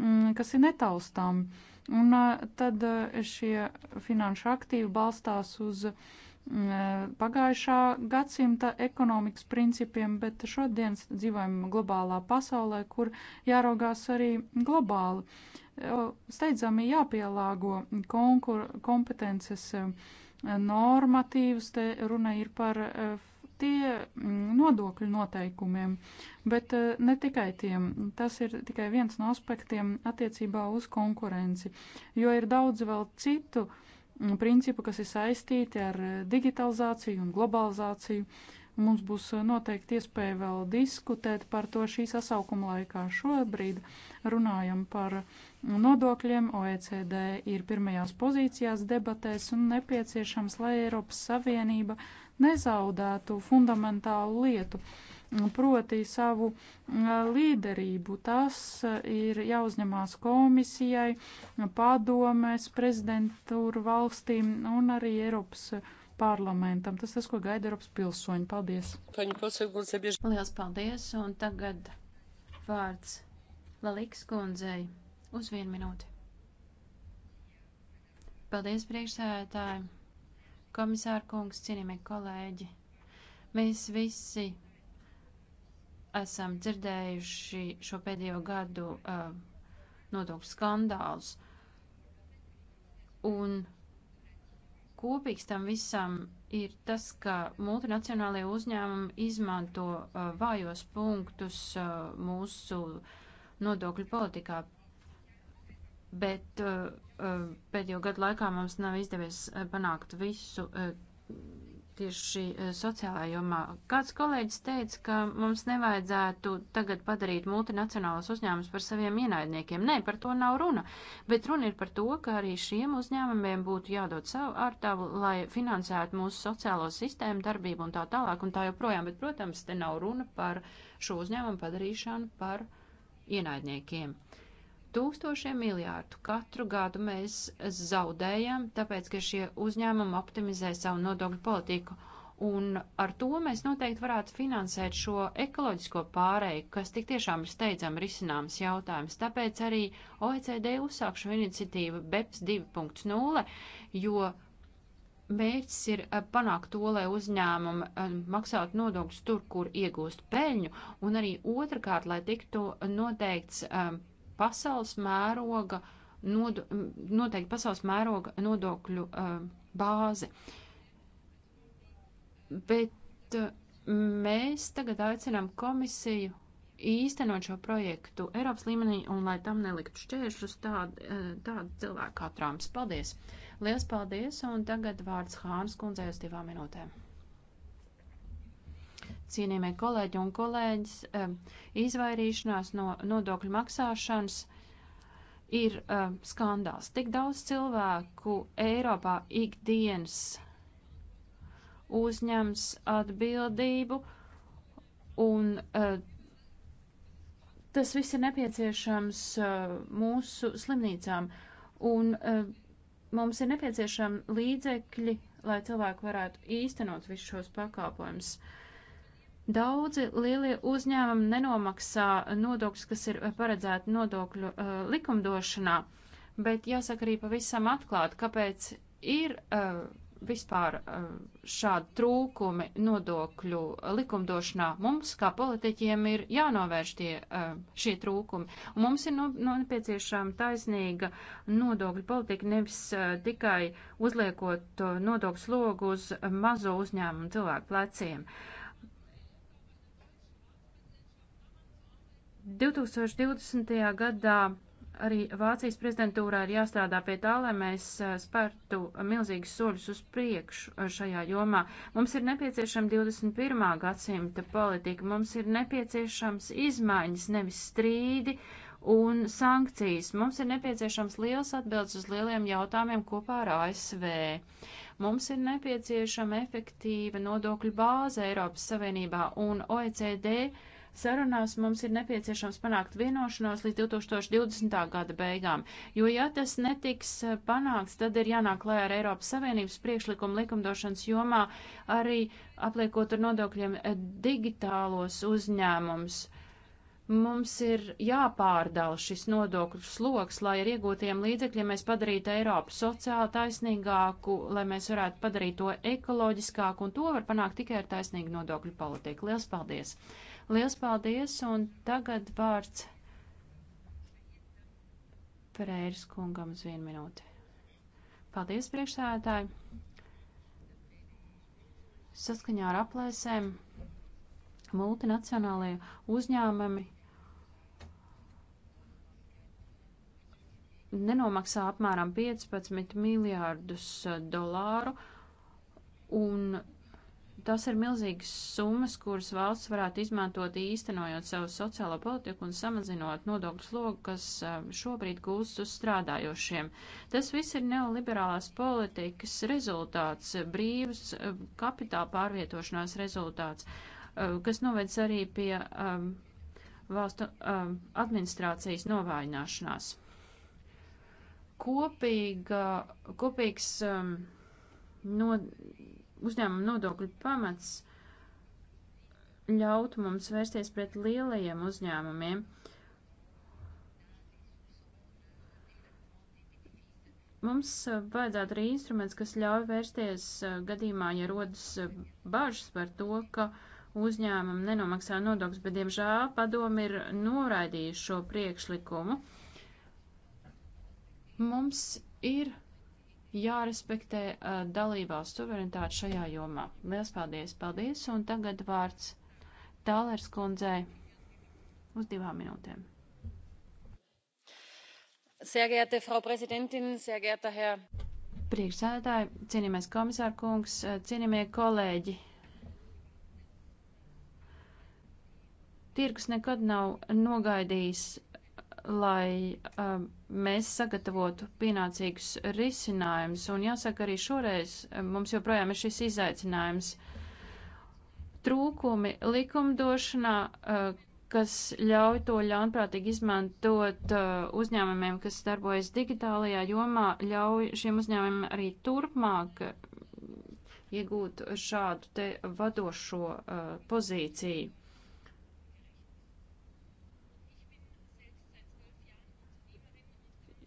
Speaker 9: mm, kas ir netaustām. Un eh, tad eh, šie finanšu aktīvi balstās uz mm, pagājušā gadsimta ekonomikas principiem, bet šodien dzīvojam globālā pasaulē, kur jāraugās arī globāli. Steidzami jāpielāgo konkur, kompetences normatīvus, te runa ir par tie mm, nodokļu noteikumiem, bet eh, ne tikai tiem. Tas ir tikai viens no aspektiem attiecībā uz konkurenci, jo ir daudz vēl citu mm, principu, kas ir saistīti ar eh, digitalizāciju un globalizāciju. Mums būs eh, noteikti iespēja vēl diskutēt par to šī sasaukuma laikā. Šobrīd runājam par nodokļiem. OECD ir pirmajās pozīcijās debatēs un nepieciešams, lai Eiropas Savienība uh, nezaudētu fundamentālu lietu, proti savu līderību. Tas ir jāuzņemās komisijai, padomēs, prezidentūru valstīm un arī Eiropas parlamentam. Tas tas, ko gaida Eiropas pilsoņi. Paldies!
Speaker 8: Lielas paldies! Un tagad vārds Lalikas kundzei uz vienu minūti. Paldies, priekšsēdētāji! Komisāra kungs, cienījamie kolēģi, mēs visi esam dzirdējuši šo pēdējo gadu uh, nodokļu skandālus. Un kopīgs tam visam ir tas, ka multinacionālajie uzņēmumi izmanto uh, vājos punktus uh, mūsu nodokļu politikā, bet uh, uh, pēdējo gadu laikā mums nav izdevies uh, panākt visu tieši sociālajā jomā. Kāds kolēģis teica, ka mums nevajadzētu tagad padarīt multinacionālos uzņēmumus par saviem ienaidniekiem. Nē, par to nav runa, bet runa ir par to, ka arī šiem uzņēmumiem būtu jādod savu ārtavu, lai finansētu mūsu sociālo sistēmu, darbību un tā tālāk un tā joprojām, bet, protams, te nav runa par šo uzņēmumu padarīšanu par ienaidniekiem. Uh, tūkstošiem miljārdu katru gadu mēs zaudējam, tāpēc, ka šie uzņēmumi optimizē savu nodokļu politiku. Un ar to mēs noteikti varētu finansēt šo ekoloģisko pārēju, kas tik tiešām ir steidzam risināms jautājums. Tāpēc arī OECD uzsākšu iniciatīvu BEPS 2.0, jo mērķis ir eh, panākt to, lai uzņēmumi eh, maksātu nodokļus tur, kur iegūst peļņu, un arī otrkārt, lai tiktu noteikts eh, pasaules mēroga, nodo, noteikti pasaules mēroga nodokļu uh, bāze. Bet uh, mēs tagad aicinām komisiju īstenot šo projektu Eiropas līmenī un lai tam nelikt šķēršus tādu, eh, tādu cilvēku kā Trumps. Paldies! Lielas paldies! Un tagad vārds Hānas kundzei uz divām minūtēm cienījamie kolēģi un kolēģis, eh, izvairīšanās no nodokļu maksāšanas ir eh, skandāls. Tik daudz cilvēku Eiropā ikdienas uzņems atbildību un eh, tas viss ir nepieciešams mūsu slimnīcām un mums ir nepieciešami līdzekļi, lai cilvēki varētu īstenot visus šos pakalpojumus. Uh, Daudzi lielie uzņēmumi nenomaksā nodokļus, kas ir paredzēti nodokļu uh, likumdošanā, bet jāsaka arī pavisam atklāti, kāpēc ir uh, vispār uh, šādi trūkumi nodokļu likumdošanā. Mums, kā politiķiem, ir jānovērš tie, uh, šie trūkumi. Un mums ir no, no nepieciešama taisnīga nodokļu politika, nevis uh, tikai uzliekot uh, nodokļu slogu uz mazo uzņēmumu cilvēku pleciem. Uh, 2020. gadā arī Vācijas prezidentūrā ir jāstrādā pie tā, lai mēs eh, spērtu milzīgus soļus uz priekšu eh, šajā jomā. Mums ir nepieciešama 21. gadsimta politika, mums ir nepieciešams izmaiņas, nevis strīdi un sankcijas. Mums ir nepieciešams liels atbildes uz lieliem jautājumiem kopā ar ASV. Mums ir nepieciešama efektīva nodokļu bāze Eiropas Savienībā un OECD Sarunās mums ir nepieciešams panākt vienošanos līdz 2020. gada beigām, jo ja tas netiks eh, panākts, tad ir jānāk klājā ar Eiropas Savienības priekšlikumu likumdošanas jomā, arī apliekot ar nodokļiem eh, digitālos uzņēmumus mums ir jāpārdala šis nodokļu sloks, lai ar iegūtiem līdzekļiem mēs padarītu Eiropu sociāli taisnīgāku, lai mēs varētu padarīt to ekoloģiskāku, un to var panākt tikai ar taisnīgu nodokļu politiku. Lielas paldies! Liels paldies, un tagad vārds Pereiras kungam uz vienu minūti. Paldies, priekšsēdētāji! Saskaņā ar aplēsēm multinacionālajie uzņēmumi nenomaksā apmēram 15 miljārdus dolāru, un Tas ir milzīgas summas, kuras valsts varētu izmantot īstenojot savu sociālo politiku un samazinot nodokļu slogu, kas um, šobrīd gūst uz strādājošiem. Tas viss ir neoliberālās politikas rezultāts, brīvas um, kapitāla pārvietošanās rezultāts, um, kas novēc arī pie um, valstu um, administrācijas novājināšanās. Kopīga, kopīgs um, no, uzņēmuma nodokļu pamats ļautu mums vērsties pret lielajiem uzņēmumiem. Mums eh, vajadzētu arī instruments, kas ļauj vērsties eh, gadījumā, ja rodas eh, bažas par to, ka uzņēmumi nenomaksā nodokļus, bet, diemžēl, padomi ir noraidījuši šo priekšlikumu. Mums ir jārespektē uh, dalībās suverenitāte šajā jomā. Liels paldies, paldies, un tagad vārds Tālers kundzei uz divām minūtēm.
Speaker 2: Sehr geehrte Frau Präsidentin, sehr geehrter Herr.
Speaker 8: Priekšsēdētāji, cienījamais komisārkungs, cienījamie kolēģi. Tirgus nekad nav nogaidījis, lai. Uh, um, mēs sagatavotu pienācīgus risinājumus. Un jāsaka, arī šoreiz eh, mums joprojām ir šis izaicinājums. Trūkumi likumdošanā, eh, kas ļauj to ļaunprātīgi izmantot eh, uzņēmumiem, kas darbojas digitālajā jomā, ļauj šiem uzņēmumiem arī turpmāk iegūt šādu te vadošo pozīciju.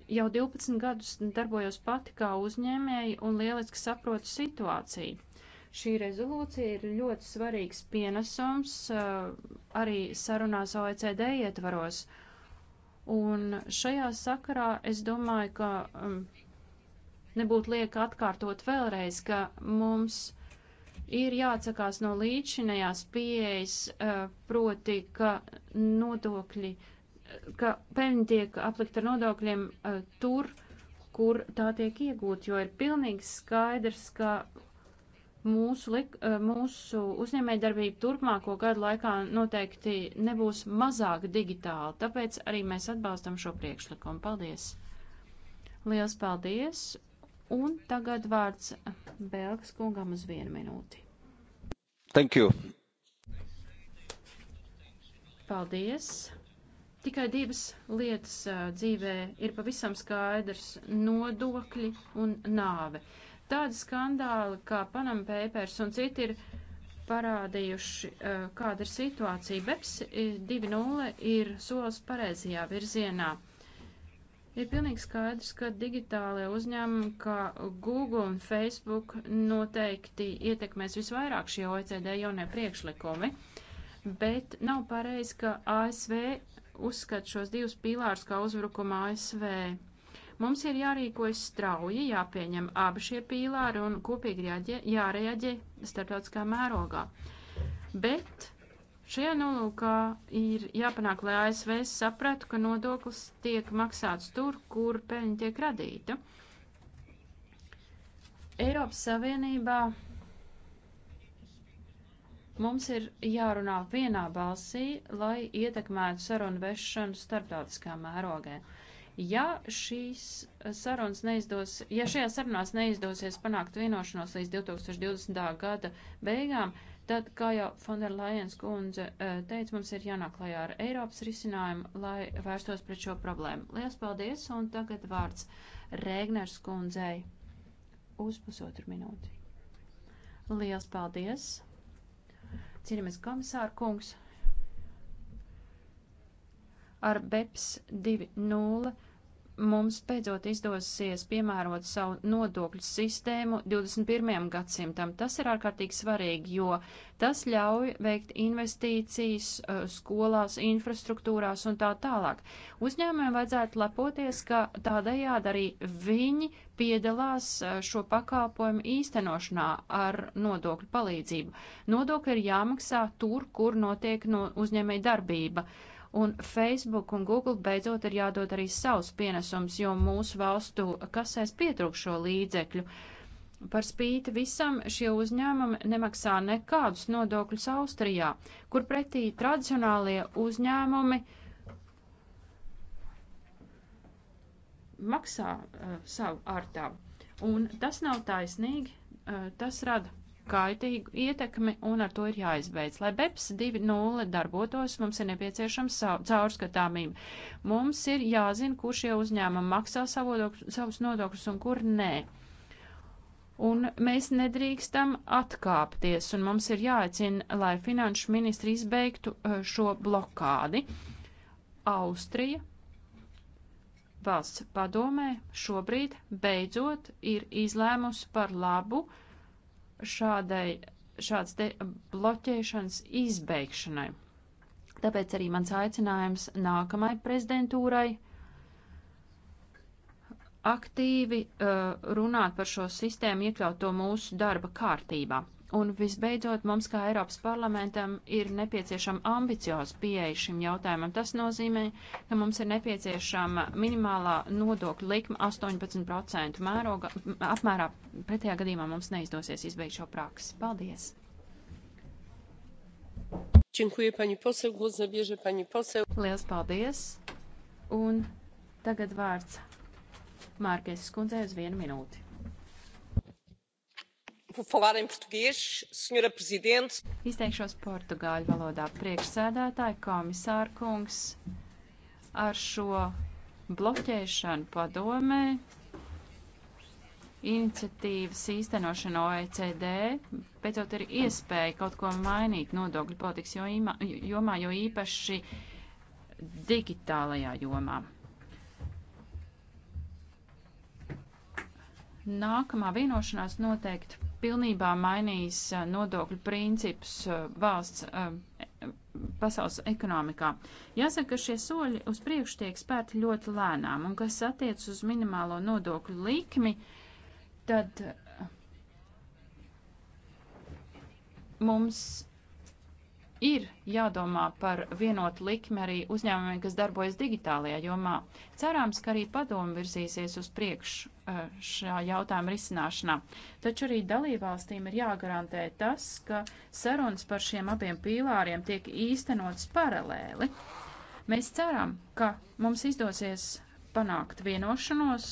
Speaker 8: Jau 12 gadus darbojos pati kā uzņēmēji un lieliski saprotu situāciju. Šī rezolūcija ir ļoti svarīgs pienesums eh, arī sarunās OECD ietvaros. Un šajā sakarā es domāju, ka um, nebūtu lieka atkārtot vēlreiz, ka mums ir jāatsakās no līdzinējās pieejas, eh, proti, ka nodokļi ka peļņa tiek aplikta ar nodokļiem uh, tur, kur tā tiek iegūta, jo ir pilnīgi skaidrs, ka mūsu, lik, uh, mūsu uzņēmējdarbība turpmāko gadu laikā noteikti nebūs mazāk digitāla, tāpēc arī mēs atbalstam šo priekšlikumu. Paldies! Liels paldies! Un tagad vārds Belgas kungam uz vienu minūti. Thank you! Paldies! Tikai divas lietas dzīvē ir pavisam skaidrs - nodokļi un nāve. Tādi skandāli kā Panama Papers un citi ir parādījuši, kāda ir situācija. BEPS 2.0 ir solis pareizajā virzienā. Ir pilnīgi skaidrs, ka digitālajie uzņēmumi, kā Google un Facebook, noteikti ietekmēs visvairāk šie OECD jaunie priekšlikumi, bet nav pareizi, ka ASV uzskata šos divus pīlārus kā uzbrukumu ASV. Mums ir jārīkojas strauji, jāpieņem abi šie pīlāri un kopīgi jāģe, jārēģē starptautiskā mērogā. Bet šajā nolūkā ir jāpanāk, lai ASV sapratu, ka nodoklis tiek maksāts tur, kur peļņa tiek radīta. Eiropas Savienībā Mums ir jārunā vienā balsī, lai ietekmētu sarunu vešanu starptautiskā mērogē. Ja šīs sarunas neizdos, ja šajā sarunās neizdosies panākt vienošanos līdz 2020. gada beigām, tad, kā jau Fonderlajens kundze eh, teica, mums ir jānāk klajā ar Eiropas risinājumu, lai vērstos pret šo problēmu. Lielas paldies, un tagad vārds Rēgners kundzei uz pusotru minūti. Lielas paldies! Cienījamies komisāra kungs, ar BEPS 2.0 mums beidzot izdosies piemērot savu nodokļu sistēmu 21. gadsimtam. Tas ir ārkārtīgi svarīgi, jo tas ļauj veikt investīcijas eh, skolās, infrastruktūrās un tā tālāk. Uzņēmumiem vajadzētu lepoties, ka tādējādi arī viņi piedalās eh, šo pakalpojumu īstenošanā ar nodokļu palīdzību. Nodokļi ir jāmaksā tur, kur notiek no uzņēmēja darbība. Uh, Un Facebook un Google beidzot ir jādod arī savus pienesums, jo mūsu valstu kasēs pietrūk šo līdzekļu. Par spīti visam šie uzņēmumi nemaksā nekādus nodokļus Austrijā, kur pretī tradicionālie uzņēmumi maksā uh, savu ārtā. Un tas nav taisnīgi, uh, tas rada kaitīgu ietekmi un ar to ir jāizbeidz. Lai BEPS 2.0 darbotos, mums ir nepieciešams caurskatāmība. Mums ir jāzina, kur šie uzņēmumi maksā savodok, savus nodokļus un kur nē. Un mēs nedrīkstam atkāpties, un mums ir jāicina, lai finanšu ministri izbeigtu eh, šo blokādi. Austrija valsts padomē šobrīd beidzot ir izlēmusi par labu uh, šādai, šāds bloķēšanas izbeigšanai. Tāpēc arī mans aicinājums nākamai prezidentūrai aktīvi uh, runāt par šo sistēmu, iekļaut to mūsu darba kārtībā. Un visbeidzot, mums kā Eiropas parlamentam ir nepieciešama ambicioza pieeja šim jautājumam. Tas nozīmē, ka mums ir nepieciešama minimālā nodokļa likma 18% mēroga, apmērā. Pretējā gadījumā mums neizdosies izbeigt šo praksi. Paldies!
Speaker 9: Činkuja, paņi posel, głos zabierze paņi
Speaker 8: posel. Liels paldies! Un tagad vārds Mārkēs skundzē uz vienu minūti.
Speaker 3: Izteikšos
Speaker 8: portugāļu valodā. Priekšsēdētāji, komisāra kungs, ar šo bloķēšanu padomē iniciatīvas īstenošana OECD, beidzot ir iespēja kaut ko mainīt nodokļu politikas jomā, jo īpaši digitālajā jomā. Nākamā vienošanās noteikti pilnībā mainīs eh, nodokļu principus eh, valsts eh, pasaules ekonomikā. Jāsaka, ka šie soļi uz priekšu tiek spērti ļoti lēnām, un kas attiec uz minimālo nodokļu likmi, tad mums ir jādomā par vienotu likmi arī uzņēmumiem, kas darbojas digitālajā jomā. Cerāms, ka arī padomu virzīsies uz priekšu Eh, šā jautājuma risināšanā. Taču arī dalībvalstīm ir jāgarantē tas, ka sarunas par šiem abiem pīlāriem tiek īstenotas paralēli. Mēs ceram, ka mums izdosies panākt vienošanos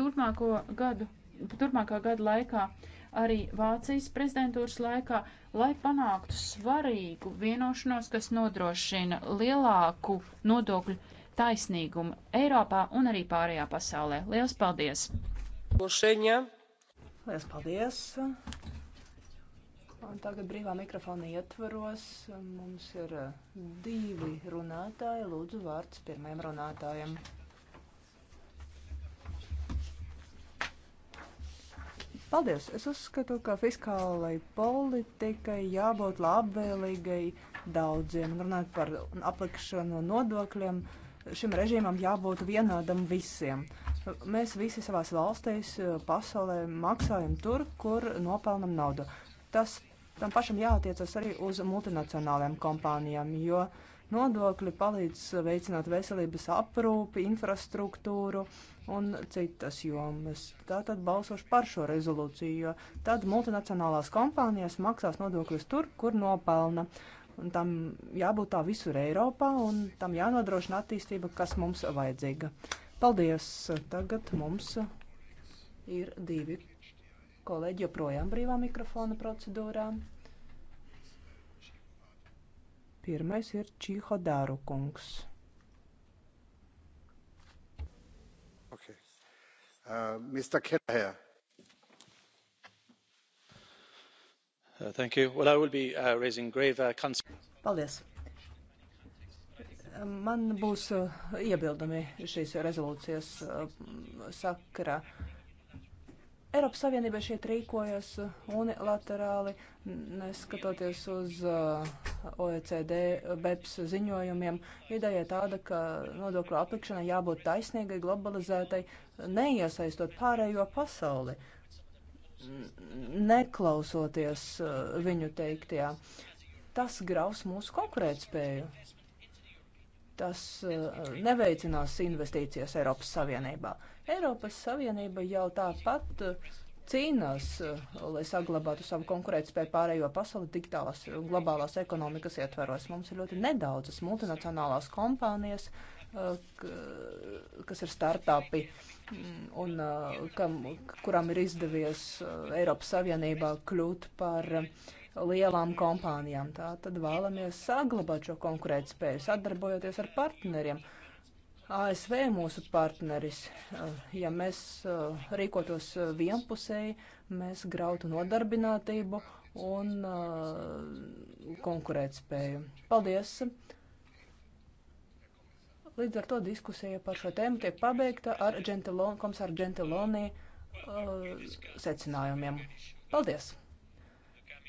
Speaker 8: turpmāko gadu, turpmākā gada laikā, arī Vācijas prezidentūras laikā, lai panāktu svarīgu vienošanos, kas nodrošina lielāku nodokļu taisnīgumu Eiropā un arī pārējā pasaulē. Lielas
Speaker 10: paldies! Lušeņa. Lielas paldies! Un tagad brīvā mikrofona ietvaros mums ir divi runātāji. Lūdzu, vārds pirmajam runātājam. Paldies! Es uzskatu, ka fiskālai politikai jābūt labvēlīgai daudziem. Runājot par aplikšanu nodokļiem, uh, šim režīmam jābūt vienādam visiem. Mēs visi savās valstīs, pasaulē maksājam tur, kur nopelnam naudu. Tas tam pašam jātiecas arī uz multinacionālajām kompānijām, jo nodokļi palīdz veicināt veselības aprūpi, infrastruktūru un citas jomas. Tātad balsošu par šo rezolūciju, jo tad multinacionālās kompānijas maksās nodokļus tur, kur nopelna. Uh, un tam jābūt tā visur Eiropā, un tam jānodrošina attīstība, kas mums vajadzīga. Paldies! Tagad mums ir divi kolēģi joprojām brīvā mikrofona procedūrā. Pirmais ir Čīho Dāru kungs.
Speaker 1: Okay. Uh, Mr. Kelleher.
Speaker 10: Uh, uh, uh, Paldies! Man būs iebildumi šīs rezolūcijas sakra. Eiropas Savienība šeit rīkojas unilaterāli, neskatoties uz OECD BEPS ziņojumiem. Ideja tāda, ka nodokļu aplikšanai jābūt taisnīgai, globalizētai, neiesaistot pārējo pasauli. Uh, neklausoties eh, viņu teiktajā. Tas graus mūsu konkurētspēju. Tas eh, neveicinās investīcijas Eiropas Savienībā. Eiropas Savienība jau tāpat eh, cīnās, lai saglabātu savu konkurētspēju pārējo pasauli digitālās globālās ekonomikas ietvaros. Mums ir ļoti nedaudzas multinacionālās kompānijas, kas ir startupi un kam, kurām ir izdevies uh, Eiropas Savienībā kļūt par lielām kompānijām. Tā tad vēlamies saglabāt šo konkurētspēju, sadarbojoties ar partneriem. ASV mūsu partneris, uh, ja mēs uh, rīkotos vienpusēji, mēs grautu nodarbinātību un konkurētspēju. Paldies! Līdz ar to diskusija par šo tēmu tiek pabeigta ar Gentilon, komisāru Gentiloni uh, secinājumiem. Paldies,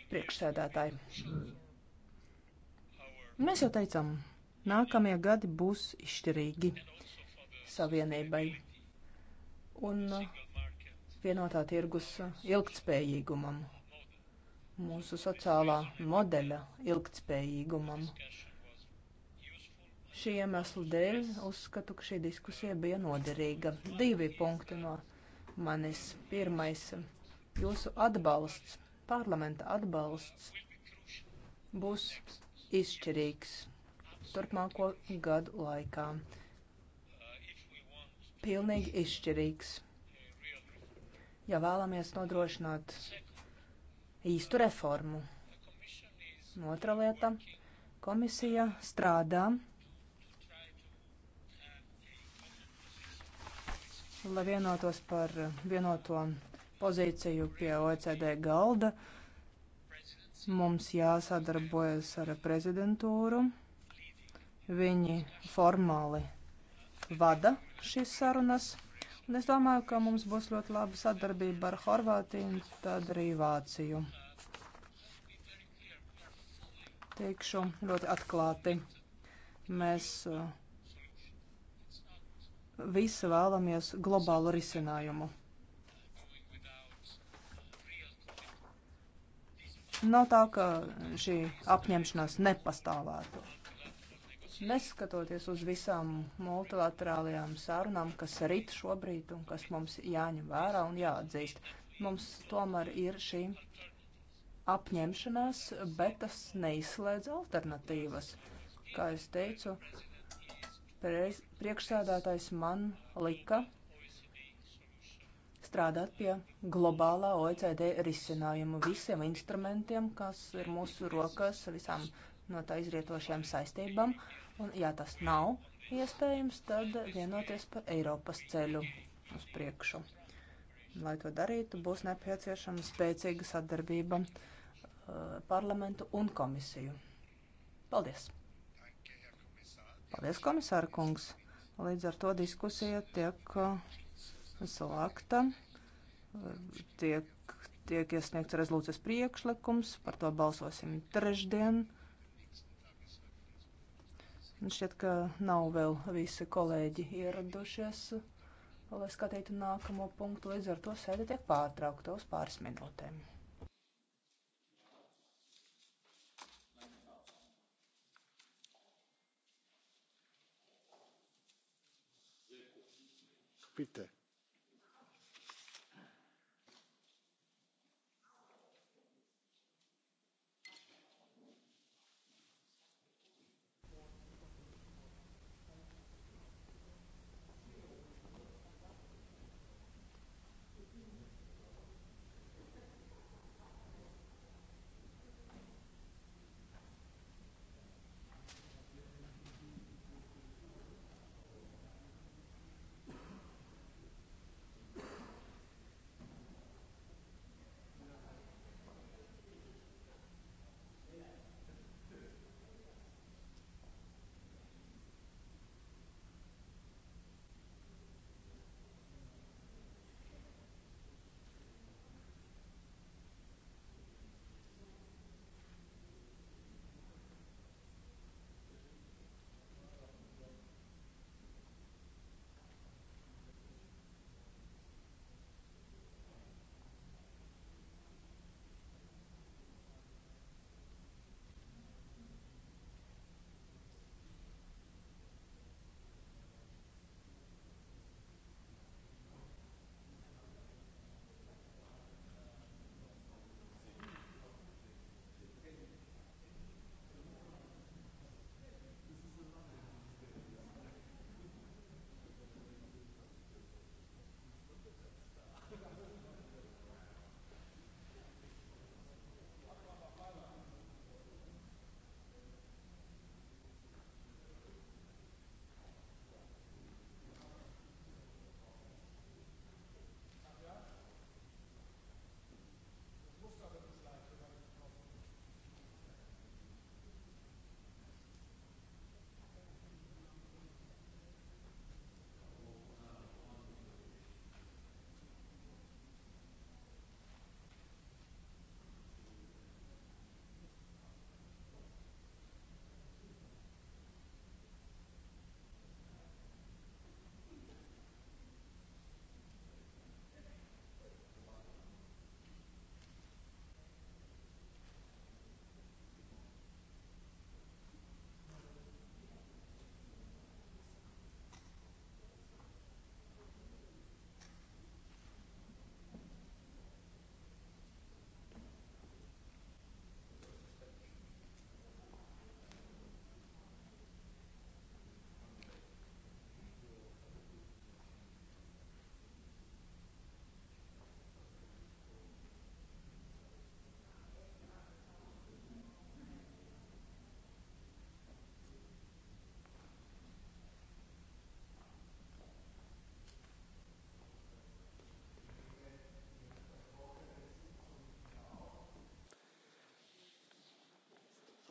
Speaker 10: priekšsēdētāji! Mēs jau teicām, nākamie gadi būs izšķirīgi savienībai un vienotā tirgus ilgtspējīgumam, mūsu sociālā modeļa ilgtspējīgumam. Šī iemesla dēļ uzskatu, ka šī diskusija bija noderīga. Divi punkti no manis. Pirmais - jūsu atbalsts, parlamenta atbalsts būs izšķirīgs turpmāko gadu laikā. Pilnīgi izšķirīgs. Ja vēlamies nodrošināt īstu reformu. Otra lieta - komisija strādā lai vienotos par vienoto pozīciju pie OECD galda. Mums jāsadarbojas ar prezidentūru. Viņi formāli vada šīs sarunas. Un es domāju, ka mums būs ļoti laba sadarbība ar Horvātiju un tad arī Vāciju. Teikšu ļoti atklāti. Mēs uh, visi vēlamies globālu risinājumu. Nav tā, ka šī apņemšanās nepastāvētu. Neskatoties uz visām multilaterālajām sarunām, kas rit šobrīd un kas mums jāņem vērā un jāatzīst, mums tomēr ir šī apņemšanās, bet tas neizslēdz alternatīvas. Kā es teicu, uh, priekšsēdētājs man lika strādāt pie globālā OECD risinājuma visiem instrumentiem, kas ir mūsu rokās, visām no tā izrietošajām saistībām. Un, ja tas nav iespējams, tad vienoties par Eiropas ceļu uz priekšu. Lai to darītu, būs nepieciešama spēcīga sadarbība uh, parlamentu un komisiju. Paldies! Paldies, komisāra kungs. Līdz ar to diskusija tiek uh, slēgta. Tiek, tiek iesniegts rezolūcijas priekšlikums, par to balsosim trešdien. Man šķiet, ka nav vēl visi kolēģi ieradušies, lai skatītu nākamo punktu. Līdz ar to sēde tiek pārtraukta uz pāris minūtēm.
Speaker 1: bitte.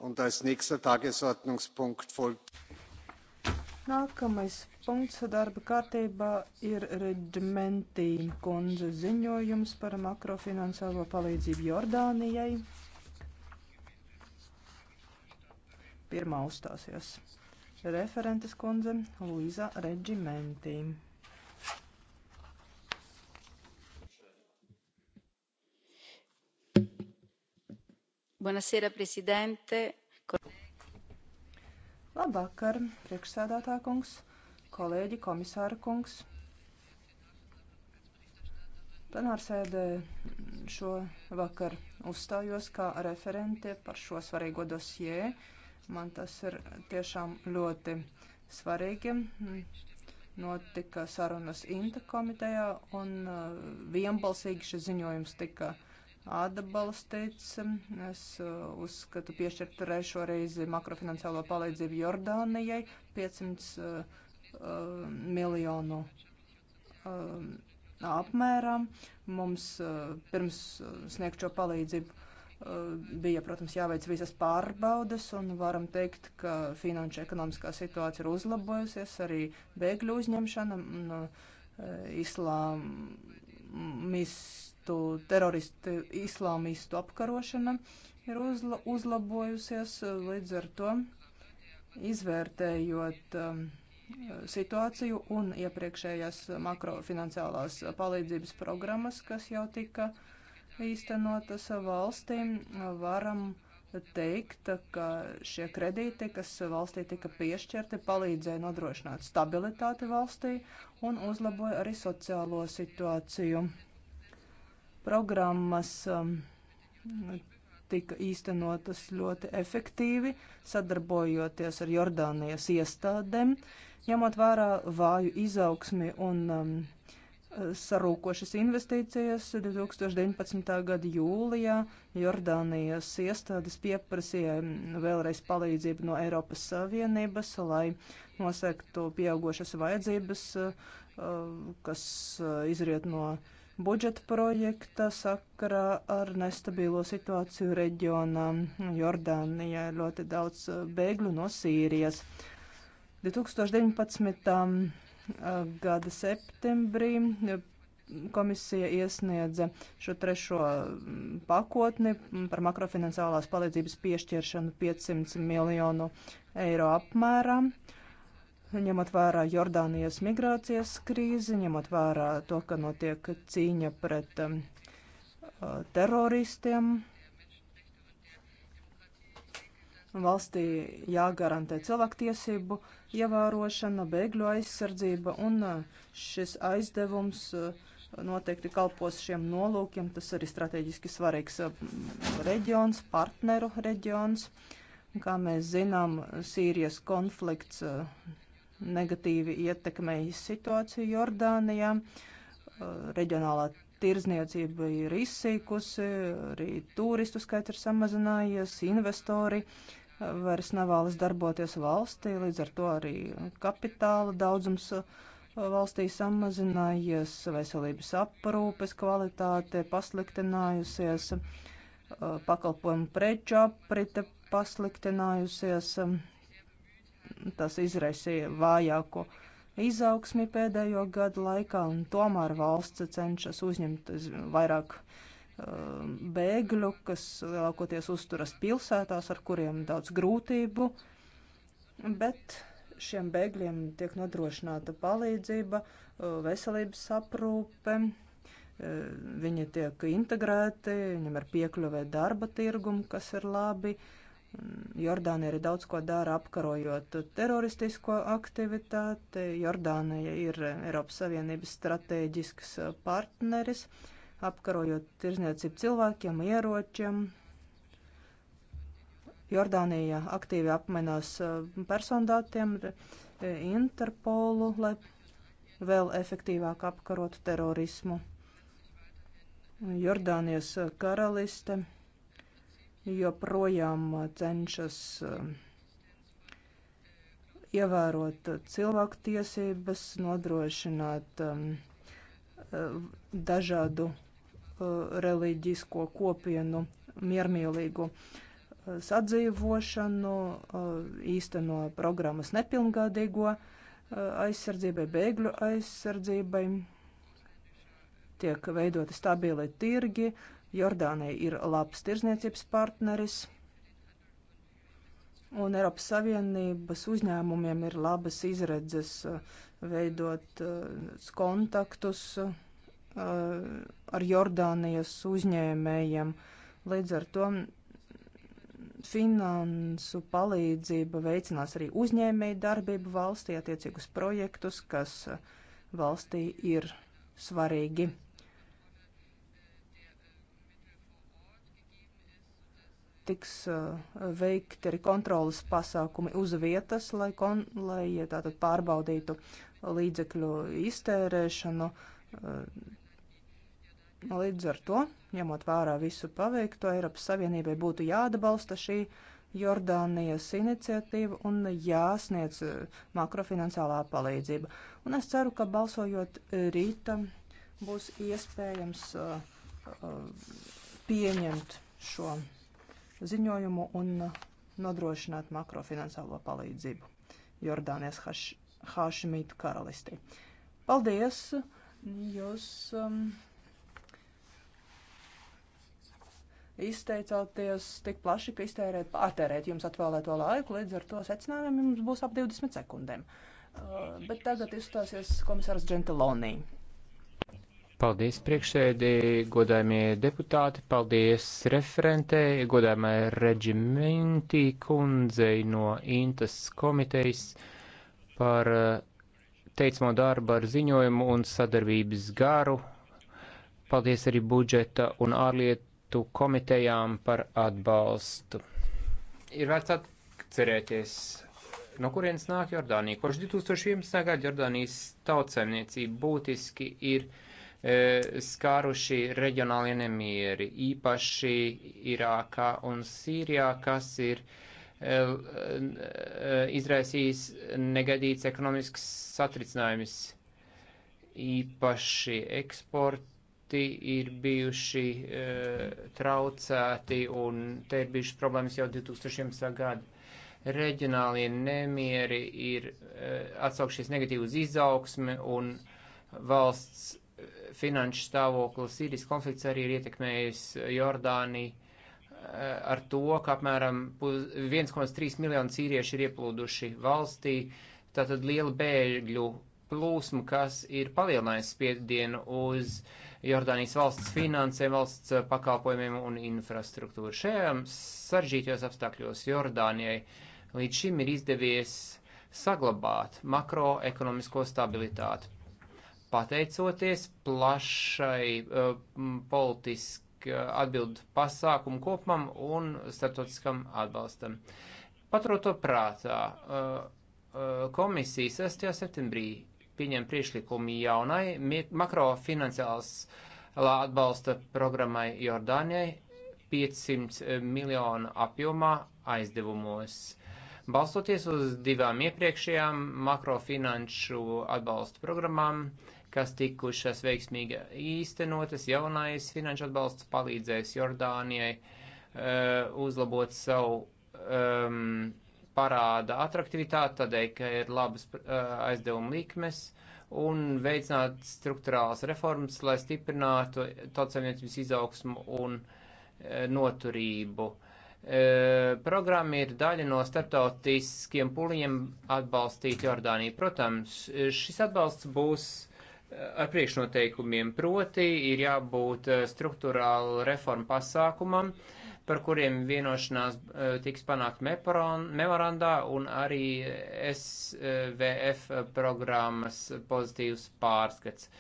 Speaker 1: Und als nächster Tagesordnungspunkt folgt.
Speaker 10: Nākamais punkts darba kārtībā ir Redmentī kundze ziņojums par makrofinansālo palīdzību Jordānijai. Pirmā uzstāsies referentes kundze Luīza Redžimentī. Buonasera, prezidente. Labvakar, priekšsēdētā kungs, kolēģi, komisāra kungs. Plenārsēdē šo vakar uzstājos kā referente par šo svarīgo dosjē. Man tas ir tiešām ļoti svarīgi. Notika sarunas Inta komitejā un uh, vienbalsīgi šis ziņojums tika uh, atbalstīts. Es uh, uzskatu piešķirt trešo reizi makrofinanciālo palīdzību Jordānijai 500 uh, uh, miljonu uh, um, apmērā. Mums uh, pirms sniegt šo palīdzību uh, bija, protams, jāveic visas pārbaudas, un varam teikt, ka finanšu ekonomiskā situācija ir uzlabojusies, arī bēgļu uzņemšana, islāmis teroristu, teroristu islāmistu apkarošana ir uzla, uzlabojusies līdz ar to izvērtējot um, situāciju un iepriekšējās makrofinanciālās palīdzības programmas, kas jau tika īstenotas valstīm, varam teikt, ka šie kredīti, kas valstī tika piešķirti, palīdzēja nodrošināt stabilitāti valstī un uzlaboja arī sociālo situāciju programmas um, tika īstenotas ļoti efektīvi, sadarbojoties ar Jordānijas iestādēm, ņemot vērā vāju izaugsmi un um, sarūkošas investīcijas 2019. gada jūlijā Jordānijas iestādes pieprasīja um, vēlreiz palīdzību no Eiropas Savienības, lai nosektu pieaugošas vajadzības, uh, kas uh, izriet no uh, budžeta projekta sakarā ar nestabilo situāciju reģionā. Jordānijā ir ļoti daudz eh, bēgļu no Sīrijas. 2019. Eh, gada septembrī eh, komisija iesniedza šo trešo mm, pakotni par makrofinansālās palīdzības piešķiršanu 500 miljonu eiro apmērā. Uh, ņemot vērā Jordānijas migrācijas krīzi, ņemot vērā to, ka notiek cīņa pret um, uh, teroristiem. Valstī jāgarantē cilvēktiesību ievērošana, bēgļu aizsardzība, un uh, šis aizdevums uh, noteikti kalpos šiem nolūkiem. Tas arī strateģiski svarīgs reģions, partneru reģions. Kā mēs zinām, Sīrijas konflikts negatīvi ietekmējis situāciju Jordānijā. Uh, reģionālā tirzniecība ir izsīkusi, arī turistu skaits ir samazinājies, investori uh, vairs nevēlas darboties valstī, līdz ar to arī kapitāla daudzums uh, valstī samazinājies, veselības aprūpes kvalitāte pasliktinājusies, pakalpojumu preču aprite pasliktinājusies um, Tas izraisīja vājāku izaugsmi pēdējo gadu laikā, un tomēr valsts cenšas uzņemt vairāk um, bēgļu, kas lielākoties uzturas pilsētās, ar kuriem daudz grūtību, bet šiem bēgļiem tiek nodrošināta palīdzība, uh, veselības aprūpe, uh, viņi tiek integrēti, viņiem ir piekļuvē darba tirgumu, kas ir labi, uh, Jordāna ir daudz ko dara apkarojot teroristisko aktivitāti. Jordānija ir Eiropas Savienības strateģisks partneris, apkarojot tirzniecību cilvēkiem, ieročiem. Jordānija aktīvi apmainās uh, persondātiem, e, Interpolu, lai vēl efektīvāk apkarotu terorismu. Jordānijas karaliste joprojām cenšas eh, ievērot cilvēku tiesības, nodrošināt eh, dažādu eh, reliģisko kopienu miermīlīgu sadzīvošanu, īsteno programmas nepilngadīgo aizsardzībai, bēgļu aizsardzībai, tiek veidoti stabili tirgi, uh, Jordānija ir labs tirzniecības partneris, un Eiropas Savienības uzņēmumiem ir labas izredzes uh, veidot uh, kontaktus uh, ar Jordānijas uzņēmējiem. Līdz ar to finansu palīdzība veicinās arī uzņēmēju darbību valstī attiecīgus projektus, kas valstī ir svarīgi. tiks eh, veikti arī kontrolas pasākumi uz vietas, lai, kon, lai tātad pārbaudītu līdzekļu iztērēšanu. Eh, līdz ar to, ņemot vērā visu paveikto, Eiropas Savienībai būtu jāatbalsta šī Jordānijas iniciatīva un jāsniedz eh, makrofinansālā palīdzība. Un es ceru, ka balsojot rīta būs iespējams uh, uh, pieņemt šo ziņojumu un nodrošināt makrofinansālo palīdzību Jordānijas Haš Hašimītu karalistī. Paldies! Jūs um, izteicāties tik plaši, ka iztērēt, pārtērēt jums atvēlēto laiku, līdz ar to secinājumiem jums būs ap 20 sekundēm. Uh, bet tagad izstāsies komisārs Džentelonī.
Speaker 4: Paldies priekšsēdī, godājumie deputāti, paldies referentei, godājumai reģimenti kundzei no Intas komitejas par eh, teicamo darbu ar ziņojumu un sadarbības garu. Paldies arī budžeta un ārlietu komitejām par atbalstu. Ir vērts atcerēties, no kurienes nāk Jordānija. Kopš 2011. gada Jordānijas tautsēmniecība būtiski ir E, skāruši reģionāli nemieri, īpaši Irākā un Sīrijā, kas ir e, e, izraisījis negadīts ekonomisks satricinājums. Īpaši eksporti ir bijuši e, traucēti un te ir bijušas problēmas jau 2000. gadu. Reģionālie nemieri ir e, atsaukšies negatīvi uz izaugsmi un valsts finanšu stāvoklis, Sīrijas konflikts arī ir ietekmējis Jordāniju eh, ar to, ka apmēram 1,3 miljonu sīrieši ir ieplūduši valstī, tātad liela bēgļu plūsma, kas ir palielinājis spiedienu uz Jordānijas valsts finansēm, valsts pakalpojumiem un infrastruktūru. Šajām saržģītajos apstākļos Jordānijai līdz šim ir izdevies saglabāt makroekonomisko stabilitāti pateicoties plašai uh, eh, politiski eh, atbildu pasākumu kopumam un starptautiskam atbalstam. Paturot to prātā, uh, komisija 6. septembrī pieņem priekšlikumu jaunai makrofinanciāls atbalsta programmai Jordānijai 500 miljonu apjomā aizdevumos. Balstoties uz divām iepriekšējām makrofinanšu atbalsta programmām, uh, kas tikušas veiksmīgi īstenotas. Jaunais finanšu atbalsts palīdzēs Jordānijai uh, uzlabot savu um, parāda atraktivitāti, tādēļ, ka ir labas uh, aizdevuma likmes un veicināt struktūrālas reformas, lai stiprinātu tautsēmniecības izaugsmu un uh, noturību. Uh, programma ir daļa no starptautiskiem puliem atbalstīt Jordāniju. Protams, uh, šis atbalsts būs uh, ar priekšnoteikumiem. Proti ir jābūt eh, struktūrālu reformu pasākumam, par kuriem vienošanās eh, tiks panākt memorandā un arī SVF programmas pozitīvs pārskats.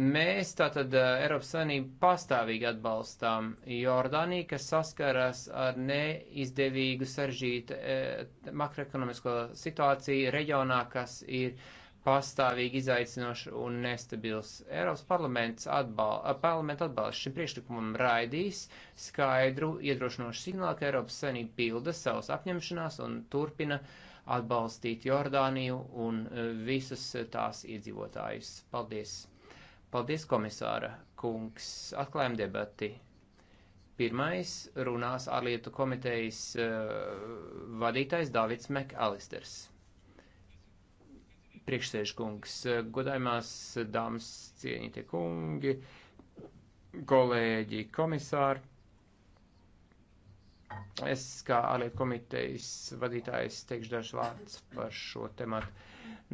Speaker 4: Mēs tātad eh, Eiropas Savienību pastāvīgi atbalstām Jordāniju, kas saskaras ar neizdevīgu saržītu eh, makroekonomisko situāciju reģionā, kas ir eh, pastāvīgi izaicinošs un nestabils. Eiropas parlaments atbal, parlamenta atbalsts šim priekšlikumam raidīs skaidru iedrošinošu signālu, ka Eiropas Savienība pilda savus apņemšanās un turpina atbalstīt Jordāniju un e, visus tās iedzīvotājus. Paldies! Paldies, komisāra kungs! Atklājam debati! Pirmais runās ārlietu komitejas uh, vadītājs Davids Mekalisters priekšsēžkungs, godājumās dāmas, cienītie kungi, kolēģi, komisāri. Es kā ārlietu komitejas vadītājs teikšu dažu vārdus par šo tematu.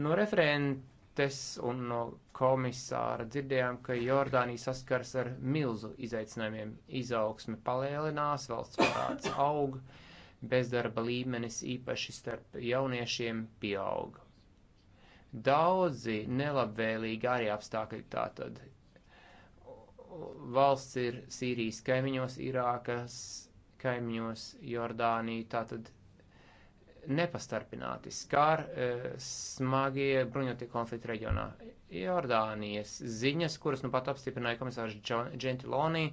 Speaker 4: No referentes un no komisāra dzirdējām, ka Jordānija saskars ar milzu izaicinājumiem. Izaugsme palēlinās, valsts parāds aug, bezdarba līmenis īpaši starp jauniešiem pieauga daudzi nelabvēlīgi arī apstākļi tātad. Valsts ir Sīrijas kaimiņos, Irākas kaimiņos, Jordānija, tātad nepastarpināti skār e, eh, smagie bruņotie konflikti reģionā. Jordānijas ziņas, kuras nu pat apstiprināja komisārs Gentiloni,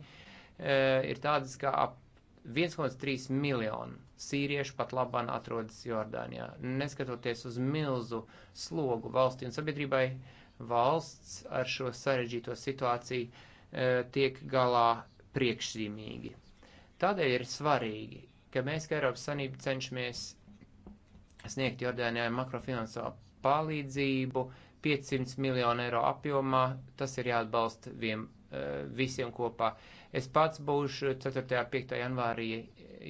Speaker 4: e, ir tādas, ka ap 1,3 miljonu sīriešu pat labāk atrodas Jordānijā. Neskatoties uz milzu slogu valstī un sabiedrībai, valsts ar šo sarežģīto situāciju e, tiek galā priekšzīmīgi. Tādēļ ir svarīgi, ka mēs, kā Eiropas Sanība, cenšamies sniegt Jordānijai makrofinansālo palīdzību 500 miljonu eiro apjomā. Tas ir jāatbalsta viem, e, visiem kopā. E, Es pats būšu 4. un 5. janvārī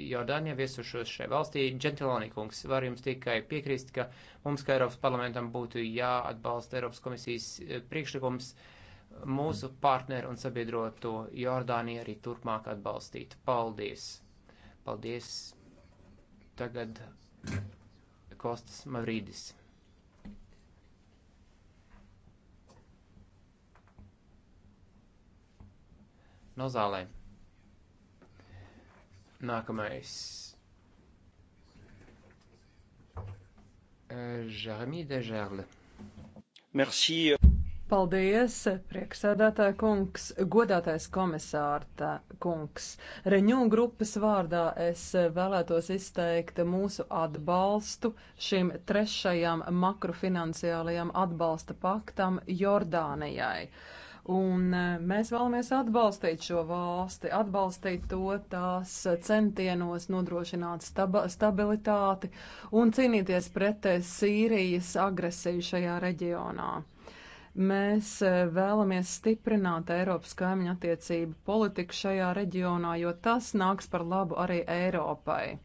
Speaker 4: Jordānijā viesušos šai valstī. Džentilonī kungs, var jums tikai piekrist, ka mums, kā Eiropas parlamentam, būtu jāatbalsta Eiropas komisijas eh, priekšlikums mūsu partneru un sabiedroto Jordāniju arī turpmāk atbalstīt. Paldies! Paldies! Tagad Kostas Mavrīdis. no zālē. Nākamais.
Speaker 6: Eh, Jeremija Dežerle.
Speaker 4: Merci.
Speaker 6: Paldies, prieksēdētāja kungs, godātais komisārta kungs. Reņū grupas vārdā es vēlētos izteikt mūsu atbalstu šim trešajam makrofinanciālajam atbalsta paktam Jordānijai. Uh, Un e, mēs vēlamies atbalstīt šo valsti, atbalstīt to tās centienos nodrošināt staba, stabilitāti un cīnīties pret e, Sīrijas agresiju šajā reģionā. Mēs e, vēlamies stiprināt Eiropas kaimiņu attiecību politiku šajā reģionā, jo tas nāks par labu arī Eiropai.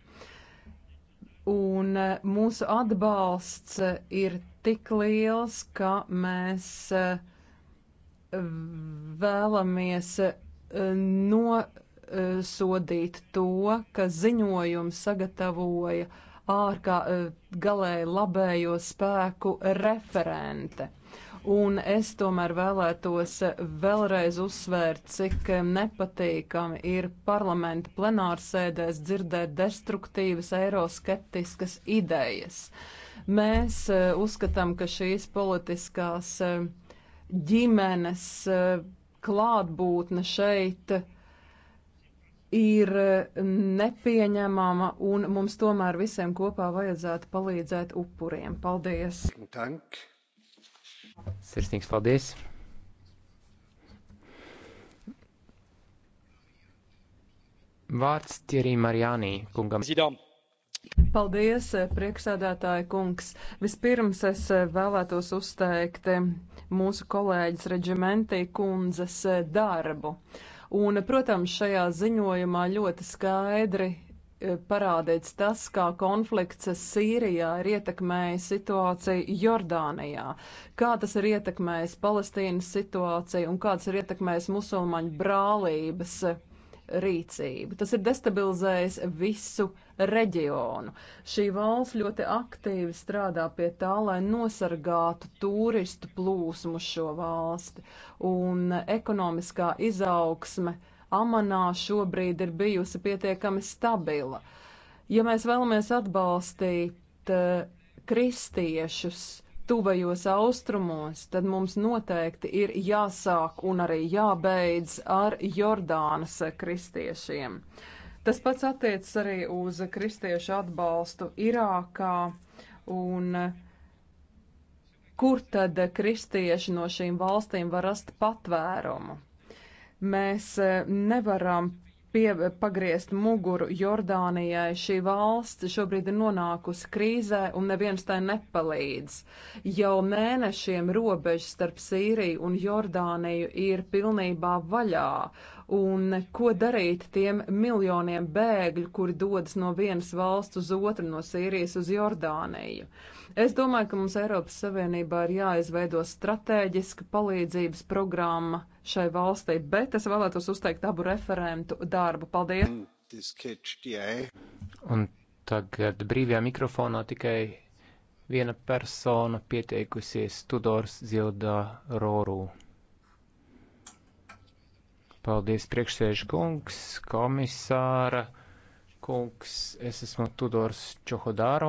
Speaker 6: Un mūsu atbalsts ir tik liels, ka mēs uh, vēlamies e, nosodīt to, ka ziņojums sagatavoja ārkā e, galēji labējo spēku referente. Un es tomēr vēlētos vēlreiz uzsvērt, cik nepatīkami ir parlamenta plenārsēdēs dzirdēt destruktīvas eiroskeptiskas idejas. Mēs e, uzskatām, ka šīs politiskās uh, ģimenes eh, klātbūtne šeit ir eh, nepieņemama, un mums tomēr visiem kopā vajadzētu palīdzēt upuriem. Paldies! Tank.
Speaker 4: Sirsnīgs paldies! Vārds Tierī Marjānī kungam. Zidām.
Speaker 6: Paldies, eh, priekšsēdētāja kungs. Vispirms es eh, vēlētos uzteikt eh, mūsu kolēģis Reģimentī kundzes darbu. Un, protams, šajā ziņojumā ļoti skaidri parādīts tas, kā konflikts Sīrijā ir ietekmējis situāciju Jordānijā, kā tas ir ietekmējis Palestīnas situāciju un kāds ir ietekmējis musulmaņu brālības rīcību. Tas ir destabilizējis visu reģionu. Šī valsts ļoti aktīvi strādā pie tā, lai nosargātu turistu plūsmu šo valsti, un ekonomiskā izaugsme Amanā šobrīd ir bijusi pietiekami stabila. Ja mēs vēlamies atbalstīt eh, kristiešus, tuvajos austrumos, tad mums noteikti ir jāsāk un arī jābeidz ar Jordānas kristiešiem. Tas pats attiecas arī uz kristiešu atbalstu Irākā un kur tad kristieši no šīm valstīm var rast patvērumu. Mēs nevaram pie, pagriezt muguru Jordānijai. Šī valsts šobrīd ir nonākusi krīzē un neviens tai nepalīdz. Jau mēnešiem robeža starp Sīriju un Jordāniju ir pilnībā vaļā, Un ko darīt tiem miljoniem bēgļu, kuri dodas no vienas valsts uz otru, no Sīrijas uz Jordāniju? Es domāju, ka mums Eiropas Savienībā ir jāizveido strateģiska palīdzības programma šai valstī, bet es vēlētos uzteikt abu referentu darbu. Paldies!
Speaker 4: Un tagad brīvajā mikrofonā tikai viena persona pieteikusies Tudors Zildā Rorū. Paldies, priekšsēžu kungs, komisāra kungs. Es esmu Tudors Čohodāro,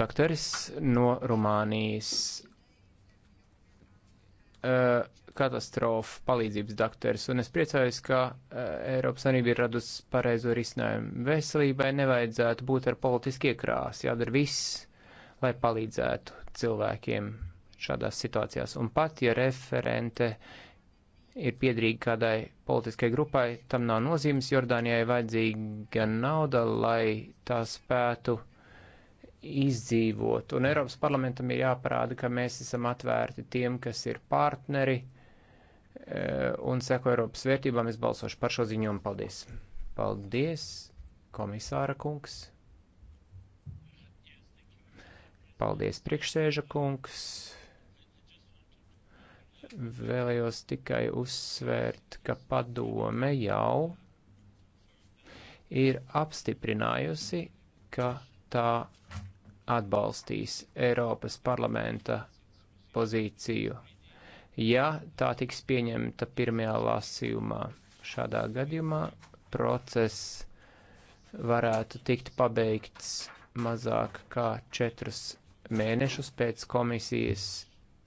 Speaker 4: doktoris no Rumānijas. Uh, eh, katastrofu palīdzības dakteris, un es priecājos, ka uh, Eiropas Savienība ir radusi pareizo risinājumu. Veselībai nevajadzētu būt ar politiski iekrās, jādara viss, lai palīdzētu cilvēkiem šādās situācijās. Un pat, ja referente ir piedrīgi kādai politiskai grupai, tam nav nozīmes. Jordānijai vajadzīga nauda, lai tā spētu izdzīvot. Un Eiropas parlamentam ir jāparāda, ka mēs esam atvērti tiem, kas ir partneri e, un seko Eiropas vērtībām. Es balsošu par šo ziņojumu. Paldies! Paldies, komisāra kungs! Paldies, priekšsēža kungs! Vēlējos tikai uzsvērt, ka padome jau ir apstiprinājusi, ka tā atbalstīs Eiropas parlamenta pozīciju, ja tā tiks pieņemta pirmajā lasījumā. Šādā gadījumā process varētu tikt pabeigts mazāk kā četrus mēnešus pēc komisijas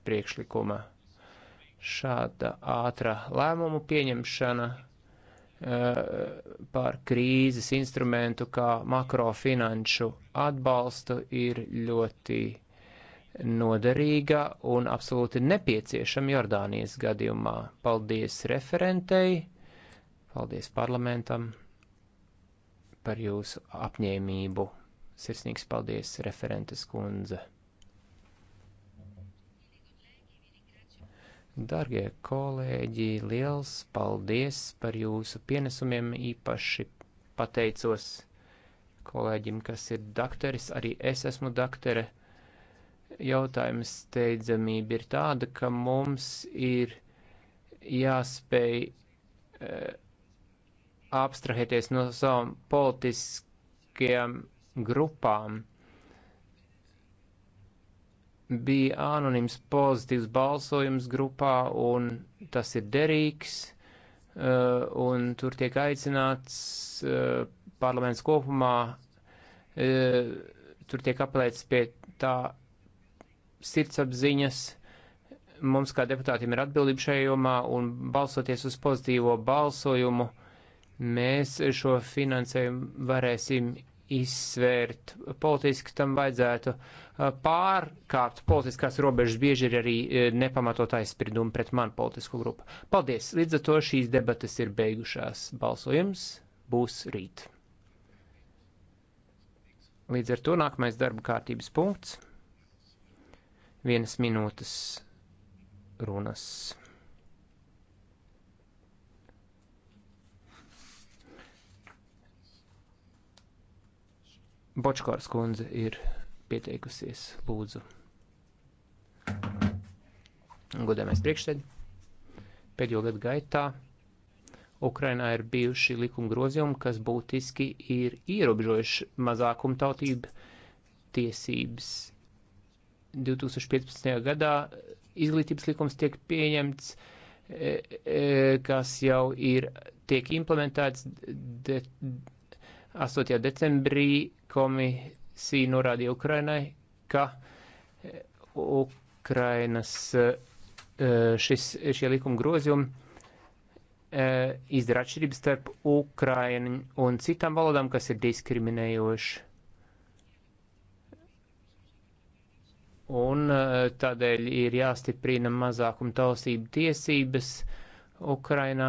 Speaker 4: priekšlikuma šāda ātra lēmumu pieņemšana eh, par krīzes instrumentu kā makrofinanšu atbalstu ir ļoti noderīga un absolūti nepieciešama Jordānijas gadījumā. Paldies referentei, paldies parlamentam par jūsu apņēmību. Sirsnīgs paldies referentes kundze. Dargie kolēģi, liels paldies par jūsu pienesumiem, īpaši pateicos kolēģim, kas ir dakteris, arī es esmu daktere. Jautājums steidzamība ir tāda, ka mums ir jāspēj e, abstrahēties no savām politiskajām grupām bija anonims pozitīvs balsojums grupā, un tas ir derīgs, uh, un tur tiek aicināts uh, parlaments kopumā, uh, tur tiek apelēts pie tā sirdsapziņas. Mums kā deputātiem ir atbildība šajā jomā, un balsoties uz pozitīvo balsojumu, mēs šo finansējumu varēsim izsvērt. Politiski tam vajadzētu uh, pārkāpt politiskās robežas. Bieži ir arī uh, nepamatot aizspridumi pret manu politisko grupu. Paldies! Līdz ar to šīs debatas ir beigušās. Balsojums būs rīt. Līdz ar to nākamais darba kārtības punkts. Vienas minūtes runas. Bočkārs kundze ir pieteikusies. Lūdzu. Godāmais priekšsēd. Pēdējo gadu gaitā Ukrainā ir bijuši likuma grozījumi, kas būtiski ir ierobežojuši mazākumtautību tiesības. 2015. gadā izglītības likums tiek pieņemts, e, e, kas jau ir tiek implementēts. De, 8. decembrī komisija norādīja Ukrainai, ka eh, Ukrainas eh, šis, šie likuma grozījumi eh, izdara atšķirības starp Ukraiņu un citām valodām, kas ir diskriminējoši. Un tādēļ ir jāstiprina mazākuma tausību tiesības Ukrainā.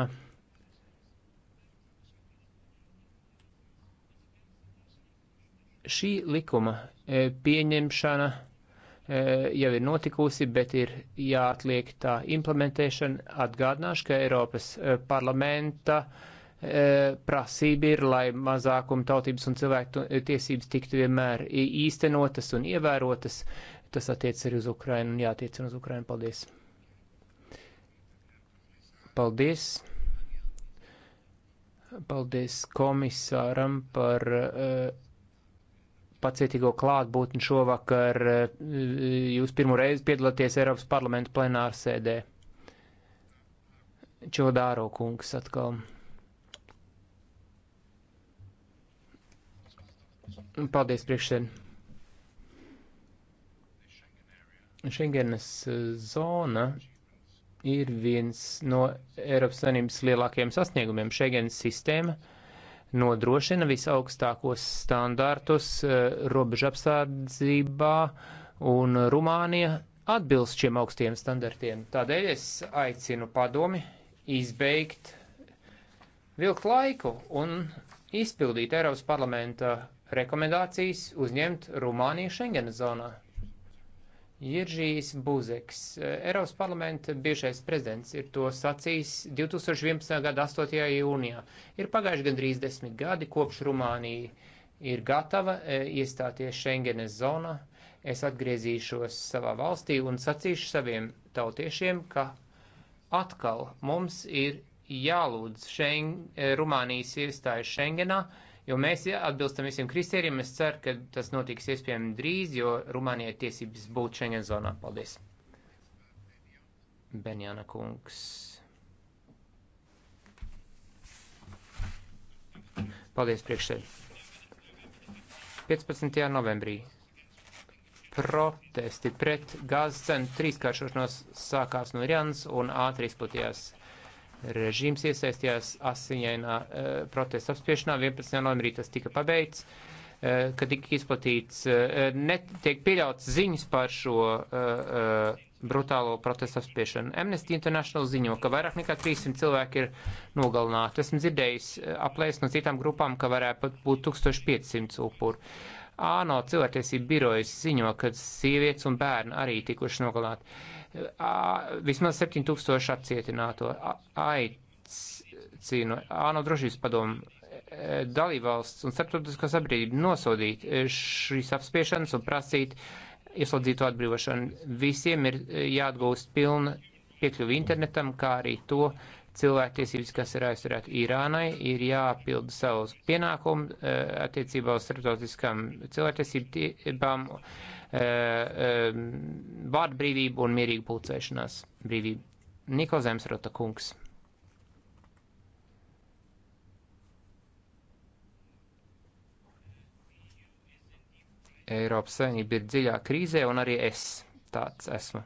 Speaker 4: Šī likuma e, pieņemšana e, jau ir notikusi, bet ir jāatliek tā implementēšana. Atgādināšu, ka Eiropas e, parlamenta prasība ir, lai mazākuma tautības un cilvēku tiesības tiktu vienmēr īstenotas un ievērotas. Tas attiec arī uz Ukrainu un jātiecina uz Ukrainu. Paldies! Paldies! Paldies komisāram par uh, pacietīgo klātbūtni šovakar. Eh, jūs pirmo reizi piedalāties Eiropas parlamentu plenāru sēdē. Čodāro kungs atkal. Paldies, priekšsēd. Šengenes eh, zona ir viens no Eiropas Savienības lielākajiem sasniegumiem. Šengenes sistēma uh, nodrošina visaugstākos standārtus eh, robežu apsardzībā, un Rumānija atbilst šiem augstiem standartiem. Tādēļ es aicinu padomi izbeigt vilkt laiku un izpildīt Eiropas parlamenta rekomendācijas uzņemt Rumāniju Schengenas zonā. Jiržīs Buzeks, Eiropas parlamenta biežais prezidents, ir to sacījis 2011. gada 8. jūnijā. Ir pagājuši gandrīz desmit gadi, kopš Rumānija ir gatava e, iestāties Schengenes zonā. Es atgriezīšos savā valstī un sacīšu saviem tautiešiem, ka atkal mums ir jālūdz Šeng, e, Rumānijas iestājas Schengenā. Uh, jo mēs atbilstam visiem kristērijiem. Es ceru, ka tas notiks iespējami drīz, jo Rumānijai tiesības būt Schengen zonā. Paldies! Benjana kungs. Paldies priekšsēd. 15. novembrī protesti pret gāzes cenu trīskāršošanos sākās no Irānas un ātri izplatījās Režīms iesaistījās asiņainā eh, protesta apspiešanā, 11. novembrī tas tika pabeigts, eh, kad tika izplatīts, eh, netiek pieļauts ziņas par šo brutālo protestu apspiešanu. Amnesty International ziņo, ka vairāk nekā 300 cilvēki ir nogalināti. Esmu dzirdējis aplēs no citām grupām, ka varētu pat būt 1500 upuru. ANO cilvēktiesību birojas ziņo, ka sievietes un bērni arī tikuši nogalināti vismaz 7000 apcietināto. Aicinu ANO drošības padomu e, e, dalībvalsts un starptautiskā sabiedrība nosodīt e, šīs apspiešanas un prasīt ieslodzīto atbrīvošanu. Visiem ir jāatgūst pilna piekļuvi internetam, kā arī to cilvēktiesības, kas ir aizturēta Irānai, ir jāpilda savus pienākumus attiecībā uz starptautiskām cilvēktiesībām. Tie, Eh, eh, vārdu brīvību un mierīgu pulcēšanās brīvību. Niko Zemsrota kungs. Eiropas Savienība ir dziļā krīzē, un arī es tāds esmu.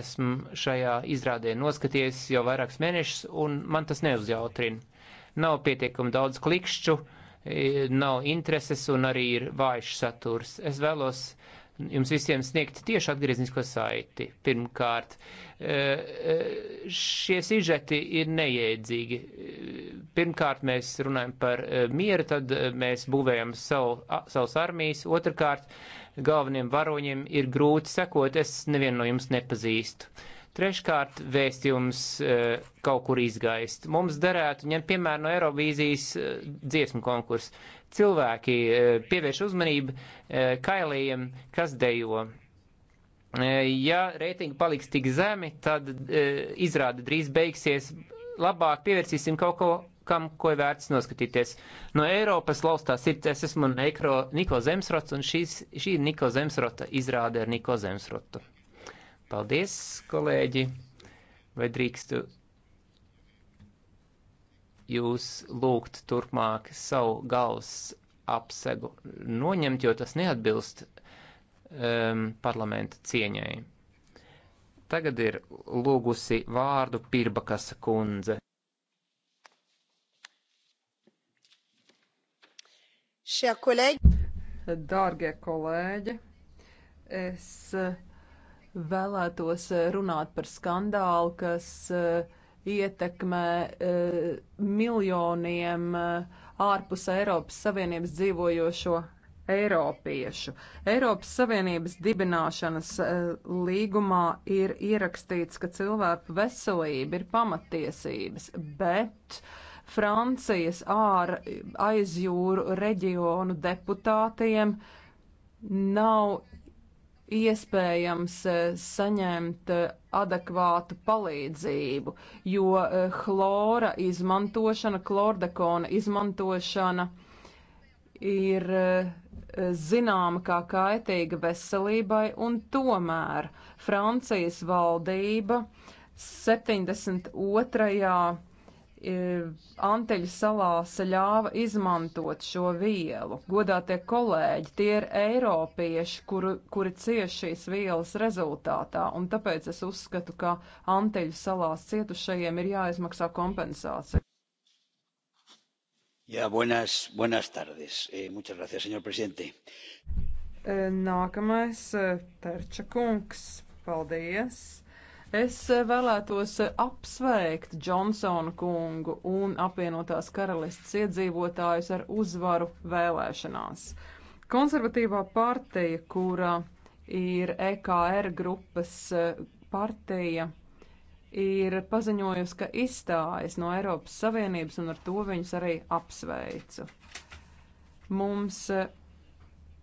Speaker 4: Esmu šajā izrādē noskaties jau vairākus mēnešus, un man tas neuzjautrina. Nav pietiekami daudz klikšķu, eh, nav intereses, un arī ir vājš saturs. Es vēlos uh, jums visiem sniegt tieši atgrieznisko saiti. Pirmkārt, e, e, šie sižeti ir neiedzīgi. Pirmkārt, mēs runājam par e, mieru, tad mēs būvējam savu, savus armijas. Otrkārt, galveniem varoņiem ir grūti sekot, es nevienu no jums nepazīstu. Treškārt, vēstījums kaut kur izgaist. Mums derētu ņemt piemēru no Eirovīzijas dziesmu konkursu cilvēki e, pievērš uzmanību e, kailajiem, kas dejo. E, ja reitingi paliks tik zemi, tad izrāda drīz beigsies. Labāk pievērsīsim kaut ko, kam, ko ir vērts noskatīties. No Eiropas laustās ir, es esmu Nekro, Niko Zemsrots, un šīs, šī ir Niko Zemsrota izrāde ar Niko Zemsrotu. Paldies, kolēģi! Vai drīkstu jūs lūgt turpmāk savu galvas apsegu noņemt, jo tas neatbilst um, parlamenta cieņai. Tagad ir lūgusi vārdu Pirbakas kundze.
Speaker 9: Šie kolēģi. Dārgie kolēģi,
Speaker 6: es uh, vēlētos uh, runāt par skandālu, kas uh, ietekmē eh, miljoniem eh, ārpus Eiropas Savienības dzīvojošo Eiropiešu. Eiropas Savienības dibināšanas eh, līgumā ir ierakstīts, ka cilvēku veselība ir pamatiesības, bet Francijas ār aizjūru reģionu deputātiem nav iespējams saņemt adekvātu palīdzību, jo eh, chlora izmantošana, klordekona izmantošana ir eh, zināma kā kaitīga veselībai, un tomēr Francijas valdība 72. E, Anteļu salās ļāva izmantot šo vielu. Godātie kolēģi, tie ir eiropieši, kuru, kuri cieš šīs vielas rezultātā, un tāpēc es uzskatu, ka Anteļu salās cietušajiem ir jāizmaksā kompensācija.
Speaker 5: Jā, buenas, buenas tardes. Eh, muchas gracias, señor presidente.
Speaker 6: E, nākamais, eh, Terča kungs. Paldies. Es vēlētos apsveikt Džonsonu kungu un apvienotās karalists iedzīvotājus ar uzvaru vēlēšanās. Konservatīvā partija, kura ir EKR grupas eh, partija, ir paziņojusi, ka izstājas no Eiropas Savienības un ar to viņus arī apsveicu. Mums eh,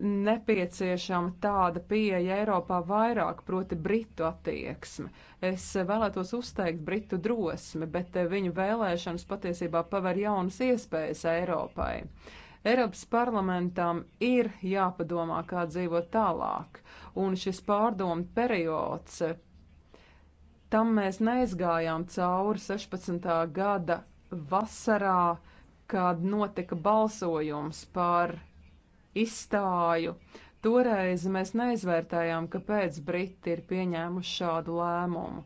Speaker 6: nepieciešama tāda pieeja Eiropā vairāk, proti britu attieksme. Es vēlētos uzteikt britu drosmi, bet viņu vēlēšanas patiesībā paver jaunas iespējas Eiropai. Eiropas parlamentam ir jāpadomā, kā dzīvot tālāk, un šis pārdomu periods, tam mēs neizgājām cauri 16. gada vasarā, kad notika balsojums par izstāju. Toreiz mēs neizvērtējām, kāpēc Briti ir pieņēmuši šādu lēmumu,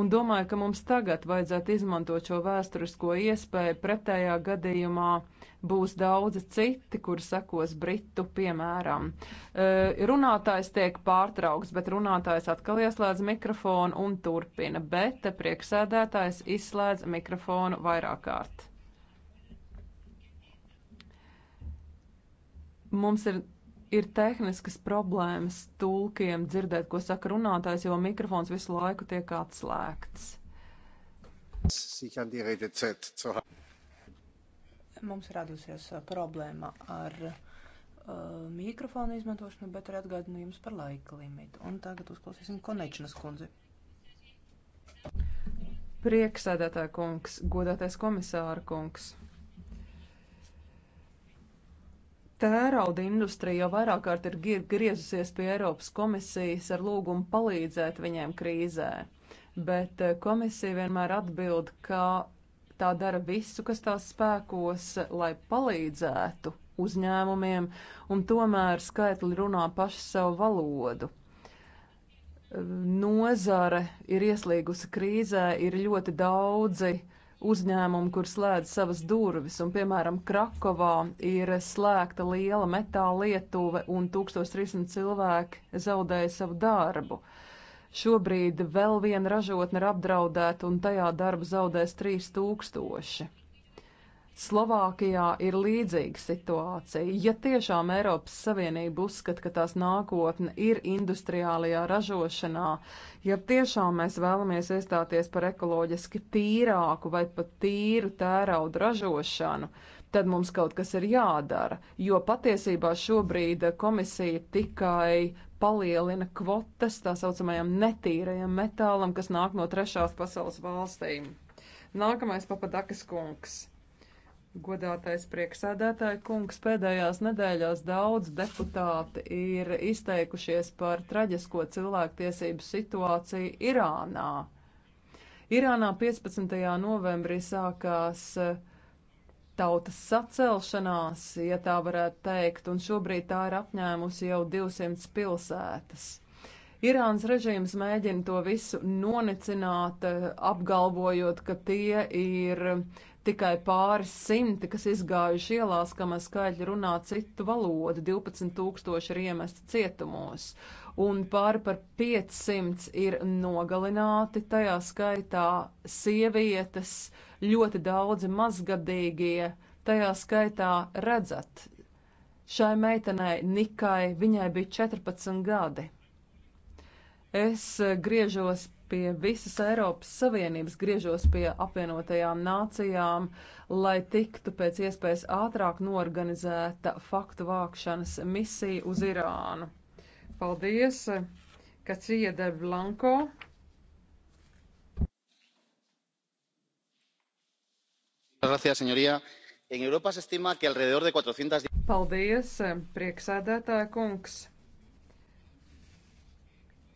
Speaker 6: un domāju, ka mums tagad vajadzētu izmantot šo vēsturisko iespēju. Pretējā gadījumā būs daudzi citi, kur sekos Britu piemēram. E, runātājs tiek pārtraukts, bet runātājs atkal ieslēdz mikrofonu un turpina, bet priekšsēdētājs izslēdz mikrofonu vairāk kārt. mums ir, ir tehniskas problēmas tulkiem dzirdēt, ko saka runātājs, jo mikrofons visu laiku tiek atslēgts. Mums
Speaker 10: radusies uh, problēma ar uh, mikrofonu izmantošanu, bet arī atgādinu jums par laika limitu. Un tagad uzklausīsim Konečnas kundzi.
Speaker 6: Prieksēdētāja kungs, godātais komisāra kungs. Tērauda industrija jau vairāk kārt ir griezusies pie Eiropas komisijas ar lūgumu palīdzēt viņiem krīzē, bet eh, komisija vienmēr atbild, ka tā dara visu, kas tās spēkos, lai palīdzētu uzņēmumiem, un tomēr skaitli runā paši savu valodu nozare ir ieslīgusi krīzē, ir ļoti daudzi uzņēmumi, kur slēdz savas durvis, un, piemēram, Krakovā ir slēgta liela metāla lietuve, un 1300 cilvēki zaudēja savu darbu. Šobrīd vēl viena ražotne ir apdraudēta, un tajā darbu zaudēs 3000. Slovākijā ir līdzīga situācija. Ja tiešām Eiropas Savienība uzskata, ka tās nākotne ir industriālajā ražošanā, ja tiešām mēs vēlamies iestāties par ekoloģiski tīrāku vai pat tīru tērauda ražošanu, tad mums kaut kas ir jādara, jo patiesībā šobrīd komisija tikai palielina kvotas tā saucamajam netīrajam metālam, kas nāk no trešās pasaules valstīm. Nākamais papadakas kungs. Godātais prieksēdētāji kungs, pēdējās nedēļās daudz deputāti ir izteikušies par traģisko cilvēktiesību situāciju Irānā. Irānā 15. novembrī sākās eh, tautas sacelšanās, ja tā varētu teikt, un šobrīd tā ir apņēmusi jau 200 pilsētas. Irānas režīms mēģina to visu nonicināt, eh, apgalvojot, ka tie ir tikai pāris simti, kas izgājuši ielās, kamēr skaidri runā citu valodu, 12 tūkstoši ir iemesti cietumos, un pāri par 500 ir nogalināti, tajā skaitā sievietes, ļoti daudzi mazgadīgie, tajā skaitā redzat. Šai meitenei Nikai, viņai bija 14 gadi. Es griežos pie visas Eiropas Savienības, griežos pie apvienotajām nācijām, lai tiktu pēc iespējas ātrāk norganizēta faktu vākšanas misija uz Irānu. Paldies, Kacija de Blanco.
Speaker 5: Gracias, señoría. En Europa se estima que alrededor de 400.
Speaker 6: Paldies, prieksēdētāja kungs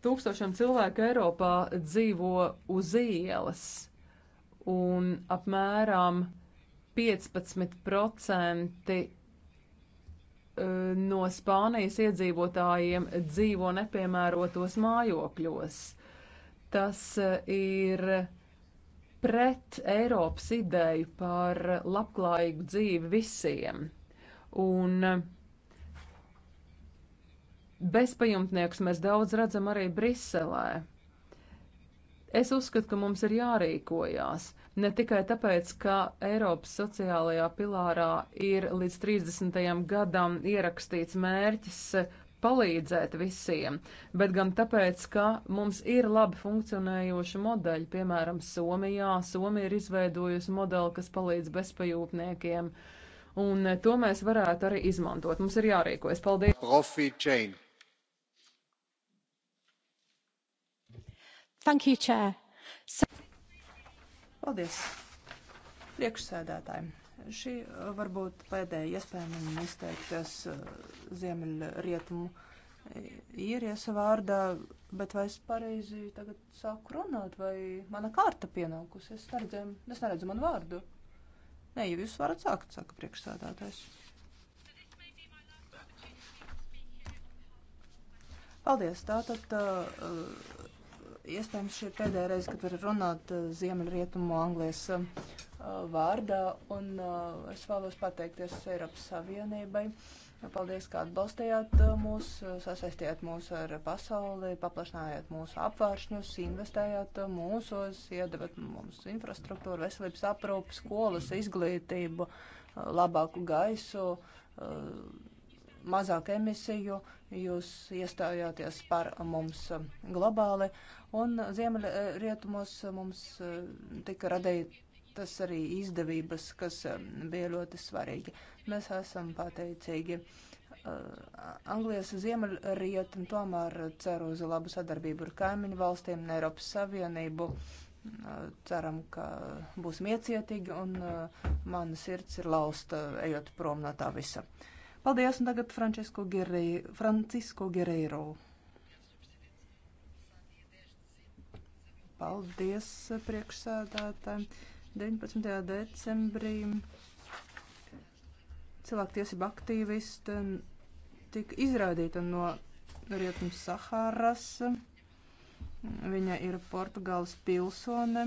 Speaker 6: tūkstošiem cilvēku Eiropā dzīvo uz ielas, un apmēram 15% eh, no Spānijas iedzīvotājiem dzīvo nepiemērotos mājokļos. Tas eh, ir pret Eiropas ideju par labklājīgu dzīvi visiem. Un bezpajumtniekus mēs daudz redzam arī Briselē. Es uzskatu, ka mums ir jārīkojās. Ne tikai tāpēc, ka Eiropas sociālajā pilārā ir līdz 30. gadam ierakstīts mērķis palīdzēt visiem, bet gan tāpēc, ka mums ir labi funkcionējoši modeļi, piemēram, Somijā. Somija ir izveidojusi modeli, kas palīdz bezpajūtniekiem, un to mēs varētu arī izmantot. Mums ir jārīkojas. Paldies! Profi Čēni! You,
Speaker 10: Paldies priekšsēdētājiem. Šī uh, varbūt pēdējā iespēja man izteikties uh, ziemeļrietumu uh, īrijas vārdā, bet vai es pareizi tagad sāku runāt, vai mana kārta pienākusi? Es neredzēju, es neredzu manu vārdu. Nē, jau jūs varat sākt, saka priekšsēdētājs. Paldies, tātad Iespējams, šī ir pēdējā reize, kad varu runāt eh, Ziemeļrietumu Anglijas eh, vārdā, un eh, es vēlos pateikties Eiropas Savienībai. Paldies, ka atbalstījāt mūs, sasaistījāt mūs ar pasauli, paplašinājāt mūsu apvāršņus, investējāt mūsos, iedavat mums infrastruktūru, veselības aprūpu, skolas, izglītību, labāku gaisu, mazāk emisiju, jūs iestājāties par mums globāli, un ziemeļrietumos mums eh, tika radītas arī izdevības, kas eh, bija ļoti svarīgi. Mēs esam pateicīgi. Eh, Anglijas ziemeļrietumi tomēr cer uz labu sadarbību ar kaimiņu valstīm un Eiropas Savienību. Ceram, ka būsim iecietīgi un mana sirds ir lausta, ejot prom no tā visa. Paldies, un tagad Francesco Guerreiro. Francisco Guerreiro. Paldies, priekšsēdētāji. 19. decembrī cilvēktiesība aktīvisti tika izraidīta no Rietumu Saharas. Viņa ir Portugāles pilsone.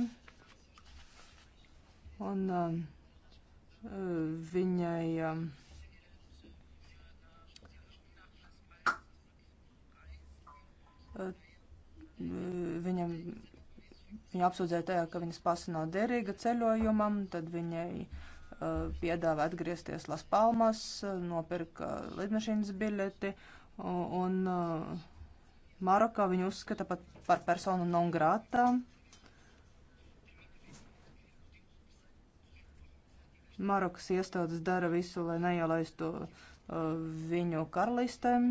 Speaker 10: Un um, uh, viņai uh, Viņam, viņa apsūdzēja tajā, ka viņas pasa nav derīga ceļojumam, tad viņai piedāvā atgriezties Las Palmas, nopirka lidmašīnas biļeti un Marokā viņu uzskata pat par personu non grātā. Marokas iestādes dara visu, lai neielaistu uh, viņu karalistēm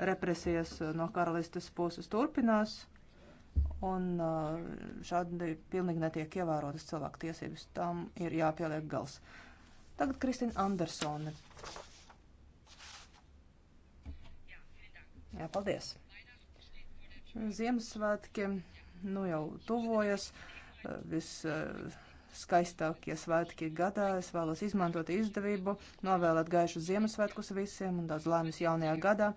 Speaker 10: represijas no karalistes puses turpinās, un šādi pilnīgi netiek ievērotas cilvēku tiesības. Tam ir jāpieliek gals. Tagad Kristina Andersone. Jā, paldies. Ziemassvētki nu jau tuvojas. Viss skaistākie svētki gadā. Es vēlos izmantot izdevību, novēlēt gaišu Ziemassvētkus visiem un daudz laimes jaunajā gadā.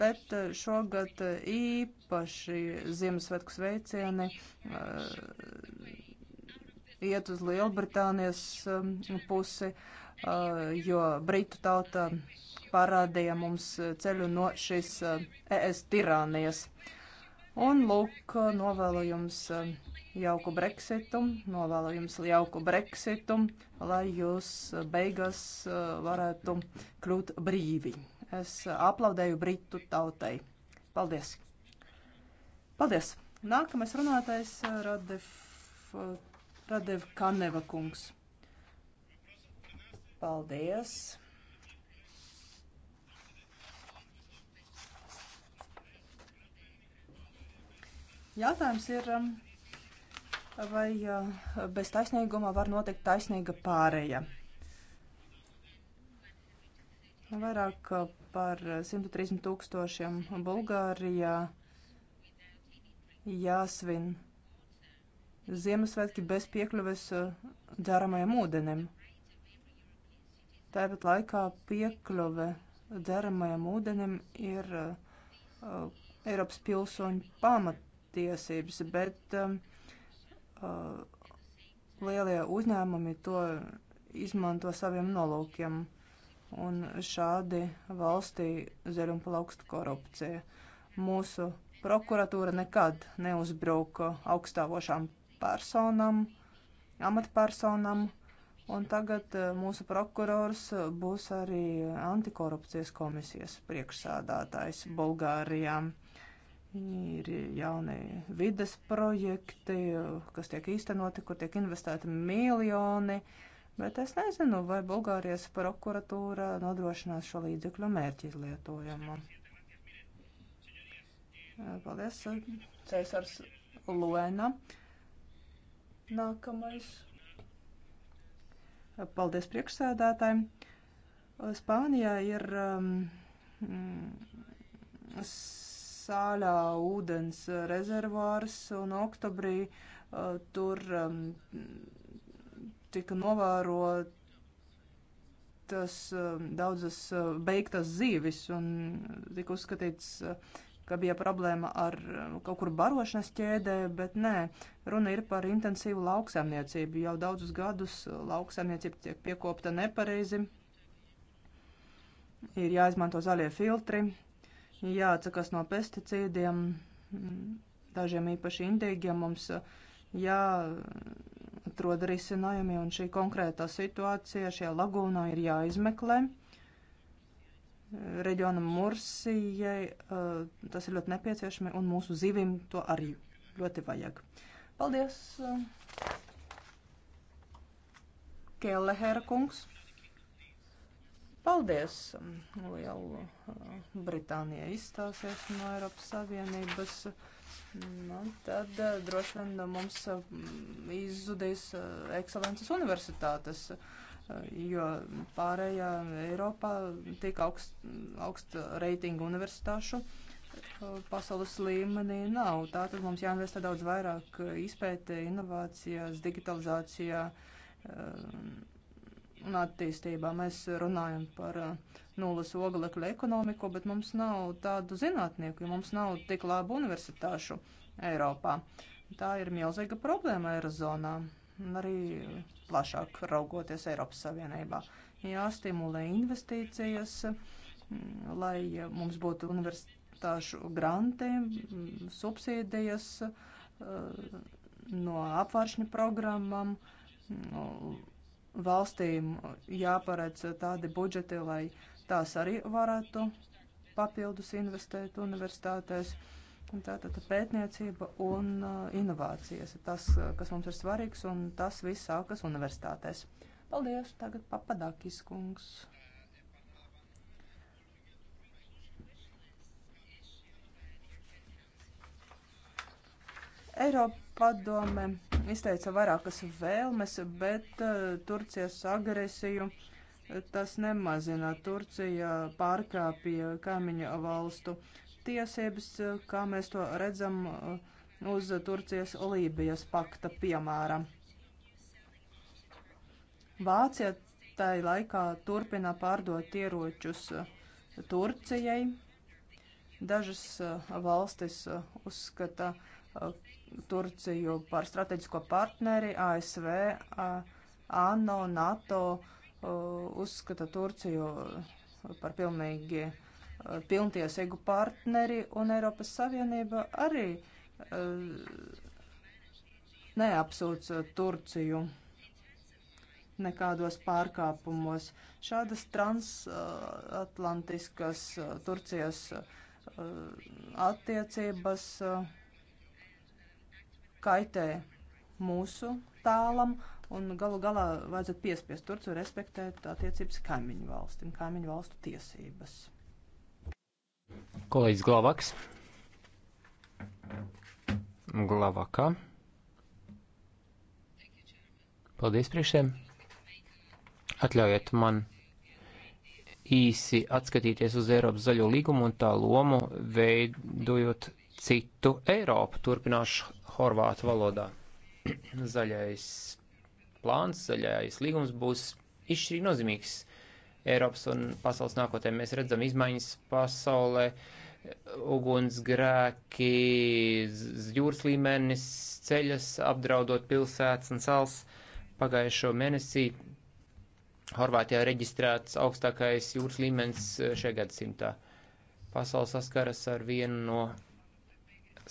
Speaker 10: Bet eh, šogad eh, īpaši Ziemassvētku sveicieni eh, iet uz Lielbritānijas pusi, jo Britu tauta parādīja mums ceļu no šīs ES e tirānijas. Un lūk, novēlu jums jauku breksitu, novēlu jums jauku breksitu, lai jūs eh, beigas eh, varētu kļūt brīvi. Es aplaudēju Britu tautai. Paldies! Paldies! Nākamais runātais eh, Radev, Radev Kaneva kungs. Paldies! Jautājums ir, um, vai bez taisnīguma var notikt taisnīga pāreja. Vairāk uh, par 130 tūkstošiem Bulgārijā jāsvin Ziemassvētki bez piekļuves uh, dzeramajam ūdenim. Tāpat laikā piekļuve dzeramajam ūdenim ir uh, uh Eiropas pilsoņu pamatiesības, bet um, uh, uh, lielie uzņēmumi to izmanto saviem nolūkiem. Un šādi valstī zeļ un plaukst korupcija. Mūsu prokuratūra nekad neuzbruka augstāvošām personām, amatpersonām, un tagad uh, mūsu prokurors uh, būs arī antikorupcijas komisijas priekšsādātājs Bulgārijām. Ir jauni vides projekti, kas tiek īstenoti, kur tiek investēti miljoni, bet es nezinu, vai Bulgārijas prokuratūra nodrošinās šo līdzekļu mērķi izlietojumu. Paldies, Cēsars Luena. Nākamais. Paldies priekšsēdētājiem. Spānijā ir um, sālā ūdens rezervārs, un oktobrī uh, tur um, tika novērotas um, daudzas uh, beigtas zīvis, un tika uzskatīts, uh, ka bija problēma ar uh, kaut kur barošanas ķēdē, bet nē, runa ir par intensīvu lauksaimniecību. Jau daudzus gadus lauksaimniecība tiek piekopta nepareizi, ir jāizmanto zaļie filtri, jāatsakās no pesticīdiem, dažiem īpaši indīgiem mums uh, jāatrod risinājumi, un šī konkrētā situācija šajā lagūnā ir jāizmeklē. Reģionam Mursijai uh, tas ir ļoti nepieciešami, un mūsu zivīm to arī ļoti vajag. Paldies, uh, Kelehera kungs! Paldies! Lielu uh, Britānija izstāsies no Eiropas Savienības. Nu, tad uh, droši vien uh, mums izzudīs ekscelences universitātes, jo pārējā Eiropā tik augst, augst reitingu universitāšu pasaules līmenī nav. Tātad mums jāinvestē daudz vairāk izpētē, inovācijās, digitalizācijā. Um, un attīstībā. Mēs runājam par uh, nulles oglekļa ekonomiku, bet mums nav tādu zinātnieku, jo mums nav tik labu universitāšu Eiropā. Tā ir milzīga problēma Eirozonā un arī plašāk raugoties Eiropas Savienībā. Jāstimulē investīcijas, mm, lai mums būtu universitāšu granti, mm, subsīdijas uh, no apvāršņa programmam, mm, valstīm jāparedz tādi budžeti, lai tās arī varētu papildus investēt universitātēs. Tātad pētniecība un uh, inovācijas ir tas, uh, kas mums ir svarīgs, un tas viss sākas universitātēs. Paldies, tagad papadākis kungs. Eiropa padome izteica vairākas vēlmes, bet uh, Turcijas agresiju uh, tas nemazina. Turcija pārkāpja kaimiņu valstu tiesības, uh, kā mēs to redzam uz Turcijas Lībijas pakta piemēra. Vācija tai laikā turpina pārdot ieročus Turcijai. Dažas valstis uzskata, Turciju par strateģisko partneri, ASV, ANO, NATO uzskata Turciju par pilnīgi pilntiesīgu partneri, un Eiropas Savienība arī neapsūdz Turciju nekādos pārkāpumos. Šādas transatlantiskas Turcijas attiecības uh, kaitē mūsu tālam, un galu galā vajadzētu piespiest Turciju respektēt attiecības kaimiņu valstīm, kaimiņu valstu tiesības.
Speaker 4: Kolēģis Glavaks. Glavakā. Paldies priekšiem. Atļaujiet man īsi atskatīties uz Eiropas zaļo līgumu un tā lomu veidojot citu Eiropu. Turpināšu horvātu valodā. Zaļais plāns, zaļais līgums būs izšķirīgi nozīmīgs Eiropas un pasaules nākotnē. Mēs redzam izmaiņas pasaulē, ugunsgrēki, jūras līmenis, ceļas apdraudot pilsētas un salas. Pagājušo mēnesī Horvātijā reģistrēts augstākais jūras līmenis eh, šajā gadsimtā. Pasaules saskaras ar vienu no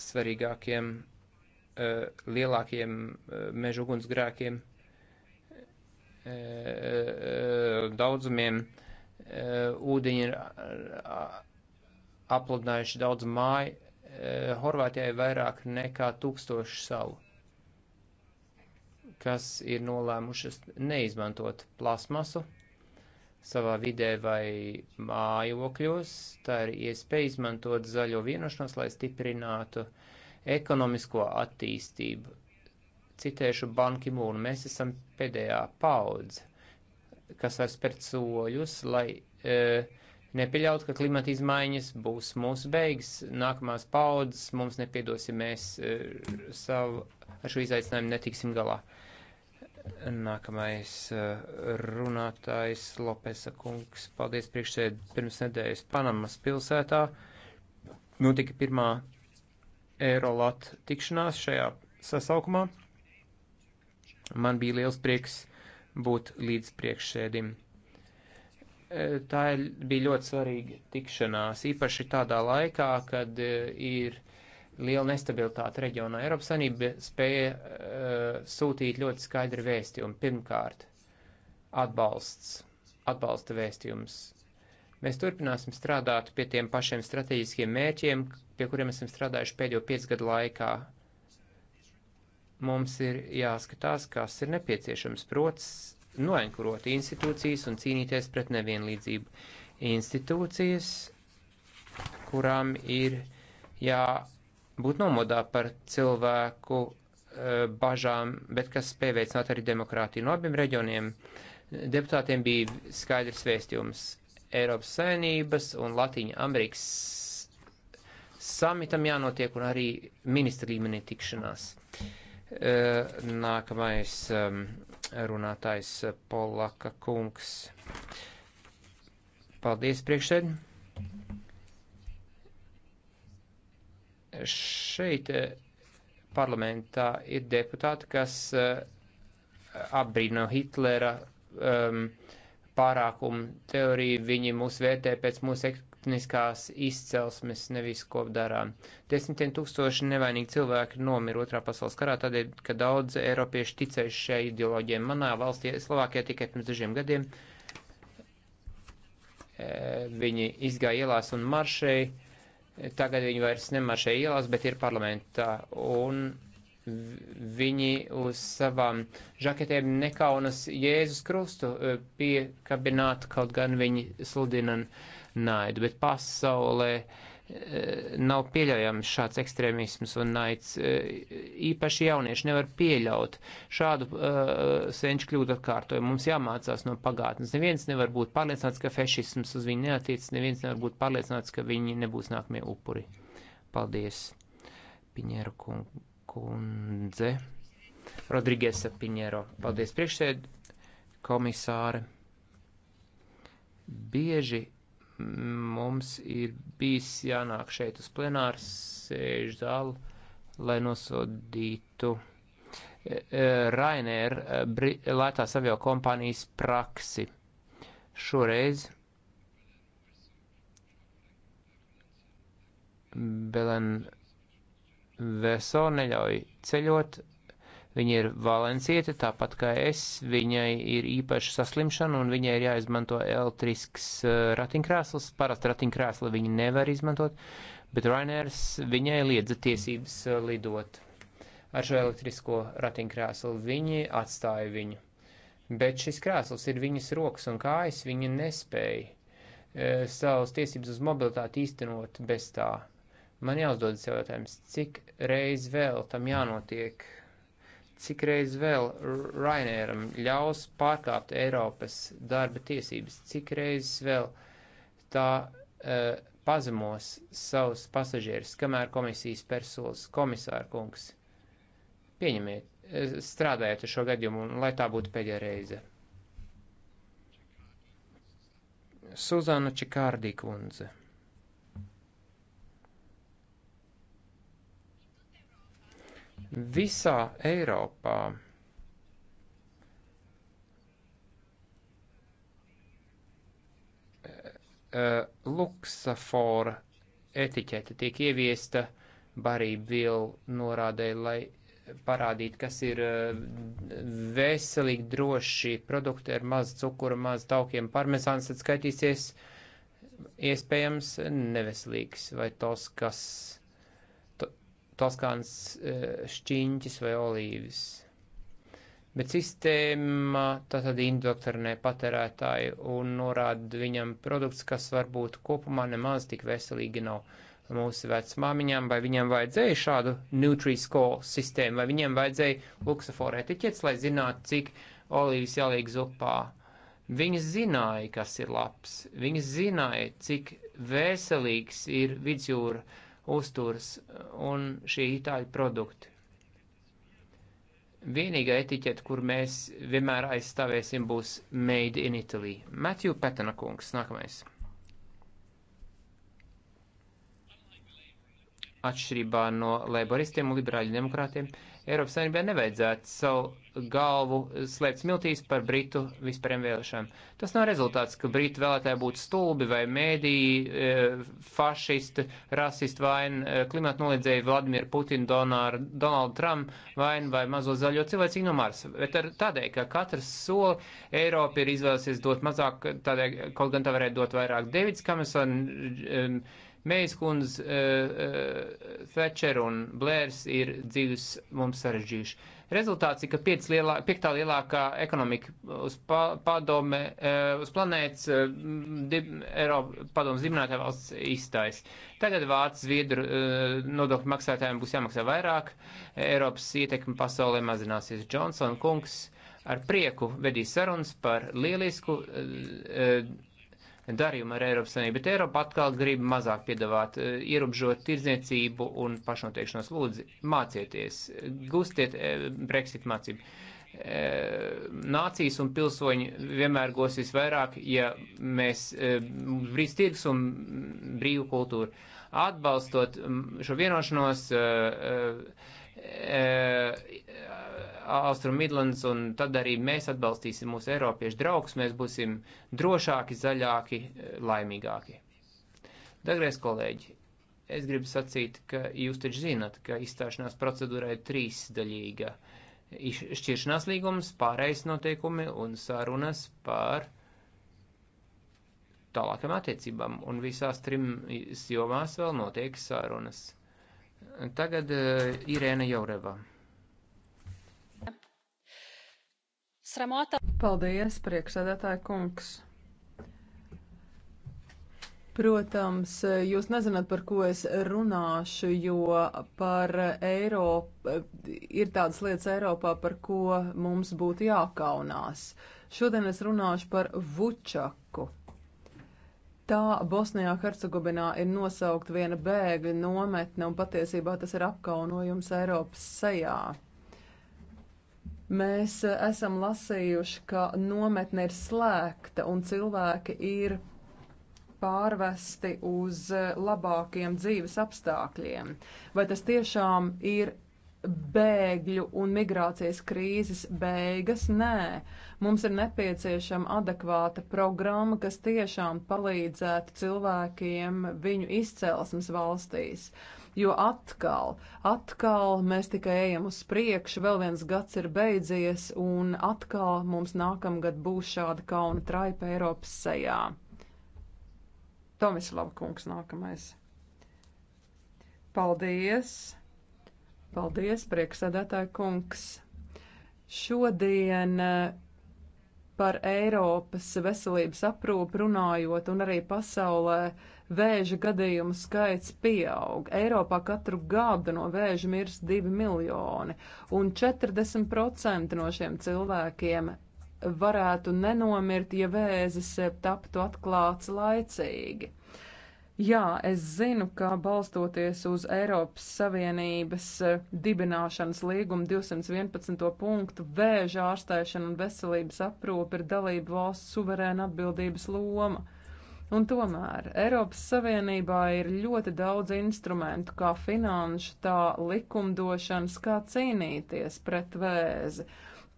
Speaker 4: svarīgākiem Eh, lielākiem eh, mežu ugunsgrēkiem, eh, daudzumiem ūdeņi ir apludinājuši daudz māju. Horvātijai vairāk nekā tūkstoši salu, kas ir nolēmušas neizmantot plasmasu savā vidē vai mājokļos. Tā ir iespēja izmantot zaļo vienošanos, lai stiprinātu uh, ekonomisko attīstību. Citēšu Banki Mūnu, mēs esam pēdējā paudze, kas var spērt soļus, lai e, nepieļaut, ka klimata izmaiņas būs mūsu beigas. Nākamās paudzes mums nepiedos, ja mēs e, savu, ar šo izaicinājumu netiksim galā. Nākamais e, runātājs Lopesa kungs. Paldies priekšsēd pirms nedēļas Panamas pilsētā. Notika pirmā Eirolat tikšanās šajā sasaukumā. Man bija liels prieks būt līdz priekšsēdim. E, tā bija ļoti svarīga tikšanās, īpaši tādā laikā, kad e, ir liela nestabilitāte reģionā. Eiropas Sanība spēja uh, sūtīt ļoti skaidru vēstījumu. Pirmkārt, atbalsts, atbalsta vēstījums Mēs turpināsim strādāt pie tiem pašiem strateģiskiem mērķiem, pie kuriem esam strādājuši pēdējo piecu gadu laikā. Mums ir jāskatās, kas ir nepieciešams, prots noenkurot institūcijas un cīnīties pret nevienlīdzību. Institūcijas, kurām ir jābūt nomodā par cilvēku e, bažām, bet kas spēj veicināt arī demokrātiju no abiem reģioniem. Deputātiem bija skaidrs vēstījums Eiropas Savienības un Latīņa Amerikas samitam jānotiek un arī ministra līmenī tikšanās. E, nākamais um, runātājs Polaka kungs. Paldies priekšēd. Šeit e, parlamentā ir deputāti, kas e, apbrīno Hitlera um, uh, pārākumu teoriju, viņi mūs vērtē pēc mūsu etniskās izcelsmes, nevis ko darām. Desmitiem tūkstoši nevainīgi cilvēki nomira otrā pasaules karā, tādēļ, ka daudz eiropieši ticējuši šai ideoloģijai. Manā valstī, Slovākijā, tikai pirms dažiem gadiem e, viņi izgāja ielās un maršēja. Tagad viņi vairs nemaršē ielās, bet ir parlamentā. Un Viņi uz savām žaketēm nekaunas Jēzus Krustu eh, piekabināt, kaut gan viņi sludina naidu, bet pasaulē eh, nav pieļaujams šāds ekstrēmisms un naids. Eh, īpaši jaunieši nevar pieļaut šādu uh, senču kļūdu atkārtojumu. Mums jāmācās no pagātnes. Neviens nevar būt pārliecināts, ka fešisms uz viņu neatiec, neviens nevar būt pārliecināts, ka viņi nebūs nākamie upuri. Paldies, Piņēra kungs kundze. Rodrigesa Piņero. Paldies priekšsēd, komisāre. Bieži mums ir bijis jānāk šeit uz plenāru sēžu zāli, lai nosodītu e, e, Rainer lētās avio kompānijas praksi. Šoreiz Belen Veso neļauj ceļot, viņa ir valencieta, tāpat kā es, viņai ir īpaša saslimšana un viņai ir jāizmanto elektrisks uh, ratinkrēsls, parasti ratinkrēsli viņa nevar izmantot, bet Rainers viņai liedza tiesības uh, lidot ar šo elektrisko ratinkrēslu. Viņi atstāja viņu. Bet šis krēsls ir viņas rokas un kājas, viņa nespēja e, savas tiesības uz mobilitāti īstenot bez tā. Man jāuzdod sev jautājums, cik reiz vēl tam jānotiek, cik reiz vēl Rainieram ļaus pārkāpt Eiropas darba tiesības, cik reiz vēl tā uh, pazemos savus pasažierus, kamēr komisijas personas komisārkungs. Pieņemiet, e, strādājiet ar šo gadījumu, un lai tā būtu pēdējā reize. Suzana Čikārdī kundze. Visā Eiropā eh, eh, luksafora etiķete tiek ieviesta barībvielu norādē, lai parādītu, kas ir eh, veselīgi droši produkti ar maz cukura, maz taukiem. Parmesāns atskaitīsies iespējams neveselīgs vai tos, kas toskāns e, šķiņķis vai olīvis. Bet sistēma tātad indoktrinē patērētāju un norāda viņam produkts, kas varbūt kopumā nemaz tik veselīgi nav mūsu vecmāmiņām, vai viņiem vajadzēja šādu Nutri-Score sistēmu, vai viņiem vajadzēja luksusforu etiķetes, lai zinātu, cik olīvas jāliek zupā. Viņas zināja, kas ir labs, viņas zināja, cik veselīgs ir vidusjūra uzturs un šī itāļu produkti. Vienīgā etiķeta, kur mēs vienmēr aizstāvēsim, būs Made in Italy. Matthew Petena kungs, nākamais. atšķirībā no laboristiem un liberāļu demokrātiem, Eiropas Savienībai nevajadzētu savu galvu slēpt smiltīs par Britu vispārējām vēlēšanām. Tas nav rezultāts, ka Britu vēlētāji būtu stulbi vai mēdī, e, fašisti, rasisti vaina, e, klimata noliedzēji Vladimir Putin, Donār, Donald Trump vaina vai mazo zaļo cilvēcību no Marsa. Bet ar tādēļ, ka katrs soli Eiropa ir izvēlēsies dot mazāk, tādēļ, kaut gan tā varētu dot vairāk. Davids Kamerson, um, Mējas kundze, uh, uh, eh, Thatcher un Blērs ir dzīves mums sarežģījuši. Rezultāts ir, ka lielā, piektā lielākā ekonomika uz pa, padome, uh, uz planētas uh, eh, dib, Eiropa padomas dibinātā valsts iztais. Tagad vārds Zviedru uh, nodokļu maksātājiem būs jāmaksā vairāk, Eiropas ietekme pasaulē mazināsies. Johnson kungs ar prieku vedīs sarunas par lielisku. Uh, uh, darījumu ar Eiropas Savienību, bet Eiropa atkal grib mazāk piedāvāt, eh, ierobežot tirdzniecību un pašnoteikšanos. Lūdzu, mācieties, gustiet eh, Brexit mācību. Eh, nācijas un pilsoņi vienmēr gos visvairāk, ja mēs brīvs tirgus un brīvu kultūru atbalstot mm, šo vienošanos. Uh, uh, uh, Austrum Midlands, un tad arī mēs atbalstīsim mūsu eiropiešu draugus, mēs būsim drošāki, zaļāki, eh, laimīgāki. Dagreiz, kolēģi, es gribu sacīt, ka jūs taču zinat, ka izstāšanās procedūra ir trīsdaļīga. Šķiršanās līgums, pārējais noteikumi un sarunas par tālākam attiecībām, un visās trim jomās vēl notiek sarunas. Tagad uh, Irēna Jaureva.
Speaker 6: sramota. Paldies, priekšsēdētāja kungs. Protams, jūs nezināt, par ko es runāšu, jo par Eiropu ir tādas lietas Eiropā, par ko mums būtu jākaunās. Šodien es runāšu par Vučaku. Tā Bosnijā Hercegovinā ir nosaukt viena bēgļa nometne, un patiesībā tas ir apkaunojums Eiropas sejā. Mēs eh, esam lasījuši, ka nometne ir slēgta un cilvēki ir pārvesti uz eh, labākiem dzīves apstākļiem. Vai tas tiešām ir bēgļu un migrācijas krīzes beigas? Nē, mums ir nepieciešama adekvāta programma, kas tiešām palīdzētu cilvēkiem viņu izcelsmes valstīs. Uh, jo atkal, atkal mēs tikai ejam uz priekšu, vēl viens gads ir beidzies, un atkal mums nākamgad būs šāda kauna traipa Eiropas sejā. Tomislava kungs nākamais. Paldies! Paldies, prieksēdētāja kungs! Šodien eh, par Eiropas veselības aprūpu runājot un arī pasaulē vēža gadījumu skaits pieaug. Eiropā katru gadu no vēža mirst divi miljoni, un 40% no šiem cilvēkiem varētu nenomirt, ja vēzis taptu atklāts laicīgi. Jā, es zinu, ka balstoties uz Eiropas Savienības eh, dibināšanas līguma 211. punktu, vēža ārstēšana un veselības aprūpe ir dalību valsts suverēna atbildības loma. Un tomēr Eiropas Savienībā ir ļoti daudz instrumentu, kā finanšu, tā likumdošanas, kā cīnīties pret vēzi.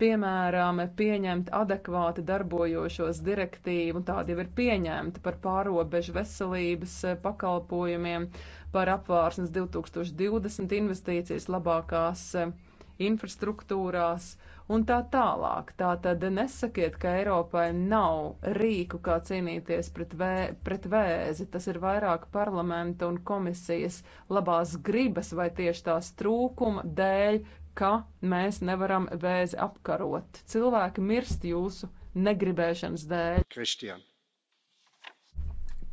Speaker 6: Piemēram, pieņemt adekvāti darbojošos direktīvu, tāda jau ir pieņemta par pārobežu veselības eh, pakalpojumiem, par apvārsnes 2020 investīcijas labākās eh, infrastruktūrās. Uh, un tā tālāk. Tā tad nesakiet, ka Eiropai nav rīku, kā cīnīties pret, vē, pret vēzi. Tas ir vairāk parlamenta un komisijas labās gribas vai tieši tās trūkuma dēļ, ka mēs nevaram vēzi apkarot. Cilvēki mirst jūsu negribēšanas dēļ. Kristian.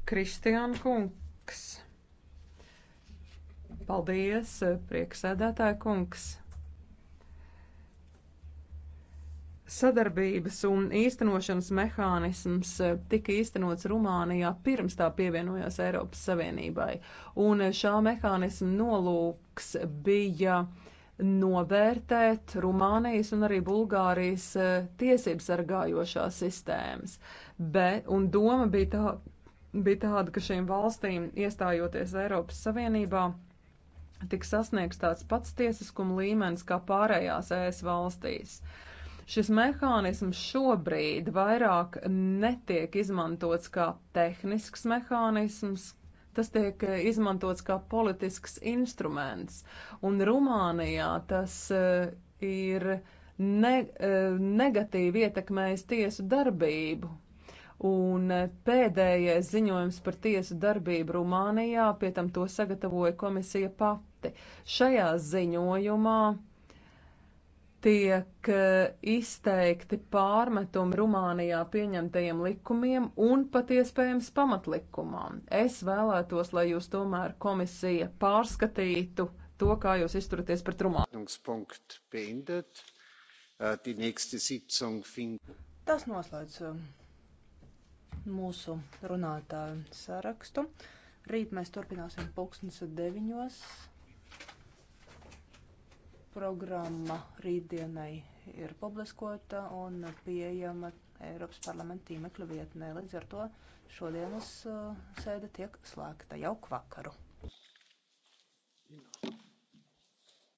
Speaker 6: Kristiāna kungs. Paldies, prieksēdētāja kungs. Sadarbības un īstenošanas mehānisms eh, tika īstenots Rumānijā pirms tā pievienojās Eiropas Savienībai, un eh, šā mehānisma nolūks bija novērtēt Rumānijas un arī Bulgārijas eh, tiesību sargājošās sistēmas. Be, un doma bija, tā, bija tāda, ka šīm valstīm iestājoties Eiropas Savienībā tiks sasniegts tāds pats tiesiskuma līmenis kā pārējās ES valstīs. Uh, Šis mehānisms šobrīd vairāk netiek izmantots kā tehnisks mehānisms, tas tiek eh, izmantots kā politisks instruments. Un Rumānijā tas eh, ir ne, eh, negatīvi ietekmējis tiesu darbību. Un pēdējais ziņojums par tiesu darbību Rumānijā, pie tam to sagatavoja komisija pati. Šajā ziņojumā uh, tiek eh, izteikti pārmetumi Rumānijā pieņemtajiem likumiem un pat iespējams pamatlikumam. Es vēlētos, lai jūs tomēr komisija pārskatītu to, kā jūs izturaties pret Rumāniju. Tas noslēdz mūsu
Speaker 10: runātāju sarakstu. Rīt mēs turpināsim pulkstens deviņos programma rītdienai ir publiskota un pieejama Eiropas parlamenta tīmekļa vietnē. Līdz ar to šodienas uh, sēde tiek slēgta. Jauku vakaru!